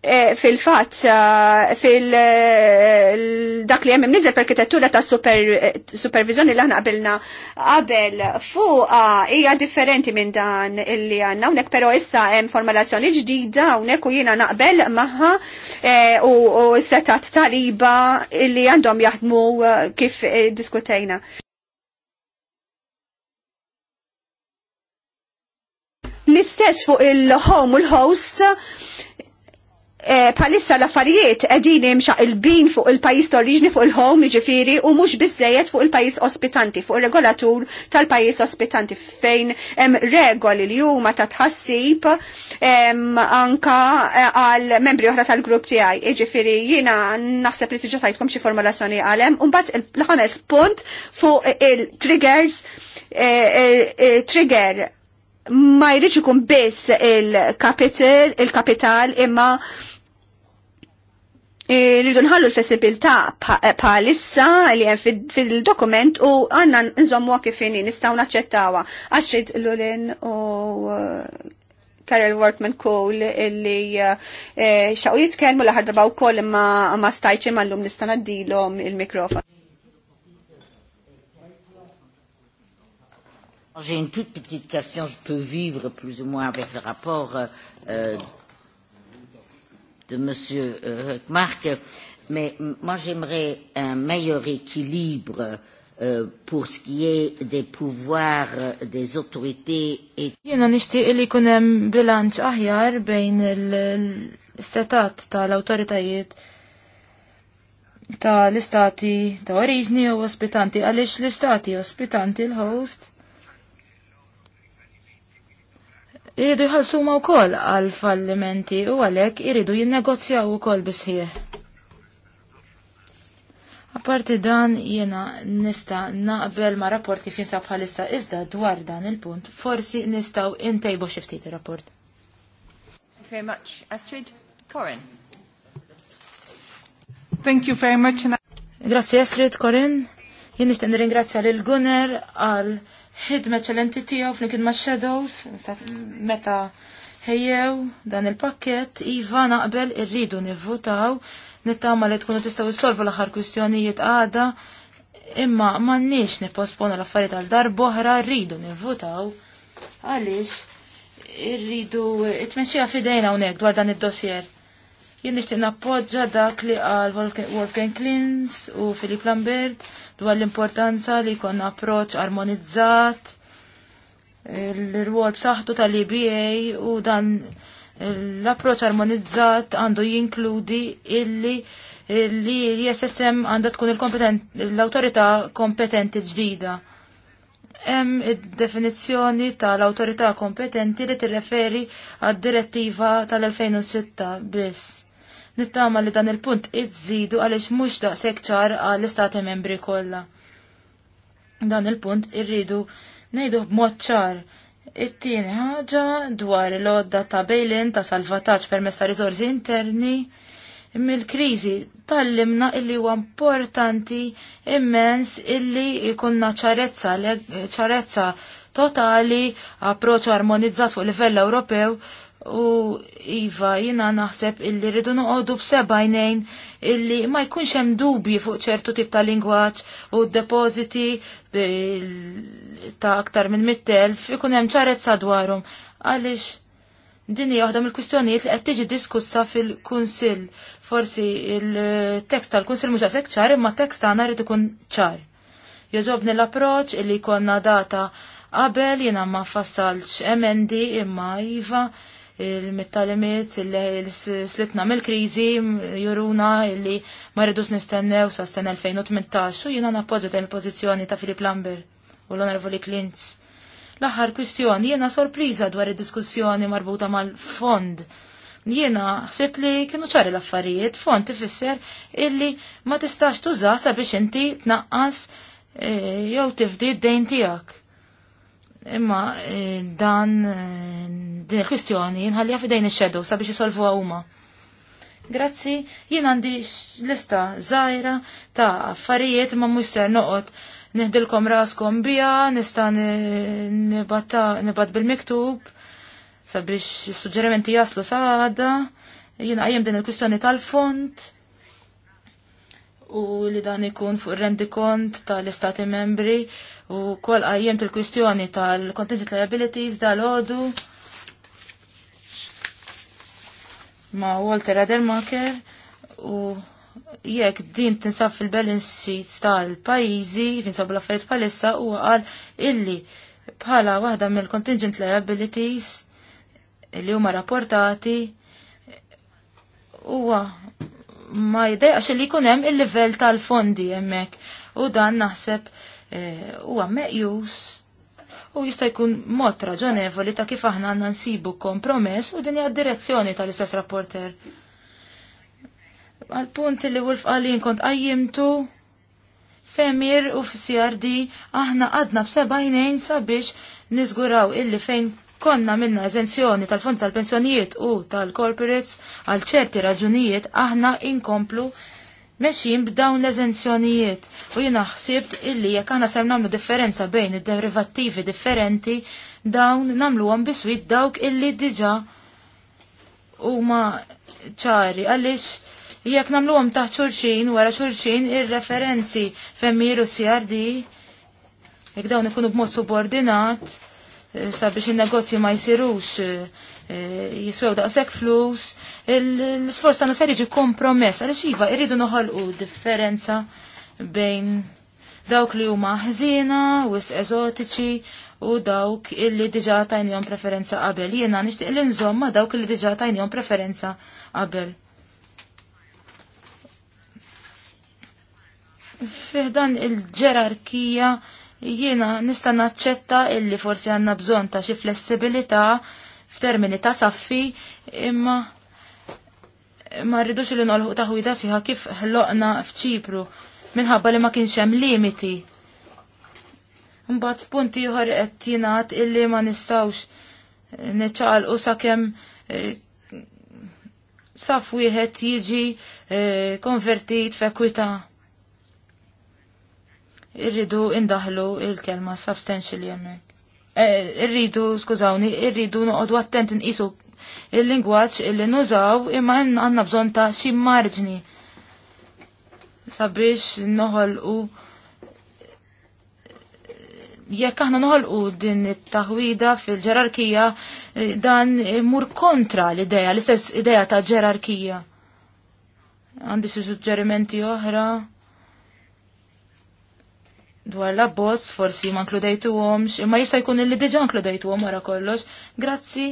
[SPEAKER 5] eh, fil-fat eh, fil-dak li jemmim nizel per-arkitettura ta' supervizjoni li ħna għabilna qabel fuqa hija differenti minn dan illi għanna unek pero issa hemm formalazzjoni ġdida unek u jiena naqbel maħħa u setat taliba illi għandhom jaħdmu kif diskutejna. L-istess fuq il-home u l-host eh, palissa l-affarijiet edini mxaq il-bin fuq il-pajis t-oriġni fuq il-home iġifiri u mux bizzejet fuq il-pajis ospitanti, fuq il-regolatur tal-pajis ospitanti fejn em regoli li huma ta' tħassib anka eh, għal membri oħra tal-grupp tiegħi. iġifiri jiena naħseb li tiġa tajtkom xi formulazzjoni għalem. unbat l-ħames punt fuq il-triggers eh, trigger ma jridx ikun biss il-kapital, il-kapital imma rridu eh, nħallu l-flessibilità bħalissa eh, li hemm fil-dokument u għandna nżommu kifini nistgħu naċċettawha għaxrid Lulin u eh, Karel Wortman Cole illi xaqgħu jitkellmu l-aħħar darba wkoll ma stajċi ma llum nista' naddilhom il-mikrofon.
[SPEAKER 3] J'ai une toute petite question, je peux vivre plus ou moins avec le rapport euh, euh de M. Euh, Marc, mais moi j'aimerais un
[SPEAKER 1] meilleur équilibre euh, pour ce qui est des pouvoirs euh, des autorités et...
[SPEAKER 3] setat tal-autoritajiet tal istati ta' oriġni u ospitanti, għalix l-istati ospitanti l-host Iridu jħallsu ma wkoll għal fallimenti u għalhekk iridu u ukoll bisħieħ. Apparti dan jiena nista naqbel ma' rapport kif jinsab bħalissa iżda dwar dan il-punt, forsi nistaw intejbu xiftit il-rapport.
[SPEAKER 1] Thank you very much. Astrid Corin.
[SPEAKER 3] Thank you very much. Grazie Astrid Corin. Jien nixtieq nirringrazzja lil Gunner għal ħidma ċelenti tiegħu flinkin ma' shadows meta ħejjew dan il-pakkett iva naqbel irridu nivvutaw nittama li tkunu tistgħu issolvu l-aħħar kwistjonijiet għada imma m'għandniex nipposponu l-affarijiet għal dar boħra rridu nivvutaw għaliex irridu it fidejna hawnhekk dwar dan id-dossier jien nixtieq nappoġġa dak li qal Wolfgang Klins u Filip Lambert dwar l-importanza li jkollna approċċ armonizzat l-rwol b'saħħtu tal-EBA u dan l-approċċ armonizzat għandu jinkludi illi li l-ISSM għandha tkun l-autorità kompetenti ġdida. Hemm id-definizzjoni tal-autorità kompetenti li tirreferi għad-direttiva tal-2006 biss Nittama li dan il-punt iżżidu għaliex mhux daqshekk ċar għall-istati membri kollha. Dan il-punt irridu ngħidu b'mod ċar. It-tieni ħaġa dwar l-odda ta' bejlin ta' salvataġġ permezz ta' riżorsi interni mill-kriżi tallimna illi huwa importanti immens illi jkunna ċarezza ċarezza totali, approċċ armonizzat fuq livell Ewropew U Iva, jina naħseb illi rridu noqogħdu b'sebajnejn illi ma jkunx hemm dubji fuq ċertu tip ta' lingwaġġ u d-depożiti ta' aktar minn mittelf ikun hemm ċarezza dwarhom għaliex din hija waħda mill-kwistjonijiet li qed tiġi diskussa fil-Kunsill. Forsi il-tekst tal-Kunsill mhux għasek ċar imma tekst tagħna rrid ikun ċar. Joġobni l-approċċ illi jkollna data qabel jiena ma fassalx emendi imma iva il-mittalimiet il-slitna mill-krizi juruna illi ma nistennew sa sena 2018 u jina nappoġġa il-pożizzjoni ta' Filip Lambert u l onorvoli Klintz. L-aħħar kwistjoni jiena sorpriża dwar id-diskussjoni marbuta mal-fond. Jiena ħsibt li kienu ċari l-affarijiet, fond tifisser illi ma tistax tuża sabiex inti tnaqqas eh, jew tifdi d-dejn tiegħek Imma eh, dan eh, din il-kwistjoni nħallija fidejn ix-xedow sabiex isolvu huma. Grazzi, jien għandi lista żgħira ta' affarijiet ma mhux ser noqgħod nihdilkom raskom bija, nista' nibat bil-miktub sabiex suġġerimenti jaslu saħda, jien għajem din il-kwistjoni tal-font u li dan ikun fuq rendikont tal-istati membri u kol għajjem til-kwistjoni tal-contingent liabilities dal-ħodu ma Walter Adelmaker u jekk din tinsab fil-balance sheet tal-pajizi, tinsab l-affarijiet palissa u għal illi bħala waħda mill-contingent liabilities li huma rapportati huwa ma għax li jkun hemm il-livell tal-fondi hemmhekk. U dan naħseb eh, huwa meqjus u jista' jkun mod raġonevoli ta' kif aħna għandna nsibu kompromess u din hija direzzjoni tal-istess rapporter. Għal-punt li Wolf għalin kont għajjimtu, Femir u f-CRD aħna għadna b-sebajnejn sabiex nizguraw illi fejn konna minna eżenzjoni tal-fond tal-pensjonijiet u tal-corporates għal ċerti raġunijiet aħna inkomplu meċin b'dawn l-eżenzjonijiet u jina ħsibt illi jekk aħna sem namlu differenza bejn id-derivattivi differenti dawn namlu għan biswit dawk illi diġa u ma ċari għalix jekk namlu għam taħt xurxin wara xurxin ir-referenzi femmiru CRD jekk dawn ikunu b'mod subordinat sabiex il negozju ma jisirux eh, eh, jiswew daqsek flus, l sforz tagħna ser jiġi kompromess għaliex iva irridu noħolqu differenza bejn dawk li huma ħżina u eżotiċi u dawk illi diġà tajnihom preferenza qabel. Jiena nixtieq li nżomm ma' dawk illi diġà tajnihom preferenza qabel. Fiħdan il-ġerarkija il ġerarkija Jiena nista' naċċetta illi forsi għandna bżonn ta' xi flessibilità f'termini ta' saffi imma ma rridux li nolħu ta' ħwida siħa kif ħloqna f'ċipru minħabba li ma kienx hemm limiti. Mbagħad f'punti ieħor qed jingħad illi ma nistgħux eh, neċċaqalqu sakemm eh, saf wieħed jiġi eh, konvertit f'ekwità irridu indaħlu il-kelma substantially hemmhekk. Eh, irridu, skużawni, irridu noqogħdu attent inqisu il-lingwaġġ illi nużaw imma għandna bżonn ta' xi marġni sabiex noħolqu jekk aħna noħolqu din it-taħwida fil-ġerarkija eh, dan mur kontra l-idea, l-istess idea ta' ġerarkija. Għandi xi suġġerimenti oħra dwar la boss forsi ma nkludajtu għomx, imma jista' jkun illi diġa nkludajtu għom wara kollox. Grazzi,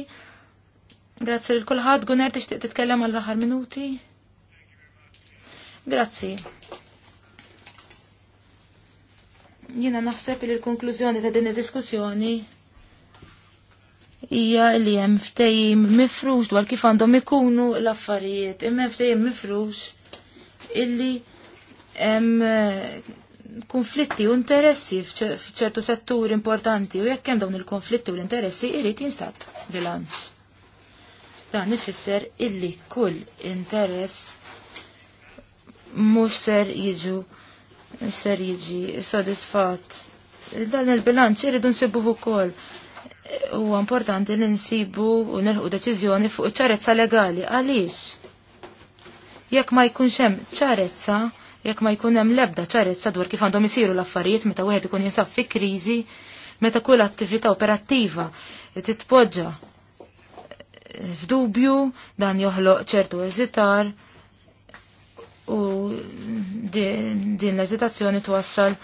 [SPEAKER 3] grazzi l kulħadd Gunnar tixtieq titkellem għall aħħar minuti. Grazzi. Jiena naħseb li l-konklużjoni ta' din id-diskussjoni hija li hemm ftehim mifrux dwar kif għandhom ikunu l-affarijiet, imma ftehim mifrux illi hemm konflitti u interessi f'ċertu settur importanti u jekk hemm dawn il-konflitti u l-interessi irid jinstab bilanċ. Dan ifisser illi kull interess mhux ser jiġu ser jiġi sodisfatt. Dan il-bilanċ iridu nsibuh ukoll huwa importanti li nsibu u nerħu deċiżjoni fuq ċarezza legali. Għaliex? Jekk ma jkunx hemm ċarezza, jekk ma jkun hemm l-ebda ċarezza dwar kif għandhom isiru l-affarijiet meta wieħed ikun jinsab fi kriżi, meta kull attività operattiva titpoġġa eh, f'dubju dan joħloq ċertu eżitar u din l-eżitazzjoni twassal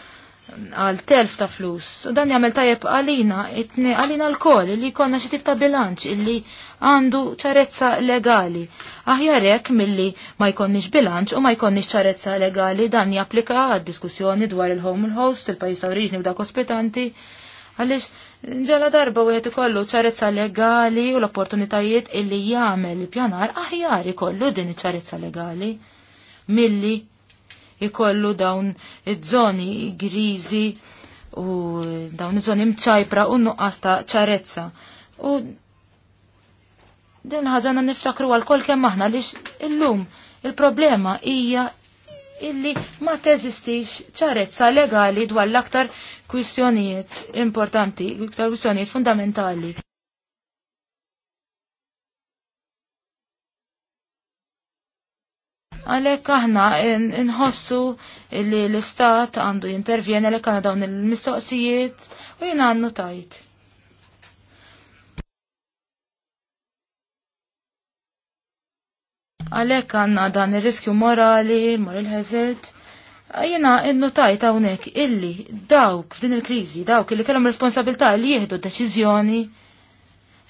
[SPEAKER 3] għal telf ta' flus. U dan jagħmel tajjeb għalina, għalina l kol li konna xi tip ta' bilanċ, illi għandu ċarezza legali. Aħjarek milli ma jkonniex bilanċ u ma jkonniex ċarezza legali dan japplika għad diskussjoni dwar il-home host, il-pajis ta' oriġni u dak ospitanti. Għalix ġala darba wieħed ikollu ċarezza legali u l-opportunitajiet illi jagħmel pjanar aħjar ikollu din iċ-ċarezza legali milli ikollu dawn iż-żoni griżi u dawn iż-żoni mċajpra u nuqqas ta' ċarezza. U din ħaġa niftakru għal kol kemm aħna li illum il-problema hija illi ma teżistix ċarezza legali dwar l-aktar kwistjonijiet importanti, l-aktar kwistjonijiet fundamentali. Għalek aħna nħossu li l-istat għandu jintervjen għalek għanna dawn il-mistoqsijiet u jina għannu tajt. Għalek għanna dan il-riskju morali, moral hazard, jina tajt għawnek illi dawk f'din il-krizi, dawk illi kellhom responsabilta li jihdu deċizjoni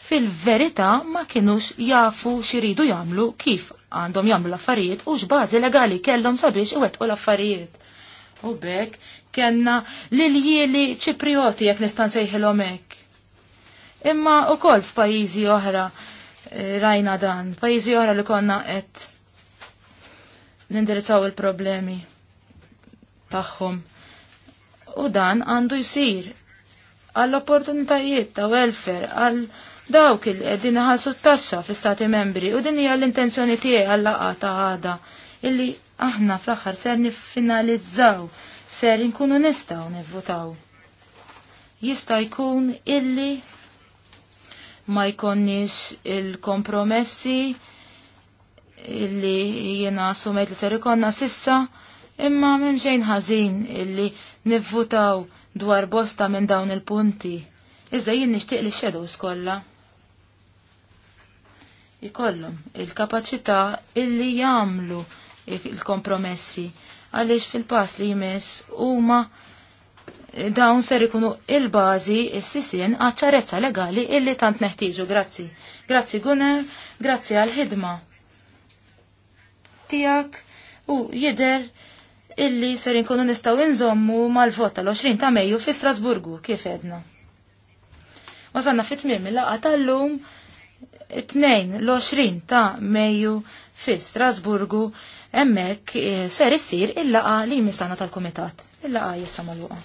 [SPEAKER 3] fil-verita ma kienux jafu xiridu jamlu kif għandhom jagħmlu l-affarijiet u x'bażi legali kellhom sabiex iwettqu l-affarijiet. U bekk kellna lil-jieli ċiprioti jekk nista' nsejħilhom hekk. Imma ukoll f'pajjiżi oħra eh, rajna dan, pajjiżi oħra li konna qed nindirizzaw il-problemi tagħhom. U dan għandu jsir għall-opportunitajiet ta' welfare, għall dawk il qegħdin ħansu t-taxxa fl-Istati membri u din hija l-intenzjoni tiegħi għall-laqgħa ta' għada illi aħna fl-aħħar ser niffinalizzaw ser nkunu nistgħu nivvutaw. Jista' jkun illi ma jkonniex il-kompromessi illi jiena assumejt li ser ikonna sissa, imma xejn ħażin illi nivvutaw dwar bosta minn dawn il-punti. Iżda jien nixtieq li shadows kollha jkollhom il-kapaċità illi jagħmlu il-kompromessi għaliex fil-pass li jmiss huma eh, dawn ser ikunu il-bażi s-sisien il bażi s sisien il ċarezza legali illi tant neħtieġu. Grazzi. Grazzi Gunnar, grazzi għal-ħidma tiegħek u jidher illi ser ikunu nistgħu inżommu mal-vot tal-20 ta' Mejju fi Strasburgu kif edna. Wasanna fit-tmiem il-laqgħa tal-lum it-tnejn l-20 ta' Mejju fi Strasburgu emmek eh, ser issir il-laqa li mistana tal-Komitat. Il-laqa jissa maluqa.